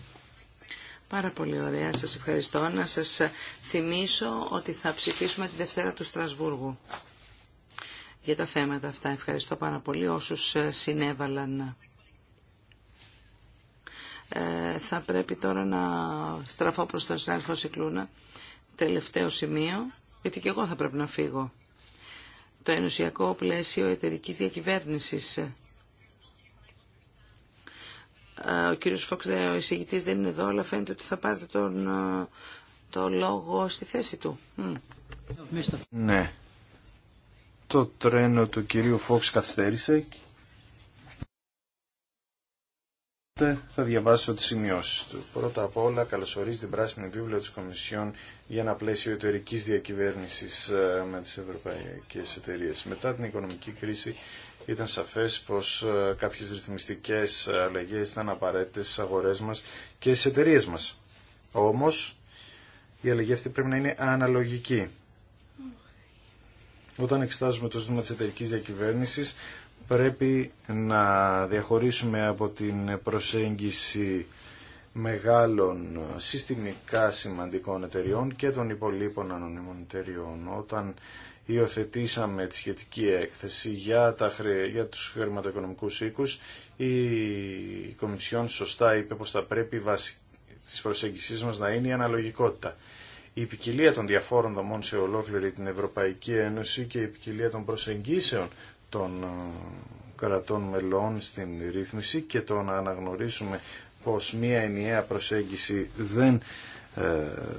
Πάρα πολύ ωραία. Σας ευχαριστώ. Να σας θυμίσω ότι θα ψηφίσουμε τη Δευτέρα του Στρασβούργου για τα θέματα αυτά. Ευχαριστώ πάρα πολύ όσους ε, συνέβαλαν. Ε, θα πρέπει τώρα να στραφώ προς τον συνάδελφο Σικλούνα. Τελευταίο σημείο, γιατί και εγώ θα πρέπει να φύγω. Το ενωσιακό πλαίσιο εταιρικής διακυβέρνησης ο κύριος Φόξ, ο εισηγητής δεν είναι εδώ, αλλά φαίνεται ότι θα πάρει τον, το λόγο στη θέση του.
Ναι. Το τρένο του κυρίου Φόξ καθυστέρησε. Θα διαβάσω τις σημειώσεις του. Πρώτα απ' όλα καλωσορίζει την πράσινη βίβλο της Κομισιόν για ένα πλαίσιο εταιρική διακυβέρνησης ε, με τις ευρωπαϊκές εταιρείες. Μετά την οικονομική κρίση ήταν σαφές πως ε, κάποιες ρυθμιστικές αλλαγές ήταν απαραίτητες στις αγορές μας και στις εταιρείε μας. Όμως η αλλαγή αυτή πρέπει να είναι αναλογική. Όταν εξετάζουμε το ζήτημα της εταιρικής διακυβέρνησης πρέπει να διαχωρίσουμε από την προσέγγιση μεγάλων συστημικά σημαντικών εταιριών και των υπολείπων ανωνύμων εταιριών. Όταν υιοθετήσαμε τη σχετική έκθεση για, τα, για τους χρηματοοικονομικούς οίκους. Η Κομισιόν σωστά είπε πως θα πρέπει βάση της προσέγγισής μας να είναι η αναλογικότητα. Η ποικιλία των διαφόρων δομών σε ολόκληρη την Ευρωπαϊκή Ένωση και η ποικιλία των προσεγγίσεων των ε, κρατών μελών στην ρύθμιση και το να αναγνωρίσουμε πως μία ενιαία προσέγγιση δεν ε,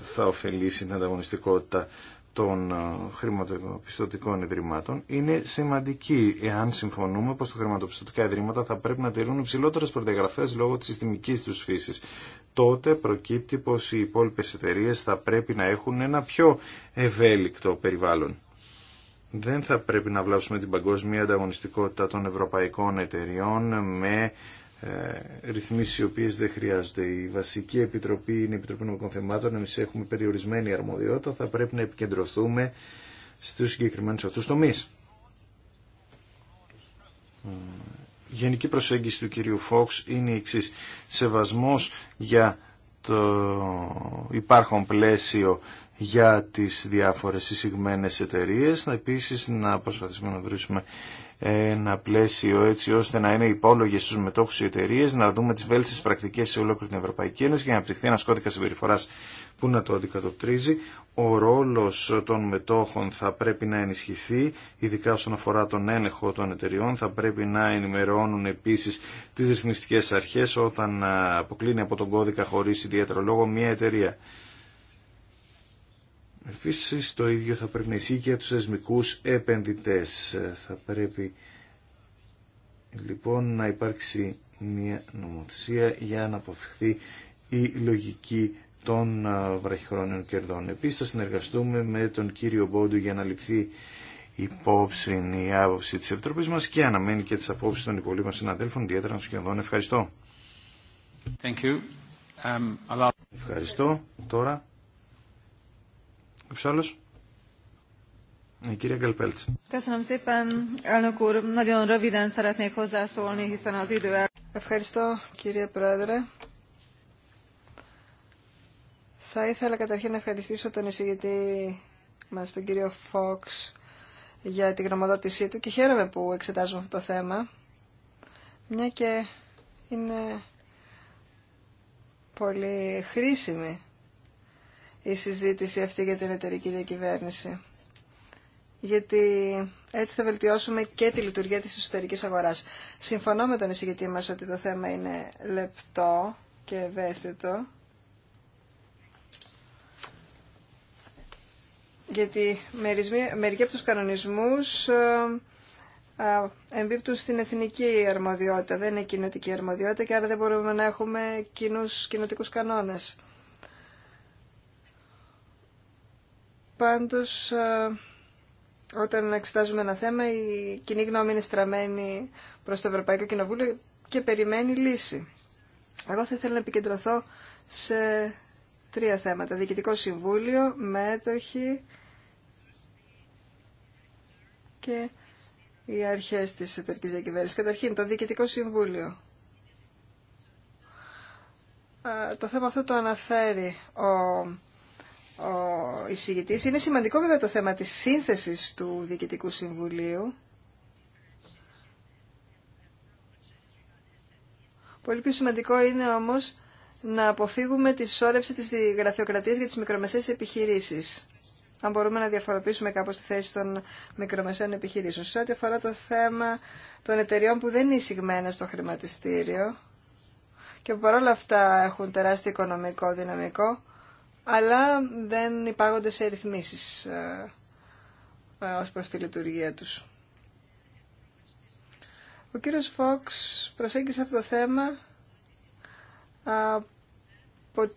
θα ωφελήσει την ανταγωνιστικότητα των ε, χρηματοπιστωτικών ιδρυμάτων είναι σημαντική εάν συμφωνούμε πως τα χρηματοπιστωτικά ιδρύματα θα πρέπει να τηρούν υψηλότερες προδιαγραφές λόγω της συστημικής τους φύσης. Τότε προκύπτει πως οι υπόλοιπες εταιρείες θα πρέπει να έχουν ένα πιο ευέλικτο περιβάλλον. Δεν θα πρέπει να βλάψουμε την παγκόσμια ανταγωνιστικότητα των ευρωπαϊκών εταιριών με ε, ρυθμίσει οι οποίε δεν χρειάζονται. Η βασική επιτροπή είναι η Επιτροπή Νομικών Θεμάτων. Εμεί έχουμε περιορισμένη αρμοδιότητα. Θα πρέπει να επικεντρωθούμε στου συγκεκριμένου αυτού τομεί. Η ε, γενική προσέγγιση του κυρίου Φόξ είναι η εξή σεβασμό για το υπάρχον πλαίσιο για τις διάφορες εισηγμένες εταιρείες. Επίσης να προσπαθήσουμε να βρίσουμε ένα πλαίσιο έτσι ώστε να είναι υπόλογε στου μετόχου οι εταιρείε, να δούμε τι βέλτιστε πρακτικέ σε ολόκληρη την Ευρωπαϊκή Ένωση για να απτυχθεί ένα κώδικα συμπεριφορά που να το αντικατοπτρίζει. Ο ρόλο των μετόχων θα πρέπει να ενισχυθεί, ειδικά όσον αφορά τον έλεγχο των εταιριών. Θα πρέπει να ενημερώνουν επίση τι ρυθμιστικέ αρχέ όταν αποκλίνει από τον κώδικα χωρί ιδιαίτερο λόγο μια εταιρεία. Επίσης το ίδιο θα πρέπει να ισχύει και για τους θεσμικούς επενδυτές. Θα πρέπει λοιπόν να υπάρξει μια νομοθεσία για να αποφευχθεί η λογική των βραχυχρόνιων κερδών. Επίσης θα συνεργαστούμε με τον κύριο Μπόντου για να ληφθεί υπόψη η άποψη της Επιτροπής μας και αναμένει και τις απόψεις των υπολείπων συναδέλφων, ιδιαίτερα των σχεδόν. Ευχαριστώ. Um, Ευχαριστώ. Τώρα κυρία
Ευχαριστώ κύριε Πρόεδρε. Θα ήθελα καταρχήν να ευχαριστήσω τον εισηγητή μα τον κύριο Φόξ, για την γνωμοδότησή του και χαίρομαι που εξετάζουμε αυτό το θέμα, μια και είναι πολύ χρήσιμη η συζήτηση αυτή για την εταιρική διακυβέρνηση. Γιατί έτσι θα βελτιώσουμε και τη λειτουργία της εσωτερικής αγοράς. Συμφωνώ με τον εισηγητή μας ότι το θέμα είναι λεπτό και ευαίσθητο. Γιατί μερικοί από τους κανονισμούς ε, ε, εμπίπτουν στην εθνική αρμοδιότητα, δεν είναι κοινωτική αρμοδιότητα και άρα δεν μπορούμε να έχουμε κοινούς κοινωτικούς κανόνες. Πάντως, ε, όταν εξετάζουμε ένα θέμα, η κοινή γνώμη είναι στραμμένη προς το Ευρωπαϊκό Κοινοβούλιο και περιμένει λύση. Εγώ θα ήθελα να επικεντρωθώ σε τρία θέματα. Διοικητικό Συμβούλιο, μέτοχη και οι αρχές της εταιρικής διακυβέρνησης. Καταρχήν, το Διοικητικό Συμβούλιο. Ε, το θέμα αυτό το αναφέρει ο ο εισηγητής. Είναι σημαντικό βέβαια το θέμα της σύνθεσης του Διοικητικού Συμβουλίου. Πολύ πιο σημαντικό είναι όμως να αποφύγουμε τη σώρευση της γραφειοκρατίας για τις μικρομεσαίες επιχειρήσεις. Αν μπορούμε να διαφοροποιήσουμε κάπως τη θέση των μικρομεσαίων επιχειρήσεων. Σε ό,τι αφορά το θέμα των εταιριών που δεν είναι εισηγμένα στο χρηματιστήριο και που παρόλα αυτά έχουν τεράστιο οικονομικό δυναμικό, αλλά δεν υπάγονται σε ρυθμίσεις ε, ε, ως προς τη λειτουργία τους. Ο κύριος Φόξ προσέγγισε αυτό το θέμα από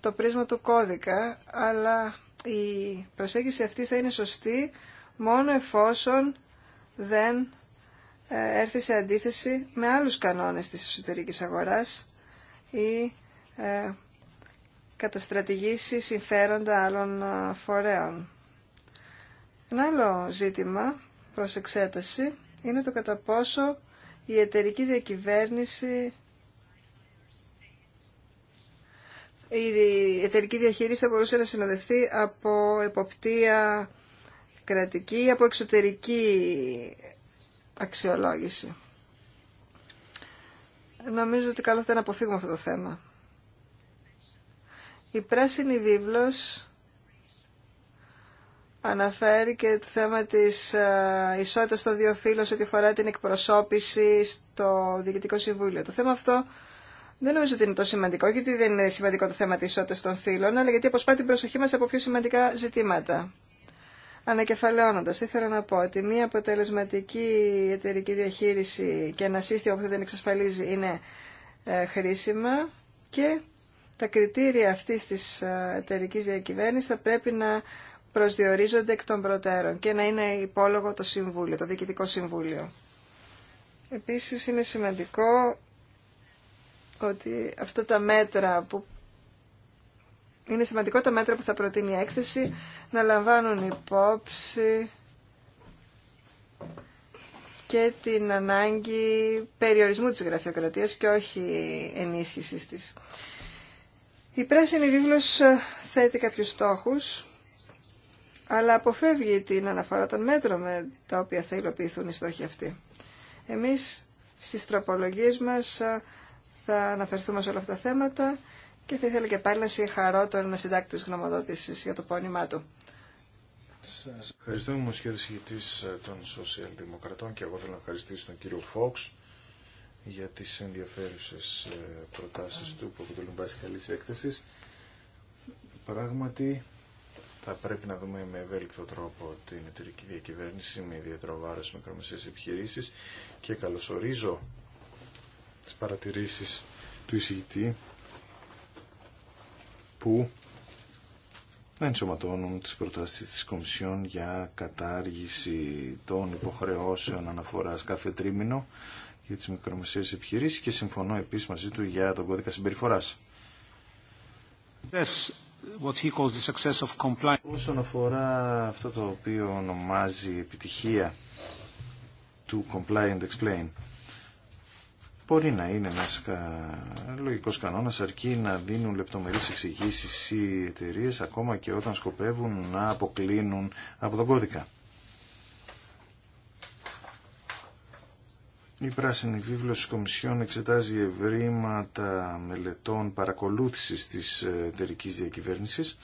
το πρίσμα του κώδικα, αλλά η προσέγγιση αυτή θα είναι σωστή μόνο εφόσον δεν ε, έρθει σε αντίθεση με άλλους κανόνες της εσωτερικής αγοράς ή καταστρατηγήσει συμφέροντα άλλων φορέων. Ένα άλλο ζήτημα προς εξέταση είναι το κατά πόσο η εταιρική διακυβέρνηση η εταιρική διαχείριση θα μπορούσε να συνοδευτεί από εποπτεία κρατική ή από εξωτερική αξιολόγηση. Νομίζω ότι καλό θα είναι να αποφύγουμε αυτό το θέμα. Η πράσινη βίβλος αναφέρει και το θέμα της ε, ισότητας των δύο φύλων ό,τι αφορά την εκπροσώπηση στο Διοικητικό Συμβούλιο. Το θέμα αυτό δεν νομίζω ότι είναι το σημαντικό, γιατί δεν είναι σημαντικό το θέμα της ισότητας των φύλων, αλλά γιατί αποσπά την προσοχή μας από πιο σημαντικά ζητήματα. Ανακεφαλαιώνοντας, ήθελα να πω ότι μία αποτελεσματική εταιρική διαχείριση και ένα σύστημα που θα την εξασφαλίζει είναι ε, χρήσιμα και τα κριτήρια αυτής της ε, εταιρική διακυβέρνησης θα πρέπει να προσδιορίζονται εκ των προτέρων και να είναι υπόλογο το Συμβούλιο, το Διοικητικό Συμβούλιο. Επίσης είναι σημαντικό ότι αυτά τα μέτρα που είναι σημαντικό τα μέτρα που θα προτείνει η έκθεση να λαμβάνουν υπόψη και την ανάγκη περιορισμού της γραφειοκρατίας και όχι ενίσχυσης της. Η πράσινη βίβλος ε, θέτει κάποιους στόχους, αλλά αποφεύγει την αναφορά των μέτρων με τα οποία θα υλοποιηθούν οι στόχοι αυτοί. Εμείς στις τροπολογίες μας ε, θα αναφερθούμε σε όλα αυτά τα θέματα και θα ήθελα και πάλι να συγχαρώ τον συντάκτη της γνωμοδότησης για το πόνημά του.
Σας ευχαριστώ, είμαι ο ε, των Σοσιαλδημοκρατών και εγώ θέλω να ευχαριστήσω τον κύριο Φόξ για τις ενδιαφέρουσες ε, προτάσεις του που αποτελούν βάση καλή έκθεσης. Πράγματι, θα πρέπει να δούμε με ευέλικτο τρόπο την εταιρική διακυβέρνηση με ιδιαίτερο βάρος μικρομεσαίες επιχειρήσεις και καλωσορίζω τις παρατηρήσεις του εισηγητή που ενσωματώνουν τις προτάσεις της Κομισιόν για κατάργηση των υποχρεώσεων αναφοράς κάθε τρίμηνο για τις μικρομεσαίες επιχειρήσεις και συμφωνώ επίσης μαζί του για τον κώδικα συμπεριφοράς. what the success of Όσον αφορά αυτό το οποίο ονομάζει επιτυχία του Comply and Explain, μπορεί να είναι ένας λογικό κανόνα αρκεί να δίνουν λεπτομερείς εξηγήσει οι εταιρείε ακόμα και όταν σκοπεύουν να αποκλίνουν από τον κώδικα. Η πράσινη βίβλος της Κομισιόν εξετάζει ευρήματα μελετών παρακολούθησης της ε, εταιρική διακυβέρνησης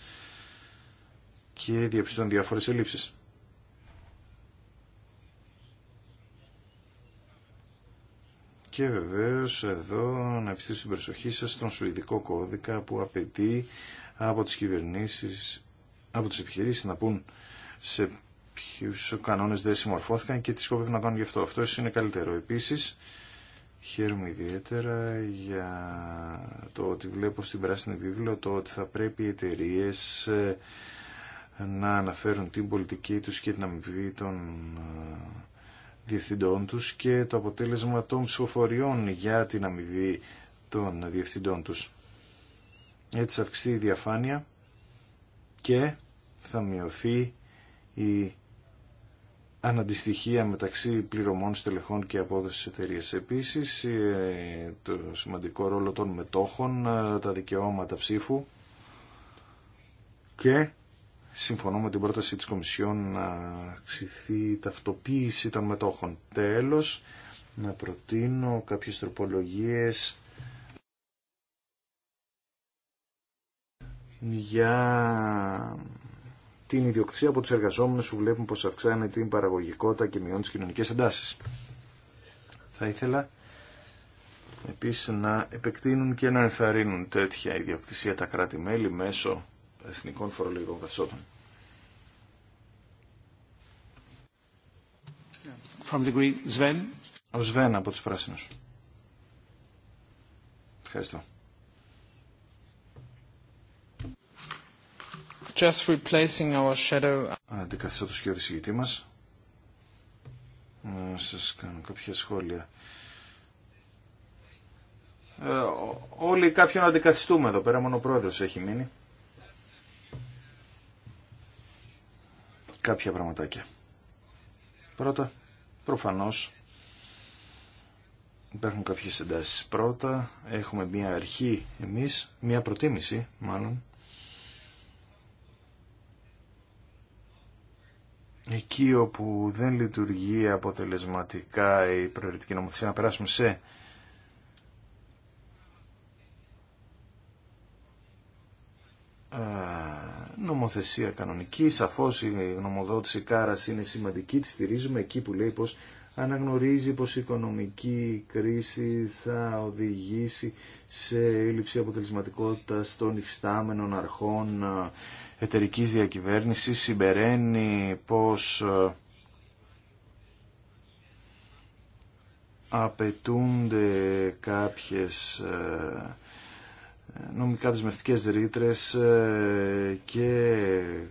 και διαπιστώνει διάφορες ελλείψεις. Και βεβαίως εδώ να επιστήσω την προσοχή σας στον Σουηδικό κώδικα που απαιτεί από τις κυβερνήσεις, από τις επιχειρήσεις να πούν σε ποιου κανόνε δεν συμμορφώθηκαν και τι σκοπεύουν να κάνουν γι' αυτό. Αυτό είναι καλύτερο. Επίση, χαίρομαι ιδιαίτερα για το ότι βλέπω στην πράσινη βίβλο το ότι θα πρέπει οι εταιρείε ε, να αναφέρουν την πολιτική τους και την αμοιβή των ε, διευθυντών τους και το αποτέλεσμα των ψηφοφοριών για την αμοιβή των διευθυντών τους. Έτσι αυξηθεί η διαφάνεια και θα μειωθεί η αναντιστοιχεία μεταξύ πληρωμών στελεχών και απόδοσης εταιρεία. Επίσης, ε, το σημαντικό ρόλο των μετόχων, ε, τα δικαιώματα ψήφου και συμφωνώ με την πρόταση της Κομισιόν να αυξηθεί η ταυτοποίηση των μετόχων. Τέλος, να προτείνω κάποιες τροπολογίες για την ιδιοκτησία από του εργαζόμενου που βλέπουν πως αυξάνεται την παραγωγικότητα και μειώνει τι κοινωνικές εντάσει. Θα ήθελα επίσης να επεκτείνουν και να ενθαρρύνουν τέτοια ιδιοκτησία τα κράτη-μέλη μέσω εθνικών φορολογικών βασότων. From the Greek, Ο Σβέν από τους Πράσινους. Ευχαριστώ. just replacing our shadow. Αντικαθιστώ το μας. Να σας κάνω κάποια σχόλια. Ε, όλοι κάποιον αντικαθιστούμε εδώ πέρα, μόνο ο πρόεδρος έχει μείνει. Κάποια πραγματάκια. Πρώτα, προφανώς, υπάρχουν κάποιες εντάσεις. Πρώτα, έχουμε μία αρχή εμείς, μία προτίμηση μάλλον, εκεί όπου δεν λειτουργεί αποτελεσματικά η προαιρετική νομοθεσία να περάσουμε σε ε, νομοθεσία κανονική. Σαφώς η γνωμοδότηση Κάρας είναι σημαντική, τη στηρίζουμε εκεί που λέει πως αναγνωρίζει πως η οικονομική κρίση θα οδηγήσει σε έλλειψη αποτελεσματικότητας των υφιστάμενων αρχών ε, εταιρικής διακυβέρνησης, συμπεραίνει πως ε, απαιτούνται κάποιες ε, νομικά δεσμευτικές ρήτρες και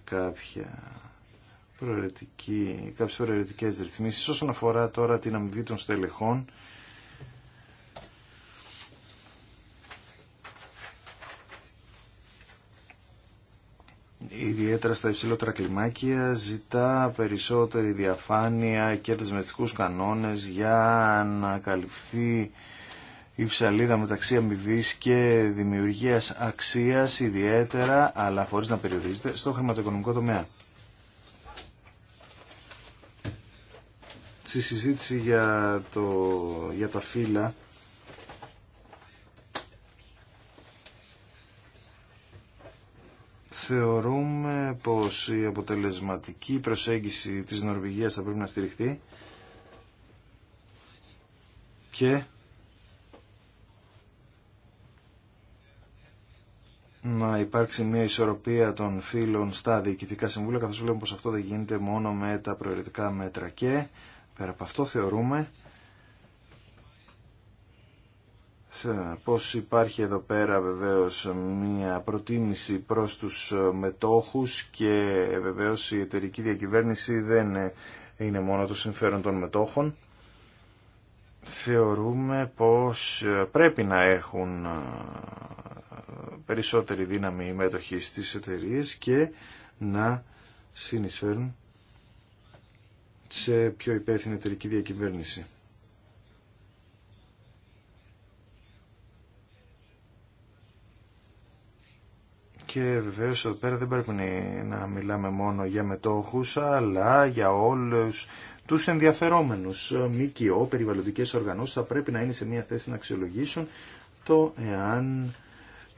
κάποια προαιρετική, κάποιες προαιρετικές ρυθμίσεις. Όσον αφορά τώρα την αμοιβή των στελεχών, ιδιαίτερα στα υψηλότερα κλιμάκια, ζητά περισσότερη διαφάνεια και δεσμευτικούς κανόνες για να καλυφθεί η ψαλίδα μεταξύ αμοιβή και δημιουργίας αξίας ιδιαίτερα, αλλά χωρίς να περιορίζεται, στο χρηματοοικονομικό τομέα. στη συζήτηση για, το, για τα φύλλα θεωρούμε πως η αποτελεσματική προσέγγιση της Νορβηγίας θα πρέπει να στηριχτεί και να υπάρξει μια ισορροπία των φίλων στα διοικητικά συμβούλια καθώς βλέπουμε πως αυτό δεν γίνεται μόνο με τα προαιρετικά μέτρα και Πέρα από αυτό θεωρούμε πως υπάρχει εδώ πέρα βεβαίως μια προτίμηση προς τους ε, μετόχους και ε, βεβαίως η εταιρική διακυβέρνηση δεν ε, είναι μόνο το συμφέρον των μετόχων. Θεωρούμε πως πρέπει να έχουν περισσότερη δύναμη οι μέτοχοι στις εταιρείες και να συνεισφέρουν σε πιο υπεύθυνη εταιρική διακυβέρνηση. Και βεβαίω εδώ πέρα δεν πρέπει να μιλάμε μόνο για μετόχους, αλλά για όλους τους ενδιαφερόμενους. ΜΚΟ, περιβαλλοντικές οργανώσεις θα πρέπει να είναι σε μια θέση να αξιολογήσουν το εάν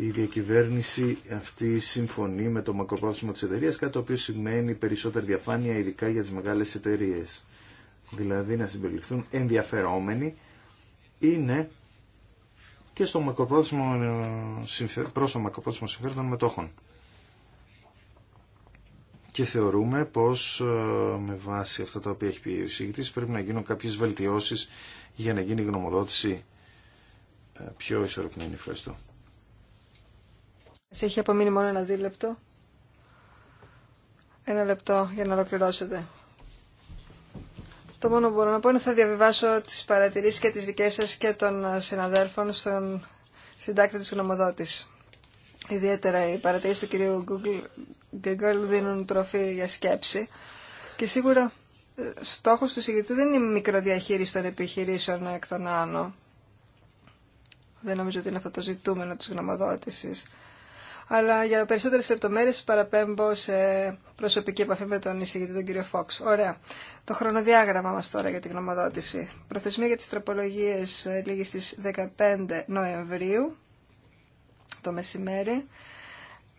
η διακυβέρνηση αυτή συμφωνεί με το μακροπρόθεσμο της εταιρείας, κάτι το οποίο σημαίνει περισσότερη διαφάνεια, ειδικά για τις μεγάλες εταιρείες. Δηλαδή να συμπεριληφθούν ενδιαφερόμενοι είναι και στο μακροπρόθεσμο, ε, προς το μακροπρόθεσμο συμφέρον των μετόχων. Και θεωρούμε πως ε, με βάση αυτά τα οποία έχει πει ο εισηγητής πρέπει να γίνουν κάποιες βελτιώσεις για να γίνει η γνωμοδότηση ε, πιο ισορροπημένη. Ευχαριστώ.
Σας έχει απομείνει μόνο ένα δίλεπτο. Ένα λεπτό για να ολοκληρώσετε. Το μόνο που μπορώ να πω είναι θα διαβιβάσω τις παρατηρήσεις και τις δικές σας και των συναδέλφων στον συντάκτη της γνωμοδότης. Ιδιαίτερα οι παρατηρήσεις του κυρίου Google, Google δίνουν τροφή για σκέψη και σίγουρα ε, στόχος του συγκεκριτού δεν είναι η μικροδιαχείριση των επιχειρήσεων εκ των άνω. Δεν νομίζω ότι είναι αυτό το ζητούμενο της γνωμοδότησης αλλά για περισσότερε λεπτομέρειε παραπέμπω σε προσωπική επαφή με τον εισηγητή τον κύριο Φόξ. Ωραία. Το χρονοδιάγραμμα μα τώρα για την γνωμοδότηση. Προθεσμία για τι τροπολογίε ε, λίγη στι 15 Νοεμβρίου το μεσημέρι.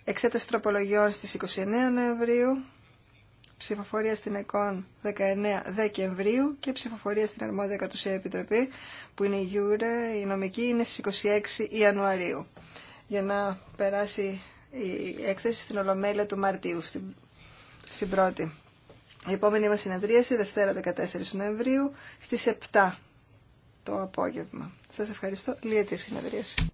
Εξέταση τροπολογιών στις 29 Νοεμβρίου. Ψηφοφορία στην ΕΚΟΝ 19 Δεκεμβρίου και ψηφοφορία στην Αρμόδια Κατουσία Επιτροπή που είναι η Γιούρε, η νομική είναι στις 26 Ιανουαρίου για να περάσει η έκθεση στην Ολομέλεια του Μαρτίου, στην, στην πρώτη. Η επόμενη μας συνεδρίαση, Δευτέρα 14 Νοεμβρίου, στις 7 το απόγευμα. Σας ευχαριστώ. Λίγη συνεδρίαση.